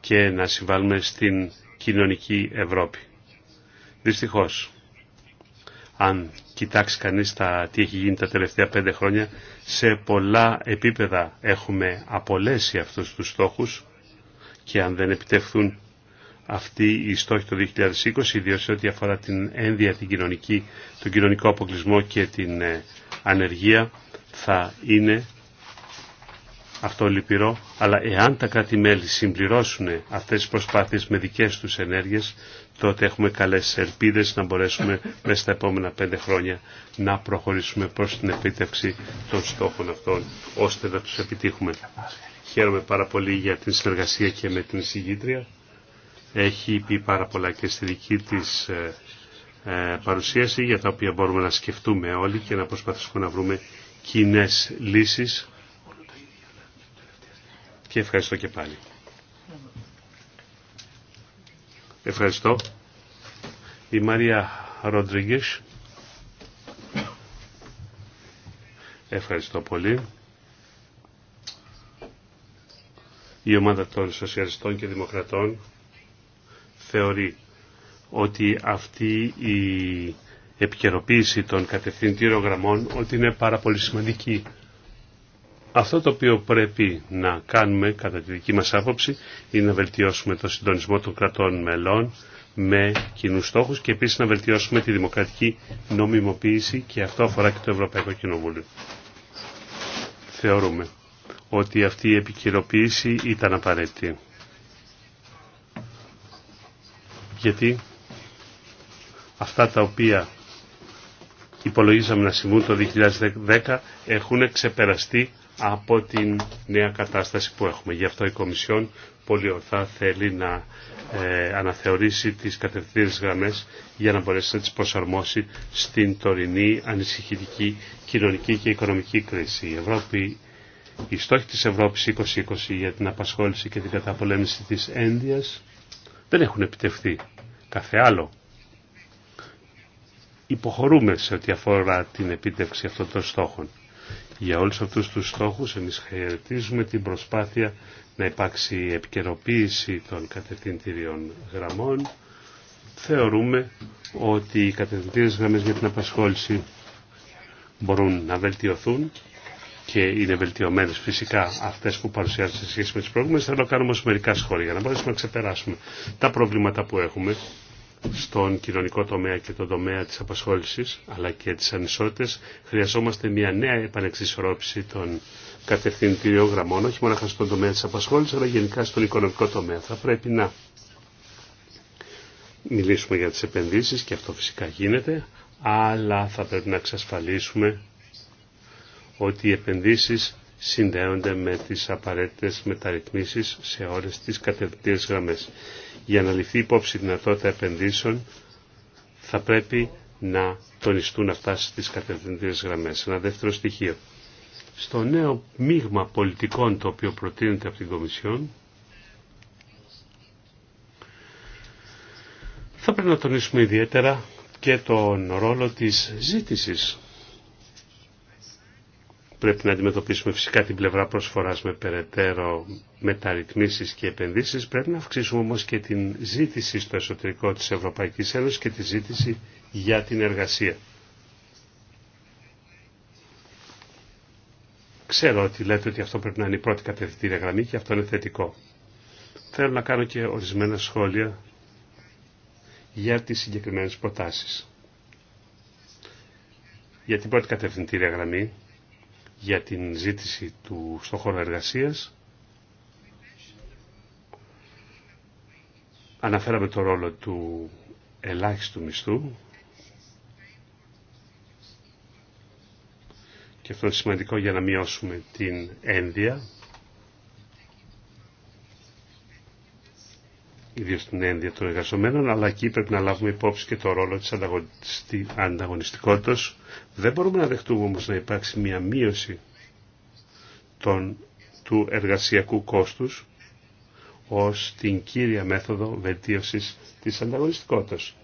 και να συμβάλλουμε στην κοινωνική Ευρώπη. Δυστυχώς, αν κοιτάξει κανείς τα, τι έχει γίνει τα τελευταία πέντε χρόνια, σε πολλά επίπεδα έχουμε απολέσει αυτούς τους στόχους και αν δεν επιτευχθούν αυτή η στόχη το 2020, ιδίω σε ό,τι αφορά την ένδια, την κοινωνική, τον κοινωνικό αποκλεισμό και την ε, ανεργία, θα είναι αυτό λυπηρό, αλλά εάν τα κράτη-μέλη συμπληρώσουν αυτές τις προσπάθειες με δικές τους ενέργειες, τότε έχουμε καλές ελπίδες να μπορέσουμε μέσα στα επόμενα πέντε χρόνια να προχωρήσουμε προς την επίτευξη των στόχων αυτών, ώστε να τους επιτύχουμε. Χαίρομαι πάρα πολύ για την συνεργασία και με την συγκήτρια έχει πει πάρα πολλά και στη δική της ε, ε, παρουσίαση για τα οποία μπορούμε να σκεφτούμε όλοι και να προσπαθήσουμε να βρούμε κοινέ λύσεις. Και ευχαριστώ και πάλι. Ευχαριστώ. Η Μαρία Ροντρίγκης. Ευχαριστώ πολύ. Η ομάδα των Σοσιαλιστών και Δημοκρατών θεωρεί ότι αυτή η επικαιροποίηση των κατευθυντήριων γραμμών ότι είναι πάρα πολύ σημαντική. Αυτό το οποίο πρέπει να κάνουμε κατά τη δική μας άποψη είναι να βελτιώσουμε το συντονισμό των κρατών μελών με κοινούς στόχους και επίσης να βελτιώσουμε τη δημοκρατική νομιμοποίηση και αυτό αφορά και το Ευρωπαϊκό Κοινοβούλιο. Θεωρούμε ότι αυτή η επικαιροποίηση ήταν απαραίτητη. γιατί αυτά τα οποία υπολογίζαμε να συμβούν το 2010 έχουν ξεπεραστεί από την νέα κατάσταση που έχουμε. Γι' αυτό η Κομισιόν πολύ ορθά θέλει να ε, αναθεωρήσει τις κατευθύνες γραμμές για να μπορέσει να τις προσαρμόσει στην τωρινή ανησυχητική κοινωνική και οικονομική κρίση. Η Ευρώπη, οι στόχοι της Ευρώπης 2020 για την απασχόληση και την καταπολέμηση της ένδυας δεν έχουν επιτευχθεί κάθε άλλο. Υποχωρούμε σε ό,τι αφορά την επίτευξη αυτών των στόχων. Για όλους αυτούς τους στόχους εμείς χαιρετίζουμε την προσπάθεια να υπάρξει επικαιροποίηση των κατευθυντηριών γραμμών. Θεωρούμε ότι οι κατευθυντήριες γραμμές για την απασχόληση μπορούν να βελτιωθούν και είναι βελτιωμένες φυσικά αυτές που παρουσιάζονται σε σχέση με τις προηγούμενες. Θέλω να κάνουμε όμως μερικά σχόλια για να μπορέσουμε να ξεπεράσουμε τα προβλήματα που έχουμε στον κοινωνικό τομέα και τον τομέα της απασχόλησης αλλά και τις ανισότητες χρειαζόμαστε μια νέα επανεξισορρόπηση των κατευθυντήριων γραμμών όχι μόνο στον τομέα της απασχόλησης αλλά γενικά στον οικονομικό τομέα. Θα πρέπει να μιλήσουμε για τις επενδύσεις και αυτό φυσικά γίνεται αλλά θα πρέπει να εξασφαλίσουμε ότι οι επενδύσεις συνδέονται με τις απαραίτητες μεταρρυθμίσεις σε όλες τις κατευθυντήριες γραμμές για να ληφθεί υπόψη δυνατότητα επενδύσεων θα πρέπει να τονιστούν αυτά στις κατευθυντήρες γραμμές. Ένα δεύτερο στοιχείο. Στο νέο μείγμα πολιτικών το οποίο προτείνεται από την Κομισιόν θα πρέπει να τονίσουμε ιδιαίτερα και τον ρόλο της ζήτησης Πρέπει να αντιμετωπίσουμε φυσικά την πλευρά προσφοράς με περαιτέρω μεταρρυθμίσεις και επενδύσεις. Πρέπει να αυξήσουμε όμως και την ζήτηση στο εσωτερικό της Ευρωπαϊκής Ένωσης και τη ζήτηση για την εργασία. Ξέρω ότι λέτε ότι αυτό πρέπει να είναι η πρώτη κατευθυντήρια γραμμή και αυτό είναι θετικό. Θέλω να κάνω και ορισμένα σχόλια για τις συγκεκριμένες προτάσεις. Για την πρώτη κατευθυντήρια γραμμή για την ζήτηση του στον χώρο εργασίας. Αναφέραμε το ρόλο του ελάχιστου μισθού και αυτό είναι σημαντικό για να μειώσουμε την ένδια ιδίω την ένδυα των εργαζομένων, αλλά εκεί πρέπει να λάβουμε υπόψη και το ρόλο της ανταγωνιστικότητας. Δεν μπορούμε να δεχτούμε όμως να υπάρξει μια μείωση των, του εργασιακού κόστους ως την κύρια μέθοδο βελτίωσης της ανταγωνιστικότητας.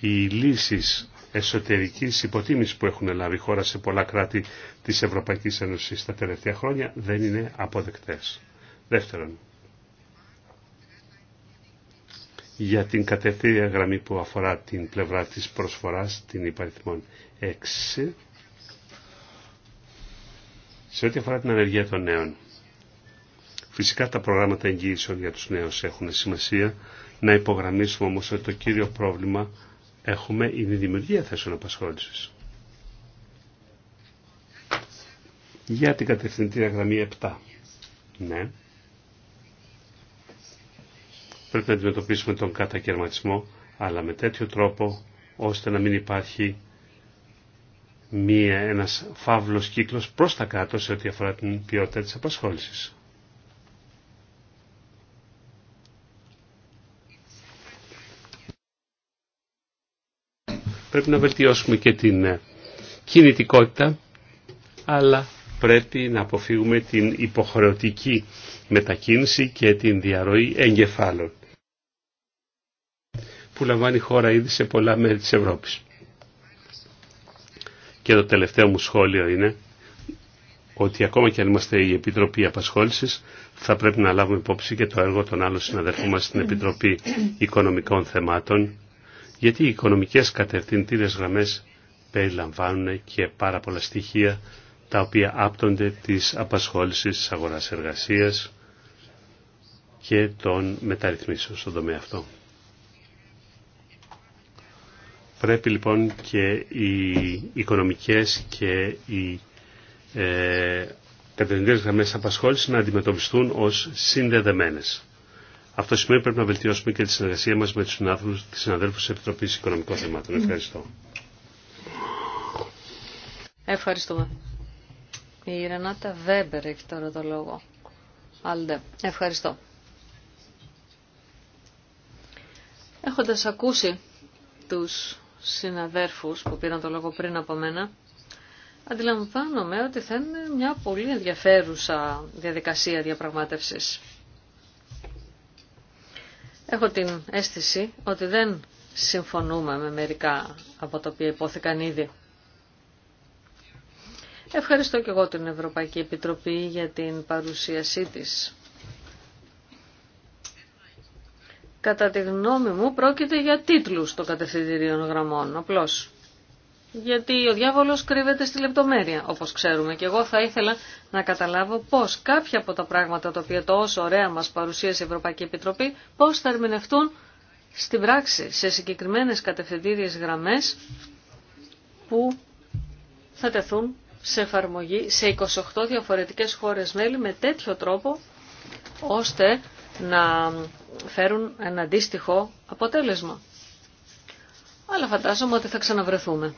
Οι λύσεις εσωτερικής υποτίμησης που έχουν λάβει η χώρα σε πολλά κράτη της Ευρωπαϊκής Ένωσης τα τελευταία χρόνια δεν είναι αποδεκτές. Δεύτερον, για την κατευθείαν γραμμή που αφορά την πλευρά της προσφοράς, την υπαριθμών 6, σε ό,τι αφορά την ανεργία των νέων. Φυσικά τα προγράμματα εγγύησεων για τους νέους έχουν σημασία. Να υπογραμμίσουμε όμως ότι το κύριο πρόβλημα έχουμε είναι η δημιουργία θέσεων απασχόλησης. Για την κατευθυντήρια γραμμή 7. Ναι. Πρέπει να αντιμετωπίσουμε τον κατακαιρματισμό, αλλά με τέτοιο τρόπο ώστε να μην υπάρχει μία, ένας φαύλος κύκλος προς τα κάτω σε ό,τι αφορά την ποιότητα της απασχόλησης. Πρέπει να βελτιώσουμε και την ε, κινητικότητα, αλλά πρέπει να αποφύγουμε την υποχρεωτική μετακίνηση και την διαρροή εγκεφάλων που λαμβάνει χώρα ήδη σε πολλά μέρη της Ευρώπης. Και το τελευταίο μου σχόλιο είναι ότι ακόμα και αν είμαστε η Επιτροπή Απασχόλησης θα πρέπει να λάβουμε υπόψη και το έργο των άλλων συναδελφών μας στην Επιτροπή Οικονομικών Θεμάτων γιατί οι οικονομικές κατευθυντήρες γραμμές περιλαμβάνουν και πάρα πολλά στοιχεία τα οποία άπτονται της απασχόλησης της αγοράς εργασίας και των μεταρρυθμίσεων στον τομέα αυτό. Πρέπει λοιπόν και οι οικονομικές και οι ε, κατευθυντές γραμμές απασχόλησης να αντιμετωπιστούν ως συνδεδεμένες. Αυτό σημαίνει πρέπει να βελτιώσουμε και τη συνεργασία μας με τους συνάδελφους της Συναδέλφους Επιτροπής Οικονομικών Θεμάτων. Ευχαριστώ. Ευχαριστούμε. Η Ρενάτα Βέμπερ έχει τώρα το λόγο. Άλντε, ευχαριστώ. Έχοντας ακούσει τους συναδέρφους που πήραν το λόγο πριν από μένα, αντιλαμβάνομαι ότι θα είναι μια πολύ ενδιαφέρουσα διαδικασία διαπραγμάτευσης. Έχω την αίσθηση ότι δεν συμφωνούμε με μερικά από τα οποία υπόθηκαν ήδη. Ευχαριστώ και εγώ την Ευρωπαϊκή Επιτροπή για την παρουσίασή της. Κατά τη γνώμη μου πρόκειται για τίτλους των κατευθυντηρίων γραμμών, απλώς. Γιατί ο διάβολος κρύβεται στη λεπτομέρεια, όπως ξέρουμε. Και εγώ θα ήθελα να καταλάβω πώς κάποια από τα πράγματα τα οποία τόσο ωραία μας παρουσίασε η Ευρωπαϊκή Επιτροπή, πώς θα ερμηνευτούν στην πράξη, σε συγκεκριμένες κατευθυντήριες γραμμές που θα τεθούν σε εφαρμογή σε 28 διαφορετικές χώρες μέλη με τέτοιο τρόπο ώστε να φέρουν ένα αντίστοιχο αποτέλεσμα. Αλλά φαντάζομαι ότι θα ξαναβρεθούμε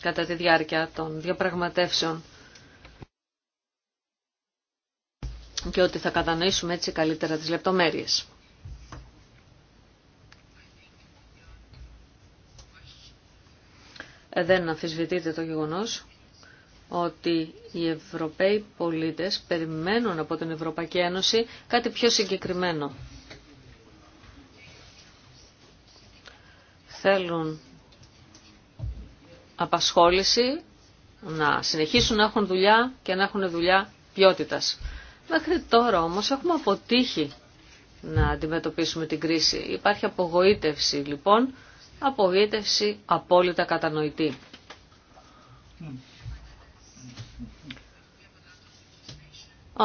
κατά τη διάρκεια των διαπραγματεύσεων και ότι θα κατανοήσουμε έτσι καλύτερα τις λεπτομέρειες. Ε, δεν αμφισβητείτε το γεγονός ότι οι Ευρωπαίοι πολίτες περιμένουν από την Ευρωπαϊκή Ένωση κάτι πιο συγκεκριμένο. Θέλουν απασχόληση, να συνεχίσουν να έχουν δουλειά και να έχουν δουλειά ποιότητας. Μέχρι τώρα όμως έχουμε αποτύχει να αντιμετωπίσουμε την κρίση. Υπάρχει απογοήτευση λοιπόν, απογοήτευση απόλυτα κατανοητή. Mm.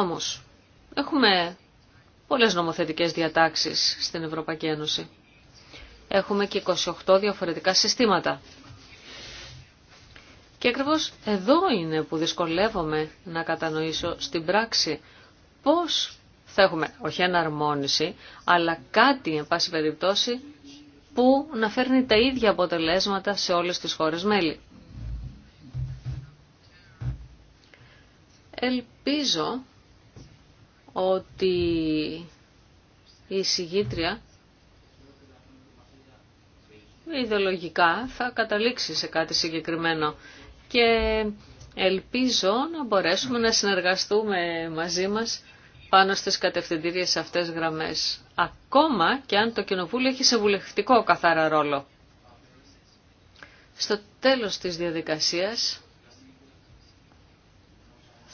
Όμως, έχουμε πολλές νομοθετικές διατάξεις στην Ευρωπαϊκή Ένωση. Έχουμε και 28 διαφορετικά συστήματα. Και ακριβώς εδώ είναι που δυσκολεύομαι να κατανοήσω στην πράξη πώς θα έχουμε όχι εναρμόνιση, αλλά κάτι, εν πάση περιπτώσει, που να φέρνει τα ίδια αποτελέσματα σε όλες τις χώρες μέλη. Ελπίζω ότι η συγγήτρια ιδεολογικά θα καταλήξει σε κάτι συγκεκριμένο και ελπίζω να μπορέσουμε να συνεργαστούμε μαζί μας πάνω στις κατευθυντήριες αυτές γραμμές, ακόμα και αν το Κοινοβούλιο έχει σε βουλευτικό καθαρά ρόλο. Στο τέλος της διαδικασίας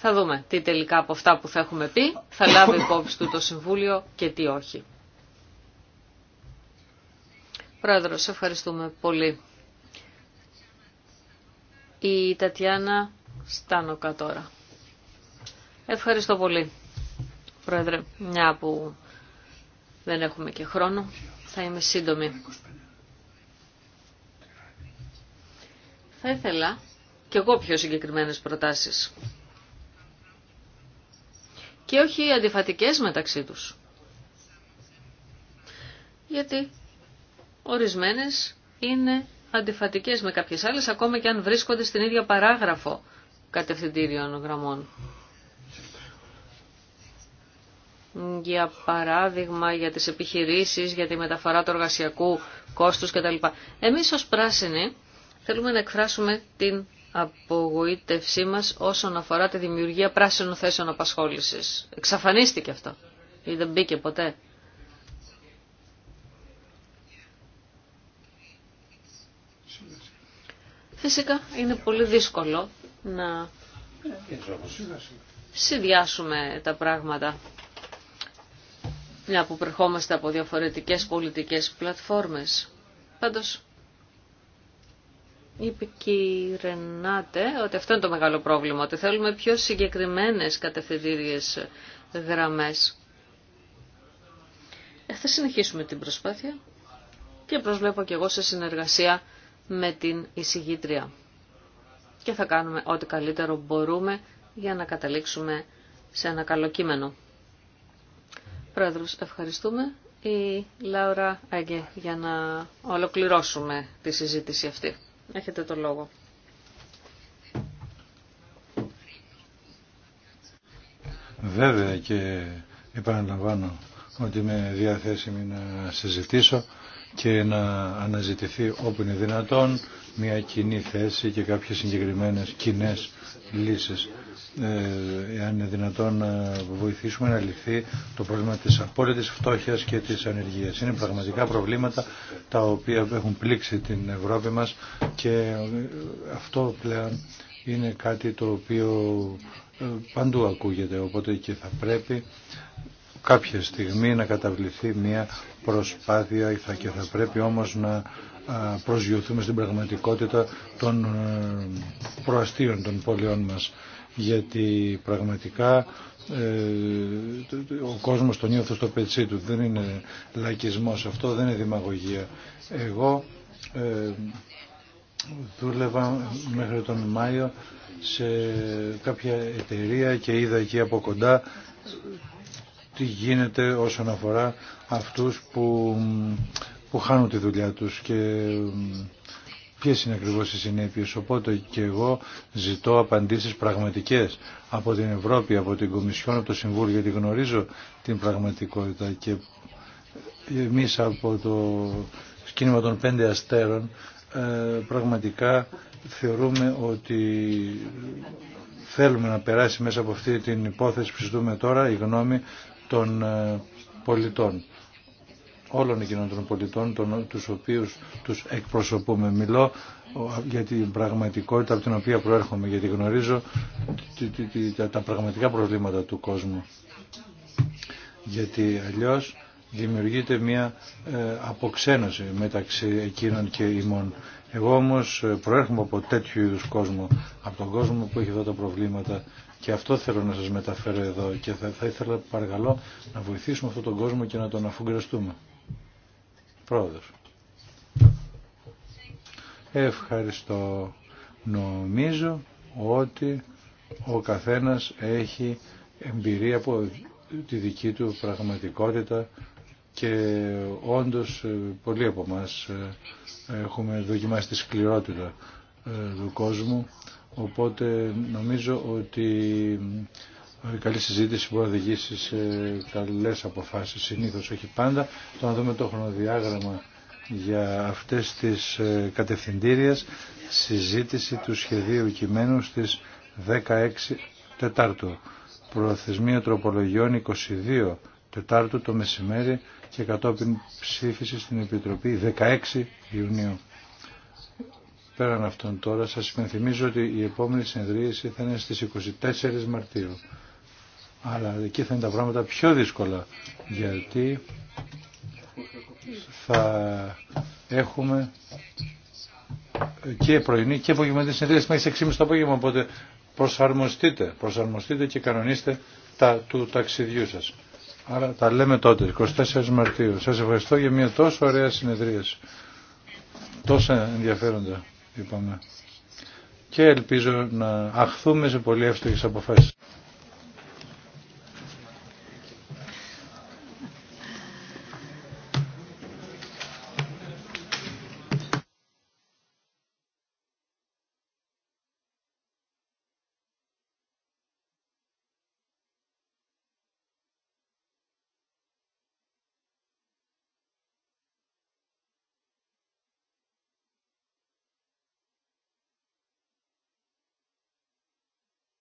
θα δούμε τι τελικά από αυτά που θα έχουμε πει θα λάβει υπόψη του το Συμβούλιο και τι όχι. Πρόεδρο, ευχαριστούμε πολύ. Η Τατιάνα Στάνοκα τώρα. Ευχαριστώ πολύ. Πρόεδρε, μια που δεν έχουμε και χρόνο, θα είμαι σύντομη. Θα ήθελα και εγώ πιο συγκεκριμένες προτάσεις και όχι αντιφατικές μεταξύ τους. Γιατί ορισμένες είναι αντιφατικές με κάποιες άλλες, ακόμα και αν βρίσκονται στην ίδια παράγραφο κατευθυντήριων γραμμών. Για παράδειγμα, για τις επιχειρήσεις, για τη μεταφορά του εργασιακού κόστους κτλ. Εμείς ως πράσινοι θέλουμε να εκφράσουμε την απογοήτευσή μας όσον αφορά τη δημιουργία πράσινων θέσεων απασχόλησης. Εξαφανίστηκε αυτό ή δεν μπήκε ποτέ. Φυσικά είναι πολύ δύσκολο να συνδυάσουμε τα πράγματα μια που προχώμαστε από διαφορετικές πολιτικές πλατφόρμες. Πάντως Είπε και η Ρενάτε ότι αυτό είναι το μεγάλο πρόβλημα, ότι θέλουμε πιο συγκεκριμένες κατευθυντήριες γραμμές. Ε, θα συνεχίσουμε την προσπάθεια και προσβλέπω και εγώ σε συνεργασία με την εισηγήτρια. Και θα κάνουμε ό,τι καλύτερο μπορούμε για να καταλήξουμε σε ένα καλό κείμενο. Πρόεδρος, ευχαριστούμε. Η Λάουρα Αγγε για να ολοκληρώσουμε τη συζήτηση αυτή. Έχετε το λόγο. Βέβαια και επαναλαμβάνω ότι είμαι διαθέσιμη να συζητήσω και να αναζητηθεί όπου είναι δυνατόν μια κοινή θέση και κάποιες συγκεκριμένες κοινέ λύσεις. Ε, εάν είναι δυνατόν να βοηθήσουμε να λυθεί το πρόβλημα της απόλυτης φτώχειας και της ανεργίας. Είναι πραγματικά προβλήματα τα οποία έχουν πλήξει την Ευρώπη μας και αυτό πλέον είναι κάτι το οποίο ε, παντού ακούγεται οπότε και θα πρέπει κάποια στιγμή να καταβληθεί μια προσπάθεια και θα πρέπει όμως να προσγειωθούμε στην πραγματικότητα των ε, προαστίων των πόλεων μας γιατί πραγματικά ε, ο κόσμος τον νιώθει στο πετσί του δεν είναι λαϊκισμός αυτό δεν είναι δημαγωγία εγώ ε, δούλευα μέχρι τον Μάιο σε κάποια εταιρεία και είδα εκεί από κοντά τι γίνεται όσον αφορά αυτούς που, που χάνουν τη δουλειά τους και ποιες είναι ακριβώς οι συνέπειες. Οπότε και εγώ ζητώ απαντήσεις πραγματικές από την Ευρώπη, από την Κομισιόν, από το Συμβούλιο, γιατί γνωρίζω την πραγματικότητα και εμείς από το κίνημα των πέντε αστέρων ε, πραγματικά θεωρούμε ότι θέλουμε να περάσει μέσα από αυτή την υπόθεση που συζητούμε τώρα η γνώμη των ε, πολιτών όλων εκείνων των πολιτών, των, τους οποίους τους εκπροσωπούμε. Μιλώ για την πραγματικότητα από την οποία προέρχομαι, γιατί γνωρίζω τα, πραγματικά προβλήματα του κόσμου. Γιατί αλλιώς δημιουργείται μια ε, αποξένωση μεταξύ εκείνων και ημών. Εγώ όμως ε, προέρχομαι από τέτοιου είδους κόσμο, από τον κόσμο που έχει αυτά τα προβλήματα και αυτό θέλω να σας μεταφέρω εδώ και θα, θα ήθελα παρακαλώ να βοηθήσουμε αυτόν τον κόσμο και να τον αφουγκραστούμε. Πρόεδρος. Ευχαριστώ. Νομίζω ότι ο καθένας έχει εμπειρία από τη δική του πραγματικότητα και όντως ε, πολλοί από μας ε, έχουμε δοκιμάσει τη σκληρότητα ε, του κόσμου Οπότε νομίζω ότι ε, η καλή συζήτηση μπορεί να οδηγήσει σε καλές αποφάσεις συνήθως, όχι πάντα. Το να δούμε το χρονοδιάγραμμα για αυτές τις ε, κατευθυντήριες συζήτηση του σχεδίου κειμένου στις 16 Τετάρτου. Προθεσμία τροπολογιών 22 Τετάρτου το μεσημέρι και κατόπιν ψήφιση στην Επιτροπή 16 Ιουνίου. Πέραν αυτών τώρα σας υπενθυμίζω ότι η επόμενη συνεδρίαση θα είναι στις 24 Μαρτίου. Αλλά εκεί θα είναι τα πράγματα πιο δύσκολα γιατί θα έχουμε και πρωινή και απογευματινή συνεδρίαση μέχρι 6.30 το απόγευμα. Οπότε προσαρμοστείτε, προσαρμοστείτε και κανονίστε τα του ταξιδιού σας. Άρα τα λέμε τότε, 24 Μαρτίου. Σας ευχαριστώ για μια τόσο ωραία συνεδρίαση. Τόσα ενδιαφέροντα. Και ελπίζω να αχθούμε σε πολύ εύστοχες αποφάσεις.